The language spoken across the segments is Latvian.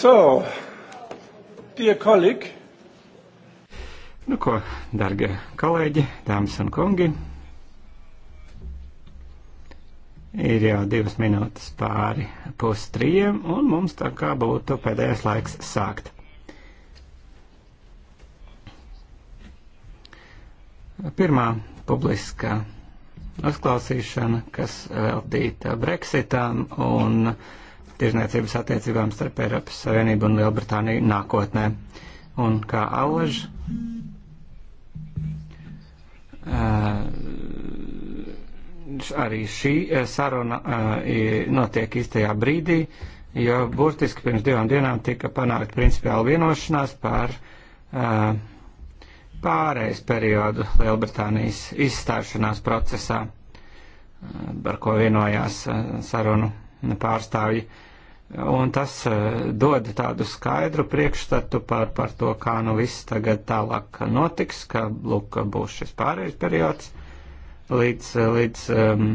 So, dear colleague. Nu ko, dargie kolēģi, dāmas un kungi. Ir jau divas minūtes pāri pus trījiem, un mums tā kā būtu pēdējais laiks sākt. Pirmā publiskā uzklausīšana, kas veltīta Brexitam un uh, tirzniecības attiecībām starp Eiropas Savienību un Lielbritāniju nākotnē. Un kā alaž, eh, arī šī saruna eh, notiek īstajā brīdī, jo burtiski pirms divām dienām tika panākt principiāli vienošanās par eh, pārējais periodu Lielbritānijas izstāšanās procesā, par ko vienojās sarunu pārstāvji. Un tas e, dod tādu skaidru priekšstatu par, par to, kā nu viss tagad tālāk notiks, ka lūk, būs šis pārējais periods līdz, e, līdz um,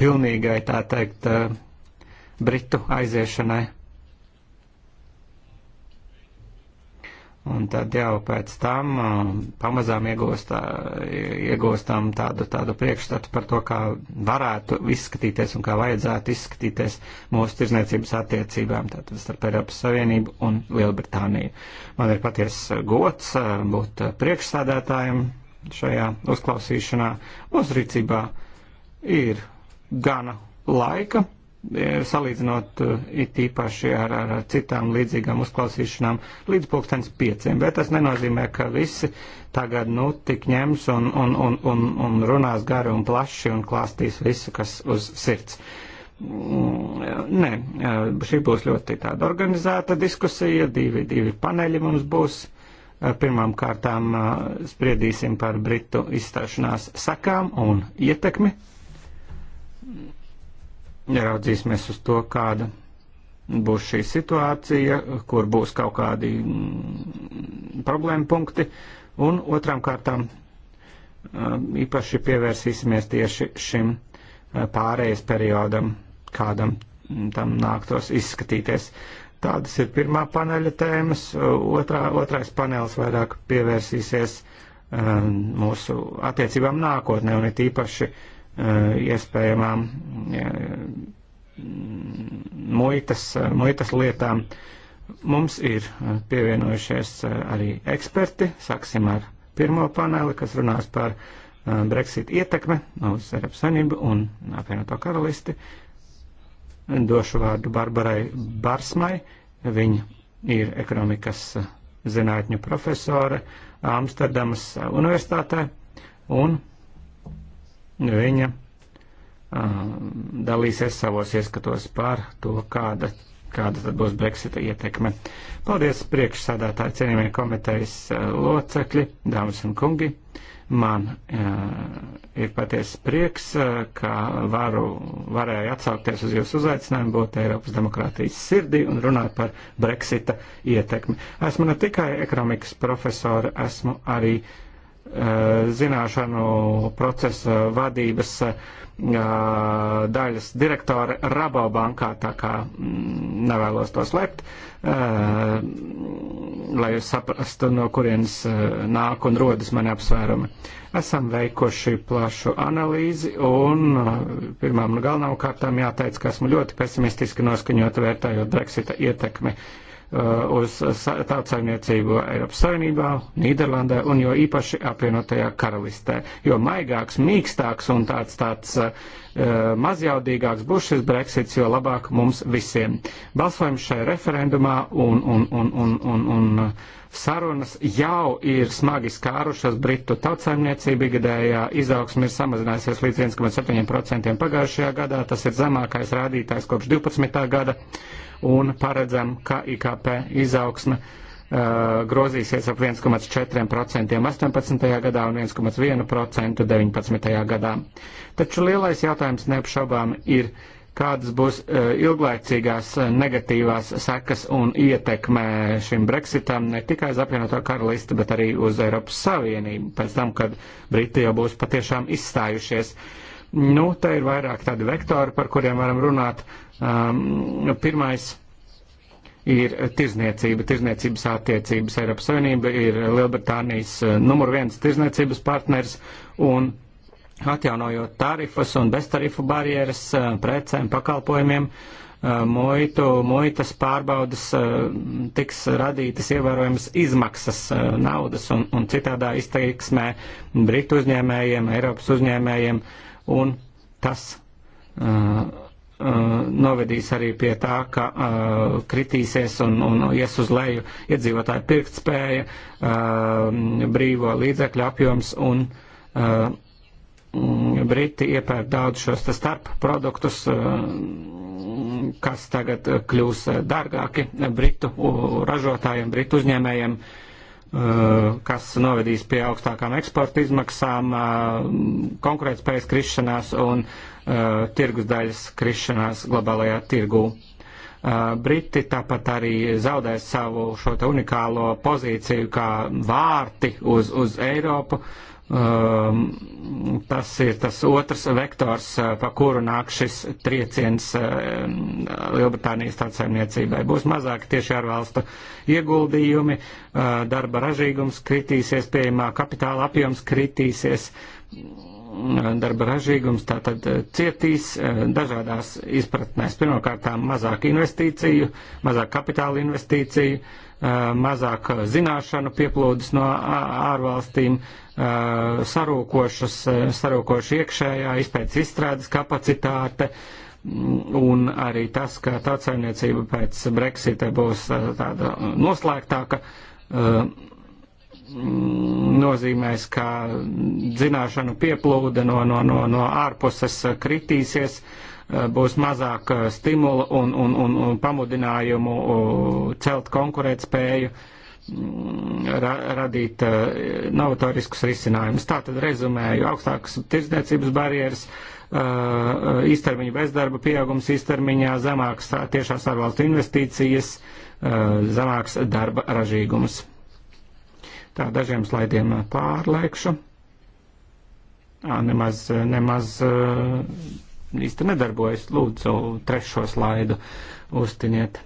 pilnīgai, tā teikt, uh, Britu aiziešanai un tad jau pēc tam uh, pamazām iegūstā, iegūstam tādu, tādu priekšstatu par to, kā varētu izskatīties un kā vajadzētu izskatīties mūsu tirzniecības attiecībām tātad starp Eiropas Savienību un Lielbritāniju. Man ir paties gods uh, būt uh, priekšstādētājiem šajā uzklausīšanā. Mūsu rīcībā ir gana laika E, salīdzinot e, it īpaši ar, ar, ar citām līdzīgām uzklausīšanām līdz pulkstens pieciem, bet tas nenozīmē, ka visi tagad nu tik ņems un, un, un, un, un runās gari un plaši un klāstīs visu, kas uz sirds. Mm, e, nē, šī būs ļoti tāda organizēta diskusija, divi, divi paneļi mums būs. Pirmām kārtām spriedīsim par Britu izstāšanās sakām un ietekmi Ja raudzīsimies uz to, kāda būs šī situācija, kur būs kaut kādi mm, problēma punkti, un otrām kārtām um, īpaši pievērsīsimies tieši šim uh, pārējais periodam, kādam mm, tam nāktos izskatīties. Tādas ir pirmā paneļa tēmas, otrā, otrais panelis vairāk pievērsīsies um, mūsu attiecībām nākotnē un it īpaši uh, Eh, iespējamām eh, muitas, eh, muitas lietām. Mums ir pievienojušies arī eksperti. Sāksim ar pirmo paneli, kas runās par Brexit ietekme uz Eiropas Savienību un apvienoto karalisti. Došu vārdu Barbarai Barsmai. Viņa ir ekonomikas zinātņu profesore Amsterdamas universitātē un Viņa dalīsies savos ieskatos par to, kāda, kāda tad būs Brexita ietekme. Paldies priekšsādātāji, cienījamie komitejas locekļi, dāmas un kungi man uh, ir patiesa prieks, uh, ka varu, varēju atsaukties uz jūsu uzaicinājumu būt Eiropas demokrātijas sirdī un runāt par Brexita ietekmi. Esmu ne tikai ekonomikas profesori, esmu arī Eh, zināšanu procesa vadības eh, daļas direktore Rabobankā, tā kā mm, nevēlos to slept, eh, lai jūs saprastu, no kurienes nāk un rodas mani apsvērumi. Esam veikuši plašu analīzi un pirmām un galvenām kārtām jāteic, ka esmu ļoti pesimistiski noskaņota vērtējot Brexita ietekmi uh, Uh, uz tautsaimniecību Eiropas Savienībā, Nīderlandē un jo īpaši apvienotajā karalistē. Jo maigāks, mīkstāks un tāds tāds uh, mazjaudīgāks būs šis Brexits, jo labāk mums visiem. Balsojums šajā referendumā un, un, un, un, un, un sarunas jau ir smagi skārušas Britu tautsaimniecību. Ikgadējā izaugsme ir samazinājusies līdz 1,7% pagājušajā gadā. Tas ir zemākais rādītājs kopš 12. gada un paredzam, ka IKP izaugsme uh, grozīsies ap 1,4% 18. gadā un 1,1% 19. gadā. Taču lielais jautājums neapšaubām ir, kādas būs uh, ilglaicīgās uh, negatīvās sekas un ietekme šim Brexitam ne tikai uz apvienoto karalisti, bet arī uz Eiropas Savienību pēc tam, kad Briti jau būs patiešām izstājušies. Nu, te ir vairāk tādi vektori, par kuriem varam runāt, Um, nu, pirmais ir tirzniecība, tirzniecības attiecības. Eiropas Savienība ir Lielbritānijas uh, numur viens tirzniecības partners un atjaunojot tarifas un beztarifu barjeras uh, precēm, pakalpojumiem, uh, muitu, muitas pārbaudas tiks radītas ievērojamas izmaksas naudas un, un citādā izteiksmē Britu uzņēmējiem, Eiropas uzņēmējiem un tas. Uh, Uh, novedīs arī pie tā, ka uh, kritīsies un, un ies uz leju iedzīvotāju pirktspēja, uh, brīvo līdzekļu apjoms un uh, mm, Briti iepērk daudz šos starp produktus, uh, kas tagad kļūs uh, dārgāki Britu uh, ražotājiem, Britu uzņēmējiem. Uh, Uh, kas novedīs pie augstākām eksporta izmaksām, uh, konkurētspējas krišanās un uh, tirgus daļas krišanās globālajā tirgū. Briti tāpat arī zaudēs savu šo te unikālo pozīciju kā vārti uz, uz Eiropu. Uh, Um, tas ir tas otrs vektors, uh, pa kuru nāk šis trieciens uh, um, Lielbritānijas tautsēmniecībai. Būs mazāk tieši ārvalstu ieguldījumi, uh, darba ražīgums kritīsies, pieejamā kapitāla apjoms kritīsies, darba ražīgums tātad cietīs dažādās izpratnēs. Pirmkārtām mazāk investīciju, mazāk kapitāla investīciju, mazāk zināšanu pieplūdes no ārvalstīm. Ā Uh, sarūkošas, uh, sarūkoša iekšējā izpētes izstrādes kapacitāte mm, un arī tas, ka tautsaimniecība pēc Brexita būs uh, tāda noslēgtāka, nozīmēs, ka zināšanu pieplūde no, no, no, no ārpuses kritīsies, būs mazāk stimula un, un, un, un pamudinājumu celt konkurētspēju. spēju Mm, ra radīt uh, novatoriskus risinājumus. Tātad rezumēju augstākas tirdzniecības barjeras, uh, īstermiņa bezdarba pieaugums īstermiņā, zemākas tiešās ārvalstu investīcijas, uh, zemāks darba ražīgums. Tā dažiem slaidiem pārlēkšu. Ā, nemaz, nemaz īsti nedarbojas. Lūdzu, trešo slaidu uztiniet.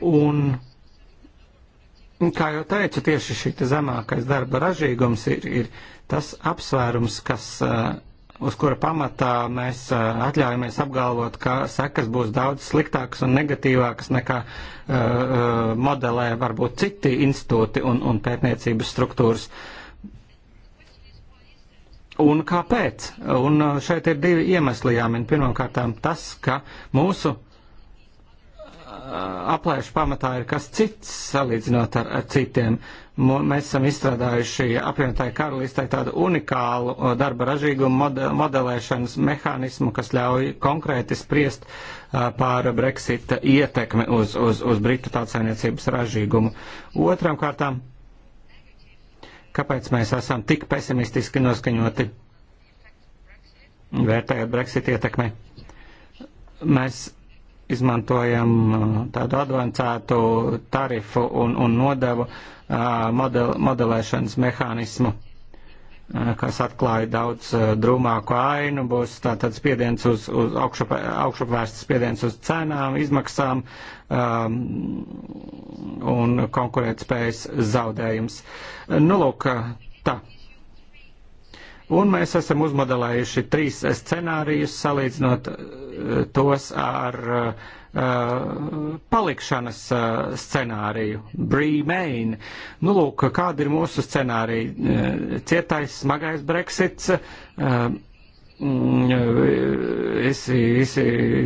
Un, kā jau teicu, tieši šī te zemākais darba ražīgums ir, ir tas apsvērums, kas, eh, uz kura pamatā mēs eh, atļaujamies apgalvot, ka sekas būs daudz sliktākas un negatīvākas nekā uh, modelē varbūt citi institūti un, un pētniecības struktūras. Un kāpēc? Un šeit ir divi iemesli jāmin. Pirmkārt, tas, ka mūsu aplēšu pamatā ir kas cits salīdzinot ar, ar citiem. Mēs esam izstrādājuši apvienotāju karalistē tādu unikālu darba ražīgumu modelēšanas mehānismu, kas ļauj konkrēti spriest pār Brexita ietekmi uz, uz, uz Britu tautsainiecības ražīgumu. Otram kārtām, kāpēc mēs esam tik pesimistiski noskaņoti vērtējot Brexit ietekmi? Mēs izmantojam uh, tādu advancētu tarifu un, un nodevu uh, model, modelēšanas mehānismu, uh, kas atklāja daudz drūmāku ainu, būs tātad spiediens uz, uz augšup, augšupvērsts spiediens uz cenām, izmaksām um, un konkurētspējas zaudējums. Nu, lūk, tā. Un mēs esam uzmodelējuši trīs scenārijus, salīdzinot eh, tos ar uh, palikšanas uh, scenāriju, remain. Nu, lūk, kāda ir mūsu scenārija? Cietais, smagais Brexits, uh, visi, mm, eh, visi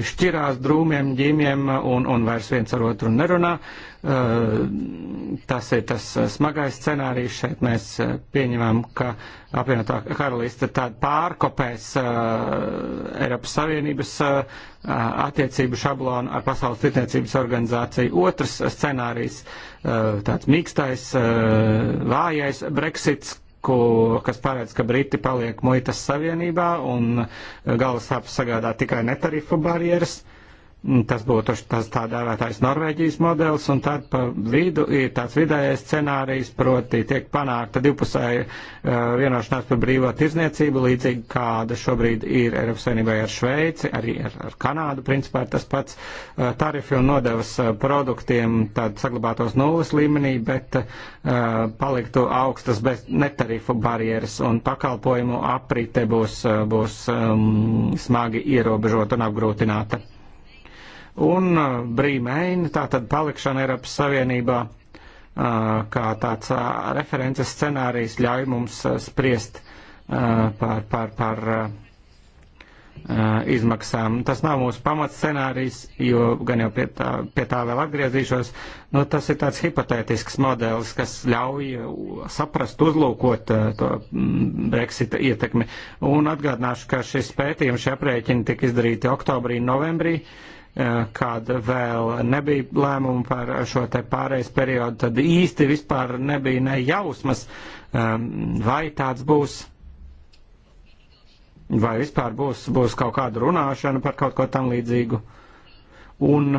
šķirās drūmiem, ģīmiem un, un vairs viens ar otru nerunā. Eh, tas ir tas smagais scenārijs. Šeit mēs eh, pieņemam, ka apvienotā karaliste tād pārkopēs Eiropas Savienības attiecību šablonu ar Pasaules tirtniecības organizāciju. Otrs scenārijs, tāds mīkstais, vājais Brexits, laiku, kas paredz, ka Briti paliek muitas savienībā un eh, galvas sāp sagādā tikai netarifu barjeras. Uh, Mm, tas būtu tas tā dēvētais Norvēģijas modelis, un tad pa vidu ir tāds vidējais scenārijs, proti tiek panākta divpusēja uh, vienošanās par brīvo tirzniecību, līdzīgi kāda šobrīd ir Eiropas Savienībai ar Šveici, arī ar, ar Kanādu, principā tas pats uh, tarifi un nodevas uh, produktiem tad saglabātos nulles līmenī, bet uh, paliktu augstas bez netarifu barjeras, un pakalpojumu aprite būs, būs um, smagi ierobežota un apgrūtināta un uh, brīmeini, tā tad palikšana Eiropas Savienībā uh, kā tāds uh, references scenārijs ļauj mums spriest par, par, par izmaksām. Tas nav mūsu pamats scenārijs, jo gan jau pie tā, pie tā vēl atgriezīšos. Nu, tas ir tāds hipotētisks modelis, kas ļauj saprast, uzlūkot to mm, Brexita ietekmi. Un atgādināšu, ka šis pētījums, šie aprēķini tika izdarīti oktobrī, novembrī. Uh, Eh, kad vēl nebija lēmumu par šo te pārējais periodu, tad īsti vispār nebija nejausmas, eh, vai tāds būs, vai vispār būs, būs kaut kāda runāšana par kaut ko tam līdzīgu. Un,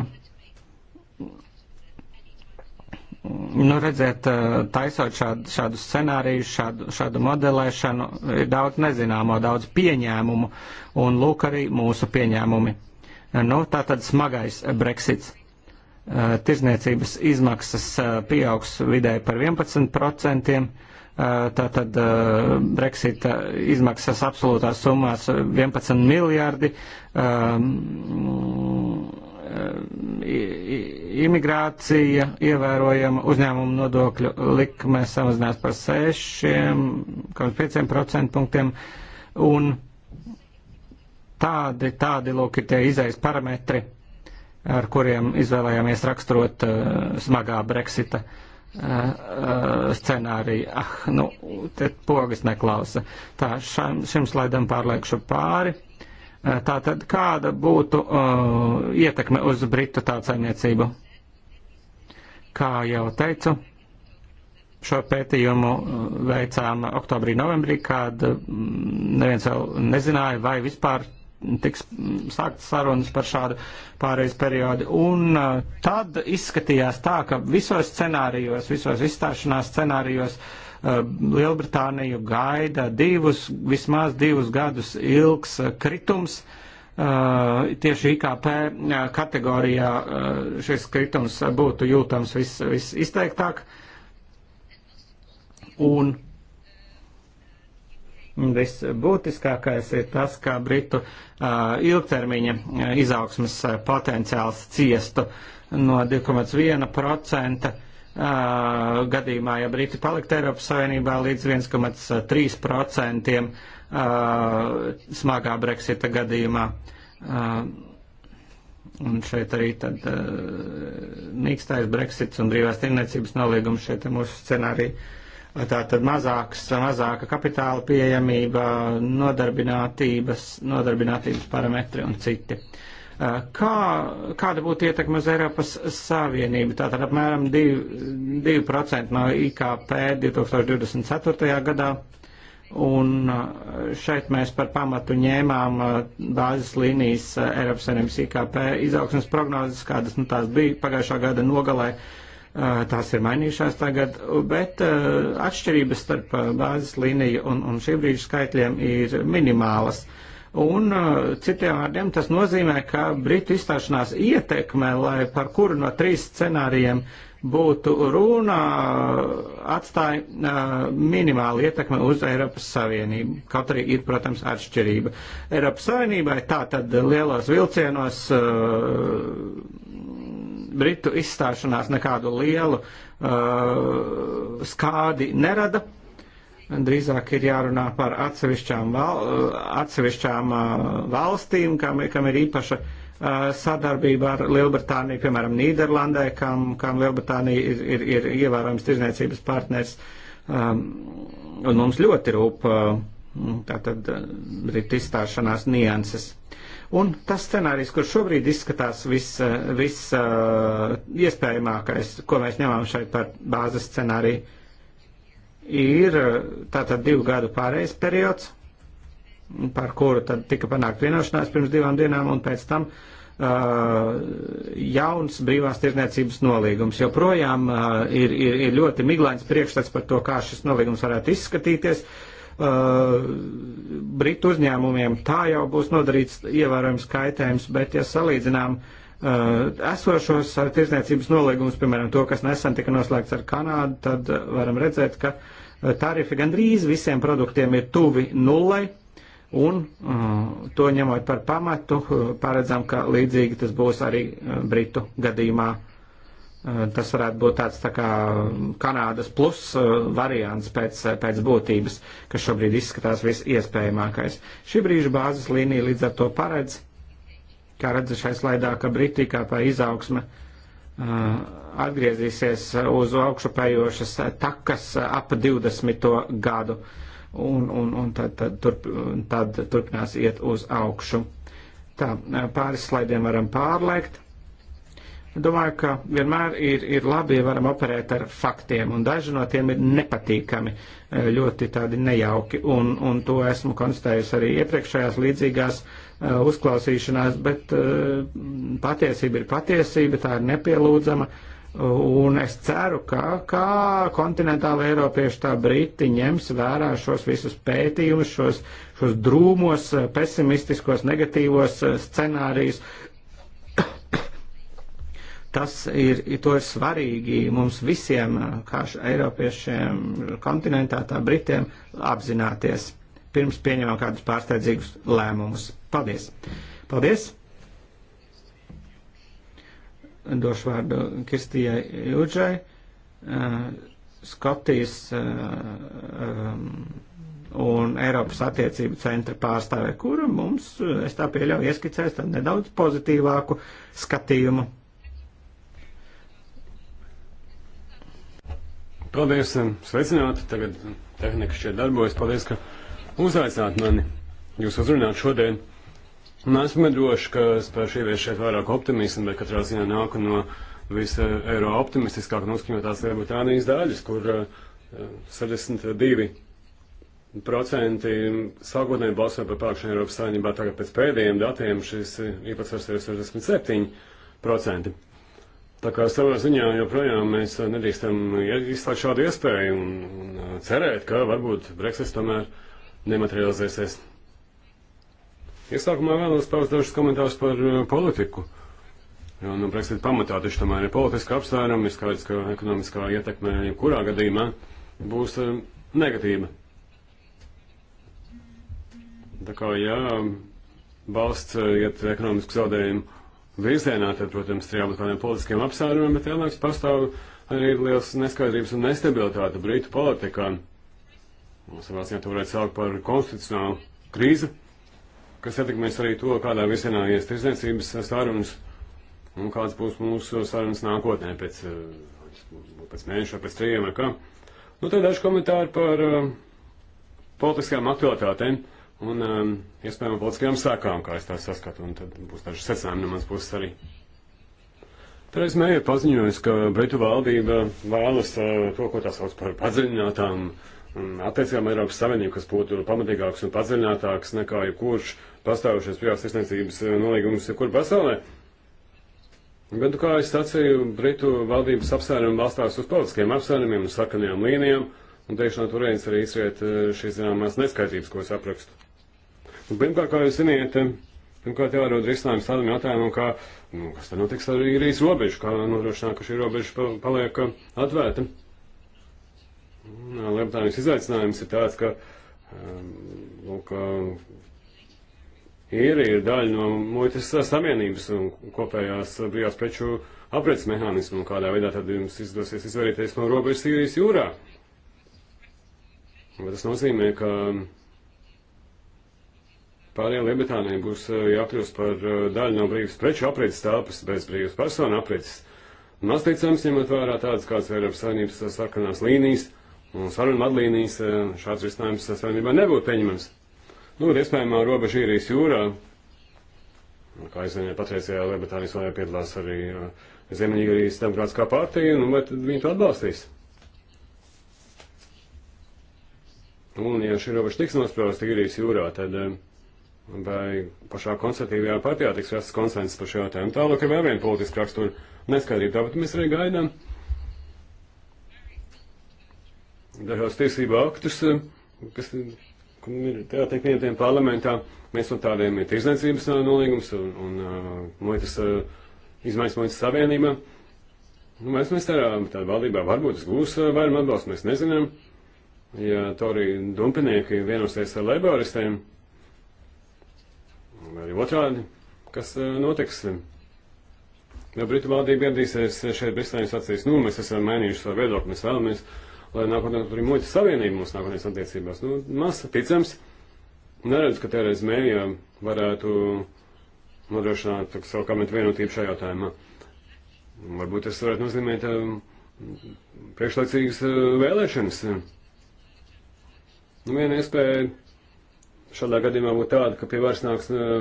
nu, redzēt, eh, taisot šādu, šādu scenāriju, šādu, šādu modelēšanu, ir daudz nezināmo, daudz pieņēmumu, un lūk arī mūsu pieņēmumi Eh, nu, tā tad smagais Brexits. Eh, tirzniecības izmaksas eh, pieaugs vidēji par 11%, tātad Brexita izmaksas absolūtās summās 11 miljārdi mm, imigrācija ievērojama uzņēmuma nodokļu likme samazinās par 6,5% punktiem un Tādi, tādi lūk ir tie izaisa parametri, ar kuriem izvēlējāmies raksturot uh, smagā Brexita uh, uh, scenāriju. Ah, nu, te pogas neklausa. Tā, šam, šim slaidam pārliekšu pāri. Uh, tā tad kāda būtu uh, ietekme uz Britu tautsājniecību? Kā jau teicu, šo pētījumu veicām oktobrī, novembrī, kad mm, neviens vēl nezināja, vai vispār tiks sākt sarunas par šādu pārejas periodu. Un uh, tad izskatījās tā, ka visos scenārijos, visos izstāšanās scenārijos uh, Lielbritāniju gaida divus, vismaz divus gadus ilgs uh, kritums. Tieši IKP kategorijā šis kritums būtu jūtams vis, visizteiktāk. Un Visbūtiskākais ir tas, ka Britu ilgtermiņa izaugsmas potenciāls ciestu no 2,1% gadījumā, ja Briti paliktu Eiropas Savienībā līdz 1,3% smagā Brexita gadījumā. Un šeit arī tad uh, mīkstais Brexits un brīvās tirniecības nolīgums šeit ir mūsu scenārija. Uh, Tātad mazāks, mazāka kapitāla pieejamība, nodarbinātības, nodarbinātības parametri un citi. Kā, kāda būtu ietekme uz Eiropas Savienību? Tātad apmēram 2%, 2 no IKP 2024. gadā. Un šeit mēs par pamatu ņēmām bāzes līnijas Eiropas Savienības IKP izaugsmas prognozes, kādas nu, tās bija pagājušā gada nogalē, tās ir mainījušās tagad, bet atšķirības starp bāzes līniju un, un šī brīža skaitļiem ir minimālas. Un citiem vārdiem tas nozīmē, ka Britu izstāšanās ietekme, lai par kuru no trīs scenārijiem būtu runa, atstāja minimālu ietekmi uz Eiropas Savienību. Kaut arī ir, protams, atšķirība. Eiropas Savienībai tā tad lielos vilcienos Britu izstāšanās nekādu lielu uh, skādi nerada. Drīzāk ir jārunā par atsevišķām, val, uh, atsevišķām uh, valstīm, kam, kam ir īpaša uh, sadarbība ar Lielbritāniju, piemēram, Nīderlandē, kam, kam Lielbritānija ir, ir, ir ievērojams tirzniecības partners. Um, un mums ļoti rūp uh, tātad uh, Britu izstāšanās nianses. Un tas scenārijs, kurš šobrīd izskatās viss vis, uh, iespējamākais, ko mēs ņemam šeit par bāzes scenāriju, ir uh, tātad divu gadu pārējais periods, par kuru tad tika panākt vienošanās pirms divām dienām, un pēc tam uh, jauns brīvās tirdzniecības nolīgums. Joprojām uh, ir, ir, ir ļoti miglains priekšstats par to, kā šis nolīgums varētu izskatīties. Uh, Uh, Britu uzņēmumiem. Tā jau būs nodarīts ievērojams kaitējums, bet ja salīdzinām uh, esošos uh, tirsniecības nolīgumus, piemēram, to, kas nesen tika noslēgts ar Kanādu, tad varam redzēt, ka tarifi gandrīz visiem produktiem ir tuvi nullei. Un to ņemot par pamatu, paredzam, ka līdzīgi tas būs arī Britu gadījumā Eh, tas varētu būt tāds tā kā mm, Kanādas plus eh, variants pēc, eh, pēc būtības, kas šobrīd izskatās visiespējamākais. Šī brīža bāzes līnija līdz ar to paredz, kā redzat šai slaidā, ka Britī kā pa izaugsme atgriezīsies uz augšupējošas takas ap 20. gadu, un, un, un tad, tad, turp, tad turpinās iet uz augšu. Tā, pāris slaidiem varam pārlaikt Domāju, ka vienmēr ir, ir labi, ja varam operēt ar faktiem, un daži no tiem ir nepatīkami, e, ļoti tādi nejauki, un, un to esmu konstatējusi arī iepriekšējās līdzīgās e, uzklausīšanās, bet e, patiesība ir patiesība, tā ir nepielūdzama, un es ceru, ka kā kontinentāla Eiropieši tā Briti ņems vērā šos visus pētījumus, šos, šos drūmos, pesimistiskos, negatīvos scenārijus, Tas ir, to ir svarīgi mums visiem, eh, kā Eiropiešiem, kontinentā, tā Britiem, apzināties pirms pieņemam kādus pārsteidzīgus lēmumus. Paldies! Paldies! Došu vārdu Kirstijai Jūdžai, uh, eh, Skotijas uh, um, un Eiropas attiecību centra pārstāvē, kura mums, es tā pieļauju, ieskicēs tad nedaudz pozitīvāku skatījumu Paldies, um, sveicināti. Tagad um, tehnika šeit darbojas. Paldies, ka uzaicināt mani. Jūs uzrunāt šodien. Un esmu droši, ka spēšu ievies šeit vairāk optimismu, bet katrā ziņā nāku no visa eiro optimistiskāk noskaņotās Lielbritānijas daļas, kur uh, 62 procenti sākotnēji balsoja par pārkšanu Eiropas saimnībā, tagad pēc pēdējiem datiem šis uh, īpatsvars ir 67 procenti. Tā kā savā ziņā joprojām mēs eh, nedrīkstam izslēgt šādu iespēju un, un eh, cerēt, ka varbūt Brexit tomēr nematerializēsies. Iesākumā vēlos paust dažus komentārus par eh, politiku. Jo, nu, Brexit pamatā taču tomēr ir politiska apsvērama, ir skaidrs, ka ekonomiskā ietekme jebkurā gadījumā būs negatīva. Tā kā, jā, valsts iet ekonomisku zaudējumu virzienā, tad, protams, ir jābūt kādiem politiskiem apsvērumiem, bet vienlaikus pastāv arī liels neskaidrības un nestabilitāte Britu politikā. Mums savā ziņā to varētu saukt par konstitucionālu krīzi, kas ietekmēs arī to, kādā virzienā ies tirdzniecības sarunas un kāds būs mūsu sarunas nākotnē pēc, uh, pēc mēneša, pēc trījiem vai kā. Nu, tad daži komentāri par uh, politiskām aktualitātēm. Uh, un um, iespējām politiskajām sākām, kā es tā saskatu, un tad būs daži secinājumi no mans puses arī. Tereza Mēja paziņojusi, ka Britu valdība vēlas uh, to, ko tā sauc par padziļinātām um, attiecībām Eiropas Savienību, kas būtu pamatīgāks un padziļinātāks nekā jebkurš pastāvušies privās tirsniecības uh, nolīgums jebkur pasaulē. Bet, kā es sacīju, Britu valdības apsvērumi balstās uz politiskiem apsvērumiem un sarkanajām līnijām, un tieši no turienes arī izriet uh, šīs zināmās neskaitības, ko es aprakstu. Un nu, nu pirmkārt, kā jūs ziniet, pirmkārt eh, nu jārod risinājums tādam jautājumam, kā, nu, kas tad notiks ar īrijas robežu, kā nodrošināt, ka šī robeža paliek eh, atvērta. Lielbritānijas izaicinājums ir tāds, ka, ehm, lūk, eh, īrija ir daļa no muitas savienības un kopējās brīvās preču aprits mehānismu, kādā veidā tad jums izdosies izvairīties no robežas Sīrijas jūrā. Bet tas nozīmē, ka Pārējiem Lielbritānijai būs eh, jākļūst par eh, daļu no brīvas preču aprīces telpas bez brīvas personu aprīces. Masticams, ņemot vērā tādas kādas Eiropas Savienības eh, sarkanās līnijas un sarunu vadlīnijas, šāds risinājums Savienībā nebūtu pieņemams. Nu, ir iespējamā robeža īrijas jūrā. Kā es zinu, patreizajā Lielbritānijas valdē piedalās arī Ziemeņīrijas demokrātiskā partija, nu, vai tad viņi to atbalstīs? Un, ja šī robeža tiks nosprausta īrijas jūrā, tad. Um, vai pašā konservatīvajā partijā tiks rasts konsensus par šo jautājumu. Tālāk ir vēl viena politiska rakstura neskaidrība, tāpēc mēs arī gaidām dažās tiesību aktus, kas ir tiek pieņemtiem parlamentā. Mēs no tādiem ir tirdzniecības nolīgums un, un uh, muitas uh, izmaiņas muitas savienībā. Nu, mēs mēs tādā, tādā valdībā varbūt es būs uh, vairum atbalsts, mēs nezinām. Ja to arī dumpinieki vienosies ar laboristiem, vai arī otrādi, kas e, notiks. Ja Britu valdība ieradīsies e, šeit Briselēņas acīs, nu, mēs esam mainījuši savu viedokli, mēs vēlamies, lai nākotnē tur ir muitas savienība mūsu nākotnēs attiecībās. Nu, maz ticams, neredz, ka Terēz Mēja varētu nodrošināt savu komentu vienotību šajā jautājumā. Varbūt tas varētu nozīmēt e, priekšlaicīgas vēlēšanas. Nu, viena iespēja šādā gadījumā būtu tāda, ka pie varas nāks e,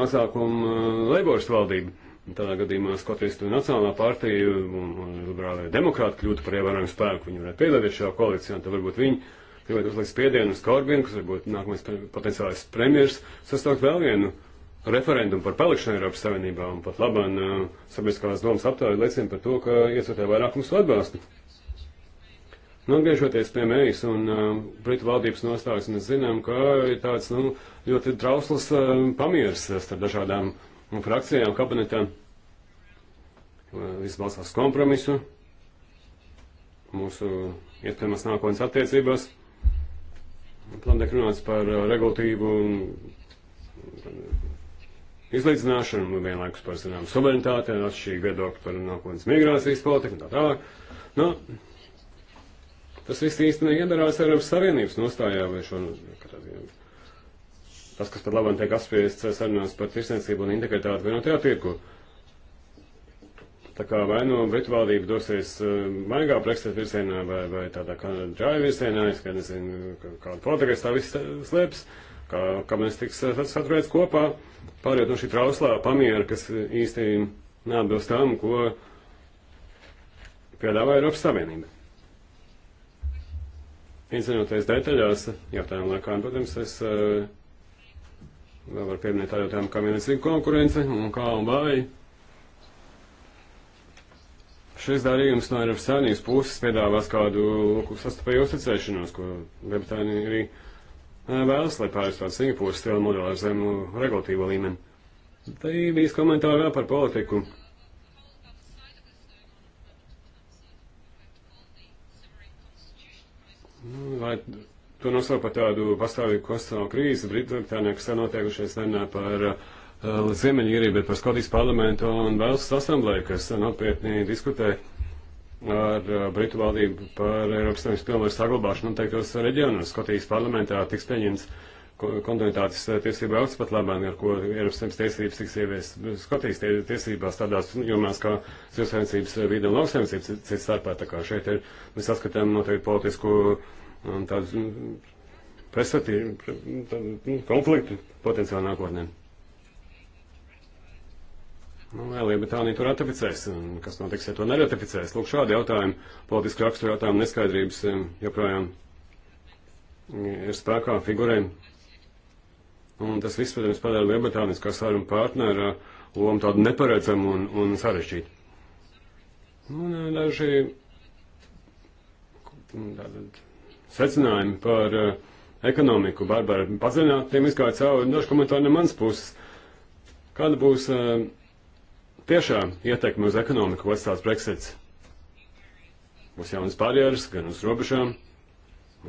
mazākuma e, leiboristu valdība. Tādā gadījumā Skotristu Nacionālā partija un liberālajie demokrāti kļūtu par ievērojumu spēku. Viņi varētu piedalīties šajā koalīcijā, un tad varbūt viņi gribētu uzlikt spiedienu uz Korbinu, kas varbūt nākamais potenciālais premjers, sastāvot vēl vienu referendumu par palikšanu Eiropas Savienībā, un pat labāk e, sabiedriskās domas aptāvi liecina par to, ka iesvērtē vairākums atbalstu. Nu, griežoties pie mējas un uh, Britu valdības nostājas, mēs zinām, ka ir tāds nu, ļoti trausls uh, pamieris uh, starp dažādām frakcijām kabinetā. Uh, Viss balstās kompromisu mūsu iespējamās nākotnes attiecībās. Plandek runāts par uh, regulatīvu un uh, izlīdzināšanu, nu, vienlaikus par, zinām, suverenitāti, atšķirīgi viedokļi par nākotnes migrācijas politiku un tā tālāk. Nu, Tas viss īstenībā iedarās Eiropas Savienības nostājā vai šo. Tas, kas pat labam tiek apspriests eh, sarunās par tirsniecību un integritāti vienotajā tirku. Tā kā vai nu no Britu valdība dosies uh, maigā Brexit virzienā vai, vai tādā kā džāja virzienā, es kā nezinu, kāda protagonist tā viss eh, slēps, kā, kā mēs tiks saturēts kopā, pārējot no šī trauslā pamiera, kas īsti neatbilst tam, ko piedāvā Eiropas Savienība. Iedziļinoties detaļās, jautājumu laikā, protams, es eh, vēl varu pieminēt tādu jautājumu, kā vienlaicīga konkurence un kā un vai. Šis darījums no Eiropas saimnības puses piedāvās kādu sastapēju uzticēšanos, ko Lielbritānija arī eh, vēlas, lai pārstāvētu Singapūras stila modeli ar zemu regulatīvo līmeni. Te bija komentāri vēl par politiku. lai to nosauc par tādu pastāvīgu konstitucionālu krīzi, Britānijā, kas tā notiekušies vienā eh, par uh, eh, Ziemeņīriju, bet par Skotijas parlamentu un Velsas asamblēju, kas nopietni diskutē ar uh, Britu valdību par Eiropas Savienības pilnvaru saglabāšanu noteiktos reģionos. Skotijas parlamentā tiks pieņemts kontinentātas tiesība augsts pat labāk, ar ko Eiropas Savienības tiesības tiks ievies Skotijas tiesībās tādās jomās kā zivsainicības vīda un lauksaimniecības cits starpā. Tā kā šeit ir, mēs saskatām noteikti politisku tādas mm, pretstatī, nu, nu, konfliktu potenciāli nākotnē. Nu, vai Lielbritānija to ratificēs, kas notiks, ja to neratificēs? Lūk, šādi jautājumi, politiski rakstura jautājumi, neskaidrības eh, joprojām eh, ir spēkā figurē. Un tas viss, protams, padara Lielbritānijas kā sarunu partneru lomu tādu neparedzamu un, un sarežģītu. Nu, un eh, daži tātad, secinājumi par uh, ekonomiku. Barbara padziļināt tiem izgāja cauri dažu komentāru no manas puses. Kāda būs uh, tiešā ietekme uz ekonomiku, ko atstās Brexits? Būs jaunas barjeras gan uz robežām,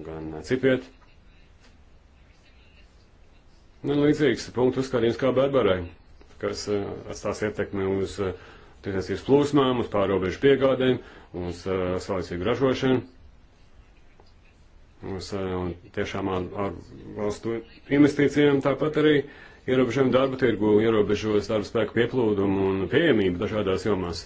gan eh, cipiet. Nu, līdzīgs punktu uzskatījums kā Barbarai, kas uh, atstās ietekmi uz uh, tiesības plūsmām, uz pārobežu piegādēm, uz uh, saulēcīgu ražošanu. Eh, uz tiešām ar valstu investīcijām, tāpat arī ierobežojumi darba tirgu, ierobežos darba spēku pieplūdumu un pieejamību dažādās jomās.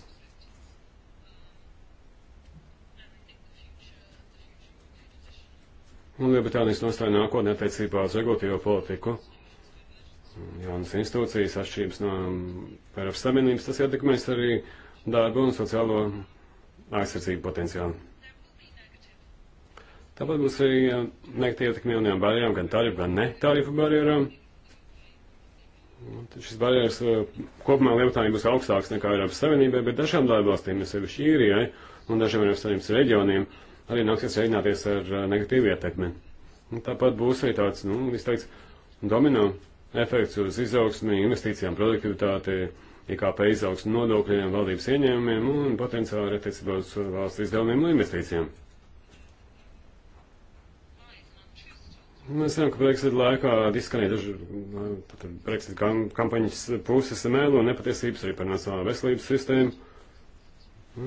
Un Lielbritānijas nostāja nākotnē attiecībā uz regulatīvo politiku. Jaunas institūcijas atšķirības no um, Eiropas Savienības tas ietekmēs arī darbu un sociālo aizsardzību potenciāli. Tāpat būs arī negatīva ietekme jaunajām barjerām, gan tarifu, gan ne tarifu barjerām. Šis barjeras kopumā Lietuvānijai būs augstāks nekā Eiropas Savienībai, bet dažām dalībvalstīm, jo sevišķi īrijai un dažiem Eiropas Savienības reģioniem, arī nāksies rēķināties ar negatīvu ietekmi. Un tāpat būs arī tāds, nu, izteikts domino efekts uz izaugsmi, investīcijām, produktivitāti, IKP izaugsmi, nodokļiem, valdības ieņēmumiem un potenciāli attiecībā uz valsts izdevumiem un investīcijām. Mēs nu, zinām, ka Brexit laikā izskanēja daži nu, Brexit kam, kampaņas puses mēlu un nepatiesības arī par nacionālo veselības sistēmu.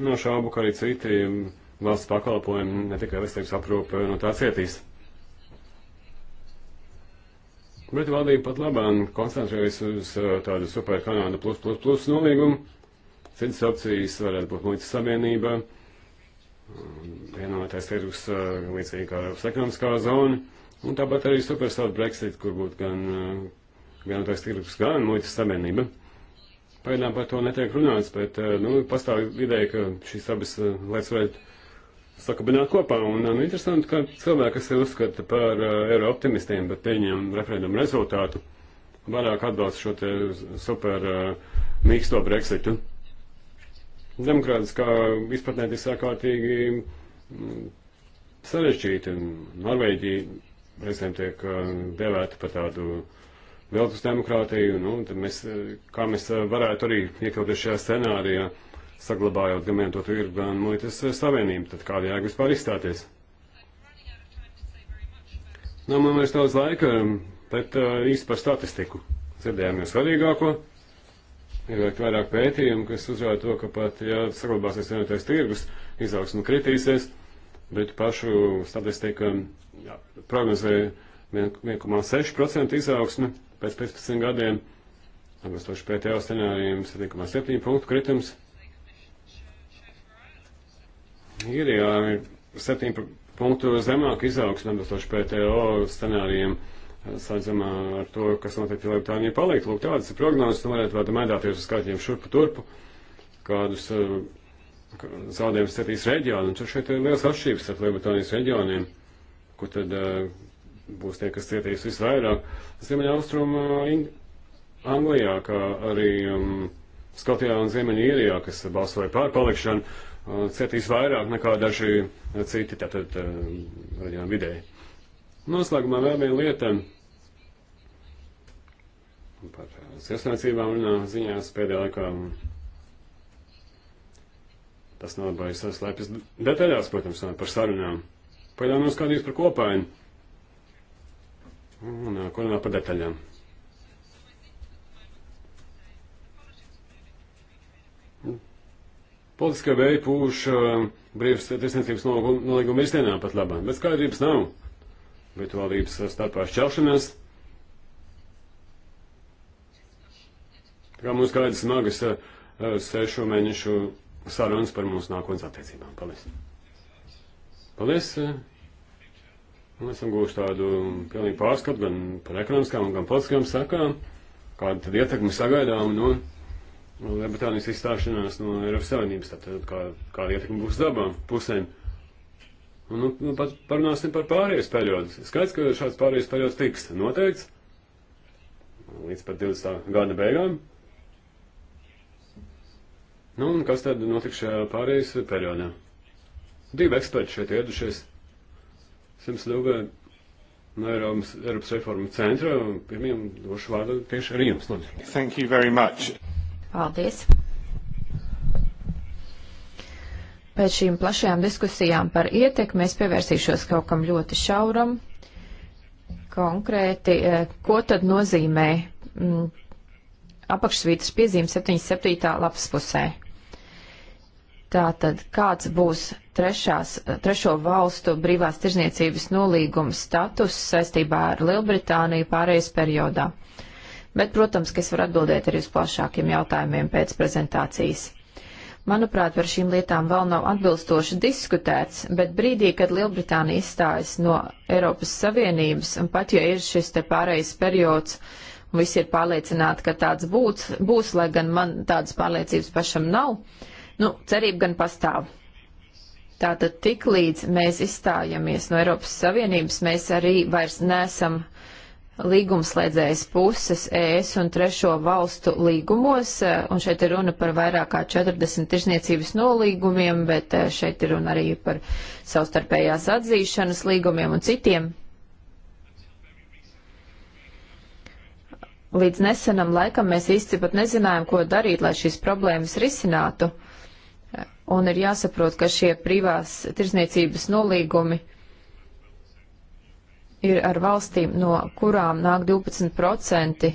No šaubu, ka arī citi valsts pakalpojumi, ne tikai veselības aprūpe, no tā cietīs. Bet valdība pat labāk koncentrējas uz uh, tādu super Kanāda plus plus plus nolīgumu. Citas opcijas varētu būt muitas savienība, vienotais tirgus uh, līdzīgi kā Eiropas ekonomiskā zona. Un tāpat arī supersaudu Brexit, kur būtu gan, eh, gan tās tirgus, gan muitas savienība. Pagaidām par to netiek runāts, bet eh, nu, pastāv ideja, ka šīs abas eh, lietas varētu sakabināt kopā. Un, un nu, interesanti, ka cilvēki, kas sevi uzskata par uh, eiro optimistiem, bet pieņem referendumu rezultātu, vairāk atbalsta šo te super uh, mīksto Brexitu. Demokrātiskā izpratnē tas ārkārtīgi mm, sarežģīti. Norvēģija reizēm tiek uh, devēta par tādu veltus demokrātiju, nu, tad mēs, uh, kā mēs uh, varētu arī iekļauties šajā scenārijā, saglabājot gan vienotu tirgu, gan muitas savienību, tad kāda jēga vispār izstāties? Nav man vairs daudz laika, bet īsti par statistiku. Dzirdējām jau svarīgāko. Ir vairāk pētījumu, kas uzrāda to, ka pat, ja saglabāsies vienotais tirgus, izaugsme kritīsies. Britu pašu statistika jā, prognozēja 1,6% izaugsmi pēc 15 gadiem, atbilstoši pēdējā scenārijiem 7,7 punktu kritums. Īrijā ir 7 punktu zemāk izaugsme, atbilstoši pēdējo scenārijiem sadzamā ar to, kas notiek Lielbritānijā paliek. Lūk, tādas ir prognozes, nu varētu vēl mēdāties uz skaitļiem šurpu turpu, kādus uh, zaudējumus radīs reģionu. Un šeit ir liels atšķirības starp Lielbritānijas reģioniem, kur tad uh, būs tie, kas cietīs visvairāk. Ziemeņa austruma uh, eh, Anglijā, kā arī um, Skotijā un Ziemeņīrijā, kas balsoja pār palikšanu, uh, cietīs vairāk nekā daži citi tātad uh, reģionu vidēji. Noslēgumā vēl viena lieta par cilvēcībām runā ziņās pēdējā laikā. Un, um, Tas nav baigs slēpjas detaļās, protams, par sarunām. Pagaidām noskatījos par kopainu. Un ko runā par detaļām? Politiskā vēja pūš uh, brīvas tiesniecības nolīguma virzienā pat labāk, bet skaidrības nav. Bet valdības starpā šķelšanās. Tā kā mums kādas smagas uh, sešu mēnešu sarunas par mūsu nākotnes attiecībām. Paldies! Paldies! Un esam gūši tādu pilnīgu pārskatu gan par ekonomiskām, gan politiskām sakām, kāda tad ietekmi sagaidām no Lielbritānijas izstāšanās no Eiropas Savienības, tātad kā, kāda ietekme būs dabām pusēm. Un nu, nu, pat parunāsim par pārējais periodu. Skaidrs, ka šāds pārējais periods tiks noteikts līdz pat 20. gada beigām, Nu, un kas tad notiks šajā pārējais periodā? Divi eksperti šeit ieradušies. Sims Ļuvē no Eiropas, Eiropas reforma centra. Pirmiem došu vārdu tieši arī jums. Lūdzu. Thank you very much. Paldies. Pēc šīm plašajām diskusijām par ietekmi es pievērsīšos kaut kam ļoti šauram. Konkrēti, e, ko tad nozīmē mm, apakšvītras piezīme 77. lapas pusē? Tātad, kāds būs trešās, trešo valstu brīvās tirzniecības nolīguma status saistībā ar Lielbritāniju pārējais periodā? Bet, protams, ka es varu atbildēt arī uz plašākiem jautājumiem pēc prezentācijas. Manuprāt, par šīm lietām vēl nav atbilstoši diskutēts, bet brīdī, kad Lielbritānija izstājas no Eiropas Savienības, un pat ja ir šis te pārējais periods, visi ir pārliecināti, ka tāds būs, būs lai gan man tādas pārliecības pašam nav, Nu, cerība gan pastāv. Tātad tik līdz mēs izstājamies no Eiropas Savienības, mēs arī vairs nesam līgumslēdzējas puses ES un trešo valstu līgumos, eh, un šeit ir runa par vairāk kā 40 tirsniecības nolīgumiem, bet eh, šeit ir runa arī par savstarpējās atzīšanas līgumiem un citiem. Līdz nesenam laikam mēs īsti pat nezinājām, ko darīt, lai šīs problēmas risinātu un ir jāsaprot, ka šie privās tirzniecības nolīgumi ir ar valstīm, no kurām nāk 12%,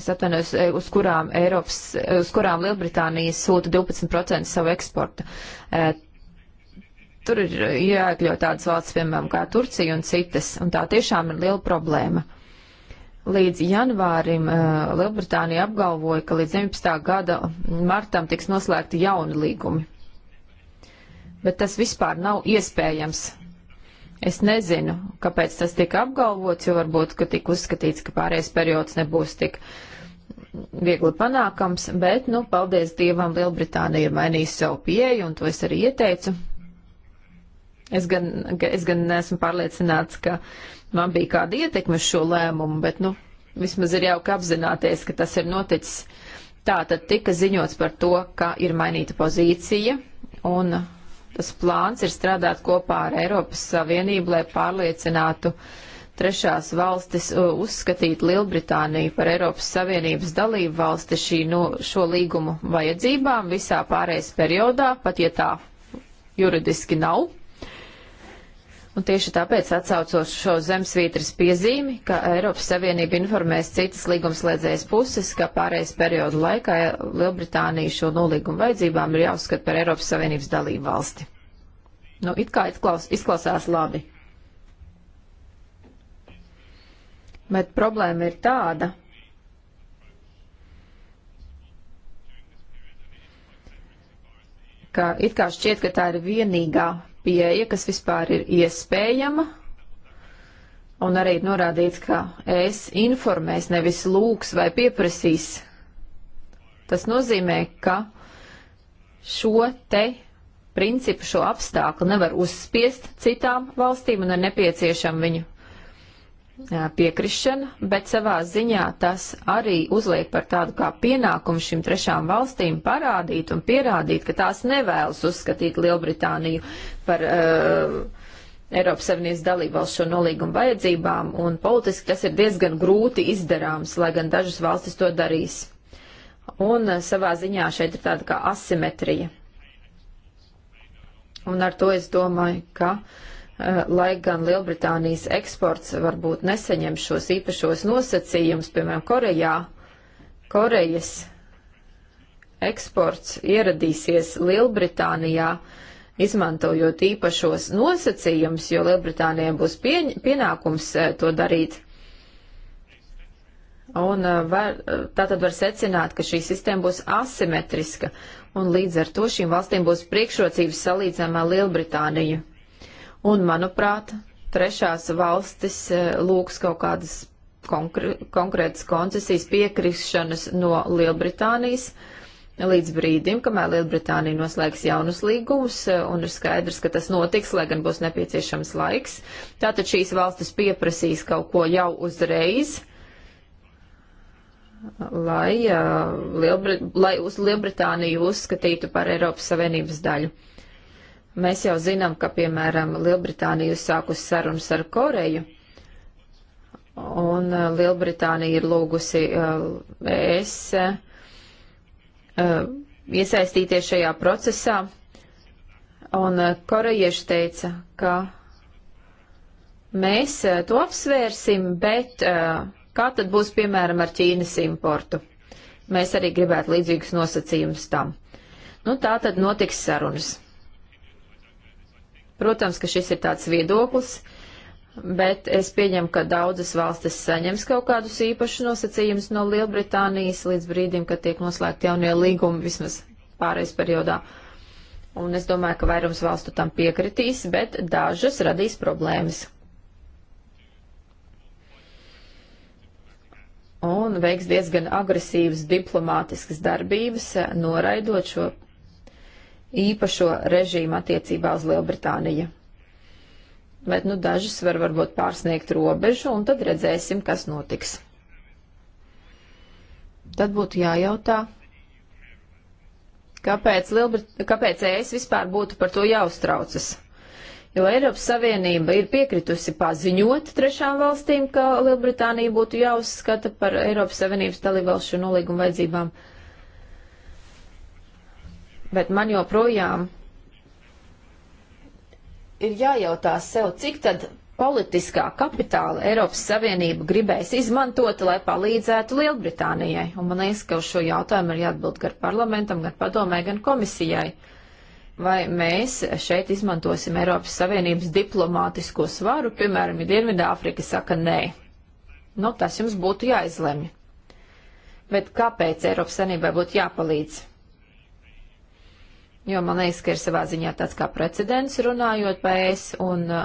es atvainojos, e, uz kurām Eiropas, e, uz kurām Lielbritānija sūta 12% savu eksportu. E, tur ir jāiekļaut tādas valsts, piemēram, kā Turcija un citas, un tā tiešām ir liela problēma. Līdz janvārim uh, Lielbritānija apgalvoja, ka līdz 17. gada martam tiks noslēgti jauni līgumi. Bet tas vispār nav iespējams. Es nezinu, kāpēc tas tika apgalvots, jo varbūt, ka tika uzskatīts, ka pārējais periods nebūs tik viegli panākams, bet, nu, paldies Dievam, Lielbritānija ir mainījusi savu pieeju, un to es arī ieteicu. Es gan, es gan neesmu pārliecināts, ka uh, man bija kāda ietekme uz šo lēmumu, bet, nu, vismaz ir jauki apzināties, ka tas ir noticis. Tā tad tika ziņots par to, ka ir mainīta pozīcija un tas plāns ir strādāt kopā ar Eiropas Savienību, lai pārliecinātu trešās valstis uzskatīt Lielbritāniju par Eiropas Savienības dalību valsti šī, nu, šo līgumu vajadzībām visā pārējais periodā, pat ja tā juridiski nav Un tieši tāpēc atsaucos šo zemesvītras piezīmi, ka Eiropas Savienība informēs citas līgumslēdzējas puses, ka pārējais periodu laikā Lielbritānija šo nolīgumu vajadzībām ir jāuzskata par Eiropas Savienības dalību valsti. Nu, it kā izklaus, izklausās labi. Bet problēma ir tāda, ka it kā šķiet, ka tā ir vienīgā pieeja, kas vispār ir iespējama, un arī norādīts, ka es informēs, nevis lūgs vai pieprasīs. Tas nozīmē, ka šo te principu, šo apstākli nevar uzspiest citām valstīm un ir nepieciešama viņu piekrišanu, bet savā ziņā tas arī uzliek par tādu kā pienākumu šim trešām valstīm parādīt un pierādīt, ka tās nevēlas uzskatīt Lielbritāniju par uh, Eiropas Savienības dalībvalstu šo nolīgumu vajadzībām, un politiski tas ir diezgan grūti izdarāms, lai gan dažas valstis to darīs. Un uh, savā ziņā šeit ir tāda kā asimetrija. Un ar to es domāju, ka uh, Eh, lai gan Lielbritānijas eksports varbūt neseņem šos īpašos nosacījumus, piemēram, Korejā, Korejas eksports ieradīsies Lielbritānijā, izmantojot īpašos nosacījumus, jo Lielbritānijai būs pieņ, pienākums eh, to darīt. Un eh, var, tā tad var secināt, ka šī sistēma būs asimetriska, un līdz ar to šīm valstīm būs priekšrocības salīdzināmā Lielbritāniju. Un, manuprāt, trešās valstis eh, lūgs kaut kādas konkrē, konkrētas koncesijas piekrišanas no Lielbritānijas līdz brīdim, kamēr Lielbritānija noslēgs jaunus līgumus, eh, un ir skaidrs, ka tas notiks, lai gan būs nepieciešams laiks. Tātad šīs valstis pieprasīs kaut ko jau uzreiz, lai, uh, eh, Lielbrit lai uz Lielbritāniju uzskatītu par Eiropas Savienības daļu. Mēs jau zinām, ka, piemēram, Lielbritānija uzsākusi sarunas ar Koreju, un uh, Lielbritānija ir lūgusi uh, es uh, iesaistīties šajā procesā, un korejieši teica, ka mēs to apsvērsim, bet kā tad būs, piemēram, ar Ķīnas importu? Mēs arī gribētu līdzīgus nosacījumus tam. Nu, tā tad notiks sarunas. Protams, ka šis ir tāds viedoklis, bet es pieņemu, ka daudzas valstis saņems kaut kādus īpašus nosacījumus no Lielbritānijas līdz brīdim, kad tiek noslēgti jaunie līgumi vismaz pārējais periodā. Un es domāju, ka vairums valstu tam piekritīs, bet dažas radīs problēmas. un veiks diezgan agresīvas diplomātiskas darbības, noraidot šo īpašo režīmu attiecībā uz Lielbritāniju. Bet nu, dažas var varbūt pārsniegt robežu, un tad redzēsim, kas notiks. Tad būtu jājautā, kāpēc, Lielbrit... kāpēc es vispār būtu par to jāuztraucas. Jo Eiropas Savienība ir piekritusi paziņot trešām valstīm, ka Lielbritānija būtu jāuzskata par Eiropas Savienības dalībvalstu nolīgumu vajadzībām. Uh, bet man joprojām ir jājautā sev, cik tad politiskā kapitāla Eiropas Savienība gribēs izmantot, lai palīdzētu Lielbritānijai. Un man liekas, ka uz šo jautājumu ir jāatbild gan parlamentam, gan padomē, gan komisijai. Vai mēs šeit izmantosim Eiropas Savienības diplomātisko svaru, piemēram, ja Dienvidāfrika saka nē? Nu, tas jums būtu jāizlemj. Bet kāpēc Eiropas Savienībai būtu jāpalīdz? jo man liekas, ka ir savā ziņā tāds kā precedents runājot par ES un uh,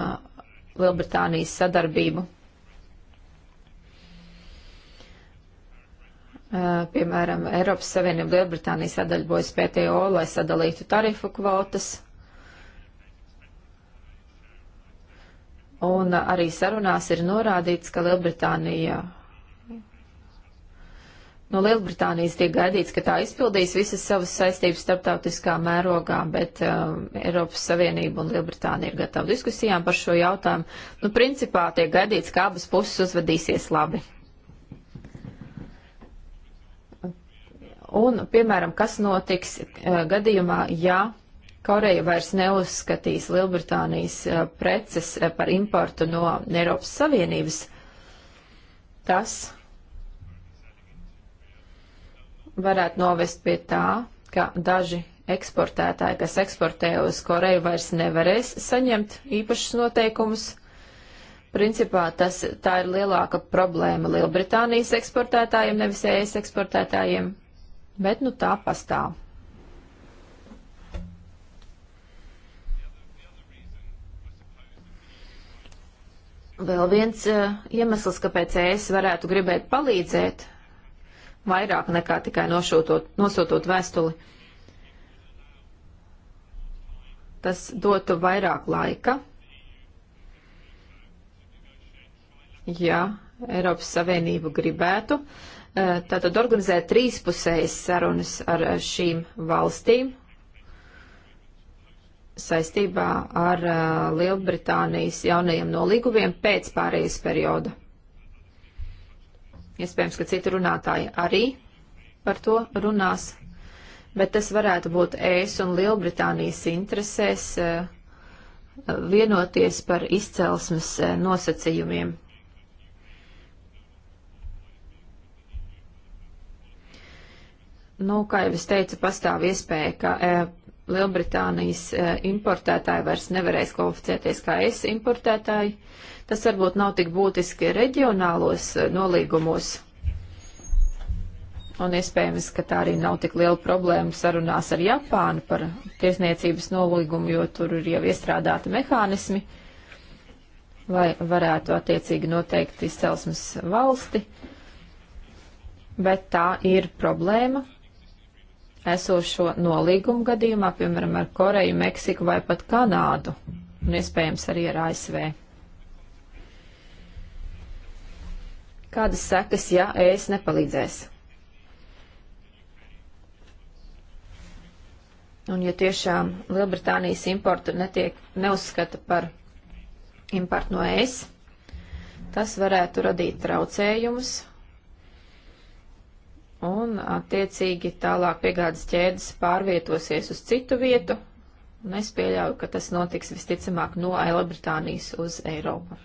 Lielbritānijas sadarbību. Uh, piemēram, Eiropas Savienība Lielbritānija sadaļbojas PTO, lai sadalītu tarifu kvotas. Un uh, arī sarunās ir norādīts, ka Lielbritānija uh, No Lielbritānijas tiek gaidīts, ka tā izpildīs visas savas saistības starptautiskā mērogā, bet um, Eiropas Savienība un Lielbritānija ir gatava diskusijām par šo jautājumu. Nu, principā tiek gaidīts, ka abas puses uzvedīsies labi. Un, piemēram, kas notiks uh, gadījumā, ja Koreja vairs neuzskatīs Lielbritānijas uh, preces uh, par importu no Eiropas Savienības? Tas varētu novest pie tā, ka daži eksportētāji, kas eksportē uz Koreju, vairs nevarēs saņemt īpašus noteikumus. Principā tas, tā ir lielāka problēma Lielbritānijas eksportētājiem, nevis ES eksportētājiem, bet nu tā pastāv. Vēl viens uh, iemesls, kāpēc es varētu gribēt palīdzēt vairāk nekā tikai nošūtot, nosūtot vēstuli. Tas dotu vairāk laika, ja Eiropas Savienību gribētu. Eh, tātad organizēt trīspusējas sarunas ar eh, šīm valstīm saistībā ar eh, Lielbritānijas jaunajiem nolīgumiem pēc pārējais perioda. Iespējams, ka citi runātāji arī par to runās, bet tas varētu būt ES un Lielbritānijas interesēs eh, vienoties par izcelsmes eh, nosacījumiem. Nu, kā jau es teicu, pastāv iespēja, ka eh, Lielbritānijas eh, importētāji vairs nevarēs kvalificēties kā es importētāji. Tas varbūt nav tik būtiski reģionālos eh, nolīgumos. Un iespējams, ka tā arī nav tik liela problēma sarunās ar Japānu par tiesniecības nolīgumu, jo tur ir jau iestrādāti mehānismi, lai varētu attiecīgi noteikt izcelsmes valsti. Bet tā ir problēma, esošo nolīgumu gadījumā, piemēram, ar Koreju, Meksiku vai pat Kanādu un iespējams arī ar ASV. Kādas sekas, ja es nepalīdzēs? Un ja tiešām Lielbritānijas importu netiek neuzskata par importu no es, tas varētu radīt traucējumus un attiecīgi tālāk piegādes ķēdes pārvietosies uz citu vietu, un es pieļauju, ka tas notiks visticamāk no Lielbritānijas uz Eiropu,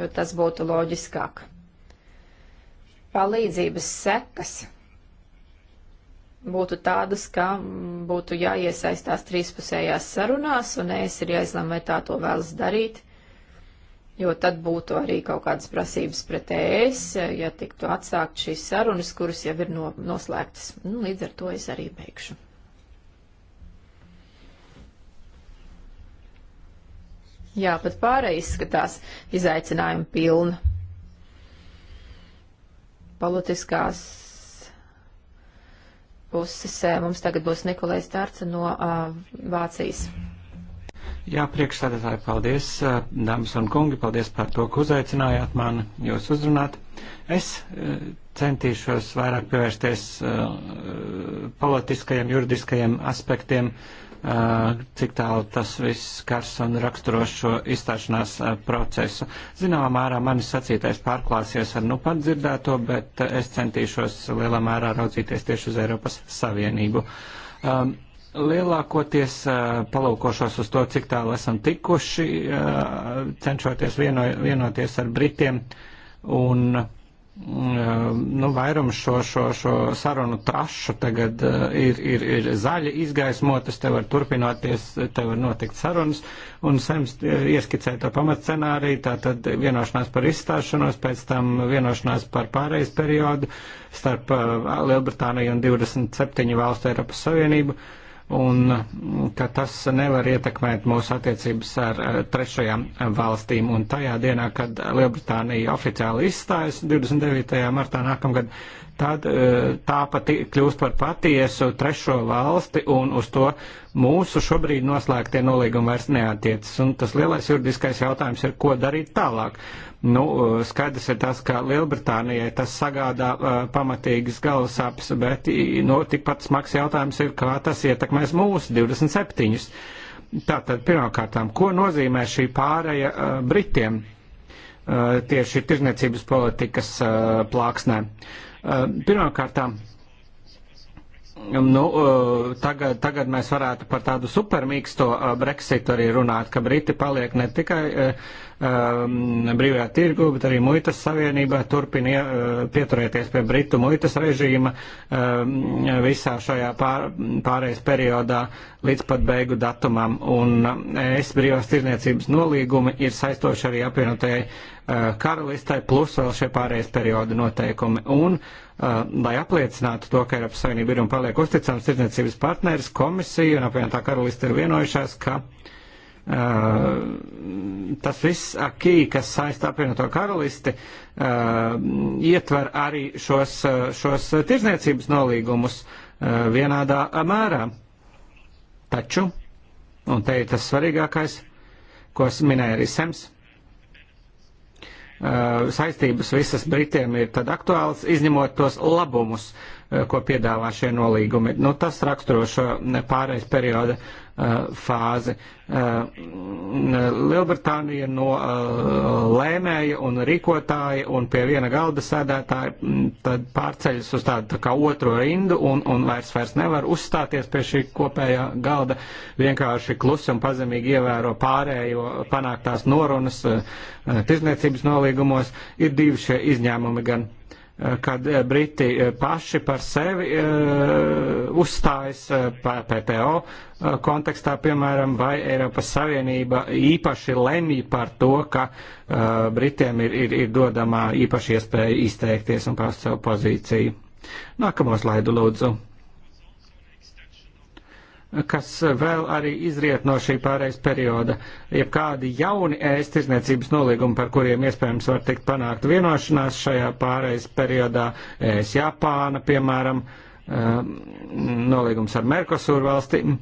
jo tas būtu loģiskāk. Palīdzības sekas būtu tādas, ka būtu jāiesaistās trīspusējās sarunās, un es ir jāizlemē tā to vēlas darīt – jo tad būtu arī kaut kādas prasības pret ES, ja tiktu atsākt šīs sarunas, kuras jau ir no, noslēgtas. Nu, līdz ar to es arī beigšu. Jā, pat pārējai izskatās izaicinājuma pilna. Politiskās puses eh, mums tagad būs Nikolais Tārca no uh, Vācijas. Jā, priekšsēdētāji, paldies, dāmas un kungi, paldies par to, ka uzaicinājāt mani jūs uzrunāt. Es centīšos vairāk pievērsties politiskajiem, juridiskajiem aspektiem, cik tālu tas viss skars un raksturos šo izstāšanās procesu. Zināmā mērā manis sacītais pārklāsies ar nu pat dzirdēto, bet es centīšos lielā mērā raudzīties tieši uz Eiropas Savienību. Um, lielākoties palūkošos uz to, cik tālu esam tikuši, cenšoties vieno, vienoties ar Britiem. Un, nu, vairums šo, šo, šo sarunu trašu tagad ir, ir, ir zaļi izgaismotas, te var turpināties, te var notikt sarunas, un Sems ieskicēja to pamatscenāriju, tā tad vienošanās par izstāšanos, pēc tam vienošanās par pārējais periodu starp Lielbritāniju un 27 valstu Eiropas Savienību. Uh, un mm, ka tas nevar ietekmēt mūsu attiecības ar eh, trešajām valstīm. Un tajā dienā, kad Lielbritānija oficiāli izstājas 29. martā nākamgad, tad eh, tā pati kļūst par patiesu trešo valsti un uz to mūsu šobrīd noslēgtie nolīgumi vairs neatiecas. Un tas lielais juridiskais jautājums ir, ko darīt tālāk. Nu, eh, skaidrs ir tas, ka Lielbritānijai tas sagādā uh, pamatīgas galvasāpes, bet nu, tikpat smags jautājums ir, kā tas ietekmēs mūsu 27. Tātad pirmkārtām, ko nozīmē šī pāreja uh, Britiem uh, tieši tirzniecības politikas uh, plāksnē? Uh, pirmkārtām, uh, Nu, uh, tagad, tagad mēs varētu par tādu supermīksto uh, Brexitu arī runāt, ka Briti paliek ne tikai uh, um, brīvajā tirgu, bet arī muitas savienībā turpina uh, pieturēties pie Britu muitas režīma um, visā šajā pār, pārējais periodā līdz pat beigu datumam. Un es brīvās tirniecības nolīgumi ir saistoši arī apvienotajai uh, karalistai, plus vēl šie pārējais perioda noteikumi. Un, uh, Uh, lai apliecinātu to, ka Eiropas Savienība ir un paliek uzticams tirdzniecības partneris, komisija un apvienotā karalista ir vienojušās, ka Uh, tas viss akī, kas saista apvienoto karalisti, uh, ietver arī šos, uh, šos tirzniecības nolīgumus uh, vienādā mērā. Taču, un te ir tas svarīgākais, ko minēja arī Sems, uh, Eh, saistības visas Britiem ir tad aktuāls, izņemot tos labumus, eh, ko piedāvā šie nolīgumi. Nu, tas raksturo šo pārējais perioda Uh, fāzi. Uh, Lielbritānija no uh, lēmēja un rīkotāja un pie viena galda sēdētāja mm, tad pārceļas uz tādu kā otro rindu un, un vairs, vairs nevar uzstāties pie šī kopējā galda, vienkārši klusi un pazemīgi ievēro pārējo panāktās norunas tirzniecības nolīgumos. Ir divi šie izņēmumi gan Eh, kad eh, Briti eh, paši par sevi uzstājas PPO kontekstā, piemēram, vai Eiropas Savienība īpaši lemj par to, ka Britiem ir, ir, ir dodamā īpaši iespēja izteikties un paust savu pozīciju. Nākamo slaidu lūdzu kas vēl arī izriet no šī pārējais perioda, ja kādi jauni ēst izniecības nolīgumi, par kuriem iespējams var tikt panākt vienošanās šajā pārējais periodā, ēst Japāna, piemēram, um, nolīgums ar Merkosūru valstīm.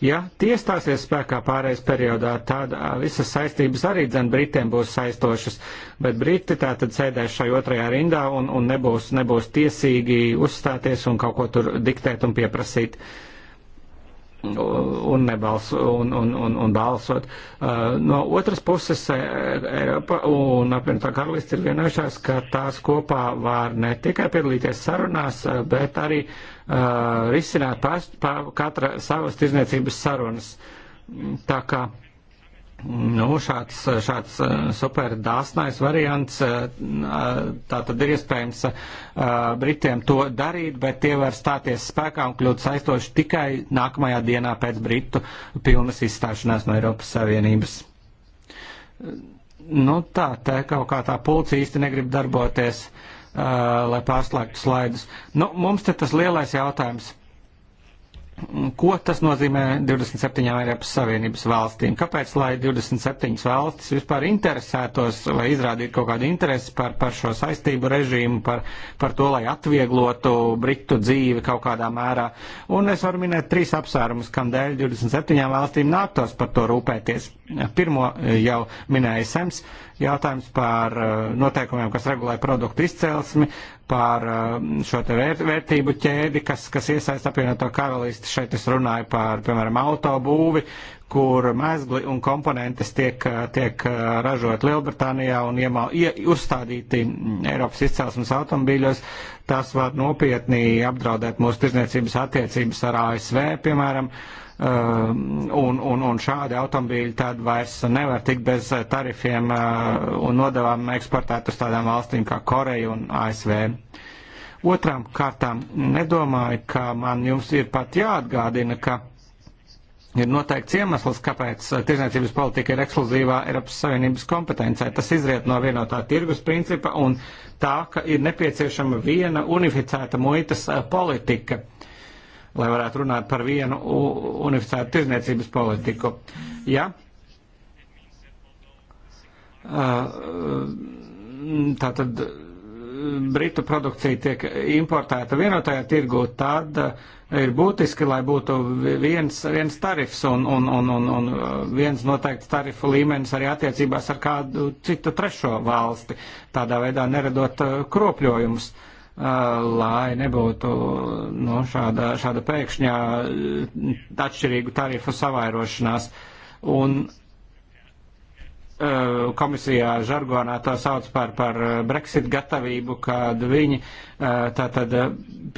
Ja tie stāsies spēkā pārējais periodā, tad uh, visas saistības arī dzen Britiem būs saistošas, bet Briti tā tad sēdēs šai otrajā rindā un, un nebūs, nebūs tiesīgi uzstāties un kaut ko tur diktēt un pieprasīt. Uh, un, nebalso, un, un, un, un balsot. Uh, no otras puses, e, Eiropa un apvienotā karalists ir vienojušās, ka tās kopā var ne tikai piedalīties sarunās, uh, bet arī uh, risināt pēc, pēc katra savas tirzniecības sarunas. Tā kā uh, Nu, šāds, šāds eh, superdāsnais variants, eh, eh, tā tad ir iespējams Britiem to darīt, bet tie var stāties spēkā un kļūt saistoši tikai nākamajā dienā pēc Britu pilnas izstāšanās no Eiropas Savienības. Nu tā, te kaut kā tā policija īsti negrib darboties, lai pārslēgtu slaidus. Nu, mums te tas lielais jautājums. Ko tas nozīmē 27 Eiropas Savienības valstīm? Kāpēc, lai 27 valstis vispār interesētos vai izrādītu kaut kādu interesi par, par šo saistību režīmu, par, par to, lai atvieglotu Britu dzīvi kaut kādā mērā? Un es varu minēt trīs apsvērumus, kam dēļ 27 valstīm nāktos par to rūpēties. Pirmo jau minēja Sems. Uh, jautājums par eh, noteikumiem, kas regulē produktu izcelsmi, par eh, šo te vērtību ķēdi, kas, kas iesaist apvienoto karalisti. Šeit es runāju par, piemēram, autobūvi, kur mēzgli un komponentes tiek, eh, tiek ražot Lielbritānijā un iemā, ie, uzstādīti mm, Eiropas izcelsmes automobīļos, tas var nopietni apdraudēt mūsu tirzniecības attiecības ar ASV, piemēram. Uh, Um, un, un, un šādi automobīļi tad vairs nevar tikt bez uh, tarifiem uh, un nodevām eksportēt uz tādām valstīm kā Koreja un ASV. Otrām kārtām nedomāju, ka man jums ir pat jāatgādina, ka ir noteikts iemesls, kāpēc uh, tirzniecības politika ir ekskluzīvā Eiropas Savienības kompetencē. Tas izriet no vienotā tirgus principa un tā, ka ir nepieciešama viena unificēta muitas politika. Uh, lai varētu runāt par vienu unificētu tirzniecības politiku. Ja? Tātad Britu produkcija tiek importēta vienotajā tirgū, tad ir būtiski, lai būtu viens, viens tarifs un, un, un, un, un viens noteikts tarifu līmenis arī attiecībās ar kādu citu trešo valsti, tādā veidā neredot kropļojumus. Uh, lai nebūtu nu, šāda, šāda pēkšņā mm, atšķirīgu tarifu savairošanās. Un eh, komisijā žargonā to sauc par, par eh, Brexit gatavību, kad viņi eh, tātad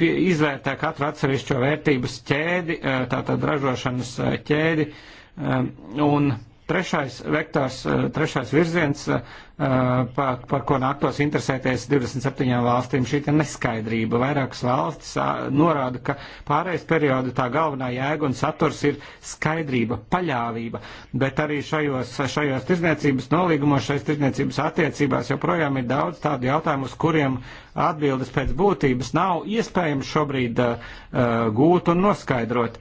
izvērtē katru atsevišķo vērtības ķēdi, tātad ražošanas ķēdi. Un, Trešais vektors, eh, trešais virziens, par, eh, par ko nāktos interesēties 27 valstīm, šī neskaidrība. Vairākas valstis norāda, ka pārējais perioda tā galvenā jēga un saturs ir skaidrība, paļāvība, bet arī šajos, šajos tirzniecības nolīgumos, šajās tirzniecības attiecībās joprojām ir daudz tādu jautājumu, uz kuriem atbildes pēc būtības nav iespējams šobrīd uh, gūt un noskaidrot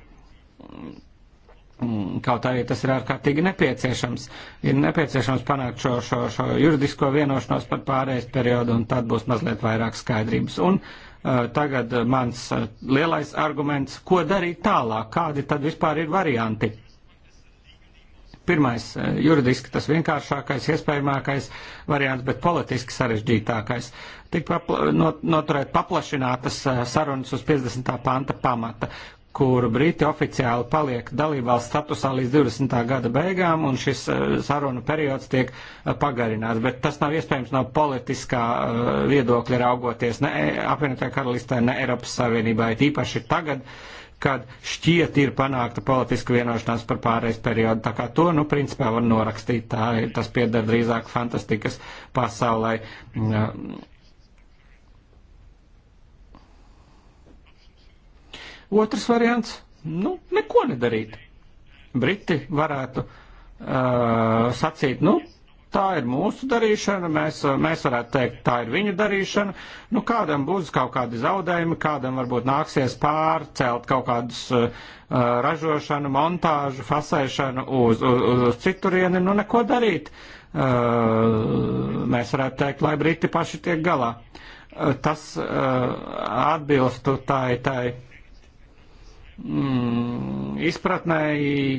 Mm, kaut arī tas ir ārkārtīgi nepieciešams. Ir nepieciešams panākt šo, šo, šo juridisko vienošanos par pārējais periodu, un tad būs mazliet vairāk skaidrības. Un uh, tagad mans uh, lielais arguments, ko darīt tālāk, kādi tad vispār ir varianti. Pirmais, uh, juridiski tas vienkāršākais, iespējamākais variants, bet politiski sarežģītākais. Tik papla, not, noturēt paplašinātas uh, sarunas uz 50. panta pamata, kur Briti oficiāli paliek dalībvalsts statusā līdz 20. gada beigām, un šis eh, sarunu periods tiek eh, pagarināts. Bet tas nav iespējams no politiskā eh, viedokļa raugoties ne apvienotajā karalistē, ne Eiropas Savienībā, tīpaši tagad kad šķiet ir panākta politiska vienošanās par pārējais periodu. Tā kā to, nu, principā var norakstīt, tā, tas pieder drīzāk fantastikas pasaulē. Mm, Otrs variants - nu, neko nedarīt. Briti varētu uh, sacīt, nu, tā ir mūsu darīšana, mēs, uh, mēs varētu teikt, tā ir viņu darīšana. Nu, kādam būs kaut kādi zaudējumi, kādam varbūt nāksies pārcelt kaut kādus uh, ražošanu, montāžu, fasēšanu uz, uz, uz citurieni, nu, neko darīt. Uh, mēs varētu teikt, lai Briti paši tiek galā. Uh, tas uh, atbilstu tai, tai. Uh, mm, izpratnē,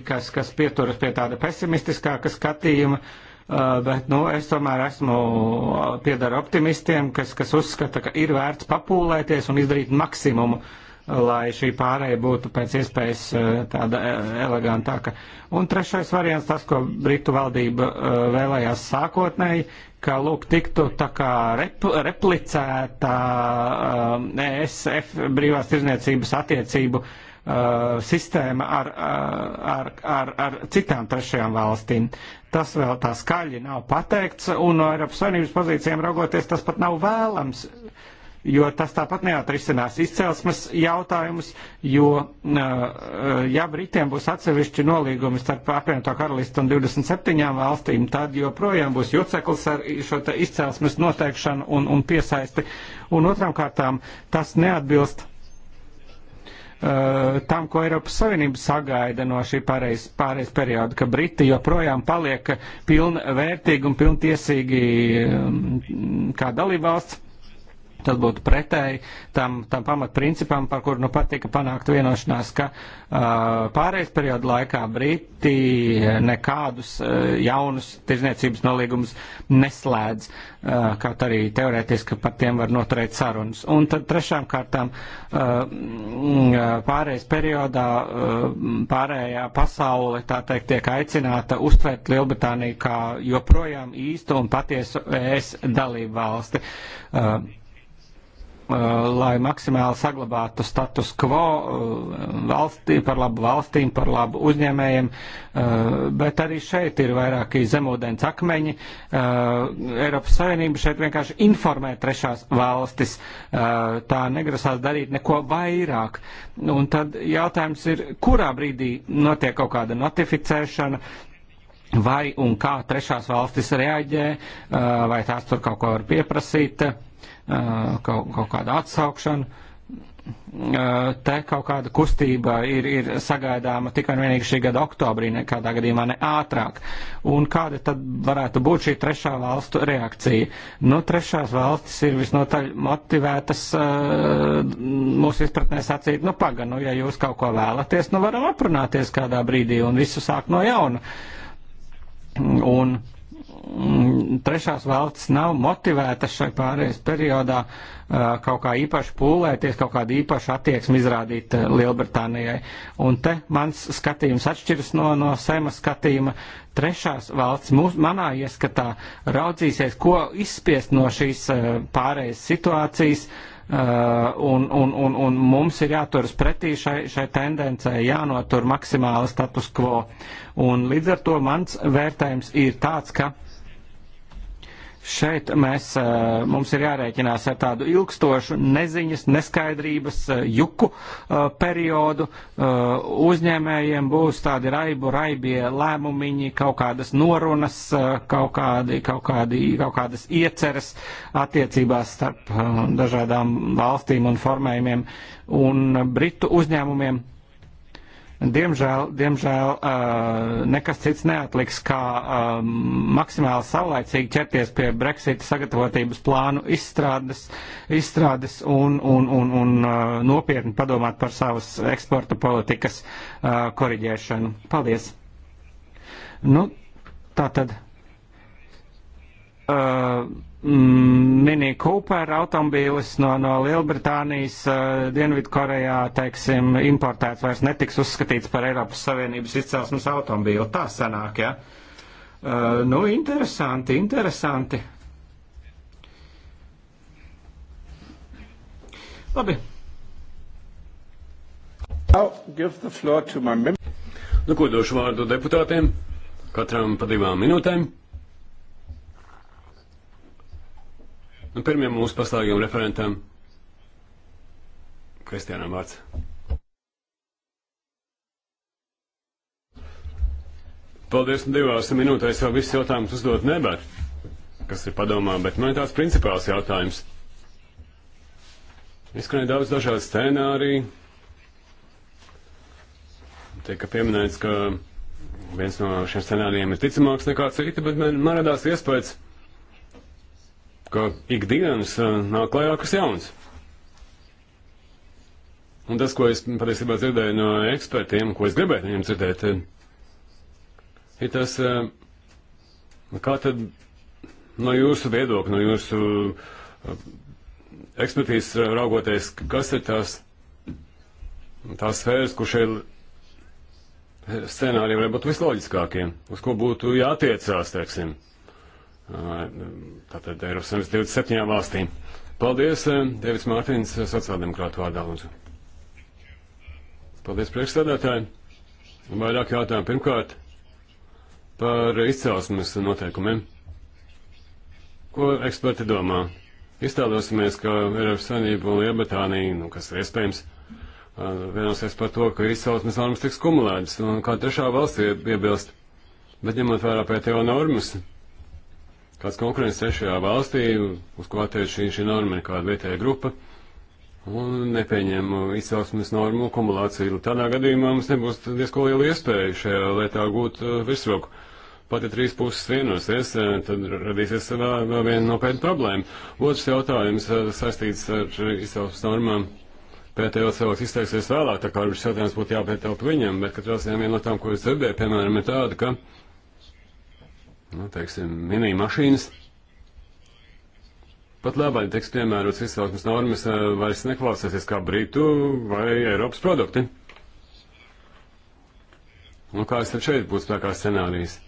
kas, kas pieturas pie tāda pesimistiskāka skatījuma, uh, bet nu, es tomēr esmu uh, piedara optimistiem, kas, kas uzskata, ka ir vērts papūlēties un izdarīt maksimumu, uh, lai šī pārēja būtu pēc iespējas tāda elegantāka. Un trešais variants, tas, ko Britu valdība vēlējās sākotnēji, ka lūk tiktu tā kā rep, replicēta ESF brīvās tirzniecības attiecību uh, Uh, sistēma ar, uh, ar, ar, ar citām trešajām valstīm. Tas vēl tā skaļi nav pateikts, un no Eiropas Savienības pozīcijām raugoties, tas pat nav vēlams, jo tas tāpat neatrisinās izcelsmes jautājumus, jo, uh, ja Britiem būs atsevišķi nolīgumi starp apvienoto karalistu un 27 valstīm, tad joprojām būs juceklis ar šo izcelsmes noteikšanu un, un piesaisti. Un otrām kārtām tas neatbilst Uh, tam, ko Eiropas Savienība sagaida no šī pārējais, pārējais perioda, ka Briti joprojām paliek pilnvērtīgi un pilntiesīgi um, kā dalībvalsts Tas būtu pretēji tam, tam pamatprincipam, par kuru nu pat tika panākt vienošanās, ka uh, pārējais periodu laikā Briti nekādus uh, jaunus tirzniecības nolīgumus neslēdz, uh, kaut arī teorētiski par tiem var noturēt sarunas. Un tad trešām kārtām uh, pārējais periodā uh, pārējā pasaule, tā teikt, tiek aicināta uztvērt Lielbritāniju kā joprojām īstu un patiesu ES dalību valsti. Uh, Uh, lai maksimāli saglabātu status quo uh, valstī, par labu valstīm, par labu uzņēmējiem, uh, bet arī šeit ir vairāki zemūdens akmeņi. Eiropas Savienība šeit vienkārši informē trešās valstis, tā negrasās darīt neko vairāk. Un tad jautājums ir, kurā brīdī notiek kaut kāda notificēšana, vai un kā trešās valstis reaģē, vai tās tur kaut ko var pieprasīt kaut, kaut kādu atsaukšanu. Te kaut kāda kustība ir, ir sagaidāma tikai un vienīgi šī gada oktobrī, nekādā gadījumā ne ātrāk. Un kāda tad varētu būt šī trešā valstu reakcija? Nu, trešās valstis ir visnotaļ motivētas mūsu izpratnē sacīt, nu paga, nu ja jūs kaut ko vēlaties, nu varam aprunāties kādā brīdī un visu sāk no jauna. Un, Mm, trešās valsts nav motivētas šai pārējais periodā uh, kaut kā īpaši pūlēties, kaut kādu īpašu attieksmi izrādīt uh, Lielbritānijai. Un te mans skatījums atšķiras no, no Sema skatījuma. Trešās valsts mūs, manā ieskatā raudzīsies, ko izspiest no šīs uh, pārējais situācijas. Uh, un, un, un, un mums ir jāturas pretī šai, šai tendencē, jānotur maksimāli status quo. Un līdz ar to mans vērtējums ir tāds, ka uh, Šeit mēs, mums ir jārēķinās ar tādu ilgstošu neziņas, neskaidrības, juku periodu. Uzņēmējiem būs tādi raibu, raibie lēmumiņi, kaut kādas norunas, kaut, kādi, kaut, kādi, kaut kādas ieceres attiecībās starp dažādām valstīm un formējumiem un britu uzņēmumiem Diemžēl, diemžēl uh, nekas cits neatliks, kā uh, maksimāli saulaicīgi ķerties pie Brexita sagatavotības plānu izstrādes, izstrādes un, un, un, un uh, nopietni padomāt par savas eksporta politikas uh, koriģēšanu. Paldies! Nu, tā tad uh, Mini mm, Cooper automobīlis no, no Lielbritānijas, uh, Dienvidkorejā, teiksim, importēts vairs netiks uzskatīts par Eiropas Savienības izcelsmes automobīlu. Tā sanāk, ja? Uh, nu, interesanti, interesanti. Labi. Nu, ko došu vārdu deputātiem? Katram pa divām minūtēm. Nu, pirmiem mūsu paslēgiem referentam Kristiānam vārds. Paldies, un divās minūtēs jau visus jautājumus uzdot nevar, kas ir padomā, bet man ir tāds principāls jautājums. Izskanēja daudz dažādu scenāriju. Tiek pieminēts, ka viens no šiem scenārijiem ir ticamāks nekā citi, bet man, man radās iespējas, ka ka ikdienas eh, nāk klajā kas jauns. Un tas, ko es patiesībā dzirdēju no ekspertiem, ko es gribēju viņiem dzirdēt, eh, ir tas, eh, kā tad no jūsu viedokļa, no jūsu ekspertīzes raugoties, kas ir tās, tās sfēras, kur šie scenāriji varētu būt visloģiskākie, uz ko būtu jātiecās, teiksim tātad Eiropas Savienības 27 valstīm. Paldies, eh, Devis Mārtiņš, sociāldemokrātu vārdā lūdzu. Paldies, priekšstādātāji. Vairāk jautājumu pirmkārt par izcelsmes noteikumiem. Ko eksperti domā? Iztēlosimies, ka Eiropas Savienība un Lielbritānija, nu, kas ir iespējams, eh, vienosies par to, ka izcelsmes normas tiks kumulētas, un kā trešā valsts iebilst. Bet ņemot vērā pētējo normas, kāds konkurents trešajā valstī, uz ko attiec šī, šī norma ir kāda vietēja grupa, un nepieņem izcelsmes normu kumulāciju. Tādā gadījumā mums nebūs diezko liela iespēja šajā lietā gūt uh, visroku. Pat ja trīs puses vienosies, uh, tad radīsies vēl, vēl viena nopietna problēma. Otrs jautājums uh, saistīts ar izcelsmes normām. PTO cilvēks izteiksies vēlāk, tā kā šis jautājums būtu jāpētelt viņam, bet katrā ziņā viena no tām, ko es dzirdēju, piemēram, ir tāda, ka nu, teiksim, mini mašīnas. Pat labai tiks piemērots izcelsmes normas, eh, vairs neklausēsies kā Britu vai Eiropas produkti. Nu, kāds tad šeit būs tā kā scenārijs?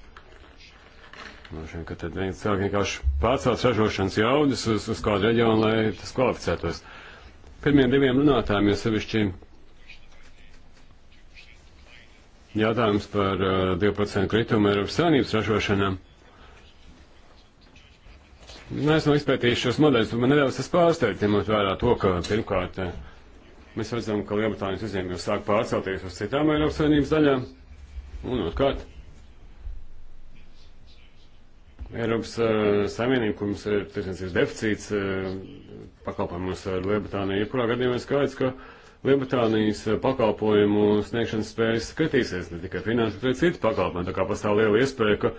Nošķiet, nu, ka tad cilvēki vienkārši pārcelt ražošanas jaudas uz, uz kādu reģionu, lai tas kvalificētos. Pirmiem diviem runātājiem jau sevišķi jautājums par uh, eh, 2% kritumu Eiropas Savienības ražošanām. Neesmu nu, izpētījis šos modeļus, bet man nedaudz tas pārsteidz, ņemot vērā to, ka pirmkārt eh, mēs redzam, ka Lielbritānijas uzņēmumi jau sāk pārcelties uz citām Eiropas Savienības daļām. Un otrkārt, Eiropas uh, eh, Savienība, kur mums ir tirsniecības deficīts, uh, eh, pakalpojumus ar Lielbritāniju, jebkurā gadījumā skaidrs, ka Lielbritānijas pakalpojumu sniegšanas spējas skatīsies ne tikai finanšu, bet arī citu pakalpojumu. Tā kā pastāv liela iespēja, ka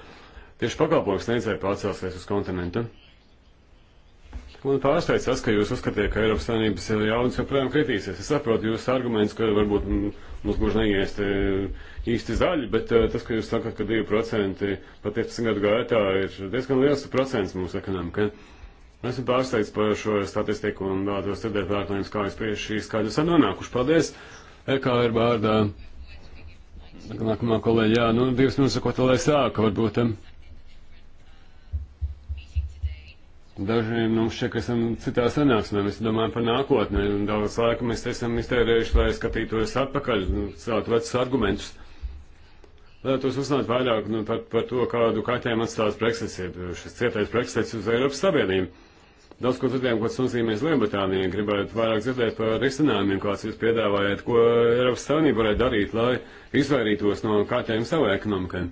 tieši pakalpojumu sniedzēji pārcelsies uz kontinentu. Uh, Man pārsteidz tas, ka jūs uzskatījāt, ka Eiropas Savienības jaudas joprojām kritīsies. Es saprotu jūsu argumentus, ka varbūt mums gluži neiest e, īsti zaļi, bet e, tas, ka jūs sakat, ka 2% pat 15 gadu gaitā ir diezgan liels procents mūsu ekonomikā. Esmu pārsteigts par šo statistiku un vēlētos dzirdēt vērtējumus, kā jūs pie šīs skaļas esat nonākuši. Paldies! EKR bārdā. Nākamā kolēģi, jā, nu, divas minūtes, ko tā lai sāka, varbūt. Um, Daži mums nu, šeit, ka esam citā sanāksmē, mēs domājam par nākotni, un daudz laika mēs esam iztērējuši, lai skatītos atpakaļ, celtu nu, vecus argumentus. Vēlētos uzzināt vairāk nu, par, par to, kādu kaitējumu atstās Brexits, šis cietais Brexits uz Eiropas Savienību. Daudz ko dzirdējām, ko tas nozīmē Lielbritānijai. Gribētu vairāk dzirdēt par risinājumiem, kāds jūs piedāvājat, ko Eiropas Savienība varētu darīt, lai izvairītos no kaitējuma savai ekonomikai.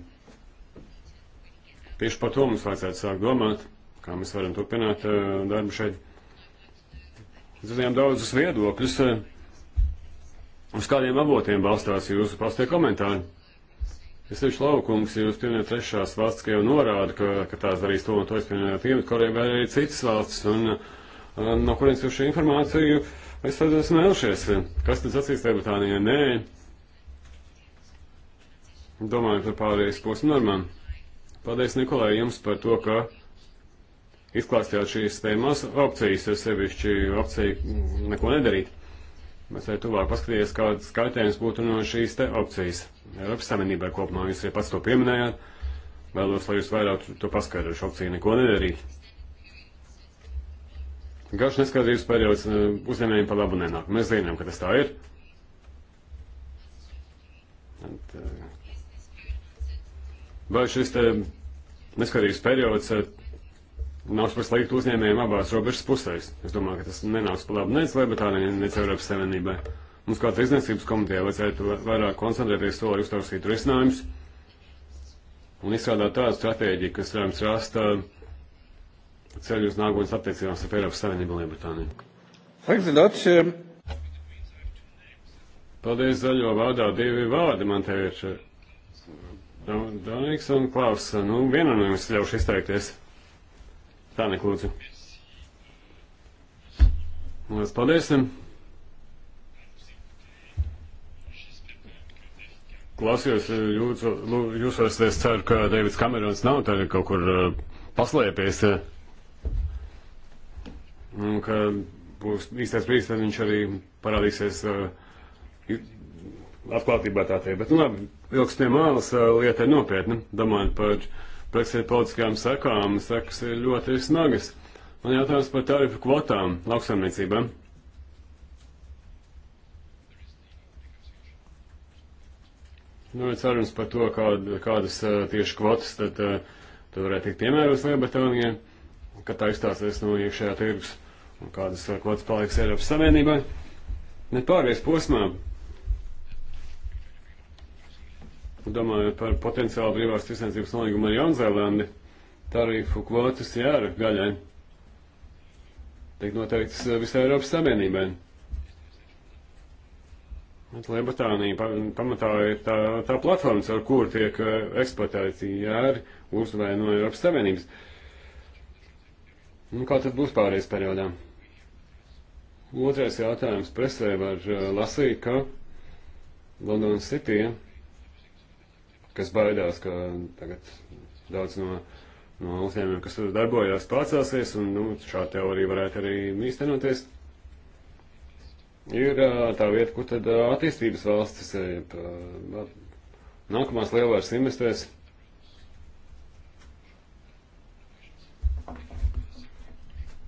Tieši par to mums vajadzētu sākt domāt kā mēs varam turpināt eh, darbu šeit. Zinām daudzus viedokļus, eh, uz kādiem avotiem balstās jūsu pastie komentāri. Es tieši laukums, jūs pieminējat trešās valsts, ka jau norāda, ka, ka tās darīs to un to, es pieminēju Dienvidkoreju vai arī citas valsts, un, un eh, no kurienes jūs šī informācija, es tad esmu mēlušies. Kas tad sacīs Lielbritānijai? Nē. Domāju par pārējais posmu normām. Paldies, Nikolai, jums par to, ka izklāstījāt šīs tēmas opcijas, jo sevišķi opcija neko nedarīt. Mēs arī tuvāk paskatījāmies, kāds skaitējums būtu no šīs te opcijas. Eiropas Savienībai kopumā jūs arī pats to pieminējāt. Vēlos, lai jūs vairāk to paskaidrošu opciju neko nedarīt. Garš neskatījums periods eh, uzņēmējiem pa labu nenāk. Mēs zinām, ka tas tā ir. Eh, vai šis te neskatījums periods eh, nāks par sliktu uzņēmējiem abās robežas pusēs. Es domāju, ka tas nenāks par labu nec Lielbritānijai, nec Eiropas Savienībai. Mums kā tirdzniecības komitejā vajadzētu vairāk koncentrēties to, lai uztaustītu risinājumus un izstrādāt tādu stratēģiju, kas ļauj rast uh, ceļu uz nākotnes attiecībām starp Eiropas Savienību un Lielbritāniju. Thanks a lot. Paldies zaļo vārdā. Divi vārdi man te ir. Daunīgs un Klaus. Nu, vienu no jums ļaušu izteikties. Tā neklūdzu. Mēs paldies! Klausījos jūsu, jūsos, es ceru, ka Deivids Kamerons nav tā kaut kur uh, paslēpies. Un uh, ka būs īstais brīdis, tad viņš arī parādīsies uh, atklātībā tā tie. Bet, nu labi, ilgstiem mālas lieta ir nopietna, domājot par Brexit politiskajām sekām sekas ir ļoti smagas. Man jautājums par tarifu kvotām lauksaimniecībā. Nu, ir cerums par to, kāda, kādas eh, tieši kvotas tad, eh, tad varētu tikt piemērotas Lielbritānijai, kad tā izstāsies no iekšējā tirgus un kādas eh, kvotas paliks Eiropas Savienībai. Nepāries posmā Domājot par potenciālu brīvās tirsniecības nolīgumu ar Jaunzēlandi, tarifu kvotas jāra gaļai. Tiek noteikts eh, visai Eiropas Savienībai. Lielbritānija pamatā ir tā, tā platforma, ar kuru tiek eh, eksploatēti jēri uzvēja no Eiropas Savienības. Nu, kā tad būs pārējais periodā? Otrais jautājums presē var eh, lasīt, ka Londonas City kas baidās, ka tagad daudz no, no uzņēmumiem, kas tur darbojās, pārcelsies, un nu, šāda teorija varētu arī īstenoties. Ir tā vieta, kur tad attīstības valstis, ja nākamās lielvairs investēs.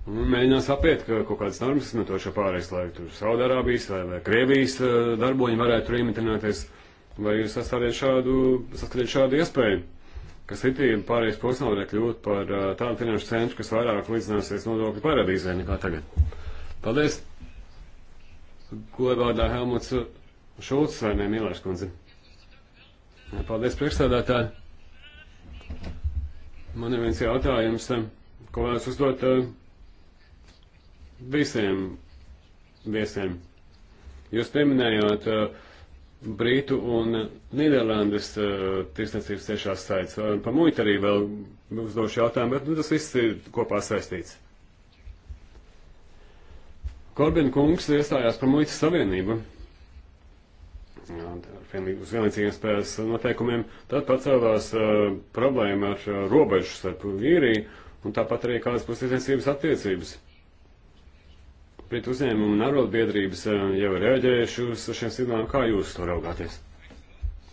Mēģinās apiet, ka kaut kādas normas izmanto šo pārējais laiku, tur Saudārābijas vai, vai Krievijas darboņi varētu tur imitinēties. Uh, Vai jūs sastādījat šādu, saskatījat šādu iespēju, ka City pārējais pusnā varētu kļūt par uh, tādu finanšu centru, kas vairāk līdzināsies nodokļu paradīzē nekā tagad? Paldies! Ko vārdā Helmuts Šulcs vai ne Milārs kundze? Paldies priekšstādātāji! Man ir viens jautājums, um, ko vēlas uzdot uh, visiem viesiem. Jūs pieminējāt uh, Brītu un Nīderlandes uh, tirsniecības tiešās saites. Eh, pa muitu arī vēl uzdošu jautājumu, bet nu, tas viss ir kopā saistīts. Korbina kungs iestājās par muitas savienību. Jā, vien, uz vienlīdzīgiem spēles noteikumiem. Tad pacēlās uh, problēma ar uh, robežu starp īriju un tāpat arī kādas pustirdzniecības attiecības. Pret uzņēmumu un arotbiedrības eh, jau ir reaģējuši uz šiem signāliem. Kā jūs to raugāties?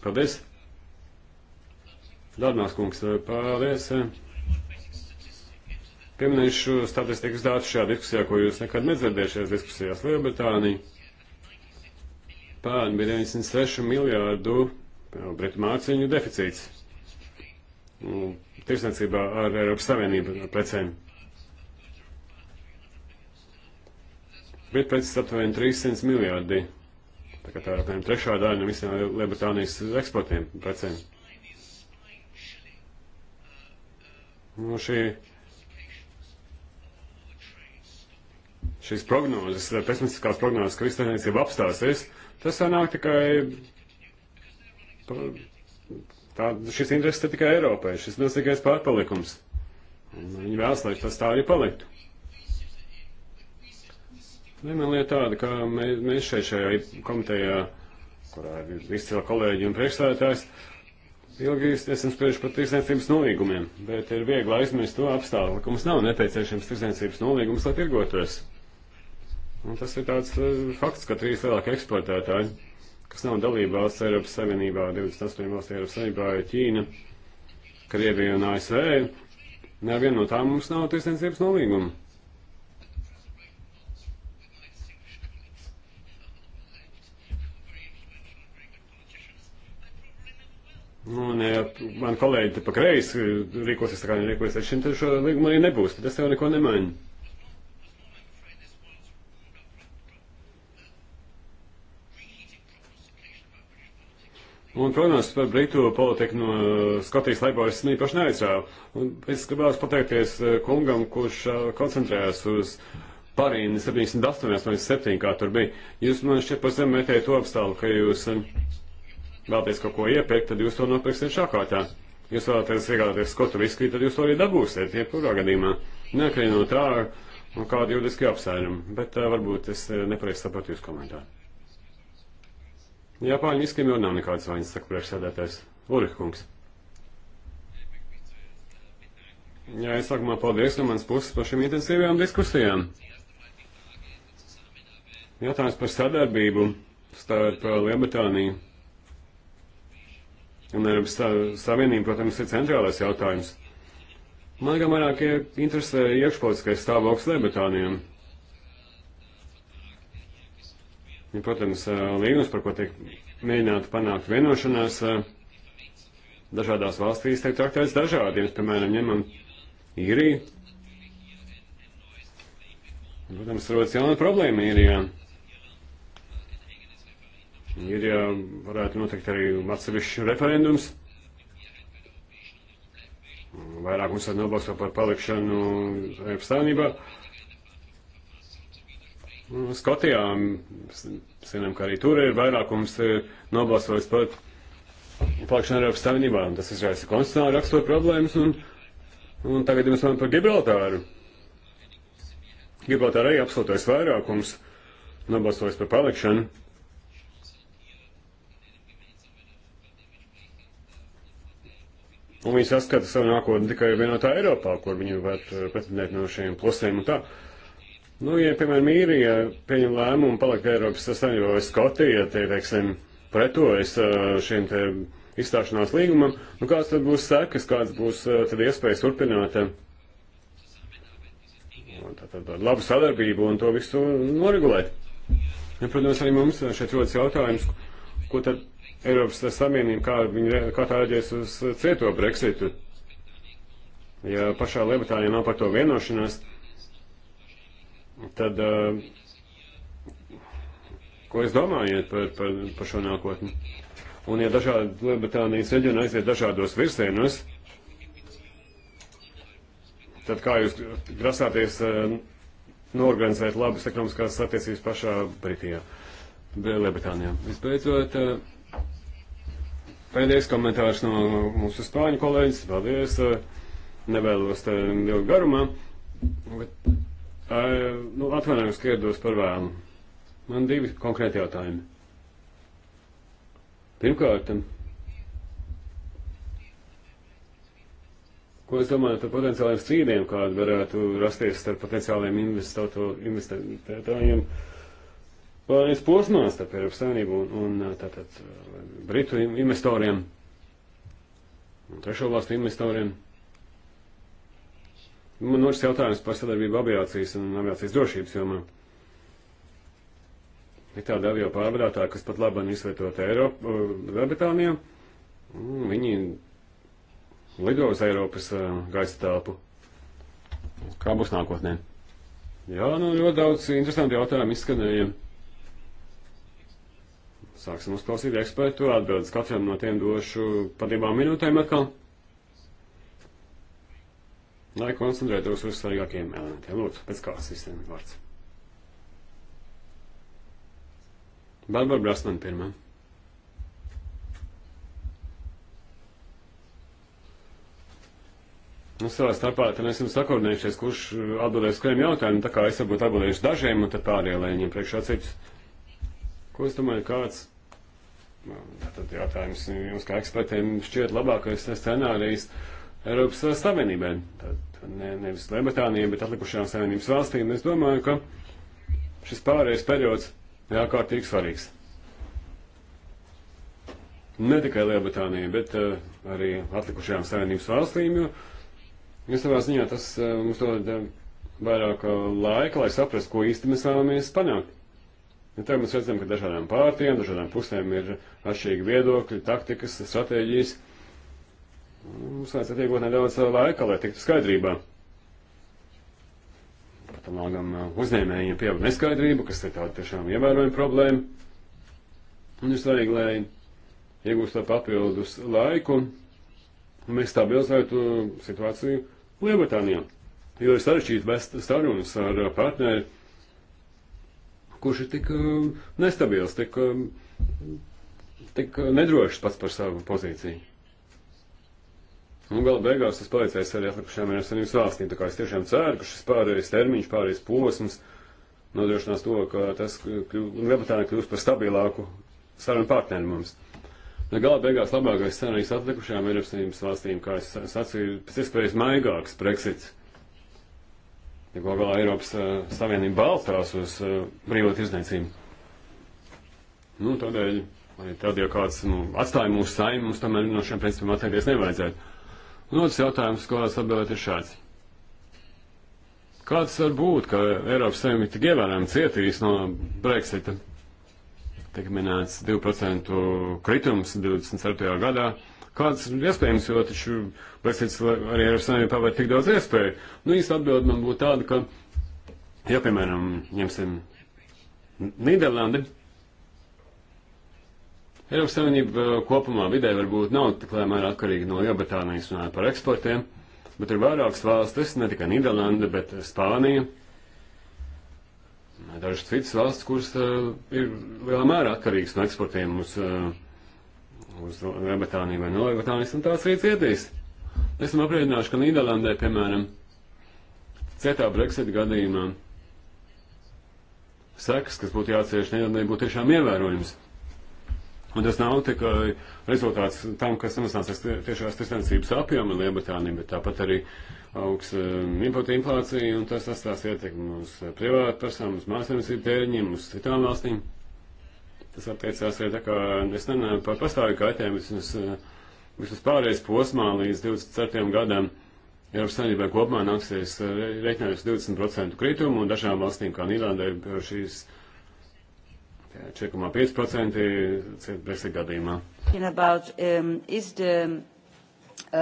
Paldies! Dārnās kungs, eh, paldies! Pieminēšu statistikas datus šajā diskusijā, ko jūs nekad nedzirdējušies diskusijās Lielbritānija. Pērn bija 96 miljārdu eh, britu mārciņu deficīts. Tirsniecībā ar Eiropas Savienību precēm. bet preces aptuveni 300 miljardi. Tā kā tā ir apmēram trešā daļa no visiem Lielbritānijas eksportiem precēm. Nu, šī, šīs prognozes, pesimistiskās prognozes, ka viss tendencija apstāsies, tas jau nāk tikai. Tā, šis interesi ir tikai Eiropai, šis milzīgais pārpalikums. Un viņi vēlas, lai tas tā arī paliktu. Nē, lieta tāda, ka mēs, mēs šeit šajā komitejā, kurā ir izcila kolēģi un priekšstādātājs, ilgi esam sprieduši par tirsniecības nolīgumiem, bet ir viegli aizmirst to apstākli, ka mums nav nepieciešams tirsniecības nolīgums, lai tirgotos. Un tas ir tāds uh, fakts, ka trīs lielākie eksportētāji, kas nav dalībās Eiropas Savienībā, 28 valsts Eiropas Savienībā, ir Ķīna, Krievija un ASV, neviena no tām mums nav tirsniecības nolīguma. Nu, un, ja man kolēģi te pa kreisi rīkosies tā kā nerīkosies, šim te šo līgumu arī nebūs, tad es jau neko nemainu. Un, protams, par Britu politiku no Skotijas laibojas es īpaši neaicāvu. Un es gribētu pateikties eh, kungam, kurš eh, koncentrējās uz Parīni 78 vai 7, kā tur bija. Jūs man šķiet par zem mētēju to apstālu, ka jūs. Um, vēlaties kaut ko iepirkt, tad jūs to nopirksiet šākārtā. Jūs vēlaties iegādāties skotu viskiju, tad jūs to arī dabūsiet, jebkurā gadījumā. Neatkarīgi no tā, un kādu jūtiski apsēžam, bet uh, varbūt es eh, nepareizi sapratu jūs komentāru. Japāņu viskiem jau nav nekādas vainas, saka priekšsēdētājs. Ulrikungs. Jā, es sākumā paldies no manas puses par šīm intensīvajām diskusijām. Jautājums par sadarbību starp eh, Lielbritāniju Un Eiropas Savienība, protams, ir centrālais jautājums. Man gan vairāk interesē iekšpolitiskais stāvoklis Lielbritānijam. Ja, protams, līgums, par ko tiek mēģināta panākt vienošanās, dažādās valstīs tiek traktēts dažādiem. Piemēram, ņemam īriju. Protams, rodas jauna problēma īrijā. Ja Ir jā, varētu notikt arī atsevišķi referendums. Vairāk mums ir nobalso par palikšanu Eiropas Savienībā. Skotijā, zinām, ka arī tur ir vairākums eh, nobalsojis par palikšanu Eiropas Savienībā, un tas izraisa konstitucionāli rakstura problēmas, un, un tagad mēs runājam par Gibraltāru. Gibraltāra arī absolūtais vairākums nobalsojis par palikšanu. Un viņi saskata savu nākotni tikai vienotā Eiropā, kur viņi var eh, pretendēt no šiem plusiem un tā. Nu, ja, piemēram, īrija pieņem lēmumu palikt Eiropas Savienībā vai Skotija, tie, teiksim, pretojas eh, šiem te izstāšanās līgumam, nu kāds tad būs sekas, kāds būs eh, tad iespējas turpināt tātad labu sadarbību un to visu noregulēt. Ja, protams, arī mums šeit rodas jautājums, ko tad Eiropas Savienība, kā, viņa, kā tā reaģēs uz cieto Brexitu. Ja pašā Lielbritānijā nav par to vienošanās, tad uh, ko jūs domājat par, par, par šo nākotni? Un ja dažādi Lielbritānijas reģioni aiziet dažādos virsienos, tad kā jūs grasāties uh, norganizēt labas ekonomiskās attiecības pašā Britijā, Lielbritānijā? Visbeidzot, uh, Pēdējais komentārs no mūsu spāņu kolēģis. Paldies. Eh, nevēlos te ilgi garumā. Bet, eh, nu, atvainojos, ka ierados par vēlu. Man divi konkrēti jautājumi. Pirmkārt, ko es domāju par potenciāliem strīdiem, kādi varētu rasties starp potenciāliem investētājiem pārējais posmā starp Eiropas Savienību un, un tātad Britu investoriem un trešo valstu investoriem. Man norisinās jautājums par sadarbību aviācijas un aviācijas drošības jomā. Ir tāda avio pārvadātāja, kas pat labāk izvietot Eiropu, eh, Lielbritānijā. Viņi lido uz Eiropas eh, gaisa telpu. Kā būs nākotnē? Jā, nu ļoti daudz interesanti jautājumi izskanēja. Sāksim uzklausīt ekspertu atbildes. Katram no tiem došu pa divām minūtēm atkal. Lai koncentrētos uz svarīgākiem elementiem. Lūdzu, pēc kāds visiem vārds. Barbara Brasman pirmā. Nu, savā starpā tad esam sakordinājušies, kurš atbildēs kuriem jautājumiem, tā kā es varbūt atbildēšu dažiem un tad pārējie, lai viņiem priekšā citus. Ko es domāju, kāds Tad jautājums jums kā ekspertiem šķiet labākais scenārijs Eiropas Savienībai. Tad ne, nevis Lielbritānijai, bet atlikušajām Savienības valstīm. Es domāju, ka šis pārējais periods ir ārkārtīgi svarīgs. Ne tikai Lielbritānijai, bet uh, arī atlikušajām Savienības valstīm, jo savā ziņā tas uh, mums dod uh, vairāk uh, laika, lai saprastu, ko īsti mēs vēlamies panākt. Ja nu, tā mēs redzam, ka dažādām pārtiem, dažādām pusēm ir atšķirīgi viedokļi, taktikas, stratēģijas. Mums vajadzētu atviegot nedaudz uh, laika, lai tiktu skaidrībā. Par tam lāgam uh, uzņēmējiem pieaug neskaidrība, kas ir tāda tiešām ievērojama problēma. Un ir svarīgi, lai iegūstu papildus laiku, un mēs stabilizētu situāciju Lielbritānijā. Jo ir sarežģīti vest sarunas ar uh, partneri kurš ir tik um, nestabils, tik, um, tik nedrošs pats par savu pozīciju. Un gala beigās tas palicēs arī atlikušajām Eiropas Savienības valstīm. Tā kā es tiešām ceru, ka šis pārējais termiņš, pārējais posms nodrošinās to, ka tas Lielbritānija kļūs par stabilāku sarunu partneri mums. Nu, gala beigās labākais scenārijs atlikušajām Eiropas Savienības valstīm, kā es sacīju, pēc iespējas maigāks Brexits Ja galu galā Eiropas uh, Savienība balstās uz uh, brīvo tirdzniecību. Nu, tādēļ, arī tad, ja kāds nu, atstāja mūsu saimi, mums tomēr no šiem principiem atteikties nevajadzētu. Un otrs jautājums, ko es atbildētu, ir šāds. Kāds var būt, ka Eiropas Savienība tik ievērojami cietīs no Brexita? Tik minēts 2% kritums 24. gadā. Kāds iespējams, jo taču Brexits arī ar saviem pavērt tik daudz iespēju? Nu, īsta atbilde man būtu tāda, ka, ja, piemēram, ņemsim Nīderlandi, Eiropas Savienība eh, kopumā vidē varbūt nav tik lēmēr atkarīga no Lielbritānijas un par eksportiem, bet ir vairākas valstis, ne tikai Nīderlanda, bet eh, Spānija, dažas citas valsts, kuras uh, ir lielā mērā atkarīgas no eksportiem uz uh, uz Lielbritāniju vai no Lielbritānijas, un tās arī cietīs. Esam aprēķinājuši, ka Nīderlandē, piemēram, cietā Brexit gadījumā sekas, kas būtu jācieš Nīderlandē, būtu tiešām ievērojams. Un tas nav tikai rezultāts tam, kas samazināsies tiešās tirsniecības apjomi Lielbritānijā, bet tāpat arī augs um, importa inflācija, un tas atstās ietekmi uz privātu personu, uz mākslinieku tēriņiem, uz citām valstīm. Tas attiecās arī tā kā, es nenāju par pastāvīgu kaitējumu, vismaz, eh, vismaz pārējais posmā līdz 24 gadam. Eiropas Savienībā kopumā nāksies eh, reiķinājums 20% kritumu, un dažām valstīm, kā Nīlāndē, ir šīs 4,5% Brexit gadījumā. About, um, the,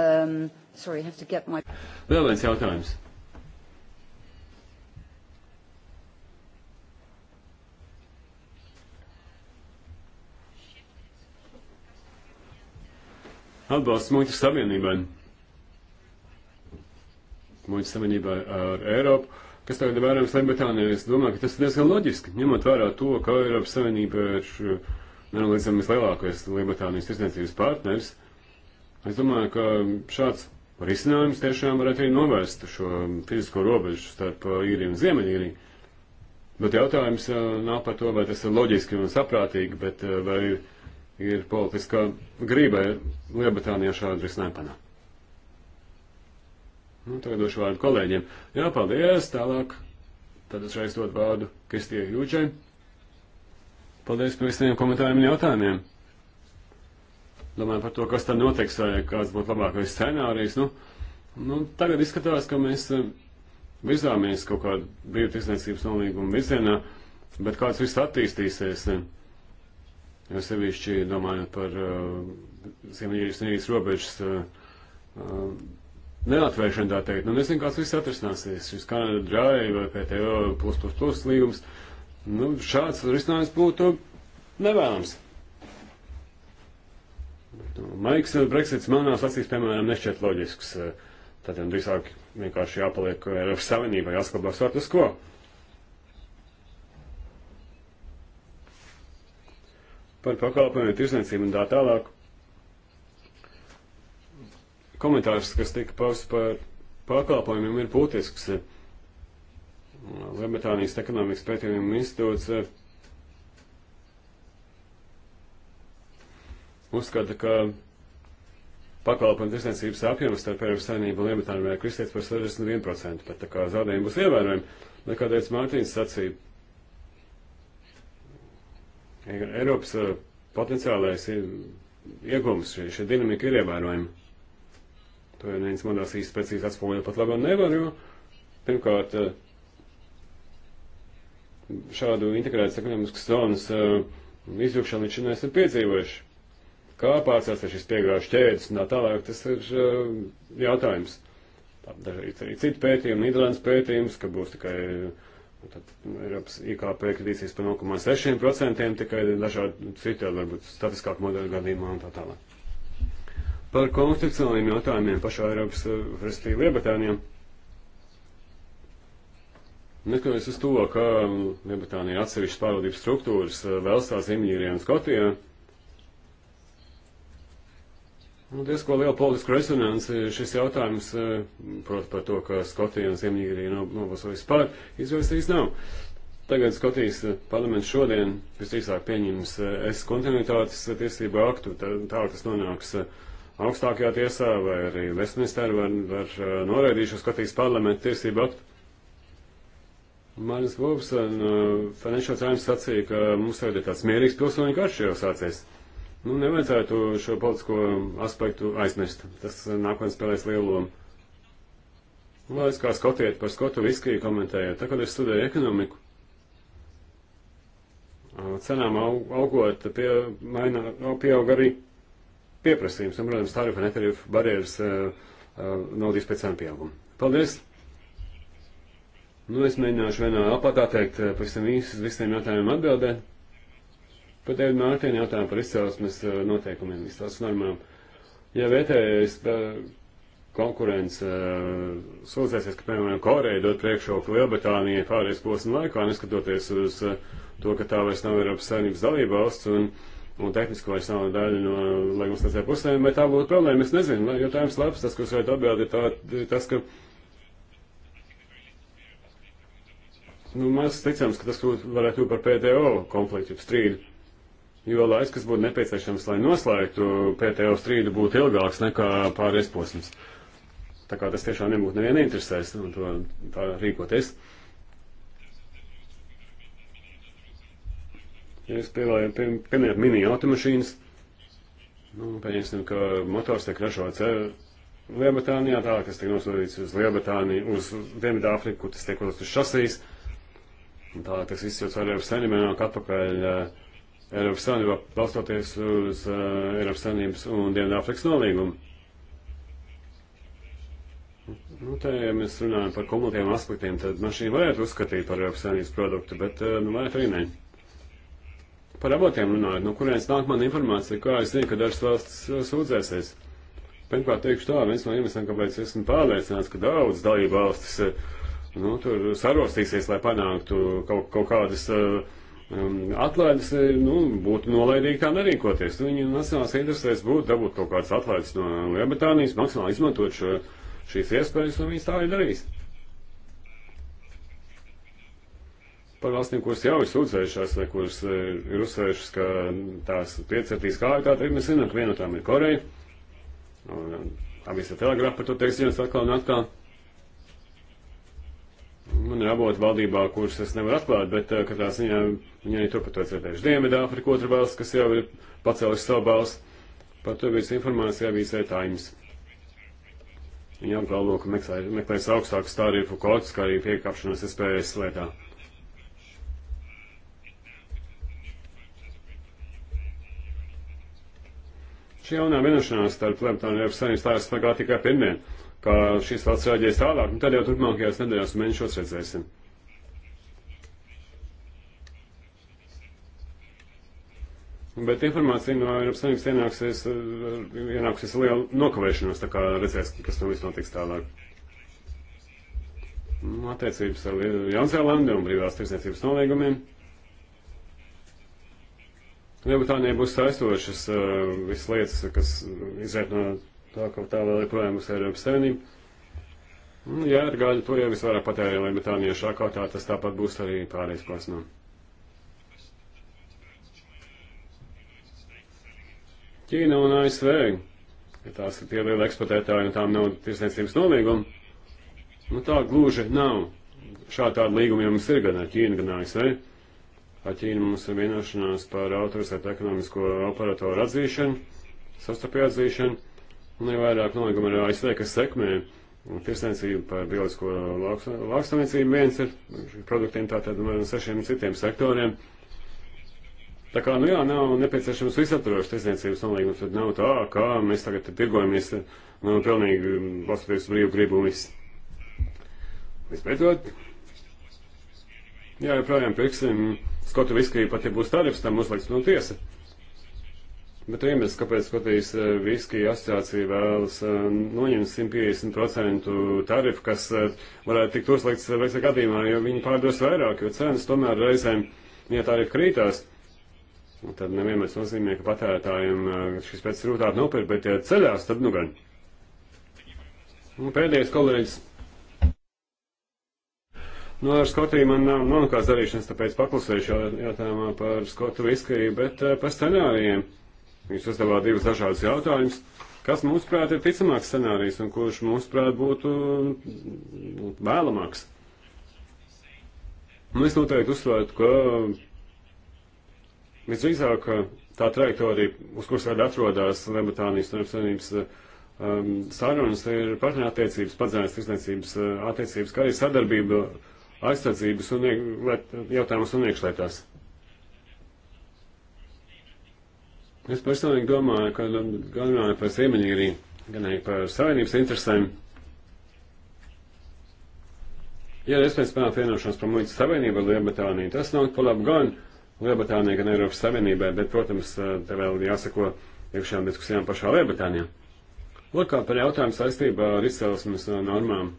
um, sorry, my... Vēl viens jautājums. atbalsts muitas savienībai. Muitas savienībai ar Eiropu, kas tagad ir vērojams Lielbritānijā. Es domāju, ka tas ir diezgan loģiski, ņemot vērā to, ka Eiropas Savienība ir nenolīdzami vislielākais Lielbritānijas tirsniecības partners. Es domāju, ka šāds risinājums tiešām varētu arī novērst šo fizisko robežu starp uh, īriju un ziemeļīriju. Bet jautājums uh, nav par to, vai tas ir loģiski un saprātīgi, bet uh, vai ir ir politiskā grība Lielbritānijā šādu risinājumu panākt. Nu, tagad došu vārdu kolēģiem. Jā, paldies, tālāk. Tad uzreiz dod vārdu Kristie Jūģai. Paldies par visiem komentāriem un jautājumiem. Domāju par to, kas tad notiks, vai kāds būtu labākais scenārijs. Nu, nu, tagad izskatās, ka mēs eh, virzāmies kaut kādu brīvu tirsniecības nolīgumu virzienā, bet kāds viss attīstīsies. Ne? Eh, Jo sevišķi domājot par uh, eh, Ziemeļīrijas un Īrijas robežas uh, uh, neatvēršanu, tā teikt. Nu, nezinu, kāds viss atrisināsies. Šis Kanada Drive vai PTO plus plus plus līgums. Nu, šāds risinājums būtu nevēlams. Nu, Maiks Brexits manās acīs, piemēram, nešķiet loģisks. Tātad drīzāk vienkārši jāpaliek Eiropas Savienībā, jāsklabās vārtus ko. Uh, par pakalpojumu, tirsniecību un tā tālāk. Komentārs, kas tika pausts par pakalpojumiem, ir būtisks. Lielbritānijas ekonomikas pētījumu institūts eh, uzskata, ka pakalpojumu tirsniecības apjoms starp Eiropas saimnību un Lielbritāniju kristietis par 61%, bet tā kā zaudējumi būs ievērojami, nekādēļ Mārtiņas sacīja Eiropas uh, potenciālais uh, iegums, šī, šī dinamika ir ievērojama. To jau neviens manās īsti precīzi atspoguļot pat labam nevar, jo pirmkārt uh, šādu integrētas ekonomiskas zonas izjūkšanu līdz šim neesam piedzīvojuši. Kā pārcēlties šis piegājuši ķēdes un tā tālāk, tas ir jautājums. Dažreiz arī citi pētījumi, Nīderlandes pētījums, ka būs tikai uh, Tad nu, Eiropas IKP kritīsies par 0,6%, tikai dažādi citi, varbūt statiskāk modeļu gadījumā un tā tālāk. Par konstitucionāliem jautājumiem pašā Eiropas eh, valstī Lielbritānijā. Neskatoties uz to, ka mm, Lielbritānija atsevišķas pārvaldības struktūras eh, Velsā, Ziemeļīrijā un Skotijā, Nu, Diezko liela politiska resonanse šis jautājums, eh, protams, par to, ka Skotija un Ziemļīrija nobalsojas par, izvērsīs nav. Tagad Skotijas eh, parlaments šodien visticāk pieņems eh, es kontinuitātes tiesību aktu, tālāk tas nonāks augstākajā tiesā vai arī Westminster var, var noraidīt šo Skotijas parlamentu tiesību aktu. Māris Bobs un Financial Times sacīja, ka mums tagad ir tāds mierīgs pilsoņu karš jau sācies. Nu, nevajadzētu šo politisko aspektu aizmirst. Tas eh, nākotnē spēlēs lielu lomu. Lai es kā skotiet par skotu viskiju komentēju, tā, kad es studēju ekonomiku, cenām augot, pie, maina, pieaug arī pieprasījums, un, protams, tarifu un netarifu barjeras naudas pēc cenu pieauguma. Paldies! Nu, es mēģināšu vienā apakā teikt pavisam īsi uz visiem jautājumiem atbildēt. Pat Dēļ Mārtiņa jautājumu par izcelsmes eh, noteikumiem, izcelsmes normām. Ja vietējais eh, konkurence eh, sūdzēsies, ka, piemēram, Koreja dod priekšroku Lielbritānijai pārējais posma laikā, neskatoties uz to, ka tā vairs nav Eiropas Savienības dalība valsts un, un tehniski vairs nav daļa no līgums tās pusēm, vai tā būtu problēma, es nezinu. Jautājums labs, tas, ko es varētu atbildēt, ir tā, tas, ka. Nu, mēs ticams, ka tas varētu būt par PTO konfliktu, strīdu jo laiks, kas būtu nepieciešams, lai noslēgtu PTO strīdu, būtu ilgāks nekā pāris posms. Tā kā tas tiešām nebūtu neviena interesēs, un to tā rīkoties. Ja jūs pieminējat pie, mini automašīnas, nu, pieņemsim, ka motors tiek ražots eh, Lielbritānijā, tālāk tas tiek nosūtīts uz Lielbritāniju, uz Dienvidāfriku, tas tiek uzsūtīts uz šasīs, un tālāk tas viss jau caur Eiropas saimniekā atpakaļ uh, Eiropas Savienībā, balstoties uz uh, Eiropas Savienības un Dienvidāfrikas nolīgumu. Nu, te, ja mēs runājam par kumulatīviem aspektiem, tad mašīnu varētu uzskatīt par Eiropas Savienības produktu, bet uh, nu, varētu arī nē. Par avotiem runājot, no kurienes nāk man informācija, kā es zinu, ka dažas valsts uh, sūdzēsies. Pirmkārt, teikšu tā, viens no iemesliem, kāpēc esmu pārliecināts, ka daudz dalību valstis uh, nu, tur sarostīsies, lai panāktu kaut, kaut kādas uh, um, atlaides, e, nu, būtu nolaidīgi tā nerīkoties. Nu, Viņu nacionālās interesēs būtu dabūt kaut kādas atlaides no Lielbritānijas, maksimāli izmantot šo, šīs iespējas, un viņas tā arī darīs. Par valstīm, kuras jau ir sūdzējušās, vai kuras e, ir uzsvērušas, ka tās piecertīs kāju, tā teikt, mēs zinām, ka viena no tām ir Koreja. Tā visa telegrāfa par to teiks viens atkal un atkal. Man ir abot valdībā, kuras es nevaru atklāt, bet eh, katrā ziņā viņi arī turpat to dzirdējuši. Dienvidāfrika otra valsts, kas jau ir pacēlusi savu balstu, par to bija informācija avīzē Times. Viņi apgalvo, ka meklēs augstākus tarifu kodus, kā arī piekāpšanās iespējas lietā. Šī jaunā vienošanās starp Lietuvā un Eiropas Savienības tā ir spēkā tikai pirmdien kā šīs valsts reaģēs tālāk, un nu, tad jau turpmākajās nedēļās un mēnešos redzēsim. Bet informācija no Eiropas Savienības ienāksies, ienāksies liela nokavēšanos, tā kā redzēs, kas tam viss notiks tālāk. Nu, attiecības ar Jaunzēlandi un brīvās tirsniecības nolīgumiem. Lielbritānija būs saistošas uh, visas lietas, kas izriet no tā ka tā vēl joprojām uz Eiropas Savienību. Jā, ar gaļu to jau visvairāk patērē, lai metāniešu ārkārtā tas tāpat būs arī pārējais plasmā. Ķīna un ASV, ja tās ir tie lieli eksportētāji un tām nav tirsniecības nolīguma, nu tā gluži nav. Šādi tādi līgumi jau mums ir gan ar Ķīnu, gan ASV. Ar Ķīnu mums ir vienošanās par autorizētu ekonomisko operatoru atzīšanu, sastapju atzīšanu Un nu, ir vairāk nolīgumi ar ASV, kas sekmē tirsniecību par bielisko lauksaimniecību. Viens ir produktiem tātad un sešiem citiem sektoriem. Tā kā, nu jā, nav nepieciešams visaptvarošs tiesniecības nolīgums, tad nav tā, kā mēs tagad tirgojamies, nu, pilnīgi balstoties brīvu gribu un viss. Vispētot, jā, joprojām pirksim skotu viskiju, pat ja būs tarifs, tam uzliks no tiesa. Bet iemesls, kāpēc Skotijas eh, viskija asociācija vēlas eh, noņemt 150% tarifu, kas eh, varētu tikt uzlikts veiksmē gadījumā, jo viņi pārdos vairāk, jo cenas tomēr reizēm, ja tarifi krītās, tad nevienmēr tas nozīmē, ka patērētājiem šis pēc rūtāk nopirkt, bet ja ceļās, tad nu gan. Un pēdējais kolēģis. Nu, ar Skotiju man nav, nav nekāds darīšanas, tāpēc paklusēšu jautājumā par Skotu viskiju, bet par scenārijiem. Uh, Jūs uzdevāt divus dažādus jautājumus. Kas, mūsuprāt, ir ticamāks scenārijs un kurš, mūsuprāt, būtu nu, vēlamāks? Un nu, es noteikti uzsvērtu, ka visdrīzāk tā trajektorija, uz kuras vēl atrodas Lielbritānijas un Savienības um, sarunas, ir partnerattiecības, padzēnas tirsniecības uh, attiecības, kā arī sadarbība aizsardzības un jautājums un iekšlietās. Es personīgi domāju, ka gan runājot par Ziemeņīrī, gan arī par savienības interesēm, ja iespējams panākt vienošanos par muitas savienību ar Lielbritāniju, tas nāk par labu gan Lielbritānijai, gan Eiropas Savienībai, bet, protams, te vēl jāsako iekšējām diskusijām pašā Lielbritānijā. Lūk, kā par jautājumu saistībā ar izcelsmes normām.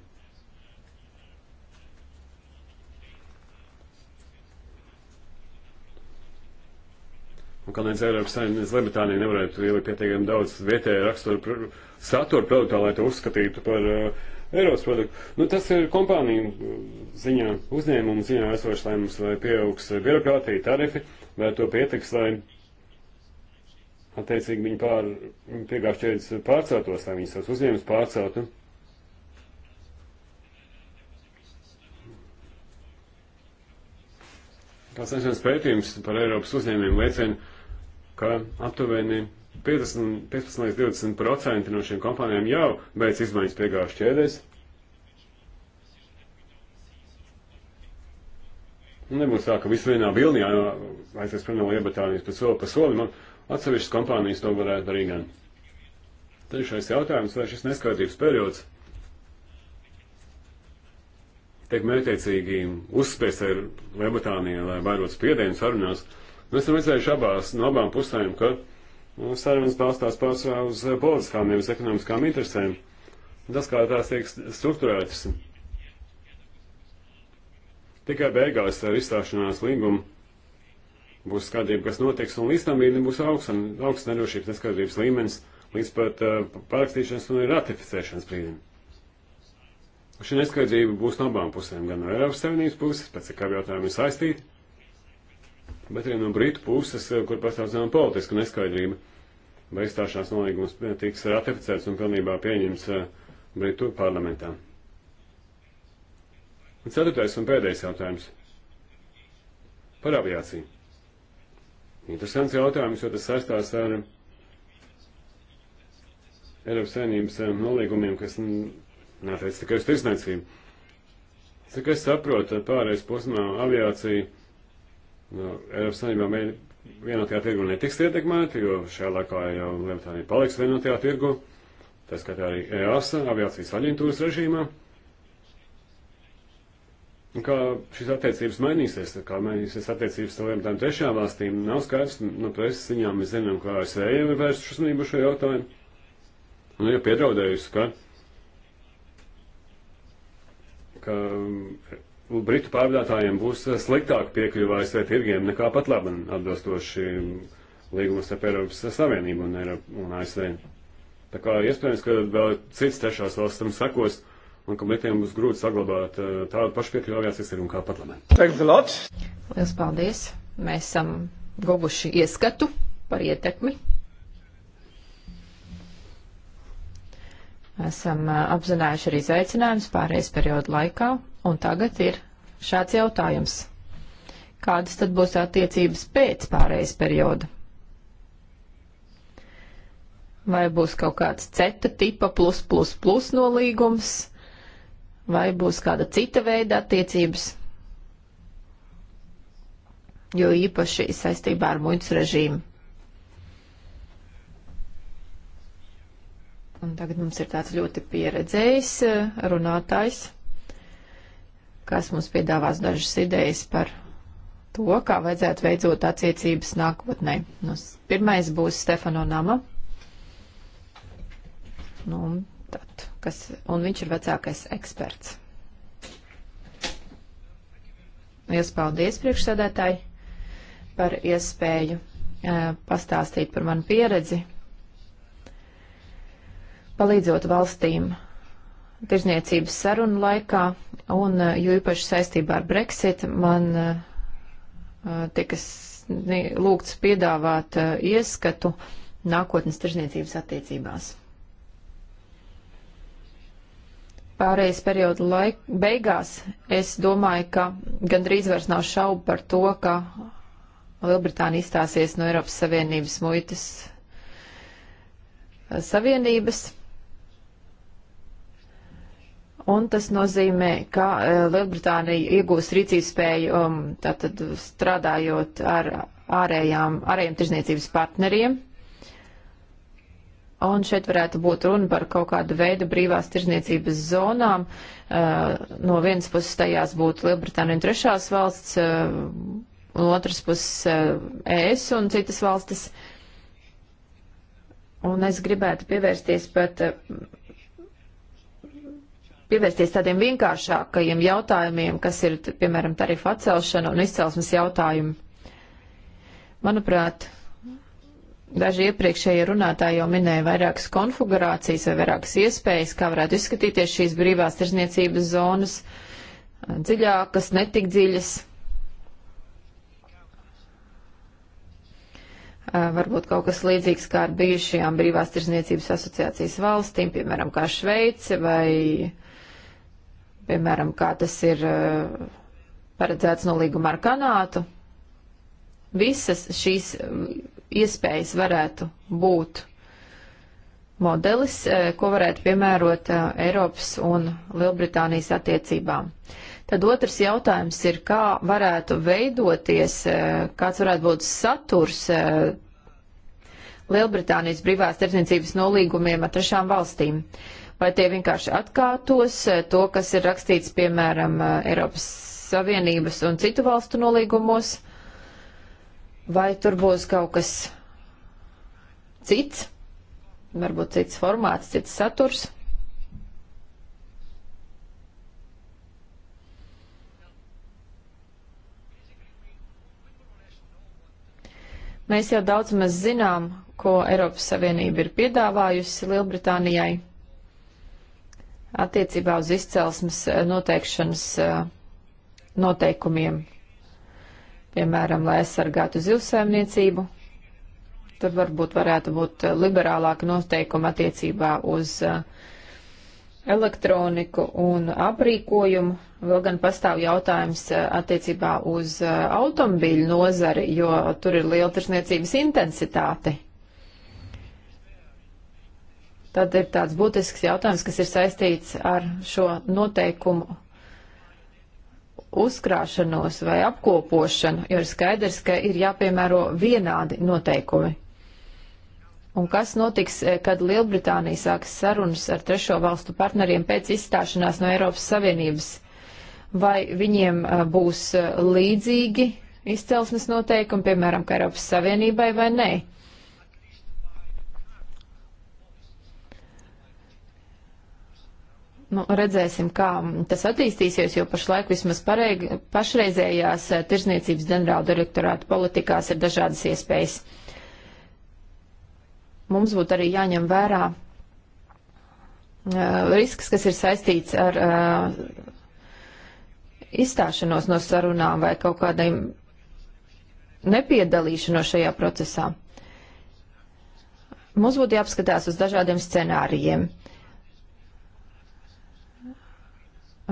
Un kādēļ Eiropas Savienības Lielbritānija nevarētu ielikt pietiekami daudz vietējā rakstura satura produktā, lai to uzskatītu par uh, Eiropas produktu. Nu, tas ir kompāniju uh, ziņā, uzņēmumu ziņā esošs lēmums, vai pieaugs uh, birokrātija, tarifi, vai to pietiks, lai attiecīgi viņi pār, piegājuši ķēdes pārceltos, lai viņi savus uzņēmumus pārceltu. Kāds nesenas pētījums par Eiropas uzņēmumiem liecina, ka aptuveni 50, 15 līdz 20% no šiem kompānijām jau veic izmaiņas piegājušas ķēdēs. Nu, Nebūs tā, ka viss vienā vilnī nu, aizies prom no iebatānijas pa soli pa solim. Nu, atsevišķas kompānijas to varētu arī gan. Trešais jautājums, vai šis neskaidrības periods tiek mērķiecīgi uzspiest ar Lielbritāniju, lai vairot spiedienu sarunās, uh, Mēs esam redzējuši abās, no abām pusēm, ka nu, sarunas balstās pārsvarā uz eh, politiskām, nevis ekonomiskām interesēm. Tas, kā tās tiek strukturētas. Tikai beigās ar izstāšanās līgumu būs skatība, kas notiks, un līdz tam brīdim būs augsts augst nedrošības neskaidrības līmenis, līdz pat uh, eh, parakstīšanas un ratificēšanas brīdim. Šī neskaidrība būs no abām pusēm, gan no Eiropas Savienības puses, pēc cik abi jautājumi ir saistīti, bet arī no Britu puses, eh, kur pastāv zinām politiska neskaidrība. Vai izstāšanās nolīgums eh, tiks ratificēts un pilnībā pieņems eh, Britu parlamentā? Un ceturtais un pēdējais jautājums par aviāciju. Interesants jautājums, jo tas saistās ar Eiropas saimnības nolīgumiem, kas neatiec tikai uz tirsniecību. Cik es saprotu, pārējais posmā aviācija nu, Eiropas Savienībā vienotajā tirgu netiks ietekmēti, jo šajā laikā jau Lielbritānija paliks vienotajā tirgu, tā skatā arī EASA, aviācijas aģentūras režīmā. Un kā šīs attiecības mainīsies, kā mainīsies attiecības ar tām trešām valstīm, nav skaidrs. No nu, preses ziņām mēs zinām, ka ASV jau ir vērstuši uzmanību šo jautājumu. Un ir piedraudējusi, ka, ka Britu pārvadātājiem būs sliktāk piekļuva ASV tirgiem nekā pat labi atbilstoši līgumus ar Eiropas Savienību un, Eiropa, un ASV. Tā kā iespējams, ka vēl cits trešās valsts tam sekos un ka Britiem būs grūti saglabāt eh, tādu pašu piekļuvu aviācijas tirgumu kā pat labi. Lielas paldies! Mēs esam guvuši ieskatu par ietekmi. Esam eh, apzinājuši arī izaicinājumus pārējais periodu laikā, Un tagad ir šāds jautājums. Kādas tad būs attiecības pēc pārējais perioda? Vai būs kaut kāds ceta tipa plus plus plus nolīgums, vai būs kāda cita veida attiecības? Jo īpaši saistībā ar muitas režīmu. Un tagad mums ir tāds ļoti pieredzējis eh, runātājs kas mums piedāvās dažas idejas par to, kā vajadzētu veidot attiecības nākotnē. Nu, pirmais būs Stefano Nama. Nu, tad, kas, un viņš ir vecākais eksperts. Lielas paldies priekšsēdētāji par iespēju e, pastāstīt par manu pieredzi, palīdzot valstīm tirzniecības sarunu laikā, un eh, jo īpaši saistībā ar Brexit man eh, tika lūgts piedāvāt eh, ieskatu nākotnes tirzniecības attiecībās. Pārējais perioda laik, beigās es domāju, ka gandrīz vairs nav šaubu par to, ka Lielbritānija izstāsies no Eiropas Savienības muitas savienības. Un tas nozīmē, ka eh, Lielbritānija iegūs rīcības spēju um, tātad strādājot ar ārējām, ārējiem tirzniecības partneriem. Un šeit varētu būt runa par kaut kādu veidu brīvās tirzniecības zonām. Uh, no vienas puses tajās būtu Lielbritānija un trešās valsts, uh, un otras puses uh, ES un citas valstis. Un es gribētu pievērsties pat. Uh, pievērsties tādiem vienkāršākajiem jautājumiem, kas ir, piemēram, tarifa atcelšana un izcelsmes jautājumi. Manuprāt, daži iepriekšējie runātāji jau minēja vairākas konfigurācijas vai vairākas iespējas, kā varētu izskatīties šīs brīvās tirzniecības zonas, dziļākas, netik dziļas. varbūt kaut kas līdzīgs kā ar bijušajām brīvās tirzniecības asociācijas valstīm, piemēram, kā Šveice vai piemēram, kā tas ir eh, paredzēts nolīgumā ar Kanātu, visas šīs eh, iespējas varētu būt modelis, eh, ko varētu piemērot Eiropas un Lielbritānijas attiecībām. Tad otrs jautājums ir, kā varētu veidoties, kāds varētu būt saturs Lielbritānijas brīvās tirdzniecības nolīgumiem ar trešām valstīm. Uh, vai tie vienkārši atkārtos eh, to, kas ir rakstīts, piemēram, eh, Eiropas Savienības un citu valstu nolīgumos, vai tur būs kaut kas cits, varbūt cits formāts, cits saturs. Mēs jau daudz maz zinām, ko Eiropas Savienība ir piedāvājusi Lielbritānijai attiecībā uz izcelsmes eh, noteikšanas eh, noteikumiem. Piemēram, lai aizsargātu zivsēmniecību, tad varbūt varētu būt eh, liberālāka noteikuma attiecībā uz elektroniku un aprīkojumu. Vēl gan pastāv jautājums attiecībā uz automobīļu nozari, jo tur ir liela tirsniecības intensitāte. Tad ir tāds būtisks jautājums, kas ir saistīts ar šo noteikumu uzkrāšanos vai apkopošanu, jo ir skaidrs, ka ir jāpiemēro vienādi noteikumi. Un kas notiks, eh, kad Lielbritānija sāks sarunas ar trešo valstu partneriem pēc izstāšanās no Eiropas Savienības? Vai viņiem eh, būs eh, līdzīgi izcelsmes noteikumi, piemēram, kā Eiropas Savienībai vai nē? Nu, redzēsim, kā tas attīstīsies, jo pašlaik vismaz pareig, pašreizējās eh, tirzniecības ģenerāla direktorāta politikās ir dažādas iespējas. Mums būtu arī jāņem vērā uh, risks, kas ir saistīts ar uh, izstāšanos no sarunām vai kaut kādiem nepiedalīšanos šajā procesā. Mums būtu jāapskatās uz dažādiem scenārijiem. Uh,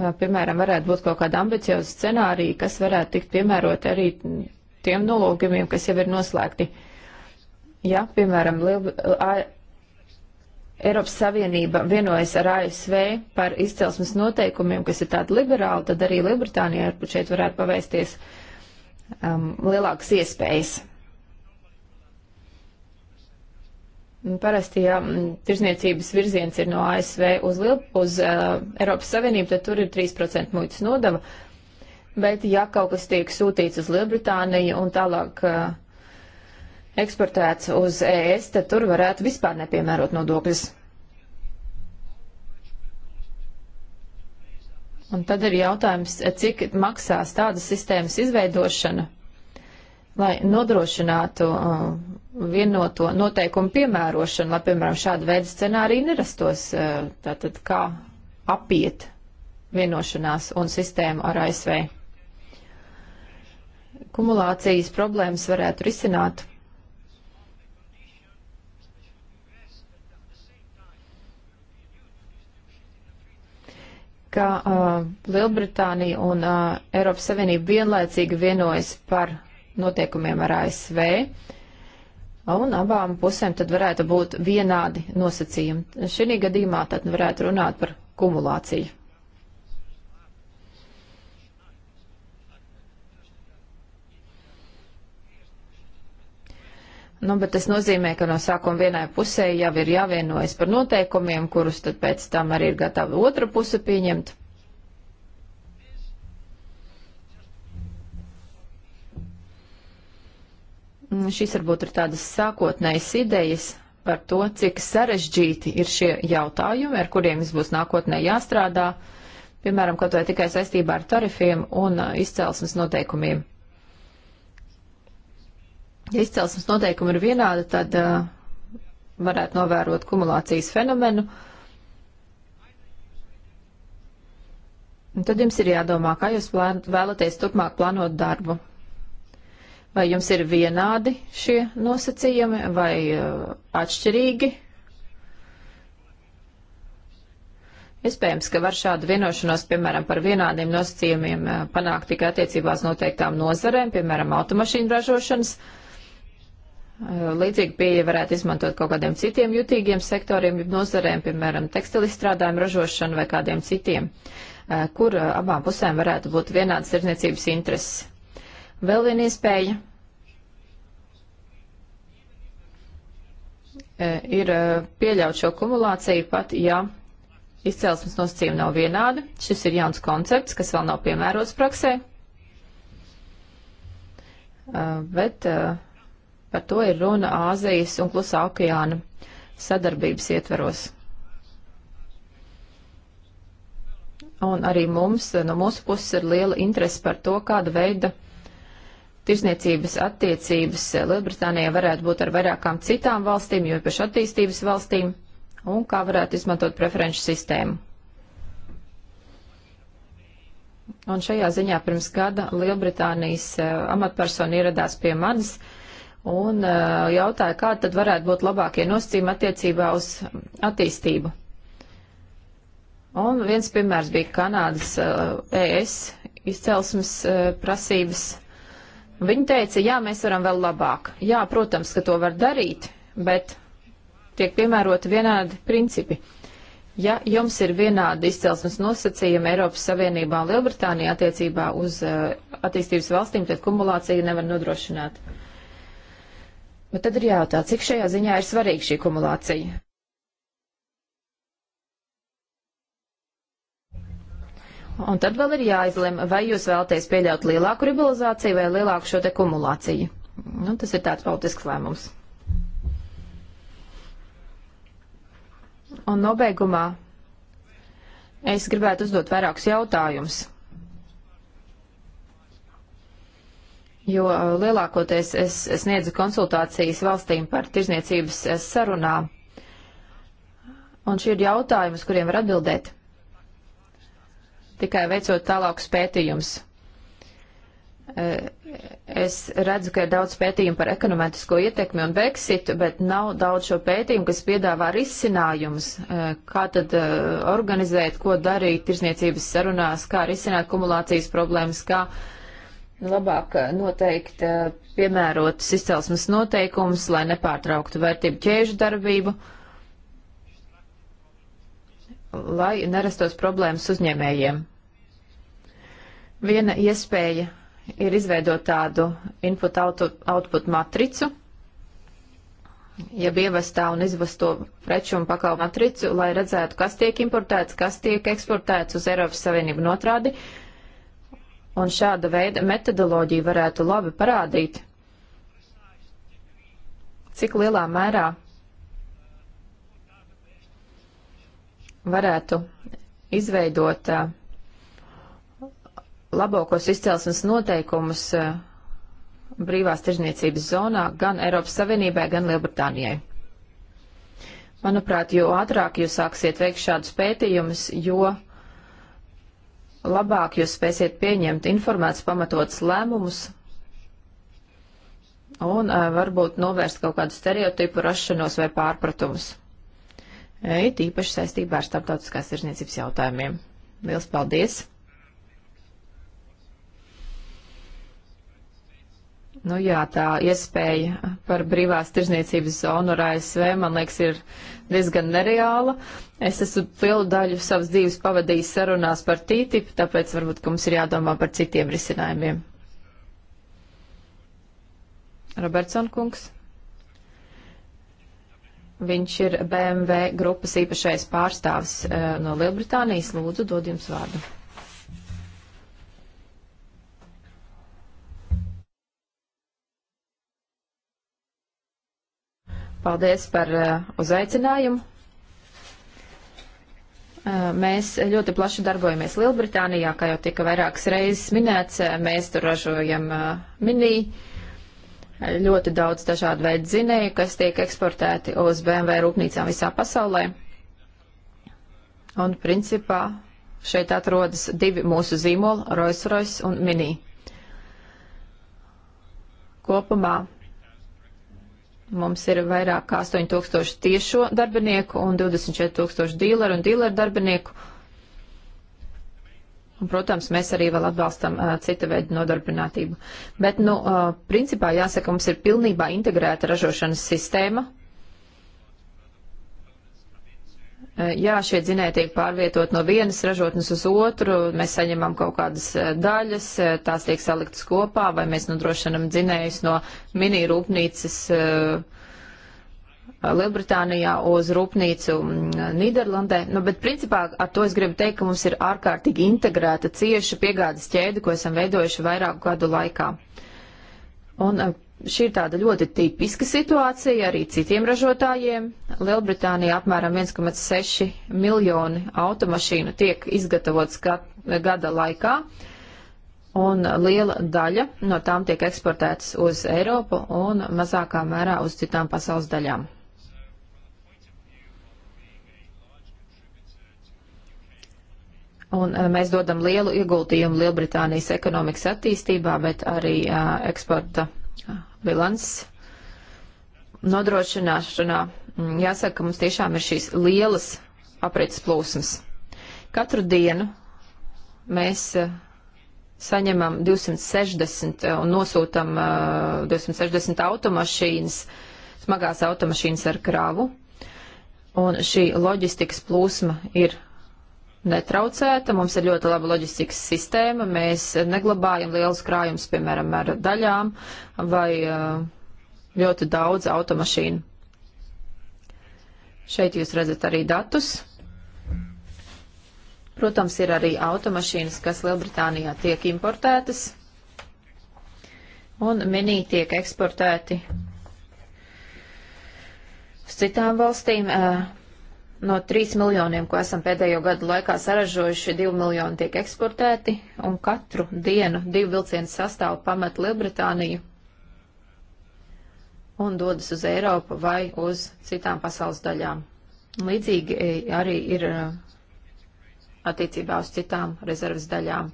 Eh, piemēram, varētu būt kaut kāda ambicioza scenārija, kas varētu tikt piemērot arī tiem nolūgumiem, kas jau ir noslēgti. Ja, piemēram, Liel... Eiropas Savienība vienojas ar ASV par izcelsmes noteikumiem, kas ir tādi liberāli, tad arī Lielbritānijā šeit varētu pavēsties um, lielākas iespējas. Parasti, ja tirzniecības virziens ir no ASV uz, Liel, uz uh, Eiropas Savienību, tad tur ir 3% muitas nodeva. Bet, ja kaut kas tiek sūtīts uz Lielbritāniju un tālāk uh, eksportēts uz ES, tad tur varētu vispār nepiemērot nodokļus. Un tad ir jautājums, cik maksās tādas sistēmas izveidošana lai nodrošinātu uh, vienoto no noteikumu piemērošanu, lai, piemēram, šāda veida scenārija nerastos, uh, tātad kā apiet vienošanās un sistēmu ar ASV. Kumulācijas problēmas varētu risināt. ka uh, Lielbritānija un uh, Eiropas Savienība vienlaicīgi vienojas par noteikumiem ar ASV, un abām pusēm tad varētu būt vienādi nosacījumi. Šī gadījumā tad varētu runāt par kumulāciju. Nu, bet tas nozīmē, ka no sākuma vienai pusē jau ir jāvienojas par noteikumiem, kurus tad pēc tam arī ir gatava otra puse pieņemt. Mm, Šīs varbūt ir tādas sākotnējas idejas par to, cik sarežģīti ir šie jautājumi, ar kuriem mums būs nākotnē jāstrādā, piemēram, kaut vai tikai saistībā ar tarifiem un uh, izcelsmes noteikumiem. Ja izcelsmes noteikumi ir vienādi, tad uh, varētu novērot kumulācijas fenomenu. Un tad jums ir jādomā, kā jūs vēlaties turpmāk plānot darbu. Vai jums ir vienādi šie nosacījumi vai uh, atšķirīgi? Iespējams, ka var šādu vienošanos, piemēram, par vienādiem nosacījumiem uh, panākt tikai attiecībās noteiktām nozarēm, piemēram, automašīnu ražošanas. Uh, līdzīgi pieeja varētu izmantot kaut kādiem citiem jutīgiem sektoriem, nozarēm, piemēram, tekstilizstrādājumu ražošanu vai kādiem citiem, kur abām pusēm varētu būt vienādas tirdzniecības intereses. Vēl viena iespēja e, ir e, pieļaut šo kumulāciju pat, ja izcelsmes nosacījumi nav vienādi. Šis ir jauns koncepts, kas vēl nav piemērots praksē. E, bet par to ir runa Āzijas un Klusā okeāna sadarbības ietveros. Un arī mums, no mūsu puses, ir liela interese par to, kāda veida uh, tirsniecības attiecības Lielbritānijā varētu būt ar vairākām citām valstīm, jo īpaši attīstības valstīm, un kā varētu izmantot preferenču sistēmu. Un šajā ziņā pirms gada Lielbritānijas eh, amatpersona ieradās pie manis un eh, jautāja, kā tad varētu būt labākie nosacījumi attiecībā uz attīstību. Un viens piemērs bija Kanādas ES eh, e izcelsmes prasības Viņi teica, jā, mēs varam vēl labāk. Jā, protams, ka to var darīt, bet tiek piemēroti vienādi principi. Ja jums ir vienādi izcelsmes nosacījumi Eiropas Savienībā un Lielbritānijā attiecībā uz uh, attīstības valstīm, tad kumulācija nevar nodrošināt. Bet tad ir jājautā, cik šajā ziņā ir svarīga šī kumulācija. un tad vēl ir jāizlem, vai jūs vēlaties pieļaut lielāku rivalizāciju vai lielāku šo te kumulāciju. Nu, tas ir tāds politisks lēmums. Un nobeigumā es gribētu uzdot vairākus jautājumus. Jo uh, lielākoties es sniedzu konsultācijas valstīm par tirzniecības uh, sarunām. Un šie ir jautājumi, uz kuriem var atbildēt tikai veicot tālākus pētījumus. Eh, es redzu, ka ir daudz pētījumu par ekonomisko ietekmi un Brexitu, bet nav daudz šo pētījumu, kas piedāvā risinājumus, eh, kā tad eh, organizēt, ko darīt tirzniecības sarunās, kā risināt kumulācijas problēmas, kā labāk noteikt piemērotas izcelsmes noteikumus, lai nepārtrauktu vērtību ķēžu darbību, lai nerastos problēmas uzņēmējiem. Viena iespēja ir izveidot tādu input-output matricu, jeb ievestā un izvesto preču un pakalpojumu matricu, lai redzētu, kas tiek importēts, kas tiek eksportēts uz Eiropas Savienību notrādi. Un šāda veida metodoloģija varētu labi parādīt, cik lielā mērā varētu izveidot uh, labākos izcelsmes noteikumus eh, brīvās tirzniecības zonā gan Eiropas Savienībai, gan Lielbritānijai. Manuprāt, jo ātrāk jūs sāksiet veikt šādus pētījumus, jo labāk jūs spēsiet pieņemt informēts pamatots lēmumus un eh, varbūt novērst kaut kādu stereotipu rašanos vai pārpratumus. It īpaši saistībā ar starptautiskās tirzniecības jautājumiem. Liels paldies! Nu jā, tā iespēja par brīvās tirzniecības zonu ar ASV, man liekas, ir diezgan nereāla. Es esmu lielu daļu savas dzīves pavadījis sarunās par TTIP, tāpēc varbūt, ka mums ir jādomā par citiem risinājumiem. Robertson kungs. Viņš ir BMW grupas īpašais pārstāvs eh, no Lielbritānijas. Lūdzu, dod jums vārdu. Paldies par uh, uzaicinājumu. Uh, mēs ļoti plaši darbojamies Lielbritānijā, kā jau tika vairākas reizes minēts. Uh, mēs tur ražojam mini, ļoti daudz dažādu veidu zinēju, kas tiek eksportēti uz BMW rūpnīcām visā pasaulē. Un principā šeit atrodas divi mūsu zīmoli - Rolls Royce un Mini. Kopumā Mums ir vairāk kā 8000 tiešo darbinieku un 24000 dīleru un dīleru darbinieku. Un, protams, mēs arī vēl atbalstam uh, cita veida nodarbinātību. Bet, nu, uh, principā jāsaka, mums ir pilnībā integrēta ražošanas sistēma, Eh, jā, šie dzinēji tiek pārvietot no vienas ražotnes uz otru, mēs saņemam kaut kādas eh, daļas, eh, tās tiek saliktas kopā, vai mēs nodrošinam dzinējus no mini rūpnīcas Lielbritānijā uz rūpnīcu mm, Nīderlandē. Nu, bet principā ar to es gribu teikt, ka mums ir ārkārtīgi integrēta cieša piegādes ķēde, ko esam veidojuši vairāku gadu laikā. Un Šī ir tāda ļoti tipiska situācija arī citiem ražotājiem. Lielbritānijā apmēram 1,6 miljoni automašīnu tiek izgatavots gada laikā, un liela daļa no tām tiek eksportētas uz Eiropu un mazākā mērā uz citām pasaules daļām. Un eh, mēs dodam lielu ieguldījumu Lielbritānijas ekonomikas attīstībā, bet arī uh, eksporta bilances nodrošināšanā. Mm, jāsaka, ka mums tiešām ir šīs lielas aprits plūsmas. Katru dienu mēs eh, saņemam 260 eh, un nosūtam 260 eh, automašīnas, smagās automašīnas ar kravu. Un šī loģistikas plūsma ir netraucēta, mums ir ļoti laba loģistikas sistēma, mēs neglabājam lielus krājumus, piemēram, ar daļām vai uh, ļoti daudz automašīnu. Šeit jūs redzat arī datus. Protams, ir arī automašīnas, kas Lielbritānijā tiek importētas, un minī tiek eksportēti uz citām valstīm. Uh, No 3 miljoniem, ko esam pēdējo gadu laikā saražojuši, 2 miljoni tiek eksportēti, un katru dienu divu vilcienu sastāvu pamet Lielbritāniju un dodas uz Eiropu vai uz citām pasaules daļām. Līdzīgi eh, arī ir eh, attiecībā uz citām rezerves daļām.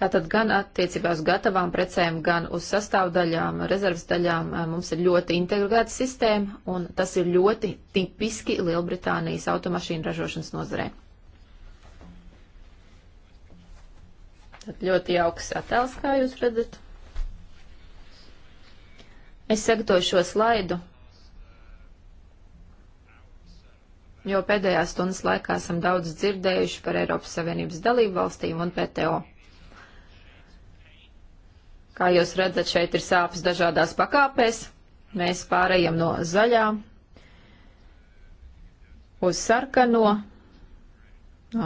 Tātad gan attiecībā uz gatavām precēm, gan uz sastāvdaļām, rezerves daļām eh, mums ir ļoti integrēta sistēma, un tas ir ļoti tipiski Lielbritānijas automašīnu ražošanas nozarē. Tad ļoti jauks attēls, kā jūs redzat. Es sagatavoju šo slaidu, jo pēdējās stundas laikā esam daudz dzirdējuši par Eiropas Savienības dalību valstīm un PTO. Kā jūs redzat, šeit ir sāpes dažādās pakāpēs. Mēs pārējām no zaļā uz sarkano.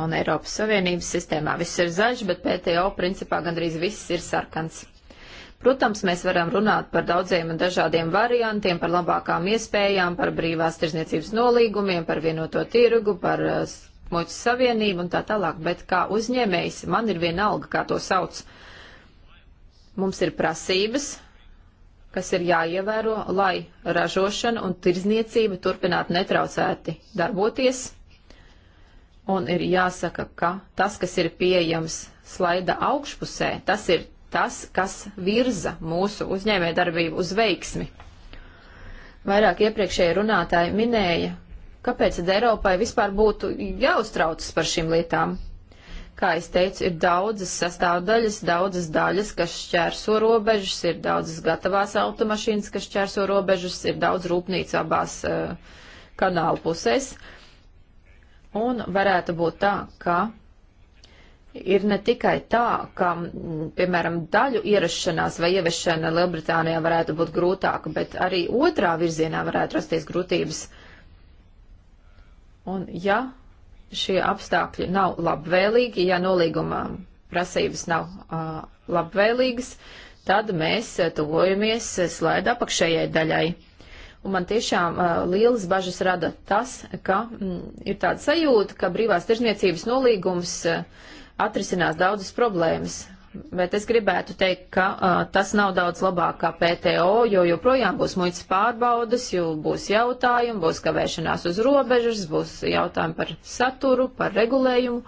Un Eiropas Savienības sistēmā viss ir zaļš, bet PTO principā gandrīz viss ir sarkans. Protams, mēs varam runāt par daudziem un dažādiem variantiem, par labākām iespējām, par brīvās tirzniecības nolīgumiem, par vienoto tirgu, par uh, muitas savienību un tā tālāk, bet kā uzņēmējs man ir viena alga, kā to sauc. Mums ir prasības, kas ir jāievēro, lai ražošana un tirzniecība turpinātu netraucēti darboties. Un ir jāsaka, ka tas, kas ir pieejams slaida augšpusē, tas ir tas, kas virza mūsu uzņēmē darbību uz veiksmi. Vairāk iepriekšēji runātāji minēja, kāpēc Eiropai vispār būtu jāuztraucas par šīm lietām. Kā es teicu, ir daudzas sastāvdaļas, daudzas daļas, kas šķērso robežas, ir daudzas gatavās automašīnas, kas šķērso robežas, ir daudz rūpnīcu abās uh, kanāla pusēs. Un varētu būt tā, ka ir ne tikai tā, ka, piemēram, daļu ierašanās vai ieviešana Lielbritānijā varētu būt grūtāka, bet arī otrā virzienā varētu rasties grūtības. Un ja šie apstākļi nav labvēlīgi, ja nolīgumā prasības nav uh, labvēlīgas, tad mēs tuvojamies slēda apakšējai daļai. Un man tiešām uh, lielas bažas rada tas, ka mm, ir tāda sajūta, ka brīvās tirzniecības nolīgums uh, atrisinās daudzas problēmas. Bet es gribētu teikt, ka uh, tas nav daudz labāk kā PTO, jo joprojām būs muitas pārbaudas, jo būs jautājumi, būs kavēšanās uz robežas, būs jautājumi par saturu, par regulējumu.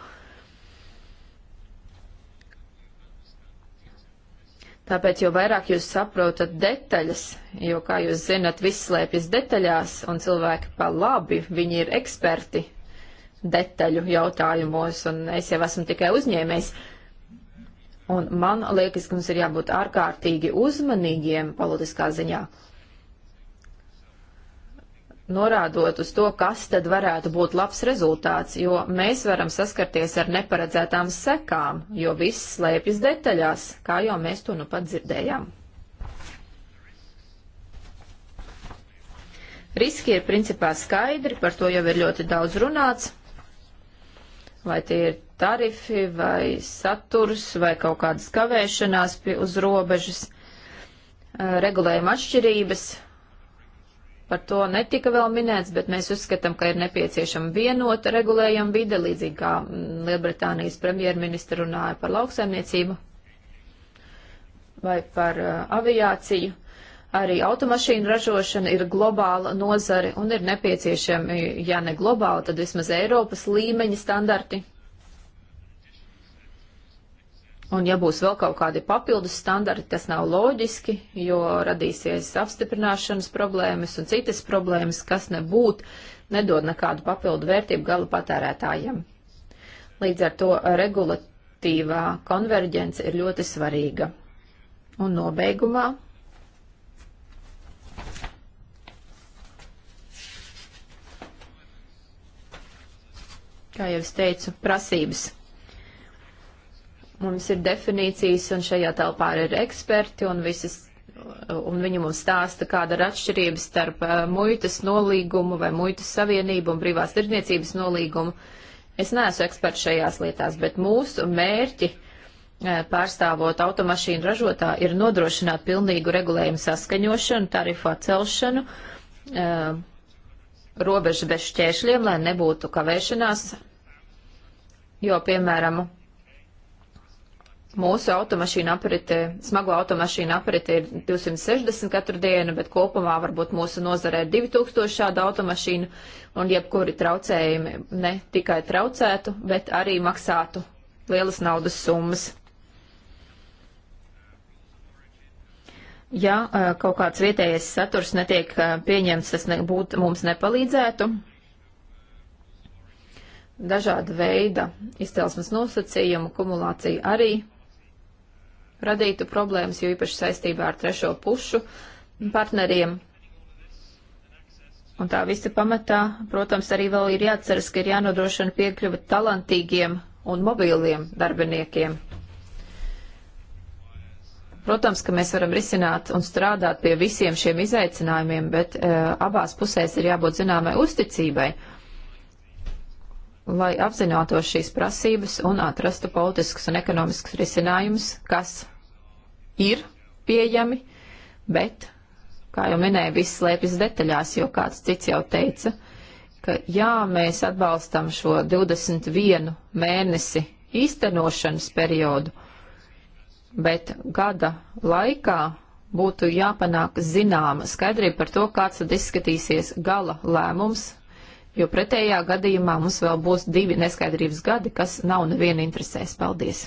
Tāpēc, jo vairāk jūs saprotat detaļas, jo, kā jūs zinat, viss slēpjas detaļās, un cilvēki pa labi, viņi ir eksperti detaļu jautājumos, un es jau esmu tikai uzņēmējs. Uh, Un man liekas, ka mums ir jābūt ārkārtīgi uzmanīgiem politiskā ziņā, norādot uz to, kas tad varētu būt labs rezultāts, jo mēs varam saskarties ar neparedzētām sekām, jo viss slēpjas detaļās, kā jau mēs to nu pat dzirdējām. Riski ir principā skaidri, par to jau ir ļoti daudz runāts, vai tie ir tarifi vai saturs vai kaut kādas kavēšanās pie, uz robežas, eh, regulējuma atšķirības. Par to netika vēl minēts, bet mēs uzskatām, ka ir nepieciešama vienota regulējuma vide, līdzīgi kā mm, Lielbritānijas premjerministra runāja par lauksaimniecību vai par uh, aviāciju. Arī automašīnu ražošana ir globāla nozare un ir nepieciešami, ja ne globāli, tad vismaz Eiropas līmeņa standarti. Un ja būs vēl kaut kādi papildus standarti, tas nav loģiski, jo radīsies apstiprināšanas problēmas un citas problēmas, kas nebūtu, nedod nekādu papildu vērtību gala patērētājiem. Līdz ar to regulatīvā konverģence ir ļoti svarīga. Un nobeigumā kā jau es teicu, prasības Mums ir definīcijas, un šajā telpā ir eksperti, un, visas, un viņi mums stāsta, kāda ir atšķirība starp eh, muitas nolīgumu vai muitas savienību un brīvās tirdzniecības nolīgumu. Es neesmu eksperts šajās lietās, bet mūsu mērķi eh, pārstāvot automašīnu ražotā, ir nodrošināt pilnīgu regulējumu saskaņošanu, tarifu atcelšanu, eh, robežu bez šķēršļiem, lai nebūtu kavēšanās, jo, piemēram, Mūsu automašīna aprite, smago automašīnu aprite ir 260 katru dienu, bet kopumā varbūt mūsu nozarē ir 2000 šādu automašīnu, un jebkuri traucējumi ne tikai traucētu, bet arī maksātu lielas naudas summas. Ja kaut kāds vietējais saturs netiek pieņemts, tas nebūt, mums nepalīdzētu. Dažāda veida izcelsmes nosacījumu kumulācija arī radītu problēmas, jo īpaši saistībā ar trešo pušu partneriem. Un tā visa pamatā, protams, arī vēl ir jāatceras, ka ir jānodrošina piekļuva talantīgiem un mobīliem darbiniekiem. Protams, ka mēs varam risināt un strādāt pie visiem šiem izaicinājumiem, bet e, abās pusēs ir jābūt zināmai uzticībai, lai apzinātos šīs prasības un atrastu politiskus un ekonomiskus risinājumus, kas ir pieejami, bet, kā jau minēju, viss slēpjas detaļās, jo kāds cits jau teica, ka jā, mēs atbalstam šo 21 mēnesi īstenošanas periodu, bet gada laikā būtu jāpanāk zināma skaidrība par to, kāds tad izskatīsies gala lēmums, jo pretējā gadījumā mums vēl būs divi neskaidrības gadi, kas nav neviena interesēs. Paldies!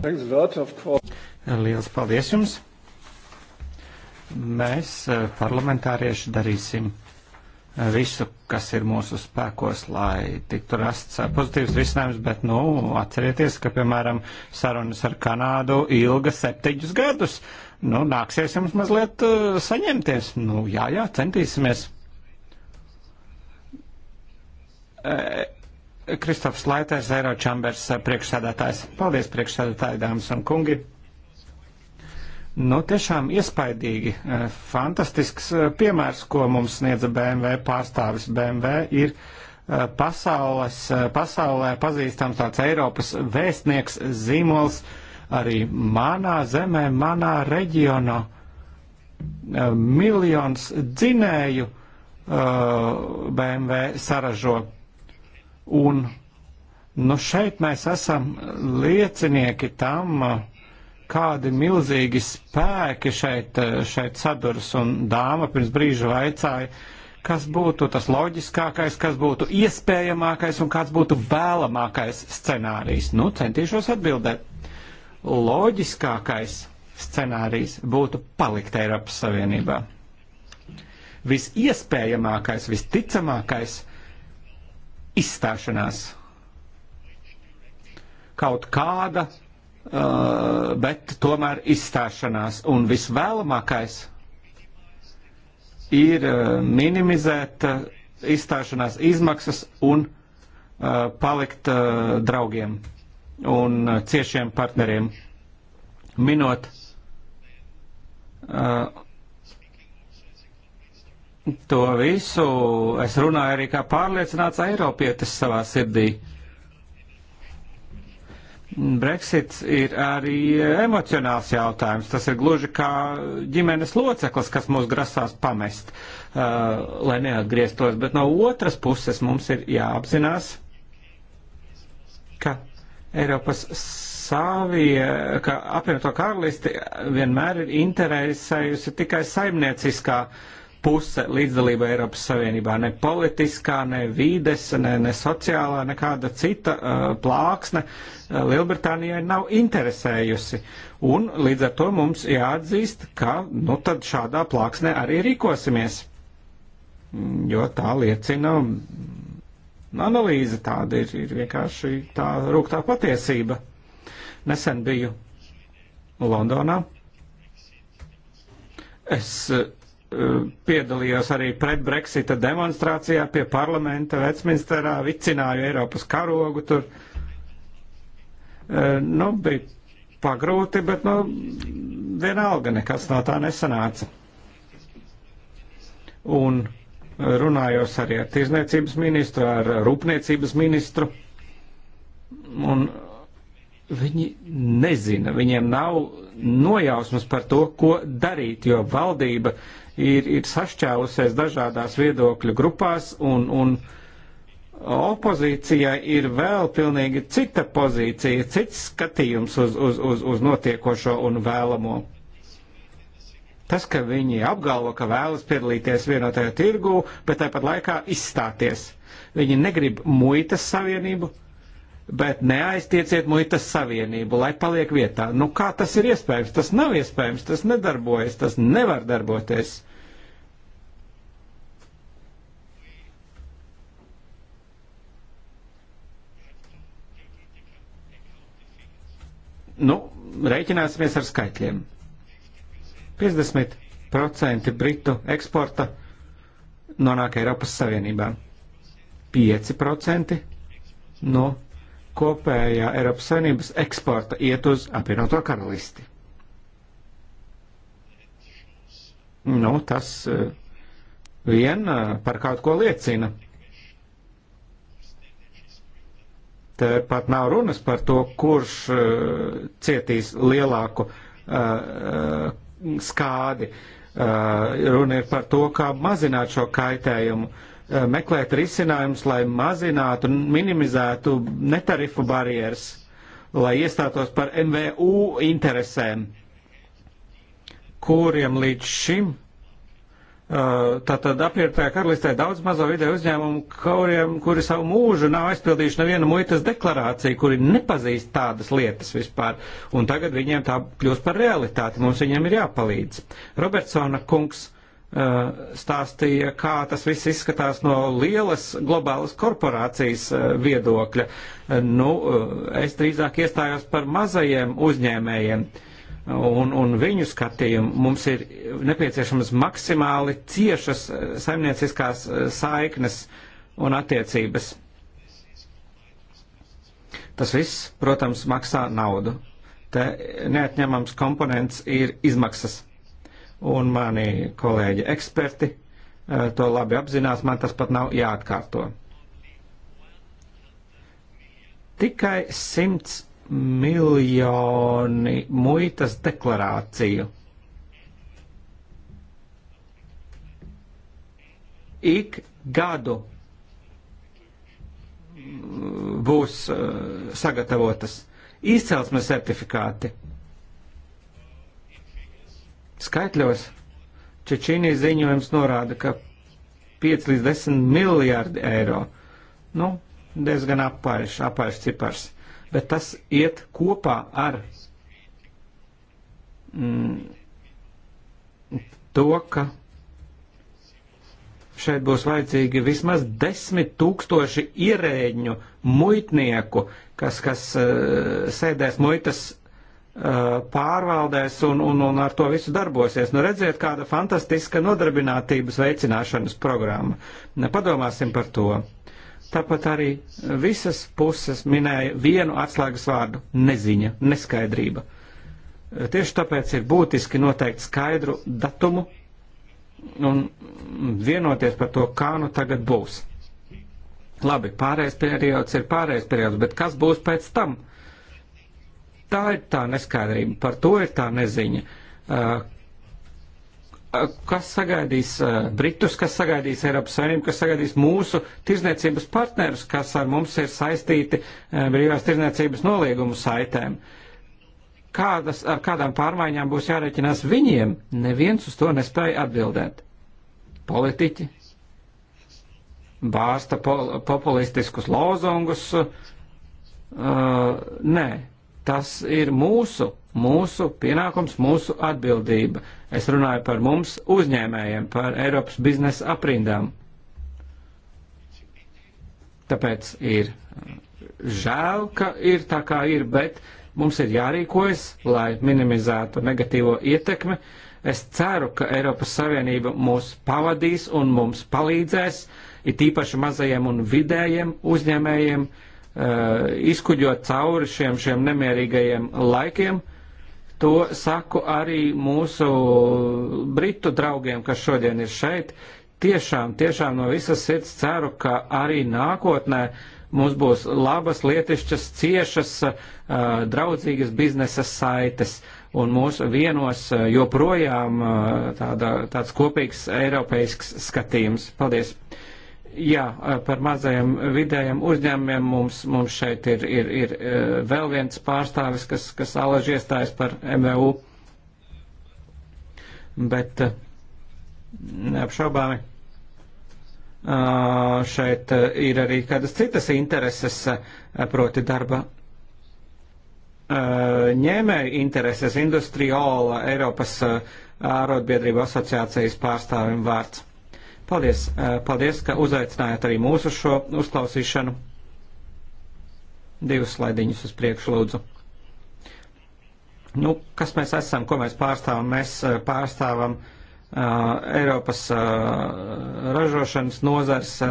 Lielas paldies jums! Mēs, eh, parlamentārieši, darīsim eh, visu, kas ir mūsu spēkos, lai tiktu rasts eh, pozitīvs risinājums, bet, nu, atcerieties, ka, piemēram, sarunas ar Kanādu ilga septiņus gadus. Nu, nāksies jums mazliet uh, saņemties. Nu, jā, jā, centīsimies. E Kristofs Laitais, Eiro Čambers eh, priekšsēdētājs. Paldies, priekšsēdētāji, dāmas un kungi. Nu, tiešām iespaidīgi, eh, fantastisks eh, piemērs, ko mums sniedza BMW pārstāvis. BMW ir pasaules, pasaulē pazīstams tāds Eiropas vēstnieks zīmols arī manā zemē, manā reģionā. Miljons dzinēju BMW saražo Un nu šeit mēs esam liecinieki tam, kādi milzīgi spēki šeit, šeit saduras, un dāma pirms brīža vaicāja, kas būtu tas loģiskākais, kas būtu iespējamākais un kāds būtu vēlamākais scenārijs. Nu, centīšos atbildēt. Loģiskākais scenārijs būtu palikt Eiropas Savienībā. Visiespējamākais, visticamākais izstāšanās. Kaut kāda, uh, bet tomēr izstāšanās. Un visvēlamākais ir uh, minimizēt uh, izstāšanās izmaksas un uh, palikt draugiem un ciešiem partneriem. Minot To visu es runāju arī kā pārliecināts Eiropietis savā sirdī. Brexits ir arī emocionāls jautājums. Tas ir gluži kā ģimenes loceklis, kas mūs grasās pamest, uh, lai neatgrieztos. Bet no otras puses mums ir jāapzinās, ka Eiropas Savie, ka apvienoto karalisti vienmēr ir interesējusi tikai saimnieciskā uh, puse līdzdalība Eiropas Savienībā. Ne politiskā, ne vīdes, ne, ne sociālā, nekāda cita uh, plāksne uh, Lielbritānijai nav interesējusi. Un līdz ar to mums jāatzīst, ka nu tad šādā plāksnē arī rīkosimies. Jo tā liecina mm, analīze tāda ir, ir vienkārši tā rūktā patiesība. Nesen biju Londonā. Es piedalījos arī pret Brexita demonstrācijā pie parlamenta Vecminsterā, vicināju Eiropas karogu tur. Eh, nu, bija pagrūti, bet nu, vienalga nekas no tā nesanāca. Un runājos arī ar tirzniecības ministru, ar rūpniecības ministru. Un viņi nezina, viņiem nav nojausmas par to, ko darīt, jo valdība uh, ir, ir sašķēlusies dažādās viedokļu grupās, un, un opozīcijai ir vēl pilnīgi cita pozīcija, cits skatījums uz, uz, uz, uz notiekošo un vēlamo. Tas, ka viņi apgalvo, ka vēlas piedalīties vienotajā tirgū, bet tāpat laikā izstāties. Viņi negrib muitas savienību, bet neaiztieciet muitas savienību, lai paliek vietā. Nu, kā tas ir iespējams? Tas nav iespējams, tas nedarbojas, tas nevar darboties. Nu, reiķināsimies ar skaitļiem. 50% Britu eksporta nonāk Eiropas Savienībā. 5% no kopējā Eiropas Savienības eksporta iet uz apvienoto karalisti. Nu, tas eh, vien eh, par kaut ko liecina. Te pat nav runas par to, kurš eh, cietīs lielāku uh, skādi. Uh, runa ir par to, kā mazināt šo kaitējumu. Uh, Eh, meklēt risinājumus, lai mazinātu un minimizētu netarifu barjeras, lai iestātos par MVU interesēm, kuriem līdz šim eh, tātad apvienotajā karalistē daudz mazo video uzņēmumu, kuriem, kuri savu mūžu nav aizpildījuši nevienu muitas deklarāciju, kuri nepazīst tādas lietas vispār, un tagad viņiem tā kļūst par realitāti, mums viņiem ir jāpalīdz. Robertsona kungs Uh, stāstīja, kā tas viss izskatās no lielas globālas korporācijas uh, viedokļa. Uh, nu, es drīzāk iestājos par mazajiem uzņēmējiem un, un viņu skatījumu. Mums ir nepieciešamas maksimāli ciešas saimnieciskās saiknes un attiecības. Tas viss, protams, maksā naudu. Te neatņemams komponents ir izmaksas un mani kolēģi eksperti eh, to labi apzinās, man tas pat nav jāatkārto. Tikai 100 miljoni muitas deklarāciju. Ik gadu būs eh, sagatavotas izcelsmes certifikāti Skaitļos Čečīnijas ziņojums norāda, ka 5 līdz 10 miljārdi eiro, nu, diezgan apaļš, apaļš cipars, bet tas iet kopā ar mm, to, ka šeit būs vajadzīgi vismaz desmit tūkstoši ierēģņu, muitnieku, kas, kas uh, sēdēs muitas Eh, pārvaldēs un, un, un ar to visu darbosies. Nu redziet, kāda fantastiska nodarbinātības veicināšanas programma. Padomāsim par to. Tāpat arī visas puses minēja vienu atslēgas vārdu - neziņa, neskaidrība. Eh, tieši tāpēc ir būtiski noteikt skaidru datumu un vienoties par to, kā nu tagad būs. Labi, pārējais periods ir pārējais periods, bet kas būs pēc tam? Uh, tā ir tā neskaidrība, par to ir tā neziņa. Uh, uh, kas sagaidīs uh, Britus, kas sagaidīs Eiropas Savienību, kas sagaidīs mūsu tirzniecības partnerus, kas ar mums ir saistīti brīvās tirzniecības noliegumu saitēm? Kādas, ar kādām pārmaiņām būs jārēķinās viņiem? Neviens uz to nespēja atbildēt. Politiķi bārsta po populistiskus lozungus. Uh, nē, Tas ir mūsu, mūsu pienākums, mūsu atbildība. Es runāju par mums uzņēmējiem, par Eiropas biznesa aprindām. Tāpēc ir eh, žēl, ka ir tā kā ir, bet mums ir jārīkojas, lai minimizētu negatīvo ietekmi. Es ceru, ka Eiropas Savienība mūs pavadīs un mums palīdzēs, it īpaši mazajiem un vidējiem uzņēmējiem. Uh, Eh, izkuģot cauri šiem, šiem nemierīgajiem laikiem. To saku arī mūsu britu draugiem, kas šodien ir šeit. Tiešām, tiešām no visas sirds ceru, ka arī nākotnē mums būs labas, lietišķas, ciešas, eh, draudzīgas biznesa saites un mūs vienos eh, joprojām tāda, tāds kopīgs eiropeisks skatījums. Paldies! Jā, par mazajiem vidējiem uzņēmumiem mums, mums šeit ir, ir, ir vēl viens pārstāvis, kas, kas alaži iestājas par MVU. Bet neapšaubāmi šeit ir arī kādas citas intereses, proti darba ņēmēju intereses, industriola Eiropas ārotbiedrību asociācijas pārstāvim vārds. Paldies, eh, paldies, ka uzaicinājāt arī mūsu šo uzklausīšanu. Divus slaidiņus uz priekšu lūdzu. Nu, kas mēs esam, ko mēs pārstāvam? Mēs eh, pārstāvam uh, Eiropas uh, ražošanas nozars uh,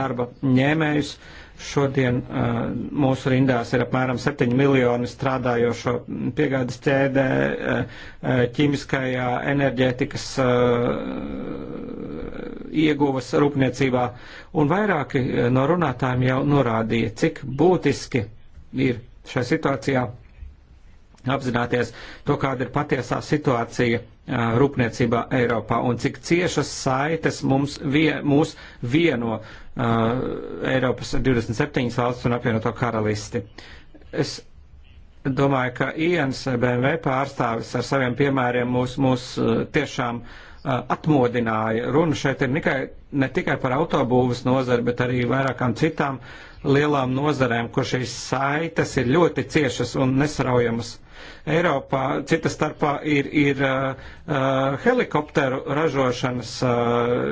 darba ņēmējus. Uh, Šodien uh, mūsu rindās ir apmēram 7 miljoni strādājošo piegādes ķēdē, uh, uh, ķīmiskajā enerģētikas uh, ieguvas rūpniecībā, un vairāki uh, no runātājiem jau norādīja, cik būtiski ir šajā situācijā apzināties to, kāda ir patiesā situācija uh, rūpniecībā Eiropā un cik ciešas saites mums vie, mūs vieno Uh, Eiropas 27 valsts un apvienoto karalisti. Es domāju, ka Ians eh, BMW pārstāvis ar saviem piemēriem mūs, mūs eh, tiešām eh, atmodināja. Runa šeit ir nikai, ne tikai par autobūvas nozari, bet arī vairākām citām lielām nozarēm, kur šīs saites ir ļoti ciešas un nesaraujamas. Eiropā cita starpā ir, ir uh, uh helikopteru ražošanas uh,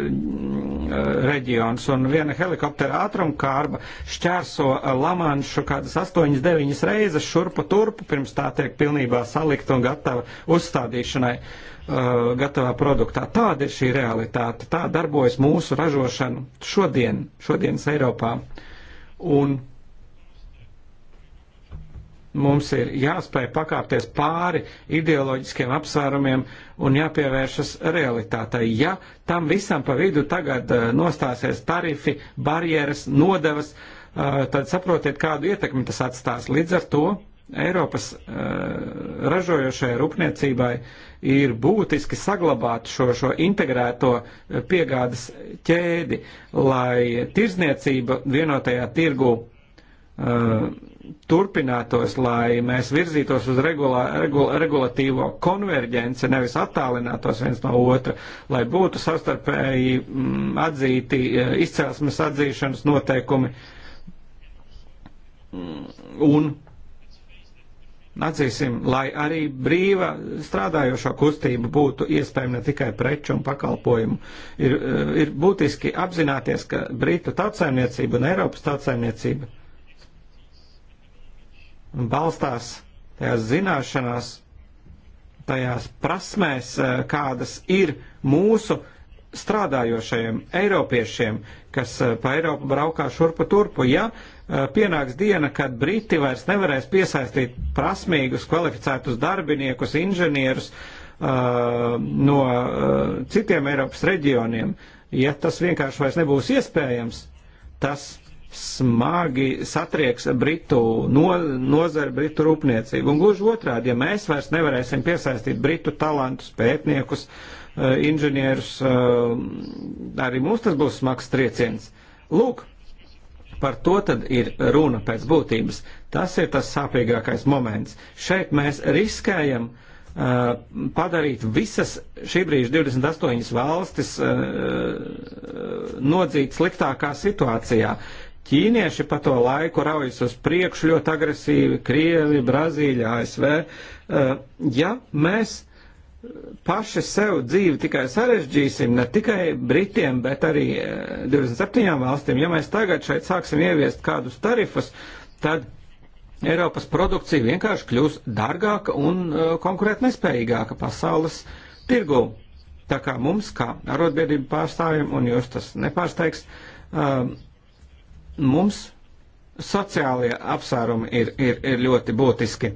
mm, reģions, un viena helikoptera ātrumkārba šķērso uh, Lamanšu kādas 8-9 reizes šurpu turpu, pirms tā tiek pilnībā salikta un gatava uzstādīšanai. Uh, gatavā produktā. Tāda ir šī realitāte. Tā darbojas mūsu ražošana šodien, šodienas Eiropā. Un Mums ir jāspēj pakāpties pāri ideoloģiskiem apsvērumiem un jāpievēršas realitātei. Ja tam visam pa vidu tagad eh, nostāsies tarifi, barjeras, nodevas, eh, tad saprotiet, kādu ietekmi tas atstās. Līdz ar to Eiropas eh, ražojošajai rūpniecībai ir būtiski saglabāt šo, šo integrēto piegādes ķēdi, lai tirzniecība vienotajā tirgu uh, turpinātos, lai mēs virzītos uz regulā, regula, regulatīvo konverģenci, nevis attālinātos viens no otra, lai būtu savstarpēji mm, atzīti eh, izcelsmes atzīšanas noteikumi mm, un atzīsim, lai arī brīva strādājošo kustība būtu iespējama ne tikai preču un pakalpojumu. Ir, eh, ir būtiski apzināties, ka Britu tautsēmniecība un Eiropas tautsēmniecība balstās tajās zināšanās, tajās prasmēs, eh, kādas ir mūsu strādājošajiem eiropiešiem, kas eh, pa Eiropu braukā šurpu turpu. Ja eh, pienāks diena, kad Briti vairs nevarēs piesaistīt prasmīgus, kvalificētus darbiniekus, inženierus no citiem Eiropas reģioniem, ja tas vienkārši vairs nebūs iespējams, tas smagi satrieks Britu no, nozara, Britu rūpniecību. Un gluži otrādi, ja mēs vairs nevarēsim piesaistīt Britu talantus, pētniekus, eh, inženierus, eh, arī mums tas būs smags trieciens. Lūk, par to tad ir runa pēc būtības. Tas ir tas sāpīgākais moments. Šeit mēs riskējam eh, padarīt visas šī brīža 28 valstis nodzīt sliktākā situācijā. Uh, Ķīnieši pa to laiku raujas uz priekšu ļoti agresīvi, Krievi, Brazīļa, ASV. Eh, ja mēs paši sev dzīvi tikai sarežģīsim, ne tikai Britiem, bet arī 27 eh, valstīm, ja mēs tagad šeit sāksim ieviest kādus tarifus, tad Eiropas produkcija vienkārši kļūs dārgāka un eh, konkurētnespējīgāka pasaules tirgū. Tā kā mums, kā arotbiedību pārstāvjiem, un jūs tas nepārsteigs, um, mums sociālie apsvērumi ir, ir, ir ļoti būtiski.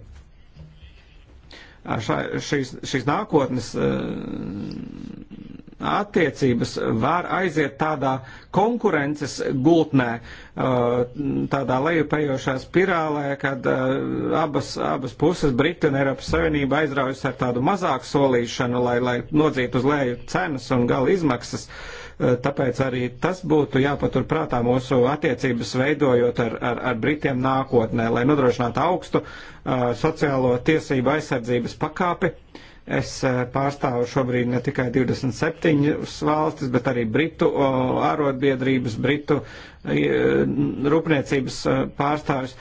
Šā, šīs, šīs nākotnes eh, attiecības var aiziet tādā konkurences gultnē, eh, tādā lejupējošā spirālē, kad eh, abas, abas puses, Briti un Eiropas Savienība, aizraujas ar tādu mazāku solīšanu, lai, lai nodzītu uz leju cenas un gala izmaksas. Uh, Eh, tāpēc arī tas būtu jāpaturprātā mūsu attiecības veidojot ar, ar, ar Britiem nākotnē, lai nodrošinātu augstu uh, sociālo tiesību aizsardzības pakāpi. Es eh, pārstāvu šobrīd ne tikai 27 valstis, bet arī Britu ārotbiedrības, Britu rūpniecības pārstāvis.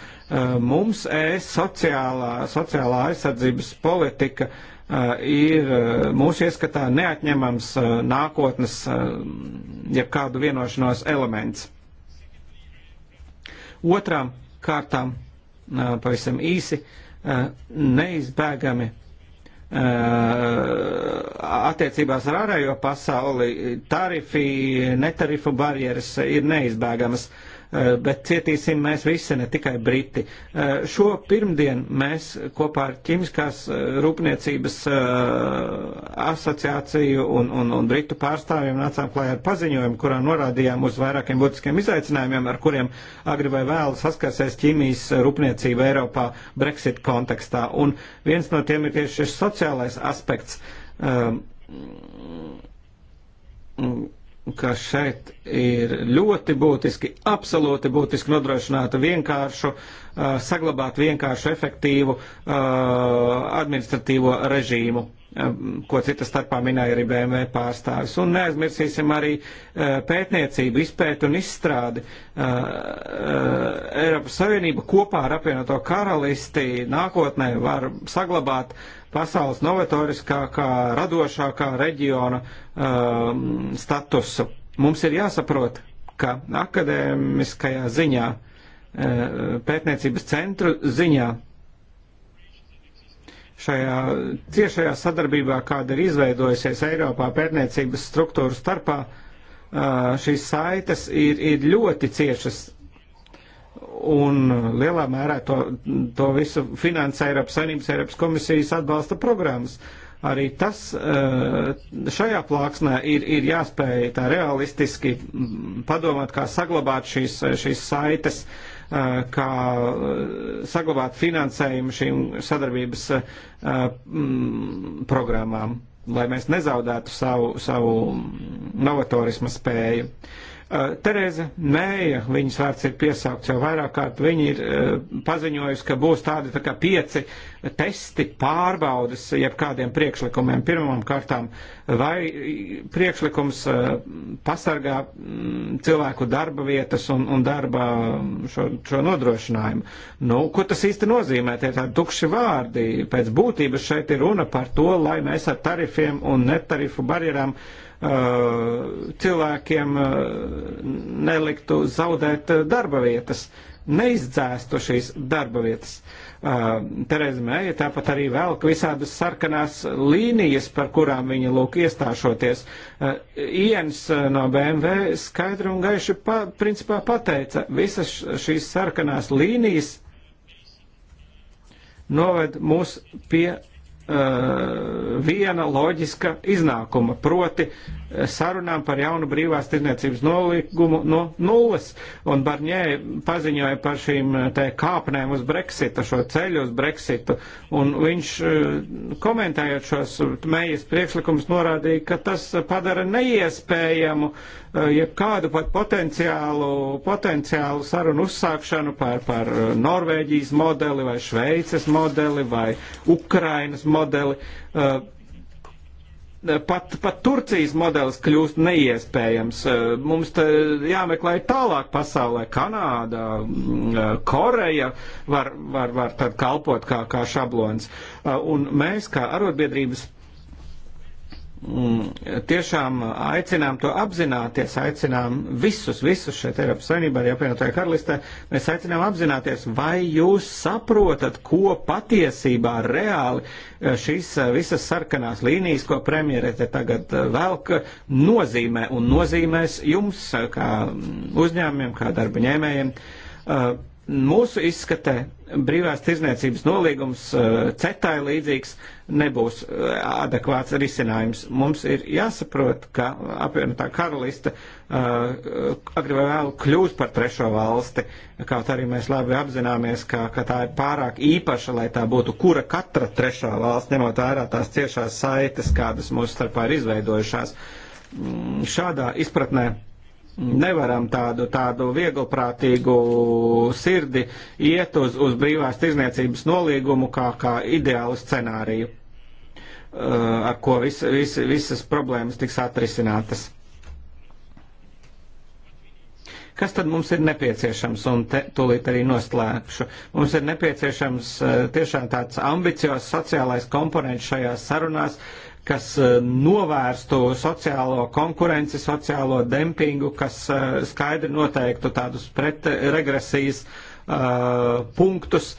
Mums e sociālā, sociālā aizsardzības politika uh, Uh, ir uh, mūsu ieskatā neatņemams uh, nākotnes jebkādu vienošanos elements. Otram kārtām, pavisam īsi, neizbēgami attiecībās ar ārējo pasauli tarifi, netarifu barjeras ir neizbēgamas. Uh, Eh, bet cietīsim mēs visi, ne tikai Briti. Eh, šo pirmdien mēs kopā ar ķīmiskās eh, rūpniecības asociāciju un, un, un Britu pārstāvjiem nācām klājā ar paziņojumu, kurā norādījām uz vairākiem būtiskiem izaicinājumiem, ar kuriem agri vai vēlu saskarsies ķīmijas rūpniecība Eiropā Brexit kontekstā. Un viens no tiem ir tieši šis sociālais aspekts. Um, ka šeit ir ļoti būtiski, absolūti būtiski nodrošināt vienkāršu, uh, saglabāt vienkāršu, efektīvu uh, administratīvo režīmu, um, ko cita starpā minēja arī BMW pārstāvis. Un neaizmirsīsim arī uh, pētniecību, izpētu un izstrādi. Eiropas Savienība kopā ar apvienoto karalisti nākotnē var saglabāt uh, pasaules novatoriskākā, radošākā reģiona um, statusu. Mums ir jāsaprot, ka akadēmiskajā ziņā, uh, pētniecības centru ziņā, šajā ciešajā sadarbībā, kāda ir izveidojusies Eiropā pētniecības struktūru starpā, uh, šīs saites ir, ir ļoti ciešas Un lielā mērā to, to visu finansē Eiropas Savienības, Eiropas komisijas atbalsta programmas. Arī tas eh, šajā plāksnē ir, ir jāspēj tā realistiski mm, padomāt, kā saglabāt šīs, šīs saites eh, kā eh, saglabāt finansējumu šīm sadarbības mm, programmām, lai mēs nezaudētu savu, savu novatorisma spēju. Uh, Tereza Mēja, viņas vārds ir piesaukts jau vairāk kārt, viņa ir uh, paziņojusi, ka būs tādi tā kā pieci testi pārbaudas jeb kādiem priekšlikumiem. Pirmām kārtām, vai priekšlikums uh, pasargā mm, cilvēku darba vietas un, un darba mm, šo, šo nodrošinājumu. Nu, ko tas īsti nozīmē? Tie tādi tukši vārdi. Pēc būtības šeit ir runa par to, lai mēs ar tarifiem un netarifu barjerām uh, Uh, cilvēkiem uh, neliktu zaudēt uh, darba vietas, neizdzēstu šīs darba vietas. Tereza Mēja tāpat arī velk visādas sarkanās līnijas, par kurām viņa lūk iestāšoties. Iens no BMW skaidri un gaiši pa, principā pateica, visas šīs sarkanās līnijas noved mūs pie Uh, viena loģiska iznākuma, proti sarunām par jaunu brīvās tirniecības nolīgumu no nulles. Un Barņē paziņoja par šīm te kāpnēm uz Brexita, šo ceļu uz Brexitu. Un viņš e, komentējot šos mējas priekšlikumus norādīja, ka tas padara neiespējamu e, jebkādu pat potenciālu, potenciālu sarunu uzsākšanu par, par e, Norvēģijas modeli vai Šveices modeli vai Ukrainas modeli. Uh, pat, pat Turcijas modelis kļūst neiespējams. Eh, mums te jāmeklē tālāk pasaulē. Kanāda, mm, eh, Koreja var, var, var tad kalpot kā, kā šablons. Eh, un mēs, kā arotbiedrības Mm, tiešām aicinām to apzināties, aicinām visus, visus šeit Eiropas Savienībā, arī apvienotajā karalistē, mēs aicinām apzināties, vai jūs saprotat, ko patiesībā reāli eh, šīs eh, visas sarkanās līnijas, ko premjere te tagad eh, velk, nozīmē un nozīmēs jums, kā mm, uzņēmumiem, kā darba ņēmējiem. Mūsu izskatē brīvās tirzniecības nolīgums eh, cetai līdzīgs nebūs eh, adekvāts risinājums. Mums ir jāsaprot, ka apvienotā karaliste eh, agri vai vēl kļūs par trešo valsti, kaut arī mēs labi apzināmies, ka, ka tā ir pārāk īpaša, lai tā būtu kura katra trešā valsts, ņemot vērā tās ciešās saites, kādas mūsu starpā ir izveidojušās. Mm, šādā izpratnē nevaram tādu, tādu vieglprātīgu sirdi iet uz, uz brīvās tirzniecības nolīgumu kā, kā ideālu scenāriju, uh, ar ko vis, vis, visas problēmas tiks atrisinātas. Kas tad mums ir nepieciešams, un te, tūlīt arī noslēgšu? Mums ir nepieciešams uh, tiešām tāds ambiciozs sociālais komponents šajās sarunās, uh, kas eh, novērstu sociālo konkurenci, sociālo dempingu, kas eh, skaidri noteiktu tādus pretregresijas eh, punktus,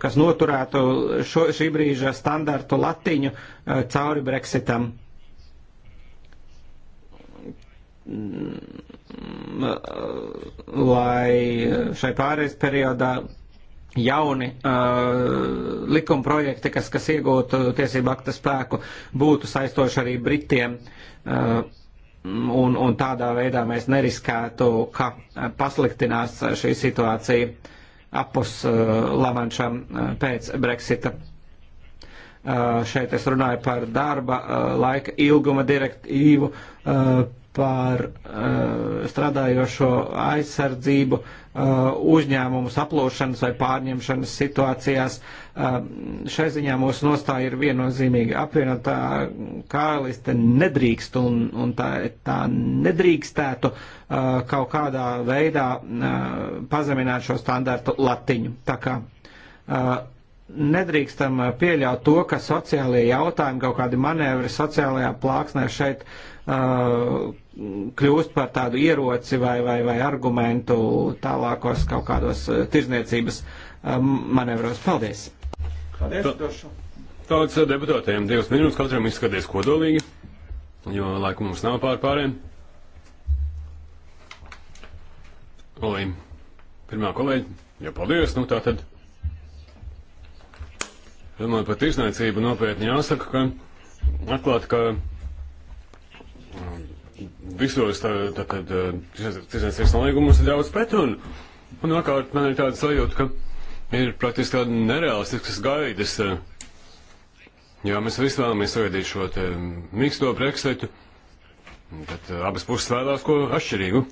kas noturētu šo, šī brīža standartu latiņu cauri Brexitam mm, lai šai pārējais periodā jauni uh, likuma projekti, kas, kas iegūtu tiesību akta spēku, būtu saistoši arī Britiem. Uh, un, un tādā veidā mēs neriskētu, ka pasliktinās šī situācija apus uh, Lamanšam uh, pēc Brexita. Uh, šeit es runāju par darba uh, laika ilguma direktīvu. Uh, par uh, strādājošo aizsardzību uh, eh, uzņēmumus aplūšanas vai pārņemšanas situācijās. Uh, šai ziņā mūsu nostāja ir viennozīmīga. Apvienotā karaliste nedrīkst un, un tā, tā nedrīkstētu uh, kaut kādā veidā uh, pazemināt šo standartu latiņu. Tā kā uh, nedrīkstam pieļaut to, ka sociālajie jautājumi, kaut kādi manevri sociālajā plāksnē šeit uh, Uh, kļūst par tādu ieroci vai, vai, vai argumentu tālākos kaut kādos uh, tirzniecības um, manevros. Paldies! Paldies! Paldies uh, deputātiem! Divas minūtes katram izskaties kodolīgi, jo laika mums nav pār pārējiem. Olī, pirmā kolēģi, jau paldies, nu tā tad. Domāju, par tirsniecību nopietni jāsaka, ka atklāt, ka Um, visos uh, tirsniecības nolīgumos ir daudz pretrunu. Un otrkārt, man ir tāda sajūta, ka ir praktiski tāda nerealistiskas gaidas. Uh, Jā, mēs visi vēlamies sagaidīt šo um, mīksto Brexitu, bet uh, abas puses vēlās ko atšķirīgu.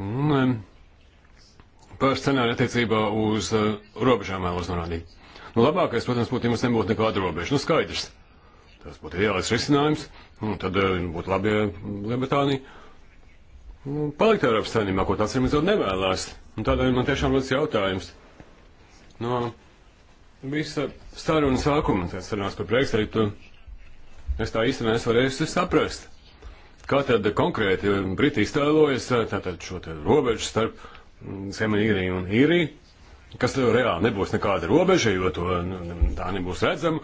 Un, um, par scenāriju attiecībā uz robežām vēlos norādīt. Nu, labākais, protams, būtu, ja mums nebūtu nekāda robeža. Nu, skaidrs. Tas būtu ideāls risinājums. Un nu, tad eh, būtu labi, ja Lielbritānija nu, paliktu Eiropas saimnībā, ko tāds ir mazliet nevēlās. Un tādēļ man tiešām rodas jautājums. No visa saruna sākuma, tas sarunās par Brexitu, es tā īsti nesvarēju saprast, kā tad konkrēti Briti iztēlojas tātad šo te robežu starp mm, Ziemeļīriju un Īriju, kas reāli nebūs nekāda robeža, jo to nu, tā nebūs redzama.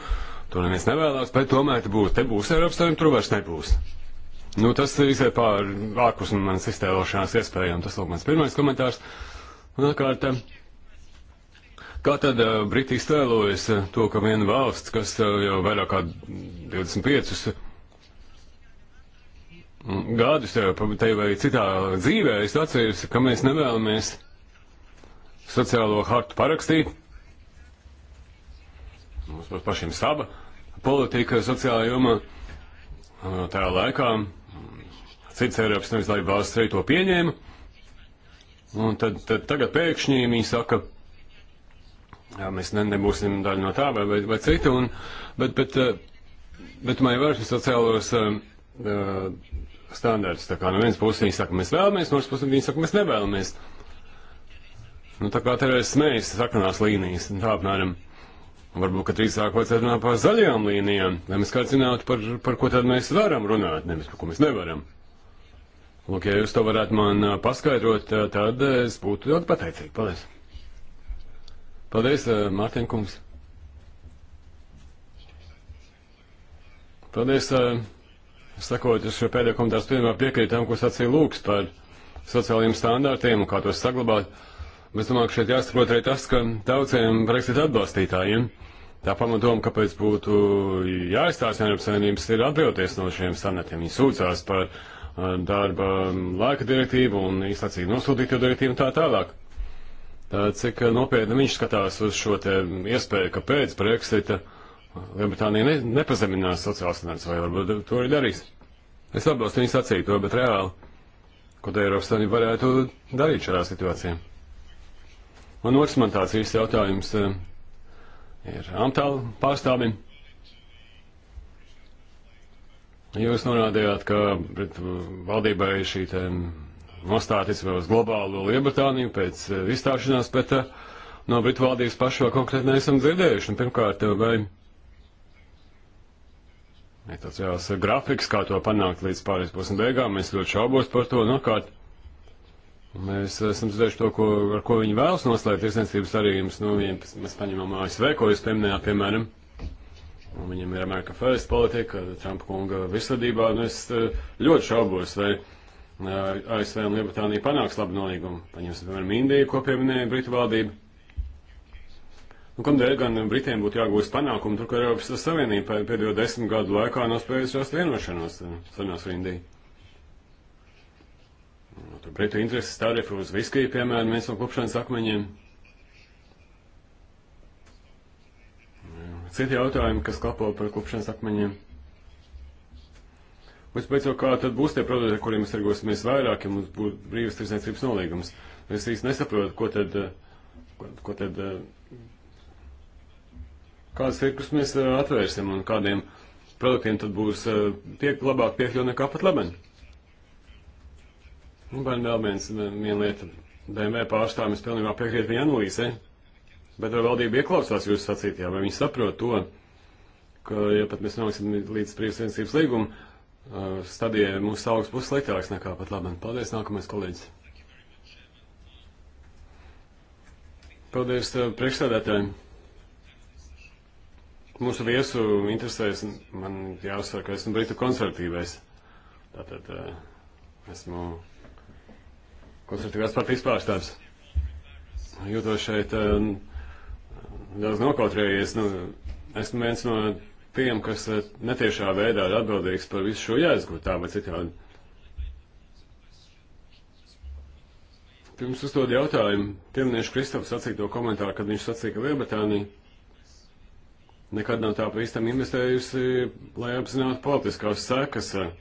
To neviens nevēlas, bet tomēr te būs, te būs Eiropas Savienība, tur vairs nebūs. Nu, tas iziet pār ārpus manas iztēlošanās iespējām. Tas, lūk, mans pirmais komentārs. Un, atkārt, Kā tad uh, Briti iztēlojas uh, to, ka viena valsts, kas uh, jau vairāk kā 25 mm, gadus te vai citā dzīvē ir atcerījusi, ka mēs nevēlamies sociālo hartu parakstīt, mums pašiem sava politika sociālā jomā. Tajā laikā mm, cits Eiropas nevis lai valsts arī to pieņēma. Un tad, tad tagad pēkšņi viņi saka, jā, mēs ne, nebūsim daļa no tā vai, vai, vai cita. Un, bet, bet, eh, bet man ir vairs sociālos uh, standarts. Tā kā no vienas puses viņi saka, mēs vēlamies, no otras puses viņi saka, mēs nevēlamies. Nu, tā kā Terēs smējas sarkanās līnijas, tā apmēram. Varbūt, ka drīzāk vajadzētu runāt par zaļajām līnijām, lai mēs kāds zinātu, par, par ko tad mēs varam runāt, nevis par ko mēs nevaram. Lūk, ja jūs to varētu man paskaidrot, tad es būtu ļoti pateicīgi. Paldies! Paldies, Mārtiņ kungs! Paldies, sakot, es šo pēdējo komentāru pilnībā piekrītu tam, ko sacīja Lūks par sociālajiem standārtiem un kā tos saglabāt. Es domāju, ka šeit jāsaprot arī tas, ka daudziem Brexit atbalstītājiem. Ja? Tā pamatoma, kāpēc būtu jāizstāsta Eiropas Savienības, ir atbrīvoties no šiem standartiem. Viņi sūdzās par uh, darba um, laika direktīvu un īslacīgi nosūtīto direktīvu un tā tālāk. Tā, cik nopietni viņš skatās uz šo te iespēju, ka pēc Brexita uh, Lielbritānija ne, nepazeminās sociālās standarts, vai varbūt to arī darīs. Es atbalstu viņu sacīto, bet reāli, ko te Eiropas Savienība varētu darīt šajā situācijā. Un otrs man tāds īsts jautājums. Uh, ir Antāla pārstāvim. Jūs norādījāt, ka valdībai šī te nostāties vēl uz globālo Lielbritāniju pēc eh, izstāšanās, bet eh, no Britu valdības pašo konkrēti neesam dzirdējuši. Un, pirmkārt, eh, vai ir tāds jās grafiks, kā to panākt līdz pāris posmu beigām, es ļoti šaubos par to. Nokārt, Mēs esam dzirdējuši to, ko, ar ko viņi vēlas noslēgt tirsniecības darījumus. Nu, viņiem, mēs paņemam ASV, ko jūs pieminējāt, piemēram. Un viņam ir Amerika First politika, Trumpa kunga visvadībā. Nu, es eh, ļoti šaubos, vai eh, ASV un Lielbritānija panāks labu nolīgumu. Paņemsim, piemēram, Indiju, ko pieminēja Britu valdība. Un nu, kamdēļ gan Britiem būtu jāgūst panākumu, tur, ka Eiropas Savienība pēdējo desmit gadu laikā nav spējusi rast vienošanos eh, sarunās ar Indiju nu, tur Britu intereses tarifu uz viskiju, piemēram, viens no kopšanas akmeņiem. Nu, citi jautājumi, kas kalpo par kopšanas akmeņiem. Vispēcot, kā tad būs tie produkti, ar kuriem mēs tirgosimies vairāk, ja mums būtu brīvas tirsniecības nolīgums? Es īsti nesaprotu, ko tad, eh, ko, ko tad, eh, kādas tirkus mēs eh, atvērsim un kādiem produktiem tad būs pie, labāk piekļuva nekā pat labāk. Un nu, vēl viens, viena lieta. BMW pārstāvjiem es pilnībā piekrītu viņa analīzē, bet vai valdība ieklausās jūsu sacītajā, vai viņi saprot to, ka, ja pat mēs nonāksim līdz brīvsvienības līguma, uh, stadijai mūsu augs būs sliktāks nekā pat labāk. Paldies, nākamais kolēģis. Paldies uh, priekšstādētājiem. Mūsu viesu interesēs, man jāuzsver, ka esmu britu konservatīvais. Tātad uh, esmu konservatīvās partijas pārstāvs. Jūtos šeit um, daudz nokautrējies. Nu, esmu viens no tiem, kas uh, netiešā veidā ir atbildīgs par visu šo jēzgu tā vai citādi. Pirms uzdod jautājumu, pieminiešu Kristofs sacīja to komentāru, kad viņš sacīja, ka Lielbritānija nekad nav tā pavisam investējusi, lai apzinātu politiskās sekas. Uh,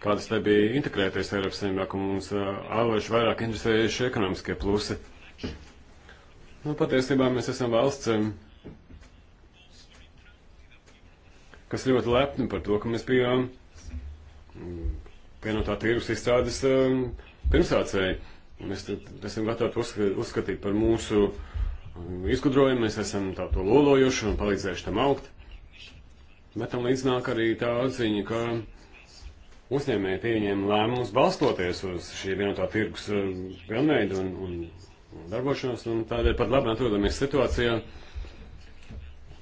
kādas te bija integrēties Eiropas Savienībā, ka mums āloši vairāk interesējuši ekonomiskie plusi. Nu, patiesībā mēs esam valsts, kas ļoti lepni par to, ka mēs bijām vienotā tirgus izstrādes pirmsācēji. Mēs esam gatavi uzskatīt par mūsu izgudrojumu, mēs esam tā to lolojuši un palīdzējuši tam augt. Bet tam līdz nāk arī tā atziņa, ka uzņēmēji pieņem lēmumus balstoties uz šī vienotā tirgus uh, pilnveidu un, un, un darbošanos, un tādēļ pat labi atrodamies situācijā,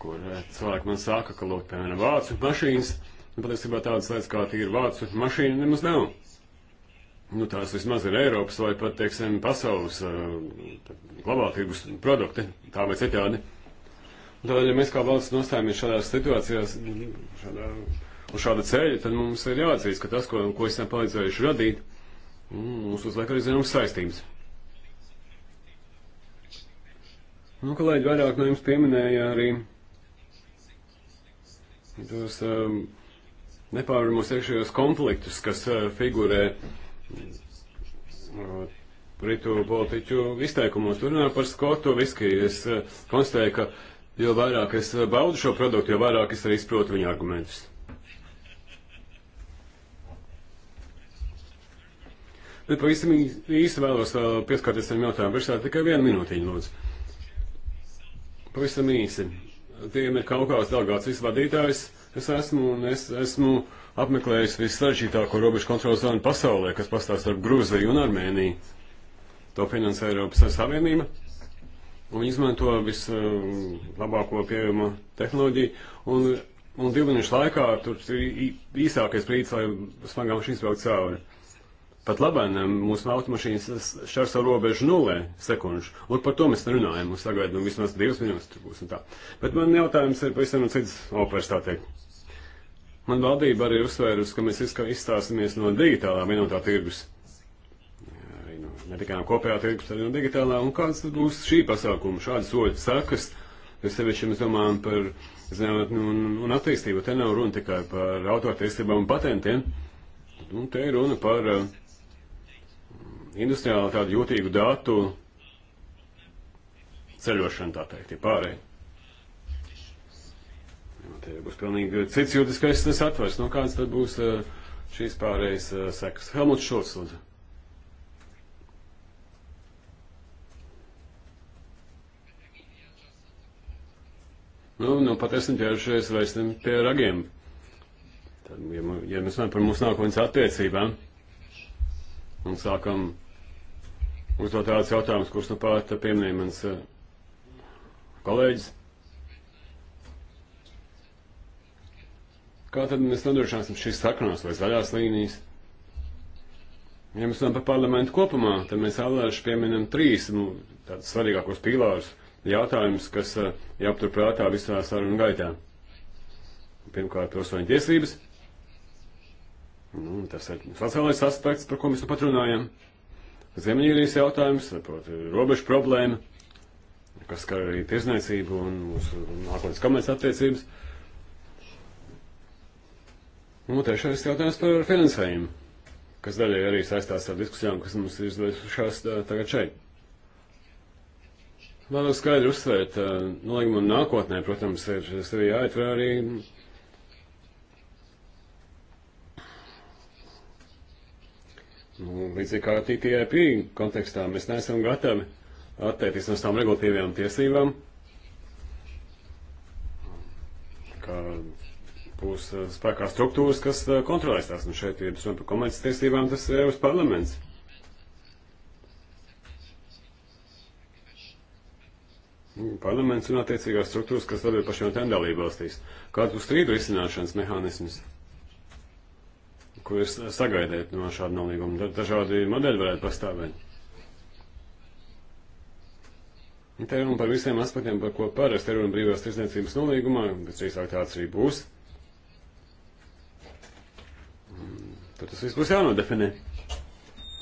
kur eh, cilvēki man saka, ka, lūk, piemēram, vācu mašīnas, un nu, patiesībā tādas lietas kā tīra vācu mašīna nemaz nav. Nu, tās vismaz ir Eiropas vai pat, teiksim, pasaules uh, glabātības produkti, tā vai citādi. Tādēļ, ja mēs kā valsts nostājamies šādās situācijās, šādā uz šāda ceļa, tad mums ir jāatzīst, ka tas, ko, ko esam palīdzējuši radīt, mums uzliek arī zināmas saistības. Nu, kolēģi, vairāk no jums pieminēja arī tos um, nepārvaramos iekšējos konfliktus, kas uh, figurē uh, Britu politiķu izteikumos. Tur runā par skotu viski. Es uh, konstatēju, ka jo vairāk es uh, baudu šo produktu, jo vairāk es arī izprotu viņa argumentus. Bet pavisam īsti vēlos pieskarties tam jautājumu. Virsā tikai vienu minūtiņu, lūdzu. Pavisam īsi. Tiem ir kaut kāds delegācijas vadītājs. Es esmu un es esmu apmeklējis vissaržģītāko robežu kontrolas zonu pasaulē, kas pastāv starp Grūziju un Armēniju. To finansē Eiropas Savienība. Un izmanto vislabāko pieejamo tehnoloģiju. Un, un divu minūšu laikā tur ir īsākais brīdis, lai smagām šīs vēl cauri. Pat labāk mūsu automašīnas šarso robežu nulē sekundžu. Lūk, par to mēs runājam. Mums sagaida nu, vismaz divas minūtes tur būs un tā. Bet man jautājums ir pavisam no citas operas, tā teikt. Man valdība arī ir uzsvērusi, ka mēs izstāsimies no digitālā vienotā tirgus. Arī no, nu, ne tikai no kopējā tirgus, arī no digitālā. Un kāds būs šī pasākuma, šādi soļi sakas, jo sevišķi mēs domājam par zinātni un, un attīstību. Te nav runa tikai par autortiesībām un patentiem. Un te ir runa par uh, industriāli tādu jūtīgu datu ceļošana, tā teikt, ir pārēj. Te būs pilnīgi cits jūtiskais tas atvers, no nu, kāds tad būs eh, šīs pārējas eh, sekas. Helmuts Šulc, lūdzu. Nu, nu pat esam ķērušies vairs pie ragiem. Tad, ja, ja mēs runājam par mūsu nākotnes attiecībām un sākam uzdot tādus jautājumus, kurus nu pat pieminēja mans eh, kolēģis. Kā tad mēs nodrošināsim šīs sarkanās vai zaļās līnijas? Ja mēs runājam par parlamentu kopumā, tad mēs vēlēšu pieminam trīs nu, tādus svarīgākos pīlārus jautājumus, kas eh, jāaptur prātā visā sarunu gaitā. Pirmkārt, pilsoņu tiesības. Nu, tas ir sociālais aspekts, par ko mēs nu pat runājam. Zemiņīrijas jautājums, proti, robežu problēma, kas skar arī tirzniecību un mūsu nākotnes komerces attiecības. Un trešais jautājums par finansējumu, kas daļai arī saistās ar diskusijām, kas mums ir izvērsušās tagad šeit. Vēlos skaidri uzsvērt, eh, nolīguma nākotnē, protams, ir sevi jāietver arī Nu, līdzīgi kā TTIP kontekstā, mēs neesam gatavi atteikties no tām regulatīvajām tiesībām, ka būs uh, spēkā struktūras, kas uh, kontrolēs tās. Un nu, šeit ir runa par komerces tiesībām, tas ir Eiropas parlaments. Nu, parlaments un attiecīgās struktūras, kas tad ir pašiem tiem dalībvalstīs. Kāds būs strīdu risināšanas mehānisms? ko jūs sagaidāt no šāda nolīguma? Dažādi modeļi varētu pastāvēt. Te ir runa par visiem aspektiem, par ko parasti runa brīvās tirsniecības nolīgumā, bet drīzāk tāds arī būs. Mm, tad tas viss būs jānodefinē.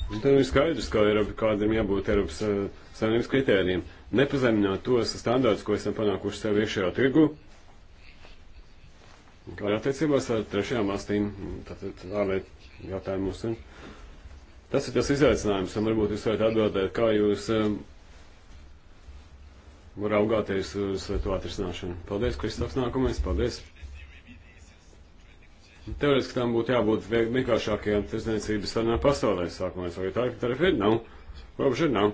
Un tad ir skaidrs, kā Eiropa, kādiem jābūt Eiropas uh, savienības kritērijiem. Nepazemināt tos standārtus, ko esam panākuši sev iekšējā tirgu. Uh, kā attiecībās ar trešajām valstīm, tātad ārlietu jautājumus. Tas ir tas izaicinājums, un varbūt jūs varat atbildēt, kā jūs um, var augāties uz to atrisināšanu. Paldies, Kristofs, nākamais, paldies. Teorētiski tam būtu jābūt vienkāršākajām tirdzniecības sarunām pasaulē, sākumā es vai tā, ka tarifi ir nav, robeža ir nav.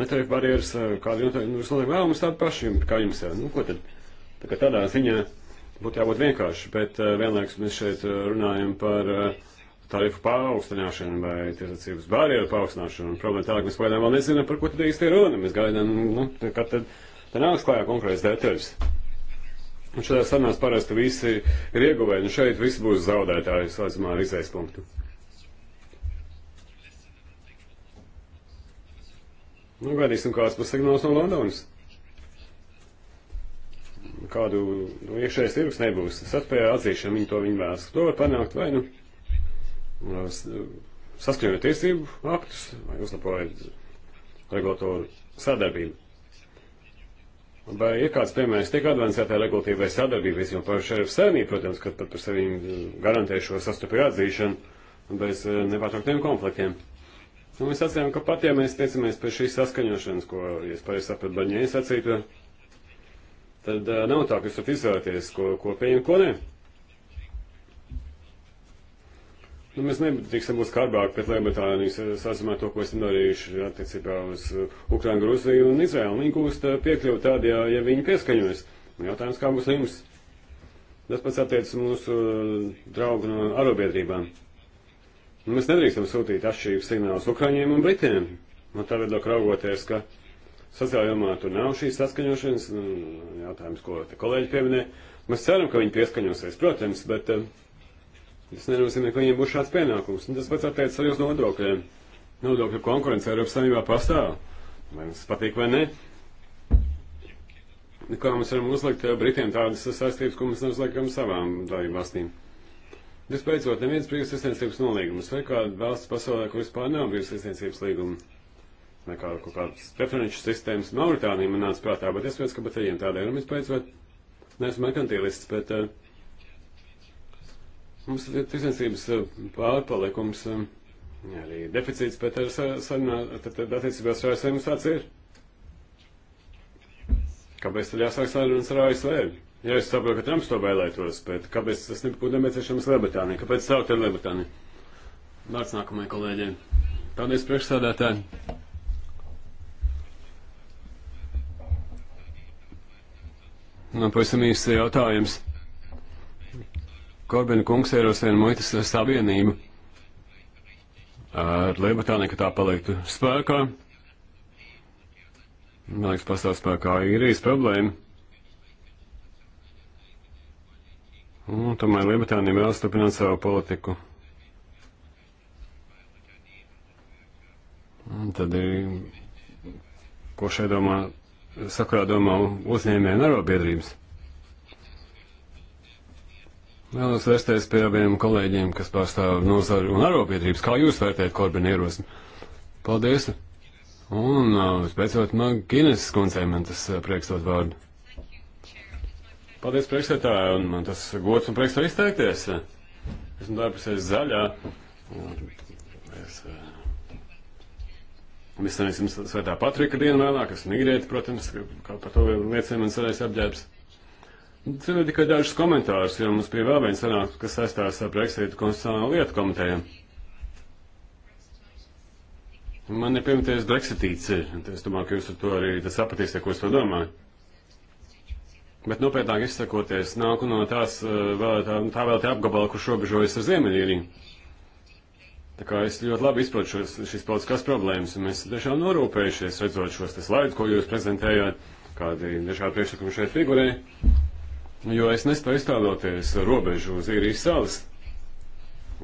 Netarifu barjeras, uh, kādi noteikti, nu, es noteikti vēlamies tādu pašu, kā jums jau, nu, ko tad? Tā kā tādā ziņā būtu jābūt vienkārši, bet eh, vienlaikus mēs šeit eh, runājam par eh, tarifu paaugstināšanu vai tiesacības barjeru paaugstināšanu. Problēma tālāk mēs pagaidām vēl nezinām, par ko tad īsti ir runa. Mēs gaidām, nu, kad tad, tad nāks klājā konkrēts detaļas. Un šajā sarunās parasti visi ir ieguvēji, un nu, šeit visi būs zaudētāji, slēdzamā ar izējas punktu. Nu, gaidīsim, kāds būs signāls no Londonas kādu nu, iekšējais tirgus nebūs. Satpējā atzīšana viņi to viņi vēlas. To var panākt vai nu uh, saskaņojot tiesību aktus vai uzlabojot regulatoru sadarbību. Vai ir kāds piemērs tik advancētā regulatīvai sadarbībai, jo par šerifu saimību, protams, kad pat par sevi garantē šo sastopīgu atzīšanu bez uh, nepārtrauktiem konfliktiem. Un nu, mēs sacījām, ka pat ja mēs tiecamies pie šīs saskaņošanas, ko, ja es pareizi sapratu, Baņēns sacītu, tad uh, nav tā, ka jūs varat izvēlēties, ko, ko pieņemt, ko nē. Nu, mēs nedrīkstam būt skarbāki pret Lielbritāniju, sāzumā to, ko esam darījuši attiecībā uz Ukrainu, Grūziju un Izraēlu. Viņi gūst piekļuvu tad, ja, ja viņi pieskaņojas. Nu, jautājums, kā būs jums? Tas pats attiecas mūsu draugu no arobiedrībām. Mēs nedrīkstam sūtīt atšķirības signālus Ukraiņiem un Britiem. Man tā viedokļa raugoties, ka Sociālajā jomā tur nav šīs saskaņošanas, nu, jautājums, ko te kolēģi pieminē. Mēs ceram, ka viņi pieskaņosies, protams, bet eh, tas nenozīmē, ka viņiem būs šāds pienākums. Un tas pats attiecas arī uz nodokļiem. Nodokļu konkurence Eiropas Savienībā pastāv. Vai mums patīk vai ne? Nu, kā mēs varam uzlikt eh, Britiem tādas saistības, ko mēs neuzliekam savām dalību valstīm? Vispēcot, neviens brīvas izniecības nolīgums vai kāda valsts pasaulē, kur vispār nav brīvas izniecības līguma nekā kaut kādas preferenču sistēmas. Mauritānija man nāca prātā, bet es redzu, ka pat viņiem tādai ir. Mēs pēc, bet neesmu merkantilists, bet uh, mums ir tirsniecības eh, pārpalikums, uh, arī deficīts, bet ar sarunā, tad, tad attiecībās ar ASV mums tāds ir. Kāpēc tad jāsāk sarunas ar ASV? Ja es saprotu, ka Trumps to vēlētos, bet kāpēc tas nebūtu nepieciešams Lielbritānijai? Kāpēc saukt ar Lielbritāniju? Vārds nākamajai kolēģei. Paldies priekšsādātāji! Man pavisam īsts jautājums. Korbina kungs ierosina muitas savienību. Ar Lielbritāniju, ka tā paliktu spēkā. Man liekas, pastāv spēkā īrijas problēma. Un tomēr Lielbritānija vēlas turpināt savu politiku. Un tad ir, eh, ko šeit domā sakarā domā uzņēmēju un arobiedrības. Vēlos vērsties pie abiem kolēģiem, kas pārstāv nozaru un arobiedrības. Kā jūs vērtējat Korbina ierosmi? Paldies! Un uh, spēcot man Gines skundzei, man tas uh, prieks dot vārdu. Paldies priekšsētāji, un man tas gods un prieks to izteikties. Esmu dārpusies zaļā. Es, uh, Mēs sanāksim Svētā Patrika dienu vēlāk, kas nigrieti, protams, kā par to vēl liecina man sarais apģērbs. Tad ir tikai dažas komentārus, jo mums pie vēl viena sanāk, kas saistās ar Brexitu konstitucionālo lietu komitējiem. Man ir pieminējies Brexitīts ir, es domāju, ka jūs ar to arī sapratīsiet, ko es to domāju. Bet nopietnāk izsakoties, nāku no tās eh, vēl tā, tā vēl te apgabala, kurš robežojas ar Ziemeļīriju. Tā kā es ļoti labi izprotu šos, šīs politiskās problēmas, un mēs tiešām norūpējušies, redzot šos slaidus, ko jūs prezentējāt, kādi dažādi priekšlikumi šeit figurē, jo es nespēju iztēloties robežu uz īrijas salas.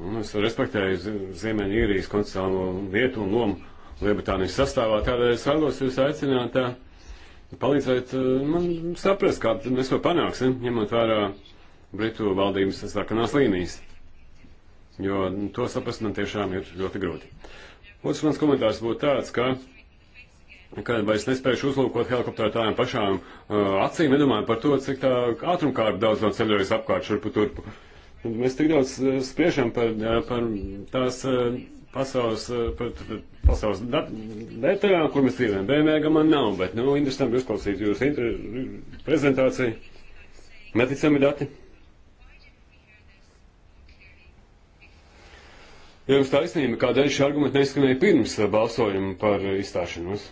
Un es respektēju Ziemeņīrijas konstitucionālo vietu un lomu Lielbritānijas sastāvā, tādēļ es vēlos jūs aicināt tā, palīdzēt man saprast, kā mēs to panāksim, ņemot vērā Britu valdības sarkanās līnijas jo to saprast man tiešām ir ļoti grūti. Otrs mans komentārs būtu tāds, ka, kad vairs nespējuši uzlūkot helikoptēru tādām pašām uh, acīm, nedomāju par to, cik tā ātrumkārta daudz no ceļojas apkārt šurpu turpu. Un mēs tik daudz uh, spriežam par, uh, par tās uh, pasaules, uh, par, par pasaules detaļām, kur mēs dzīvojam. BMW man nav, bet, nu, interesanti uzklausīt jūsu prezentāciju. Neticami dati. jums taisnība, kādēļ šī argumenta neskanēja pirms eh, balsojuma par eh, izstāšanos.